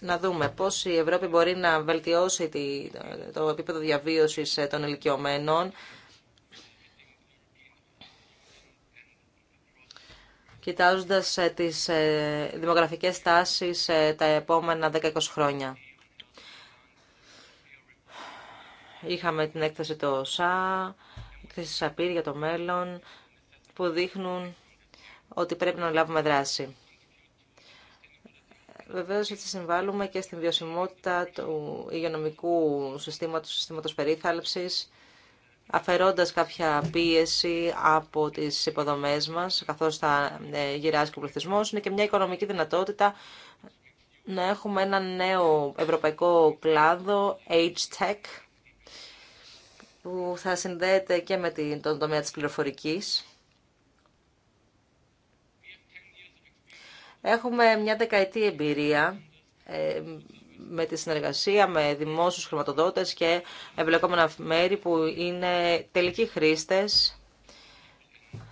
να δούμε πώς η Ευρώπη μπορεί να βελτιώσει το επίπεδο διαβίωσης ε, των ηλικιωμένων. κοιτάζοντας ε, τις ε, δημογραφικές τάσεις τα επόμενα 10-20 χρόνια. Είχαμε την έκθεση του ΩΣΑ, έκθεση ΣΑΠΗΡ για το μέλλον, που δείχνουν ότι πρέπει να λάβουμε δράση βεβαίως έτσι συμβάλλουμε και στην βιωσιμότητα του υγειονομικού συστήματος, συστήματος περίθαλψης, αφαιρώντας κάποια πίεση από τις υποδομές μας, καθώς θα ε, γυράσκει ο πληθυσμό, είναι και μια οικονομική δυνατότητα να έχουμε ένα νέο ευρωπαϊκό age H-Tech, που θα συνδέεται και με τον τομέα της πληροφορικής Έχουμε μια δεκαετή εμπειρία ε, με τη συνεργασία με δημόσιους χρηματοδότες και εμπλεκόμενα μέρη που είναι τελικοί χρήστες,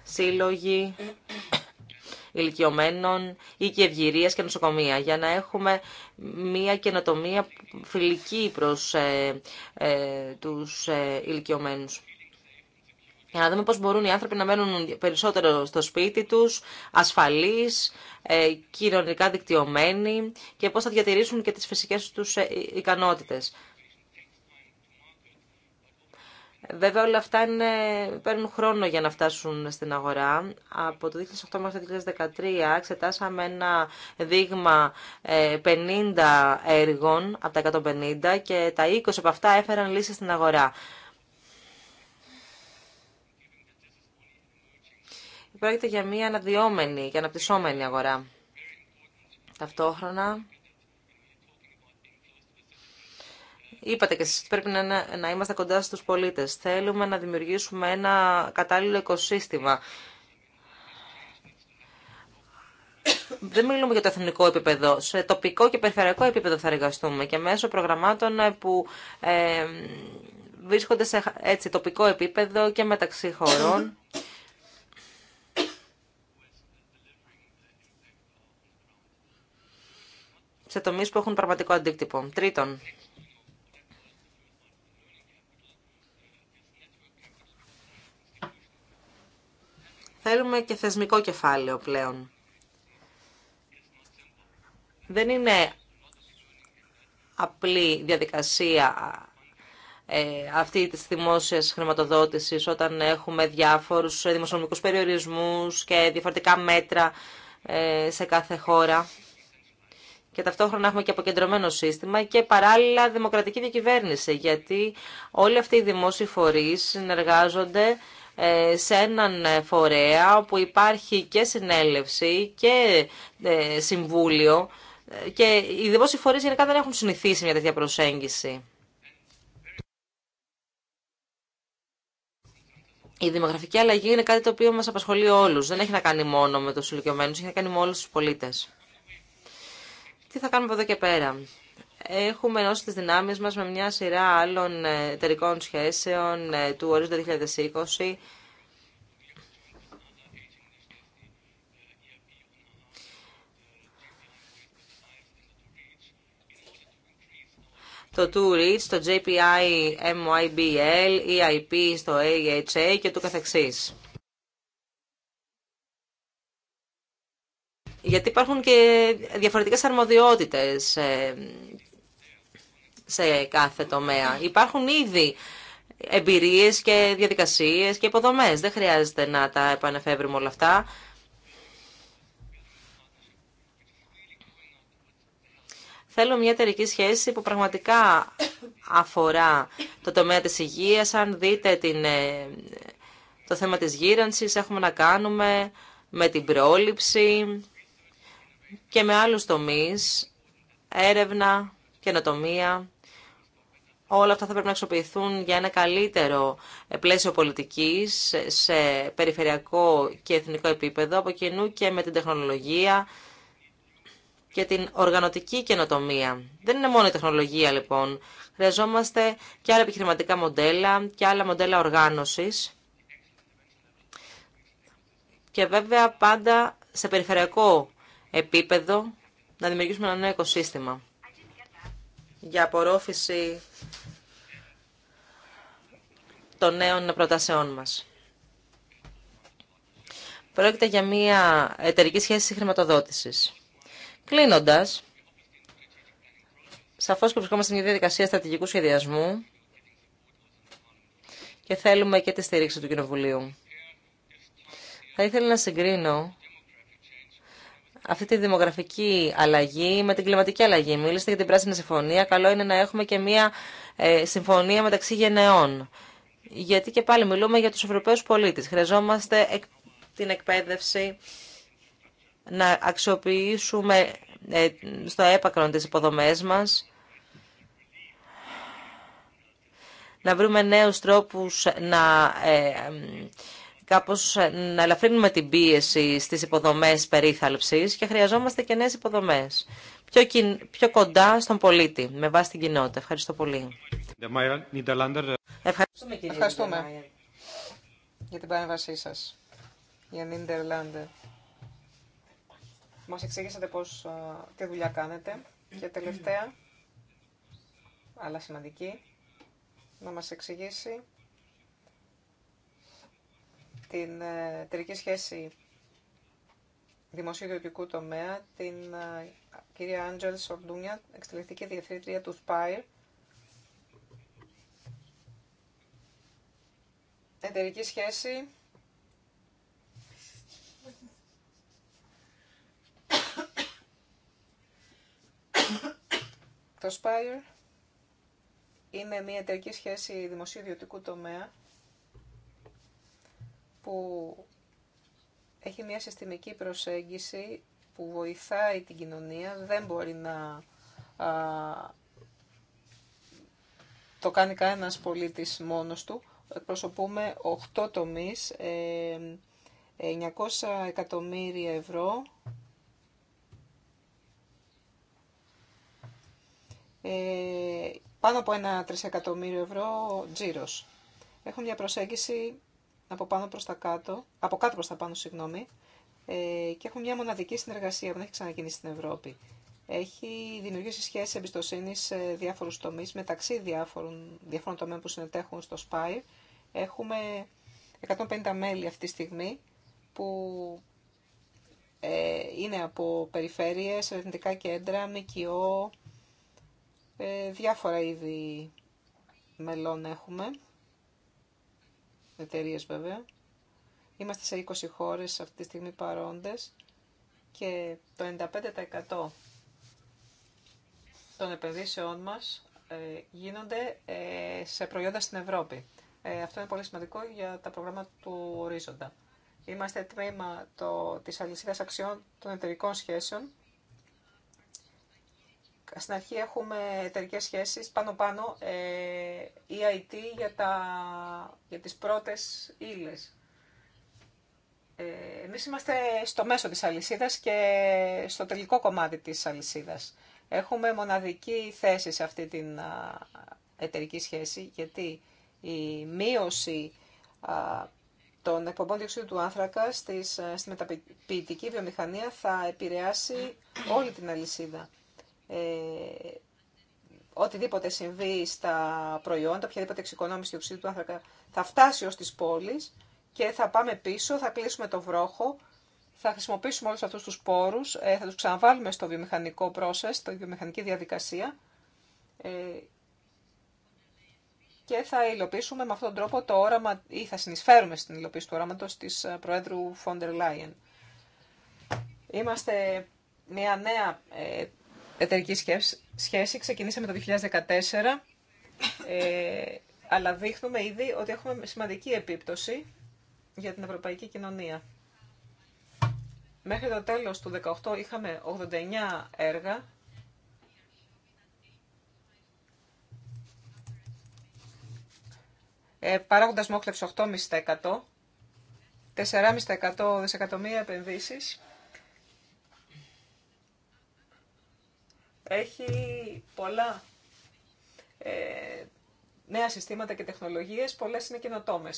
σύλλογοι ηλικιωμένων ή και ευγυρίας και νοσοκομεία για να έχουμε μια καινοτομία φιλική προς ε, ε, τους ε, για να δούμε πώς μπορούν οι άνθρωποι να μένουν περισσότερο στο σπίτι τους, ασφαλείς, ε, κοινωνικά δικτυωμένοι και πώς θα διατηρήσουν και τις φυσικές τους ε, ικανότητες. Βέβαια όλα αυτά είναι, παίρνουν χρόνο για να φτάσουν στην αγορά. Από το 2008 μέχρι το 2013 εξετάσαμε ένα δείγμα 50 ε, έργων από τα 150 και τα 20 από αυτά έφεραν λύσεις στην αγορά. Πρόκειται για μια αναδυόμενη και αναπτυσσόμενη αγορά. Ταυτόχρονα, είπατε και εσείς πρέπει να, να είμαστε κοντά στους πολίτες. Θέλουμε να δημιουργήσουμε ένα κατάλληλο οικοσύστημα. Δεν μιλούμε για το εθνικό επίπεδο. Σε τοπικό και περιφερειακό επίπεδο θα εργαστούμε και μέσω προγραμμάτων ε, που ε, βρίσκονται σε έτσι, τοπικό επίπεδο και μεταξύ χωρών σε τομεί που έχουν πραγματικό αντίκτυπο. Τρίτον, θέλουμε και θεσμικό κεφάλαιο πλέον. Δεν είναι απλή διαδικασία ε, αυτή της δημόσιας χρηματοδότησης όταν έχουμε διάφορους δημοσιονομικούς περιορισμούς και διαφορετικά μέτρα ε, σε κάθε χώρα και ταυτόχρονα έχουμε και αποκεντρωμένο σύστημα και παράλληλα δημοκρατική διακυβέρνηση, γιατί όλοι αυτοί οι δημόσιοι φορείς συνεργάζονται ε, σε έναν φορέα όπου υπάρχει και συνέλευση και ε, συμβούλιο ε, και οι δημόσιοι φορείς γενικά δεν έχουν συνηθίσει μια τέτοια προσέγγιση. Η δημογραφική αλλαγή είναι κάτι το οποίο μας απασχολεί όλους. Δεν έχει να κάνει μόνο με τους ηλικιωμένους, έχει να κάνει με όλους τους πολίτες. Τι θα κάνουμε από εδώ και πέρα. Έχουμε ενώσει τις δυνάμεις μας με μια σειρά άλλων εταιρικών σχέσεων ε, του ορίζοντα 2020, το 2REACH, το JPI MYBL, EIP στο AHA και του καθεξής. γιατί υπάρχουν και διαφορετικές αρμοδιότητες ε, σε κάθε τομέα. Υπάρχουν ήδη εμπειρίες και διαδικασίες και υποδομές. Δεν χρειάζεται να τα επανεφεύρουμε όλα αυτά. Θέλω μια εταιρική σχέση που πραγματικά αφορά το τομέα της υγείας. Αν δείτε την, ε, το θέμα της γύρανσης, έχουμε να κάνουμε με την πρόληψη, και με άλλους τομείς, έρευνα, καινοτομία, όλα αυτά θα πρέπει να αξιοποιηθούν για ένα καλύτερο ε, πλαίσιο πολιτικής ε, σε περιφερειακό και εθνικό επίπεδο, από κοινού και με την τεχνολογία και την οργανωτική καινοτομία. Δεν είναι μόνο η τεχνολογία λοιπόν. Χρειαζόμαστε και άλλα επιχειρηματικά μοντέλα και άλλα μοντέλα οργάνωσης. Και βέβαια πάντα σε περιφερειακό επίπεδο να δημιουργήσουμε ένα νέο οικοσύστημα για απορρόφηση των νέων προτάσεών μας. Πρόκειται για μια εταιρική σχέση χρηματοδότησης. Κλείνοντας, σαφώς και βρισκόμαστε σε μια διαδικασία στρατηγικού σχεδιασμού και θέλουμε και τη στήριξη του Κοινοβουλίου. Θα ήθελα να συγκρίνω αυτή τη δημογραφική αλλαγή με την κλιματική αλλαγή. Μίλησε για την πράσινη συμφωνία. Καλό είναι να έχουμε και μια ε, συμφωνία μεταξύ γενεών. Γιατί και πάλι μιλούμε για τους Ευρωπαίους πολίτες. Χρειαζόμαστε την εκπαίδευση να αξιοποιήσουμε ε, στο έπακρον τις υποδομές μας, να βρούμε νέους τρόπους να ε, κάπως ε, να ελαφρύνουμε την πίεση στις υποδομές περίθαλψης και χρειαζόμαστε και νέες υποδομές. Πιο, πιο κοντά στον πολίτη, με βάση την κοινότητα. Ευχαριστώ πολύ. Ευχαριστούμε κύριε Ευχαριστούμε για την παρέμβασή σας, για Νίντερλάντε. Μας εξήγησατε πώς, ε, τι δουλειά κάνετε και τελευταία, αλλά σημαντική, να μας εξηγήσει την ε, εταιρική σχέση δημοσίου ιδιωτικού τομέα, την ε, κυρία Άντζελ Σορντούνια, εξελιχτική διευθύντρια του ΣΠΑΙΡ, εταιρική σχέση Το Spire είναι μια εταιρική σχέση δημοσίου ιδιωτικού τομέα που έχει μια συστημική προσέγγιση που βοηθάει την κοινωνία, δεν μπορεί να το κάνει κανένας πολίτης μόνος του. Εκπροσωπούμε 8 τομείς, 900 ε, ε, εκατομμύρια ευρώ. Ε, πάνω από ένα τρισεκατομμύριο ευρώ τζίρος. Έχουν μια προσέγγιση από πάνω προς τα κάτω, από κάτω προς τα πάνω, συγγνώμη, ε, και έχουμε μια μοναδική συνεργασία που δεν έχει ξανακινήσει στην Ευρώπη. Έχει δημιουργήσει σχέσεις εμπιστοσύνη σε διάφορου τομεί μεταξύ διάφορων, διάφορων τομέων που συνετέχουν στο ΣΠΑΙΡ. Έχουμε 150 μέλη αυτή τη στιγμή που ε, είναι από περιφέρειες, ερευνητικά κέντρα, ΜΚΟ, ε, διάφορα είδη μελών έχουμε εταιρείε βέβαια. Είμαστε σε 20 χώρες αυτή τη στιγμή παρόντες και το 95% των επενδύσεών μας ε, γίνονται ε, σε προϊόντα στην Ευρώπη. Ε, αυτό είναι πολύ σημαντικό για τα προγράμματα του ορίζοντα. Είμαστε τμήμα το, της αλυσίδας αξιών των εταιρικών σχέσεων στην αρχή έχουμε εταιρικέ σχέσεις πάνω-πάνω ε, EIT για, τα, για τις πρώτες ύλες. Ε, εμείς είμαστε στο μέσο της αλυσίδας και στο τελικό κομμάτι της αλυσίδας. Έχουμε μοναδική θέση σε αυτή την εταιρική σχέση, γιατί η μείωση των εκπομπών διοξείδου του άνθρακα στη μεταποιητική βιομηχανία θα επηρεάσει όλη την αλυσίδα. Ε, οτιδήποτε συμβεί στα προϊόντα, οποιαδήποτε εξοικονόμηση διοξείδου του άνθρακα θα φτάσει ως τις πόλεις και θα πάμε πίσω, θα κλείσουμε το βρόχο, θα χρησιμοποιήσουμε όλους αυτούς τους πόρους, ε, θα τους ξαναβάλουμε στο βιομηχανικό process, στη βιομηχανική διαδικασία ε, και θα υλοποιήσουμε με αυτόν τον τρόπο το όραμα ή θα συνεισφέρουμε στην υλοποίηση του όραματος της Προέδρου Φόντερ Λάιεν. Είμαστε μια νέα εταιρική σχέση. Ξεκινήσαμε το 2014, ε, αλλά δείχνουμε ήδη ότι έχουμε σημαντική επίπτωση για την ευρωπαϊκή κοινωνία. Μέχρι το τέλος του 2018 είχαμε 89 έργα. Ε, παράγοντας μόχλευση 8,5%, 4,5% δισεκατομμύρια επενδύσεις έχει πολλά ε, νέα συστήματα και τεχνολογίες, πολλές είναι καινοτόμε.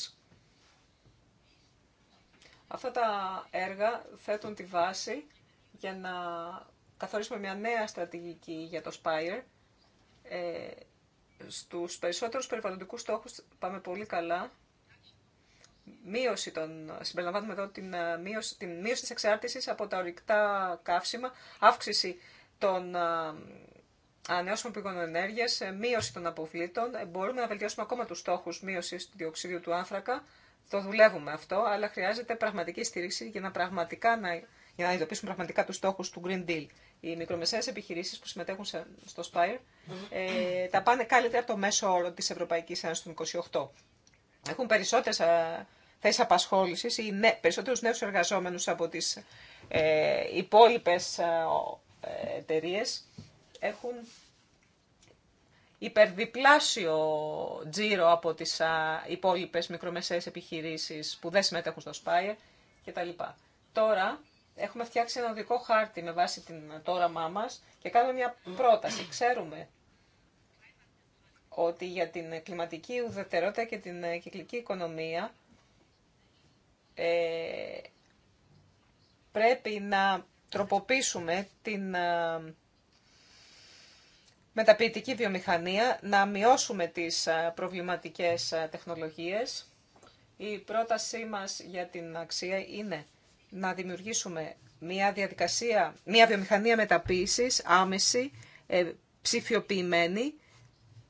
Αυτά τα έργα θέτουν τη βάση για να καθορίσουμε μια νέα στρατηγική για το Spire. Ε, στους περισσότερους περιβαλλοντικούς στόχους πάμε πολύ καλά. Μείωση των, συμπεριλαμβάνουμε εδώ την ε, μείωση, την μείωση της εξάρτησης από τα ορυκτά καύσιμα, αύξηση των ε, ανέωσιμων πηγών ενέργεια, ε, μείωση των αποβλήτων. Ε, μπορούμε να βελτιώσουμε ακόμα του στόχου μείωση του διοξιδίου του άνθρακα. Το δουλεύουμε αυτό, αλλά χρειάζεται πραγματική στήριξη για να, πραγματικά, να, για να ειδοποιήσουν πραγματικά του στόχου του Green Deal. Οι μικρομεσαίε επιχειρήσει που συμμετέχουν στο Spire ε, τα πάνε καλύτερα από το μέσο όρο τη Ευρωπαϊκή Ένωση του 28. Έχουν περισσότερε θέσει απασχόληση ή περισσότερου νέου εργαζόμενου από τι ε, υπόλοιπε εταιρείε έχουν υπερδιπλάσιο τζίρο από τις υπόλοιπες μικρομεσαίες επιχειρήσεις που δεν συμμετέχουν στο τα λοιπά. Τώρα έχουμε φτιάξει ένα δικό χάρτη με βάση την, το όραμά μας και κάνουμε μια πρόταση. Ξέρουμε ότι για την κλιματική ουδετερότητα και την ε, κυκλική οικονομία ε, πρέπει να τροποποιήσουμε την ε, μεταποιητική βιομηχανία, να μειώσουμε τις ε, προβληματικές ε, τεχνολογίες. Η πρότασή μας για την αξία είναι να δημιουργήσουμε μια διαδικασία, μια βιομηχανία μεταποίησης άμεση, ψηφιοποιημένη,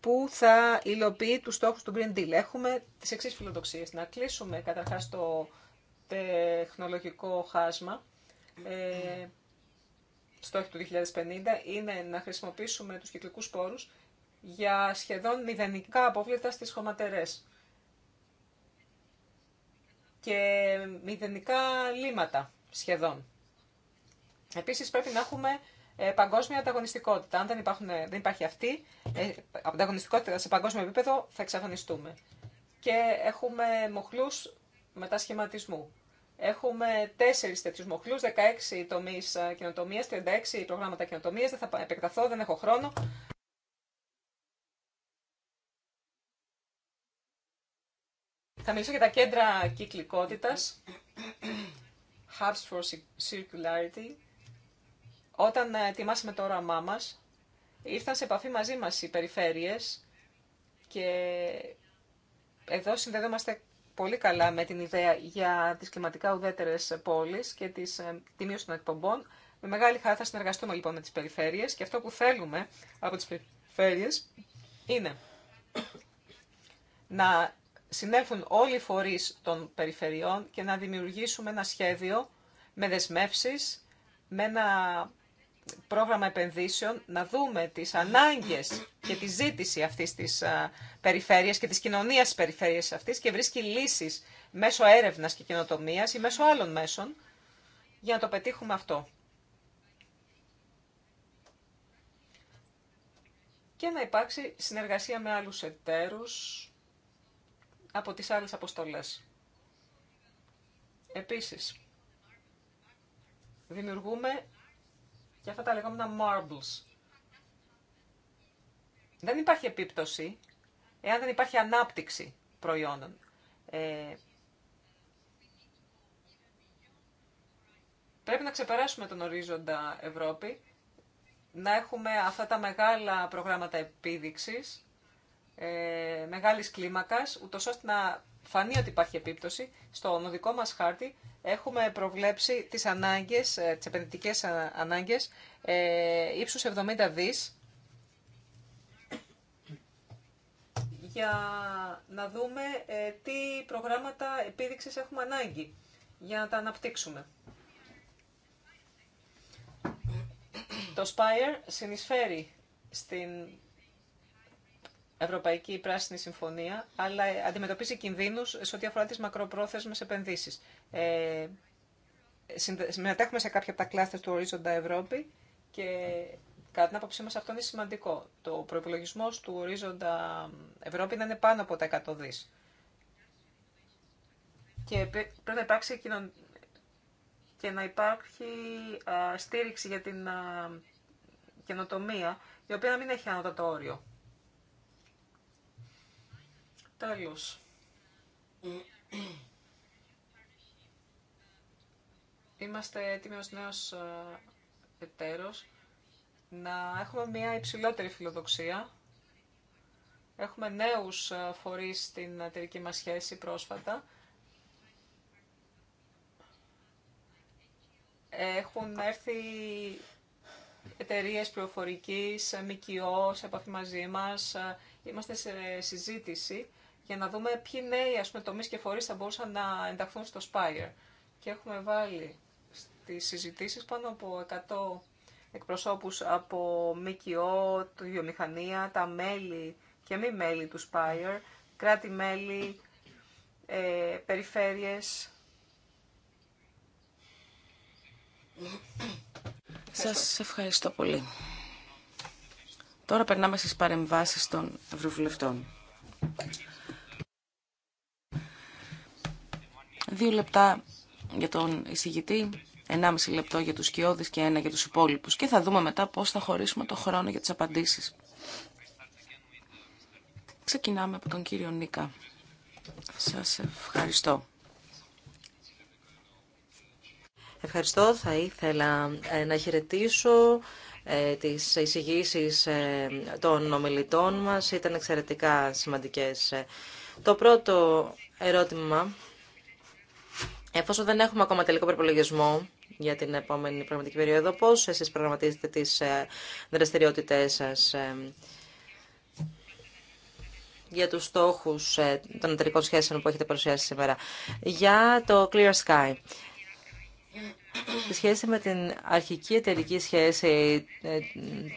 που θα υλοποιεί τους στόχους του Green Deal. Έχουμε τις εξής φιλοδοξίες. Να κλείσουμε καταρχάς το τεχνολογικό χάσμα, ε, του 2050 είναι να χρησιμοποιήσουμε τους κυκλικούς πόρους για σχεδόν μηδενικά απόβλητα στις χωματερές και μηδενικά λίματα σχεδόν. Επίσης πρέπει να έχουμε ε, παγκόσμια ανταγωνιστικότητα. Αν δεν, υπάρχουν, ε, δεν υπάρχει αυτή, ε, ανταγωνιστικότητα σε παγκόσμιο επίπεδο θα εξαφανιστούμε. Και έχουμε μοχλούς μετασχηματισμού. Έχουμε τέσσερι τέτοιου μοχλού, 16 τομεί ε, καινοτομία, 36 προγράμματα καινοτομία. Δεν θα επεκταθώ, δεν έχω χρόνο. Θα μιλήσω για τα κέντρα κυκλικότητας, Hubs for Circularity. Όταν ε, ετοιμάσαμε το όραμά μα ήρθαν σε επαφή μαζί μας οι περιφέρειες και εδώ συνδεδόμαστε πολύ καλά με την ιδέα για τις κλιματικά ουδέτερε πόλεις και τις, ε, τη μείωση των εκπομπών. Με μεγάλη χαρά θα συνεργαστούμε λοιπόν με τις περιφέρειες και αυτό που θέλουμε από τις περιφέρειες είναι να συνέλθουν όλοι οι φορεί των περιφερειών και να δημιουργήσουμε ένα σχέδιο με δεσμεύσει με ένα πρόγραμμα επενδύσεων να δούμε τις ανάγκες και τη ζήτηση αυτής της περιφέρειας και της κοινωνίας της περιφέρειας αυτής και βρίσκει λύσεις μέσω έρευνας και κοινοτομία ή μέσω άλλων μέσων για να το πετύχουμε αυτό. Και να υπάρξει συνεργασία με άλλους εταίρους από τις άλλες αποστολές. Επίσης, δημιουργούμε και αυτά τα λεγόμενα marbles. Δεν υπάρχει επίπτωση εάν δεν υπάρχει ανάπτυξη προϊόντων. Ε, πρέπει να ξεπεράσουμε τον ορίζοντα Ευρώπη, να έχουμε αυτά τα μεγάλα προγράμματα επίδειξης, ε, μεγάλης κλίμακας, ούτως ώστε να φανεί ότι υπάρχει επίπτωση. Στο οδικό μας χάρτη έχουμε προβλέψει τις ανάγκες, ε, τις επενδυτικές ανάγκες ε, ύψους 70 δις για να δούμε ε, τι προγράμματα επίδειξης έχουμε ανάγκη για να τα αναπτύξουμε. Το Spire συνεισφέρει στην Ευρωπαϊκή Πράσινη Συμφωνία, αλλά αντιμετωπίζει κινδύνους σε ό,τι αφορά τι μακροπρόθεσμε επενδύσεις. Ε, συμμετέχουμε σε κάποια από τα κλάστερ του ορίζοντα Ευρώπη και κατά την άποψή μα αυτό είναι σημαντικό. Το προπολογισμό του ορίζοντα Ευρώπη να είναι πάνω από τα 100 δις. Και πρέπει να υπάρξει και να υπάρχει στήριξη για την καινοτομία, η οποία να μην έχει άνωτατο όριο. Τέλος. Είμαστε έτοιμοι ως νέος ε, εταίρος να έχουμε μια υψηλότερη φιλοδοξία. Έχουμε νέους ε, φορείς στην εταιρική μας σχέση πρόσφατα. Έχουν έρθει εταιρείε πληροφορική, ε, ΜΚΟ, σε επαφή μαζί μας. Είμαστε σε συζήτηση για να δούμε ποιοι νέοι ας πούμε, τομείς και φορείς θα μπορούσαν να ενταχθούν στο Spire. Και έχουμε βάλει στις συζητήσεις πάνω από 100 εκπροσώπους από ΜΚΟ, τη βιομηχανία, τα μέλη και μη μέλη του Spire, κράτη-μέλη, ε, περιφέρειες. Σας ευχαριστώ πολύ. Τώρα περνάμε στις παρεμβάσεις των ευρωβουλευτών. Δύο λεπτά για τον εισηγητή, ενάμιση λεπτό για τους σκιώδεις και ένα για τους υπόλοιπους. Και θα δούμε μετά πώς θα χωρίσουμε το χρόνο για τις απαντήσεις. Ξεκινάμε από τον κύριο Νίκα. Σας ευχαριστώ. Ευχαριστώ. Θα ήθελα ε, να χαιρετήσω ε, τις εισηγήσει ε, των ομιλητών μας. Ήταν εξαιρετικά σημαντικές. Το πρώτο ερώτημα Εφόσον δεν έχουμε ακόμα τελικό προπολογισμό για την επόμενη πραγματική περίοδο, πώς εσείς προγραμματίζετε τις ε, δραστηριότητές σας ε, για τους στόχους ε, των εταιρικών σχέσεων που έχετε παρουσιάσει σήμερα. Για το Clear Sky. Στη σχέση με την αρχική εταιρική σχέση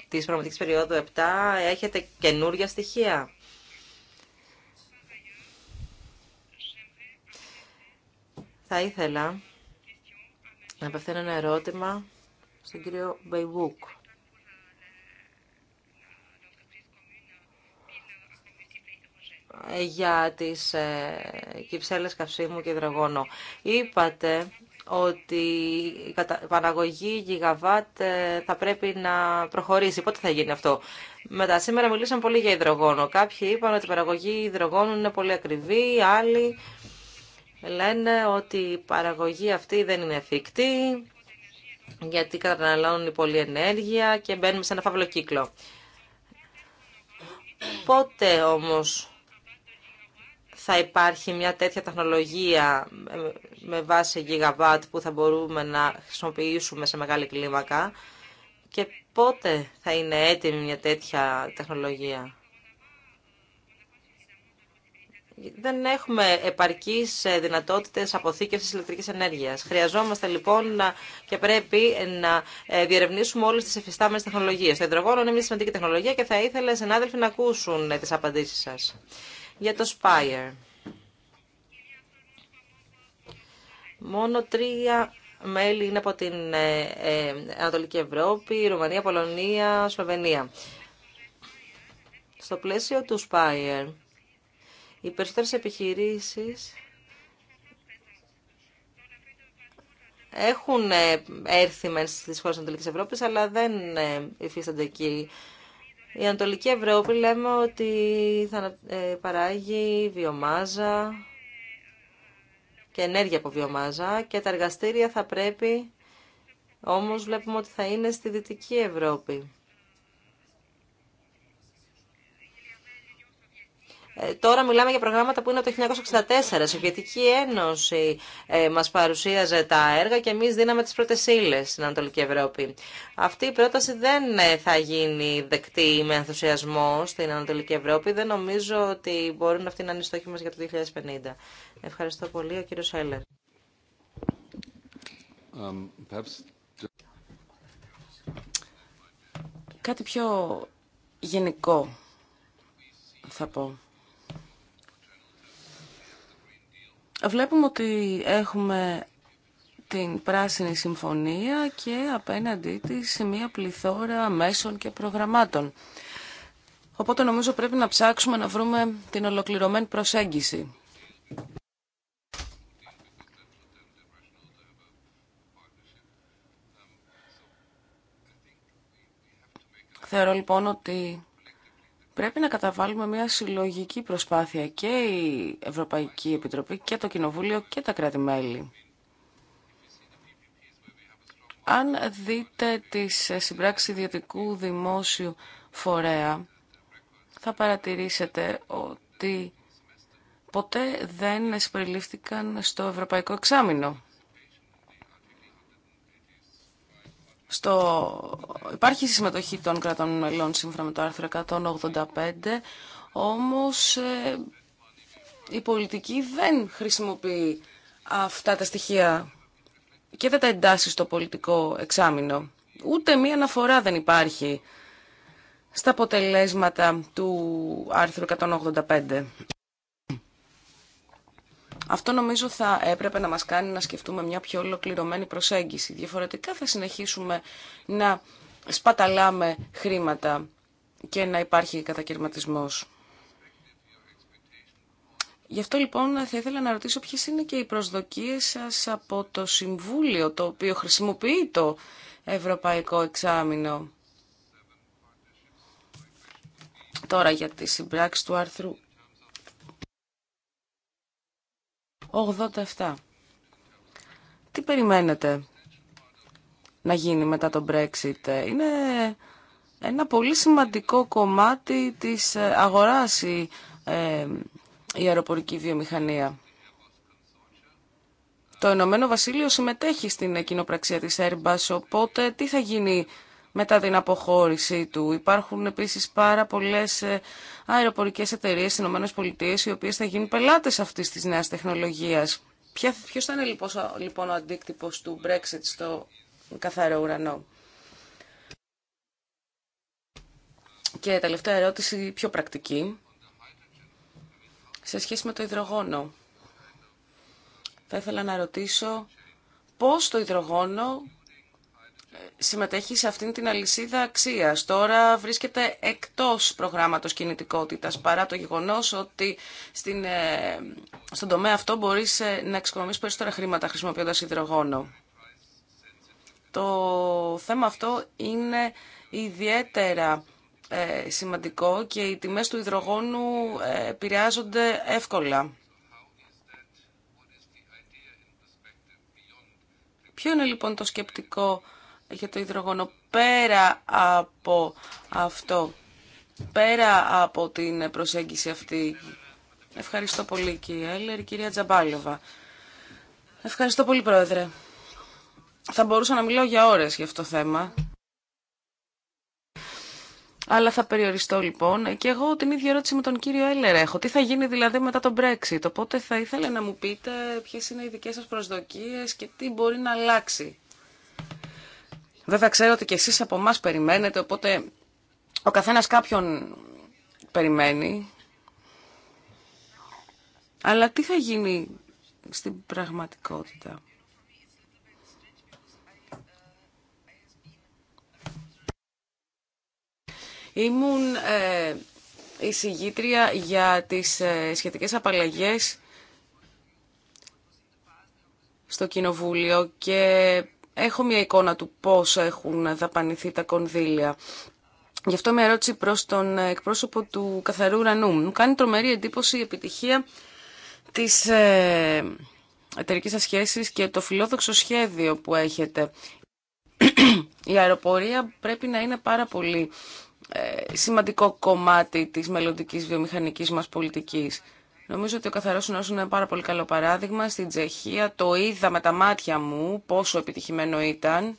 της πραγματικής περίοδου 7, έχετε καινούργια στοιχεία. Θα ήθελα να απευθύνω ένα ερώτημα στον κύριο Μπεϊβούκ. Ε, για τις ε, κυψέλες καυσίμου και υδρογόνο. Είπατε ότι η παραγωγή γιγαβάτ ε, θα πρέπει να προχωρήσει. Πότε θα γίνει αυτό. Μετά σήμερα μιλήσαμε πολύ για υδρογόνο. Κάποιοι είπαν ότι η παραγωγή υδρογόνου είναι πολύ ακριβή, άλλοι λένε ότι η παραγωγή αυτή δεν είναι εφικτή, γιατί καταναλώνουν πολλή ενέργεια και μπαίνουμε σε ένα φαύλο κύκλο. Πότε όμως θα υπάρχει μια τέτοια τεχνολογία με βάση γιγαβάτ που θα μπορούμε να χρησιμοποιήσουμε σε μεγάλη κλίμακα και πότε θα είναι έτοιμη μια τέτοια τεχνολογία δεν έχουμε επαρκείς ε, δυνατότητες αποθήκευσης ηλεκτρικής ενέργειας. Χρειαζόμαστε λοιπόν να, και πρέπει να ε, διερευνήσουμε όλες τις εφιστάμενες τεχνολογίες. Το υδρογόνο είναι μια σημαντική τεχνολογία και θα ήθελα συνάδελφοι να ακούσουν ε, τι απαντήσεις σας. Για το Spire. Μόνο τρία μέλη είναι από την Ανατολική Ευρώπη, Ρουμανία, Πολωνία, Σλοβενία. Στο πλαίσιο του Spire, οι περισσότερε επιχειρήσει έχουν ε, έρθει μέσα στις χώρες Ανατολική Ευρώπης, αλλά δεν ε, υφίστανται εκεί. Η Ανατολική Ευρώπη λέμε ότι θα ε, παράγει βιομάζα και ενέργεια από βιομάζα και τα εργαστήρια θα πρέπει, όμως βλέπουμε ότι θα είναι στη Δυτική Ευρώπη. Ε, τώρα μιλάμε για προγράμματα που είναι από το 1964. Η Σοβιετική Ένωση ε, μας παρουσίαζε τα έργα και εμείς δίναμε τις πρώτες ύλε στην Ανατολική Ευρώπη. Αυτή η πρόταση δεν ε, θα γίνει δεκτή με ενθουσιασμό στην Ανατολική Ευρώπη. Δεν νομίζω ότι μπορούν αυτοί να είναι οι στόχοι μας για το 2050. Ευχαριστώ πολύ. Ο κύριος Χέλλερ. Κάτι πιο γενικό θα πω. Βλέπουμε ότι έχουμε την Πράσινη Συμφωνία και απέναντί τη μια πληθώρα μέσων και προγραμμάτων. Οπότε νομίζω πρέπει να ψάξουμε να βρούμε την ολοκληρωμένη προσέγγιση. Θεωρώ λοιπόν ότι Πρέπει να καταβάλουμε μια συλλογική προσπάθεια και η Ευρωπαϊκή Επιτροπή και το Κοινοβούλιο και τα κράτη-μέλη. Αν δείτε τις συμπράξεις ιδιωτικού δημόσιου φορέα, θα παρατηρήσετε ότι ποτέ δεν συμπεριλήφθηκαν στο Ευρωπαϊκό Εξάμεινο. στο... Υπάρχει συμμετοχή των κρατών μελών σύμφωνα με το άρθρο 185, όμως ε, η πολιτική δεν χρησιμοποιεί αυτά τα στοιχεία και δεν τα εντάσσει στο πολιτικό εξάμεινο. Ούτε μία αναφορά δεν υπάρχει στα αποτελέσματα του άρθρου 185. Αυτό νομίζω θα έπρεπε να μας κάνει να σκεφτούμε μια πιο ολοκληρωμένη προσέγγιση. Διαφορετικά θα συνεχίσουμε να σπαταλάμε χρήματα και να υπάρχει κατακαιρματισμός. Γι' αυτό λοιπόν θα ήθελα να ρωτήσω ποιε είναι και οι προσδοκίες σας από το Συμβούλιο το οποίο χρησιμοποιεί το Ευρωπαϊκό Εξάμεινο. Τώρα για τη συμπράξη του άρθρου 87. Τι περιμένετε να γίνει μετά το Brexit. Είναι ένα πολύ σημαντικό κομμάτι της ε, αγοράς ε, η, αεροπορική βιομηχανία. Το Ενωμένο Βασίλειο συμμετέχει στην κοινοπραξία της Airbus, οπότε τι θα γίνει μετά την αποχώρησή του. Υπάρχουν επίσης πάρα πολλές ε, αεροπορικές εταιρείες στις ΗΠΑ οι οποίες θα γίνουν πελάτες αυτής της νέας τεχνολογίας. Ποιο θα είναι λοιπόν, λοιπόν ο αντίκτυπος του Brexit στο καθαρό ουρανό. Και τελευταία ερώτηση πιο πρακτική. Σε σχέση με το υδρογόνο. Θα ήθελα να ρωτήσω πώς το υδρογόνο συμμετέχει σε αυτήν την αλυσίδα αξία. Τώρα βρίσκεται εκτός προγράμματο κινητικότητας, παρά το γεγονό ότι στην, ε, στον τομέα αυτό μπορείς ε, να εξοικονομήσει περισσότερα χρήματα χρησιμοποιώντα υδρογόνο. Το θέμα αυτό είναι ιδιαίτερα ε, σημαντικό και οι τιμές του υδρογόνου επηρεάζονται εύκολα. Ποιο είναι λοιπόν το σκεπτικό για το υδρογόνο πέρα από αυτό, πέρα από την προσέγγιση αυτή. Ευχαριστώ πολύ κύριε Έλερ, κυρία Τζαμπάλεβα. Ευχαριστώ πολύ πρόεδρε. Θα μπορούσα να μιλώ για ώρες για αυτό το θέμα. Αλλά θα περιοριστώ λοιπόν. Και εγώ την ίδια ερώτηση με τον κύριο Έλερ έχω. Τι θα γίνει δηλαδή μετά τον Brexit. Οπότε θα ήθελα να μου πείτε ποιε είναι οι δικέ σας προσδοκίε και τι μπορεί να αλλάξει. Βέβαια ξέρω ότι και εσείς από εμά περιμένετε, οπότε ο καθένας κάποιον περιμένει. Αλλά τι θα γίνει στην πραγματικότητα. Ήμουν ε, η συγγήτρια για τις ε, σχετικές απαλλαγές στο Κοινοβούλιο και έχω μια εικόνα του πώς έχουν δαπανηθεί τα κονδύλια. Γι' αυτό μια ερώτηση προς τον εκπρόσωπο του Καθαρού Ουρανού. Μου κάνει τρομερή εντύπωση η επιτυχία της ε, εταιρική σας σχέσης και το φιλόδοξο σχέδιο που έχετε. Η αεροπορία πρέπει να είναι πάρα πολύ ε, σημαντικό κομμάτι της μελλοντική βιομηχανικής μας πολιτικής. Νομίζω ότι ο καθαρό νόσο είναι ένα πάρα πολύ καλό παράδειγμα. Στην Τσεχία το είδα με τα μάτια μου πόσο επιτυχημένο ήταν.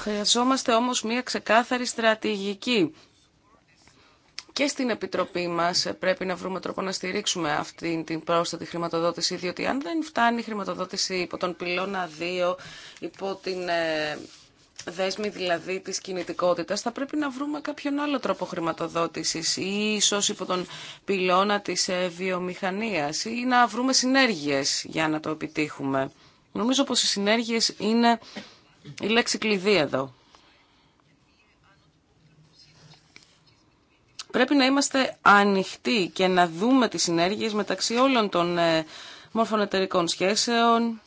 Χρειαζόμαστε όμως μια ξεκάθαρη στρατηγική. Και στην Επιτροπή μας πρέπει να βρούμε τρόπο να στηρίξουμε αυτή την πρόσθετη χρηματοδότηση, διότι αν δεν φτάνει η χρηματοδότηση υπό τον πυλώνα 2, υπό την ε, δέσμη δηλαδή της κινητικότητας θα πρέπει να βρούμε κάποιον άλλο τρόπο χρηματοδότησης ή ίσως υπό τον πυλώνα της ε, βιομηχανίας ή να βρούμε συνέργειες για να το επιτύχουμε. Νομίζω πως οι συνέργειες είναι η λέξη κλειδί εδώ. Πρέπει να είμαστε ανοιχτοί και να δούμε τις συνέργειες μεταξύ όλων των ε, μόρφων εταιρικών σχέσεων,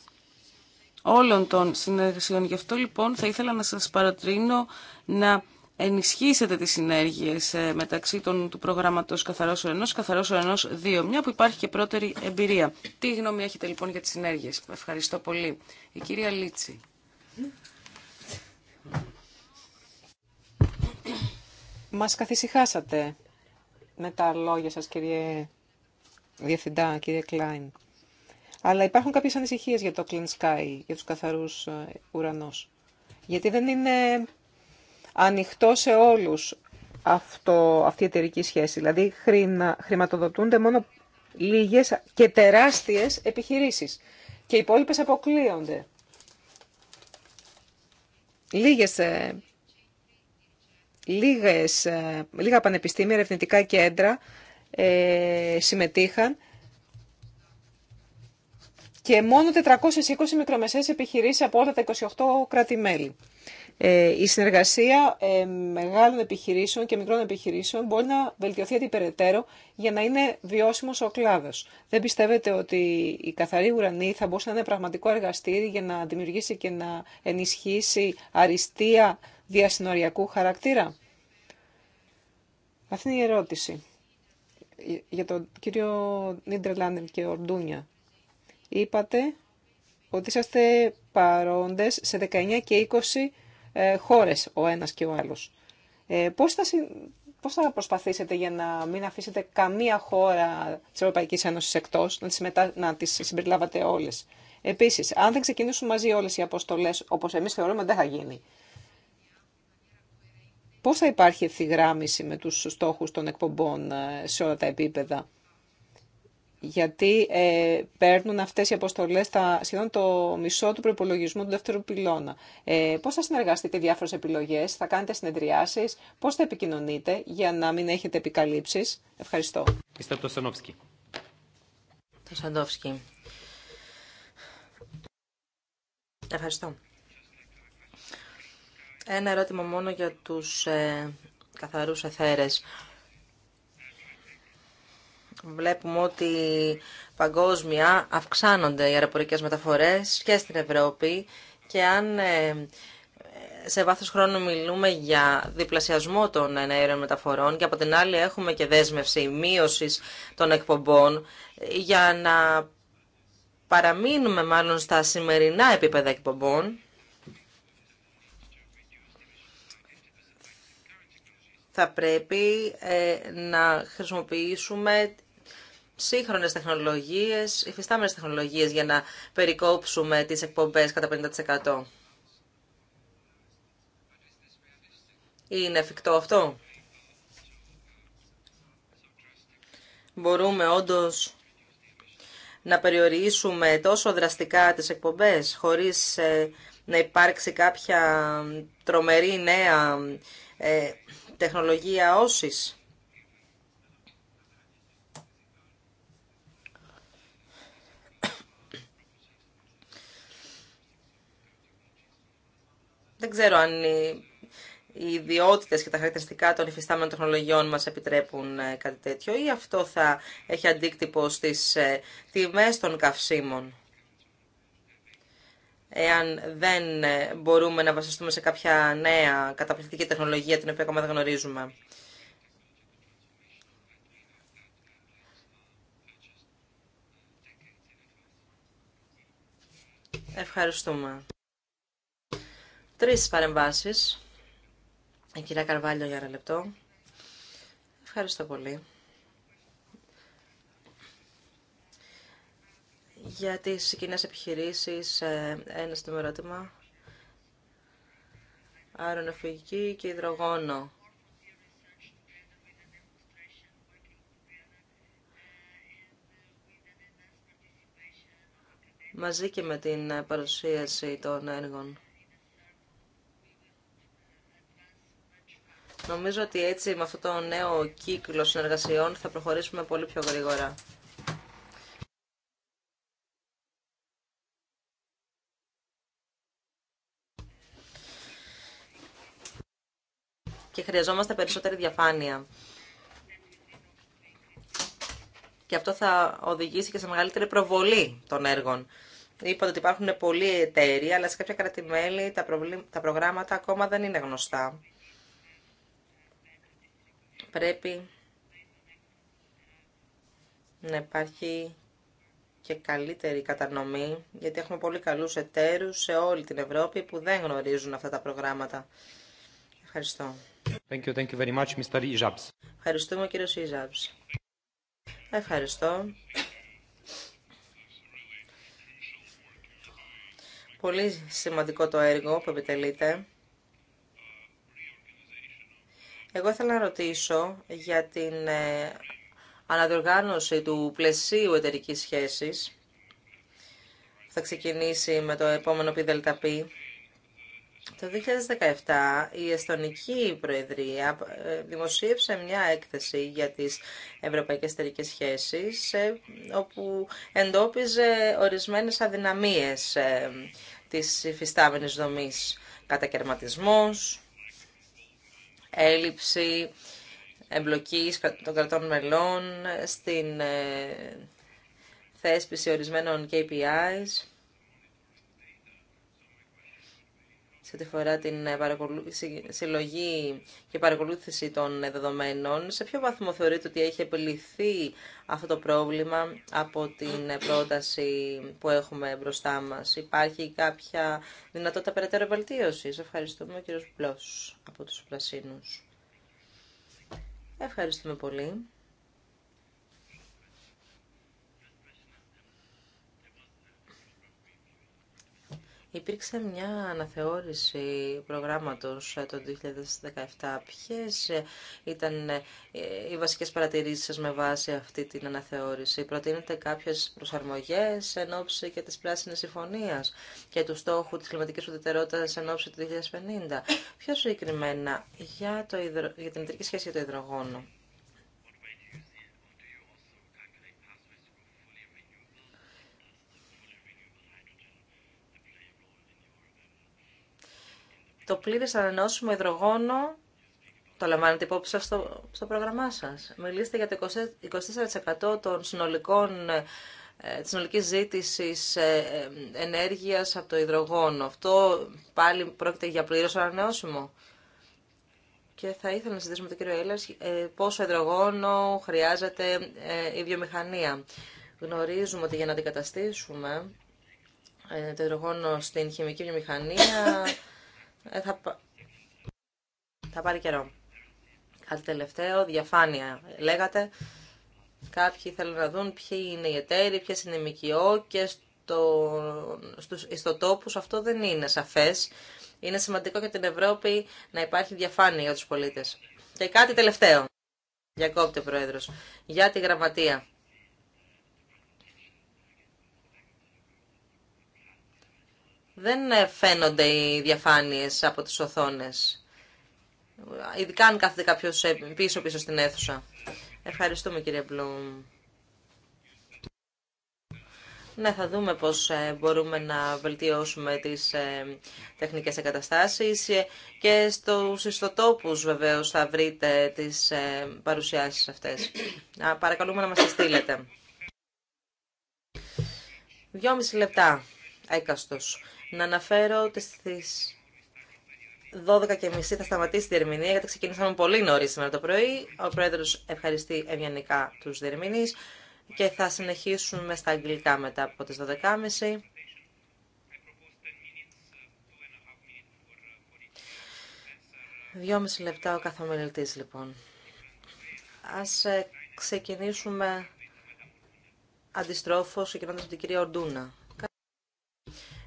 όλων των συνεργασιών. Γι' αυτό λοιπόν θα ήθελα να σας παρατρύνω να ενισχύσετε τις συνέργειες ε, μεταξύ των, του προγράμματος Καθαρός Ουρανός, Καθαρός Ουρανός 2, μια που υπάρχει και πρώτερη εμπειρία. Τι γνώμη έχετε λοιπόν για τις συνέργειες. Ευχαριστώ πολύ. Η κυρία Λίτση. Μας καθησυχάσατε με τα λόγια σας κύριε Διευθυντά, κύριε Κλάιν αλλά υπάρχουν κάποιες ανησυχίες για το clean sky, για τους καθαρούς ε, ουρανούς. Γιατί δεν είναι ανοιχτό σε όλους αυτό, αυτή η εταιρική σχέση. Δηλαδή χρηματοδοτούνται μόνο λίγες και τεράστιες επιχειρήσεις και οι υπόλοιπες αποκλείονται. Λίγες, ε, λίγες, ε, λίγα πανεπιστήμια, ερευνητικά κέντρα συμμετείχαν και μόνο 420 μικρομεσαίες επιχειρήσεις από όλα τα 28 κράτη-μέλη. Ε, η συνεργασία ε, μεγάλων επιχειρήσεων και μικρών επιχειρήσεων μπορεί να βελτιωθεί αντιπεραιτέρω για να είναι βιώσιμος ο κλάδος. Δεν πιστεύετε ότι η καθαρή ουρανή θα μπορούσε να είναι πραγματικό εργαστήρι για να δημιουργήσει και να ενισχύσει αριστεία διασυνοριακού χαρακτήρα. Αυτή είναι η ερώτηση για τον κύριο Νίντερλάντερ και Ορντούνια είπατε ότι είσαστε παρόντες σε 19 και 20 ε, χώρες ο ένας και ο άλλος. Ε, πώς, θα, πώς θα προσπαθήσετε για να μην αφήσετε καμία χώρα της Ευρωπαϊκής Ένωσης εκτός, να τις, μετά, να τις συμπεριλάβατε όλες. Επίσης, αν δεν ξεκινήσουν μαζί όλες οι αποστολές, όπως εμείς θεωρούμε, δεν θα γίνει. Πώς θα υπάρχει ευθυγράμμιση με τους στόχους των εκπομπών ε, σε όλα τα επίπεδα γιατί ε, παίρνουν αυτές οι αποστολές σχεδόν το μισό του προπολογισμού του δεύτερου πυλώνα. Ε, πώς θα συνεργαστείτε διάφορες επιλογές, θα κάνετε συνεδριάσεις, πώς θα επικοινωνείτε για να μην έχετε επικαλύψεις. Ευχαριστώ. Είστε το Το Ευχαριστώ. Ένα ερώτημα μόνο για τους ε, καθαρούς εθέρες. Βλέπουμε ότι παγκόσμια αυξάνονται οι αεροπορικές μεταφορές και στην Ευρώπη και αν ε, σε βάθος χρόνου μιλούμε για διπλασιασμό των αερομεταφορών... μεταφορών και από την άλλη έχουμε και δέσμευση μείωση των εκπομπών ε, για να παραμείνουμε μάλλον στα σημερινά επίπεδα εκπομπών θα πρέπει ε, να χρησιμοποιήσουμε σύγχρονες τεχνολογίες, υφιστάμενες τεχνολογίες για να περικόψουμε τις εκπομπές κατά 50%. Είναι εφικτό αυτό. Μπορούμε όντως να περιορίσουμε τόσο δραστικά τις εκπομπές χωρίς ε, να υπάρξει κάποια τρομερή νέα ε, τεχνολογία όσης. Δεν ξέρω αν οι ιδιότητες και τα χαρακτηριστικά των υφιστάμενων τεχνολογιών μας επιτρέπουν ε, κάτι τέτοιο ή αυτό θα έχει αντίκτυπο στις ε, τιμές των καυσίμων. Εάν δεν ε, μπορούμε να βασιστούμε σε κάποια νέα καταπληκτική τεχνολογία την οποία ακόμα δεν γνωρίζουμε. Ευχαριστούμε. Τρεις παρεμβάσεις. Η κυρία Καρβάλιο για ένα λεπτό. Ευχαριστώ πολύ. Για τις κοινέ επιχειρήσεις, ε, ένα στο ερώτημα. Αερονεφυγική και υδρογόνο. Μαζί και με την παρουσίαση των έργων. Νομίζω ότι έτσι με αυτό το νέο κύκλο συνεργασιών θα προχωρήσουμε πολύ πιο γρήγορα. Και χρειαζόμαστε περισσότερη διαφάνεια. Και αυτό θα οδηγήσει και σε μεγαλύτερη προβολή των έργων. Είπατε ότι υπάρχουν πολλοί εταίροι, αλλά σε κάποια κρατημέλη τα, τα προγράμματα ακόμα δεν είναι γνωστά πρέπει να υπάρχει και καλύτερη κατανομή, γιατί έχουμε πολύ καλούς εταίρους σε όλη την Ευρώπη που δεν γνωρίζουν αυτά τα προγράμματα. Ευχαριστώ. Thank you, thank you very much, Mr. Ευχαριστούμε, κύριο Ιζάμπς. Ευχαριστώ. Πολύ σημαντικό το έργο που επιτελείται. Εγώ ήθελα να ρωτήσω για την ε, αναδιοργάνωση του πλαισίου εταιρική σχέσης που θα ξεκινήσει με το επόμενο πι. Το 2017 η Εστονική Προεδρία ε, δημοσίευσε μια έκθεση για τις ευρωπαϊκές εταιρικέ σχέσεις ε, όπου εντόπιζε ορισμένες αδυναμίες της υφιστάμενης δομής. Κατακαιρματισμός, έλλειψη εμπλοκής των κρατών μελών στην ε, θέσπιση ορισμένων KPIs. σε φορά την ε, συλλογή και παρακολούθηση των ε, δεδομένων. Σε ποιο βαθμό θεωρείτε ότι έχει επιληθεί αυτό το πρόβλημα από την ε, πρόταση που έχουμε μπροστά μας. Υπάρχει κάποια δυνατότητα περαιτέρω βελτίωση. Ευχαριστούμε ο κύριος Μπλός από τους πλασίνους. Ευχαριστούμε πολύ. Υπήρξε μια αναθεώρηση προγράμματος ε, το 2017. Ποιες ε, ήταν ε, οι βασικές παρατηρήσεις σας με βάση αυτή την αναθεώρηση. Προτείνετε κάποιες προσαρμογές εν ώψη και της Πράσινης Συμφωνίας και του στόχου της κλιματικής ουδετερότητας εν ώψη του 2050. Ποιο συγκεκριμένα για, το υδρο... την εταιρική σχέση για το υδρογόνο. το πλήρες ανανεώσιμο υδρογόνο το λαμβάνετε υπόψη σας στο, πρόγραμμά σας. Μιλήστε για το 24% των συνολικών ε, της συνολικής ζήτησης ε, ε, ενέργειας από το υδρογόνο. Αυτό πάλι πρόκειται για πλήρως ανανεώσιμο. Και θα ήθελα να συζητήσουμε με τον κύριο Έλλας πόσο υδρογόνο χρειάζεται η βιομηχανία. Γνωρίζουμε ότι για να αντικαταστήσουμε το υδρογόνο στην χημική βιομηχανία Ε, θα, πάρει καιρό. Κάτι τελευταίο, διαφάνεια λέγατε. Κάποιοι θέλουν να δουν ποιοι είναι οι εταίροι, ποιες είναι οι ΜΚΟ και στο, στους αυτό δεν είναι σαφές. Είναι σημαντικό για την Ευρώπη να υπάρχει διαφάνεια για τους πολίτες. Και κάτι τελευταίο, διακόπτε Πρόεδρος, για τη γραμματεία. δεν ε, φαίνονται οι διαφάνειες από τις οθόνες. Ειδικά αν κάθεται κάποιος πίσω-πίσω ε, στην αίθουσα. Ευχαριστούμε κύριε Μπλουμ. Ναι, θα δούμε πώς ε, μπορούμε να βελτιώσουμε τις τεχνικές εγκαταστάσεις και στους ιστοτόπους βεβαίως θα βρείτε τις παρουσιάσεις αυτές. Παρακαλούμε να μας τις στείλετε. Δυόμιση λεπτά έκαστος. Να αναφέρω ότι στις 12.30 θα σταματήσει η διερμηνία, γιατί ξεκινήσαμε πολύ νωρίς σήμερα το πρωί. Ο Πρόεδρος ευχαριστεί ευγενικά τους διερμηνείς και θα συνεχίσουμε στα αγγλικά μετά από τις 12.30. Δυόμιση λεπτά ο καθομιλητής λοιπόν. Ας ε, ξεκινήσουμε αντιστρόφως ξεκινώντας από την κυρία Ορντούνα.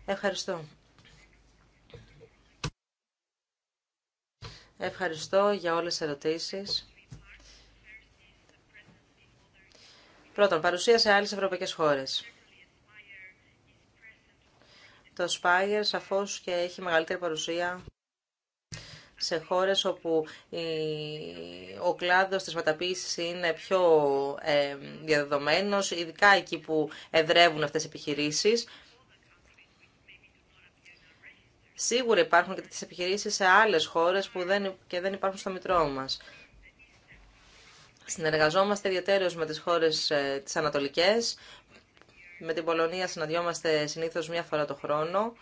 Ευχαριστώ. Ευχαριστώ για όλες τις ερωτήσεις. Πρώτον, παρουσία σε άλλες ευρωπαϊκές χώρες. Το Spire σαφώς και έχει μεγαλύτερη παρουσία σε χώρες όπου ο κλάδος της μεταποίησης είναι πιο ε, διαδεδομένος, ειδικά εκεί που εδρεύουν αυτές οι επιχειρήσεις. Σίγουρα υπάρχουν και τις επιχειρήσεις σε άλλες χώρες που δεν, και δεν υπάρχουν στο Μητρό μας. Συνεργαζόμαστε ιδιαίτερως με τις χώρες ε, τις ανατολικές. Με την Πολωνία συναντιόμαστε συνήθως μία φορά το χρόνο.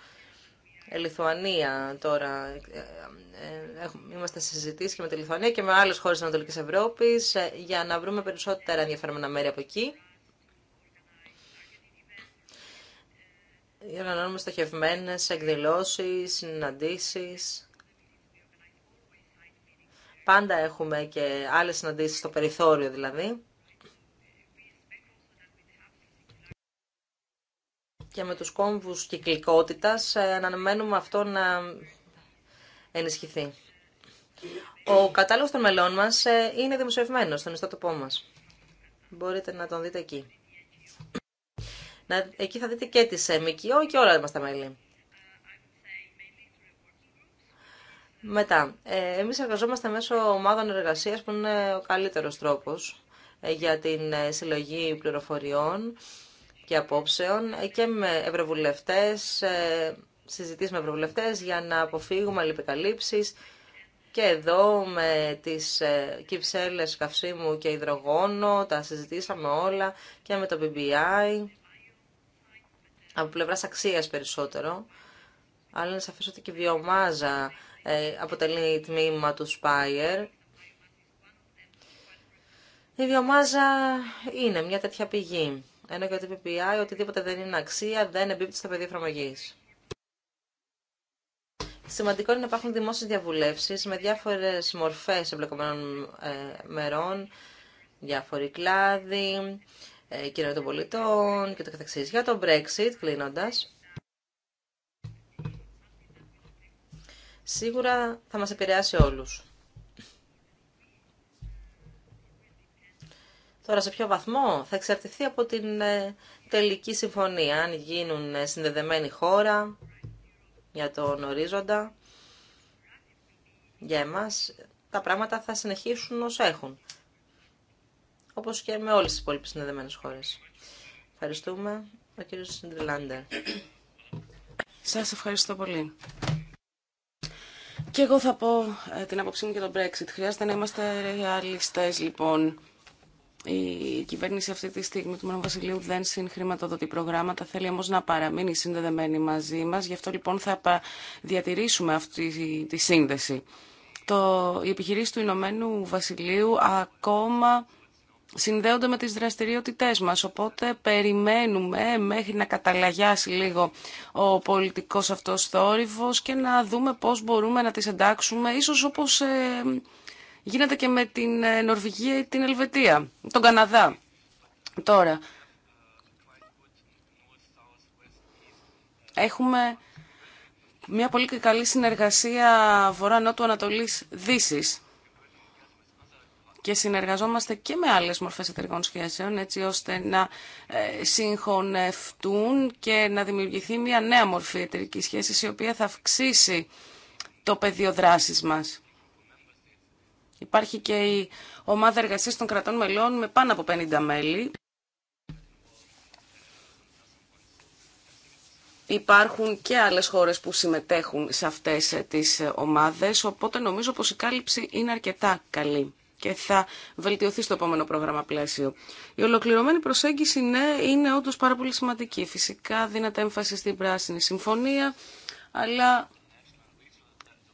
Ε, Λιθουανία τώρα. Ε, ε, ε, είμαστε σε συζητήσεις και με τη Λιθουανία και με άλλες χώρες της Ανατολικής Ευρώπης για να βρούμε περισσότερα ενδιαφέρμενα μέρη από εκεί. Οργανώνουμε στοχευμένες εκδηλώσεις, συναντήσεις. Πάντα έχουμε και άλλες συναντήσεις στο περιθώριο δηλαδή. Και με τους κόμβους κυκλικότητας ε, αναμένουμε αυτό να ενισχυθεί. Ο κατάλογος των μελών μας ε, είναι δημοσιευμένος στον ιστότοπό μας. Μπορείτε να τον δείτε εκεί. Να, εκεί θα δείτε και τη ΜΚΟ και όλα μας τα μέλη. Μετά, ε, εμείς εργαζόμαστε μέσω ομάδων εργασίας που είναι ο καλύτερος τρόπος ε, για την ε, συλλογή πληροφοριών και απόψεων ε, και με ευρωβουλευτές, συζητήσεις με ευρωβουλευτές για να αποφύγουμε αλληλεπικαλύψεις και εδώ με τις κυψέλες καυσίμου και υδρογόνο, τα συζητήσαμε όλα και με το BBI από πλευράς αξίας περισσότερο, αλλά είναι σαφές ότι και η βιομάζα ε, αποτελεί τμήμα του Spire. Η βιομάζα είναι μια τέτοια πηγή, ενώ και το PPI οτιδήποτε δεν είναι αξία δεν εμπίπτει στα πεδία εφαρμογή. Σημαντικό είναι να υπάρχουν δημόσιες διαβουλεύσεις με διάφορες μορφές εμπλεκομένων ε, μερών, διάφοροι κλάδοι, ε, κοινότητα των πολιτών και το καθεξής. Για το Brexit, κλείνοντας, σίγουρα θα μας επηρεάσει όλους. Τώρα, σε ποιο βαθμό θα εξαρτηθεί από την ε, τελική συμφωνία, αν γίνουν ε, συνδεδεμένη χώρα για τον ορίζοντα, για εμάς τα πράγματα θα συνεχίσουν όσο έχουν. Όπω και με όλε τι υπόλοιπε συνδεδεμένε χώρε. Ευχαριστούμε. Ο κύριο Σίντριλάντερ. Σα ευχαριστώ πολύ. Και εγώ θα πω ε, την άποψή μου για τον Brexit. Χρειάζεται να είμαστε ρεαλιστέ, λοιπόν. Η κυβέρνηση αυτή τη στιγμή του Μόνο Βασιλείου δεν συγχρηματοδοτεί προγράμματα, θέλει όμω να παραμείνει συνδεδεμένη μαζί μα. γι' αυτό λοιπόν θα διατηρήσουμε αυτή τη σύνδεση. Το, η επιχειρήση του Ηνωμένου Βασιλείου ακόμα συνδέονται με τις δραστηριότητές μας, οπότε περιμένουμε μέχρι να καταλαγιάσει λίγο ο πολιτικός αυτός θόρυβος και να δούμε πώς μπορούμε να τις εντάξουμε, ίσως όπως ε, γίνεται και με την ε, Νορβηγία ή την Ελβετία, τον Καναδά. Τώρα, έχουμε μια πολύ καλή συνεργασία Βορρά Νότου Ανατολής Δύσης και συνεργαζόμαστε και με άλλες μορφές εταιρικών σχέσεων έτσι ώστε να ε, συγχωνευτούν και να δημιουργηθεί μια νέα μορφή εταιρική σχέση η οποία θα αυξήσει το πεδίο δράσης μας. Υπάρχει και η ομάδα εργασίας των κρατών μελών με πάνω από 50 μέλη. Υπάρχουν και άλλες χώρες που συμμετέχουν σε αυτές ε, τις ε, ομάδες, οπότε νομίζω πως η κάλυψη είναι αρκετά καλή και θα βελτιωθεί στο επόμενο πρόγραμμα πλαίσιο. Η ολοκληρωμένη προσέγγιση ναι, είναι όντω πάρα πολύ σημαντική. Φυσικά δίνεται έμφαση στην πράσινη συμφωνία, αλλά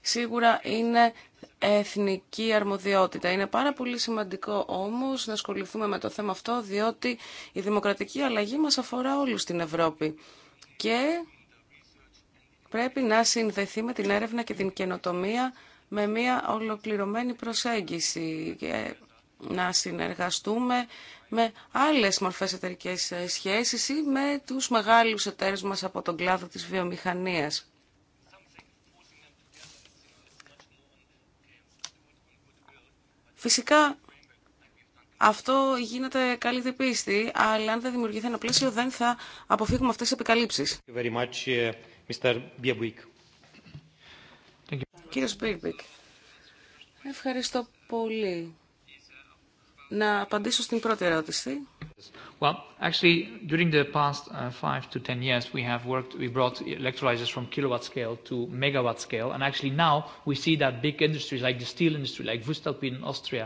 σίγουρα είναι εθνική αρμοδιότητα. Είναι πάρα πολύ σημαντικό όμως να ασχοληθούμε με το θέμα αυτό, διότι η δημοκρατική αλλαγή μας αφορά όλους στην Ευρώπη. Και πρέπει να συνδεθεί με την έρευνα και την καινοτομία με μια ολοκληρωμένη προσέγγιση και να συνεργαστούμε με άλλες μορφές εταιρικέ σχέσεις ή με τους μεγάλους εταίρους μας από τον κλάδο της βιομηχανίας. Φυσικά αυτό γίνεται καλή πίστη, αλλά αν δεν δημιουργηθεί ένα πλαίσιο δεν θα αποφύγουμε αυτές τις επικαλύψεις. Ε, Κύριος Σπίρμπικ, ευχαριστώ πολύ. Να απαντήσω στην πρώτη ερώτηση. Well, actually, during the past uh, five to ten years, we have worked, we brought electrolyzers from kilowatt scale to megawatt scale, and actually now we see that big industries like the steel industry, like Voestalpine in Austria,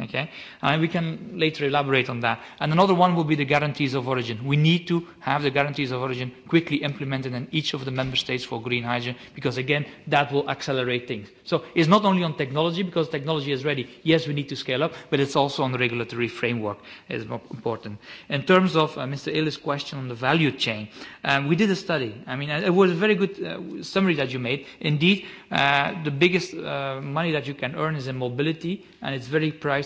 Okay? And we can later elaborate on that. And another one will be the guarantees of origin. We need to have the guarantees of origin quickly implemented in each of the member states for green hydrogen because, again, that will accelerate things. So it's not only on technology because technology is ready. Yes, we need to scale up, but it's also on the regulatory framework. is more important. In terms of Mr. Illis' question on the value chain, we did a study. I mean, it was a very good summary that you made. Indeed, the biggest money that you can earn is in mobility, and it's very price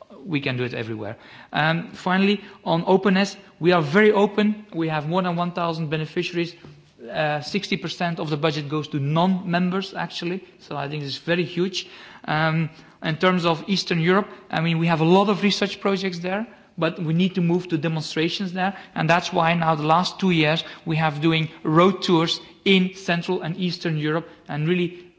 we can do it everywhere. Finally, on openness, we are very open. We have more than 1,000 beneficiaries. 60% of the budget goes to non-members, actually. So I think this is very huge. In terms of Eastern Europe, I mean, we have a lot of research projects there, but we need to move to demonstrations there. And that's why now the last two years we have doing road tours in Central and Eastern Europe and really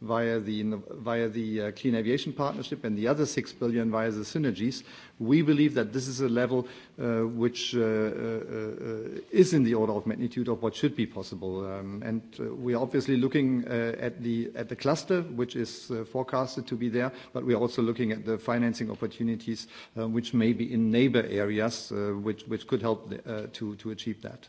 via the Clean Aviation Partnership and the other 6 billion via the synergies. We believe that this is a level which is in the order of magnitude of what should be possible. And we are obviously looking at the cluster, which is forecasted to be there, but we are also looking at the financing opportunities which may be in neighbor areas, which could help to achieve that.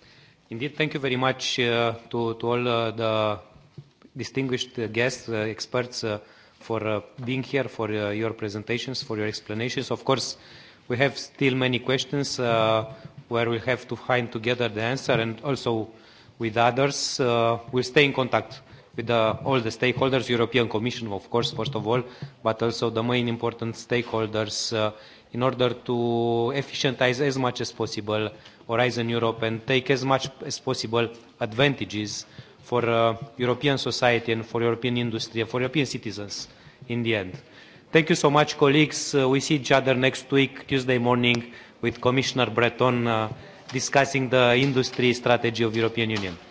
Indeed, thank you very much to all the distinguished guests, experts, for being here, for your presentations, for your explanations. Of course, we have still many questions where we have to find together the answer and also with others. We'll stay in contact with all the stakeholders, European Commission, of course, first of all, but also the main important stakeholders in order to efficientize as much as possible Horizon Europe and take as much as possible advantages for European society and for European industry and for European citizens in the end. Thank you so much, colleagues. We see each other next week, Tuesday morning, with Commissioner Breton discussing the industry strategy of European Union.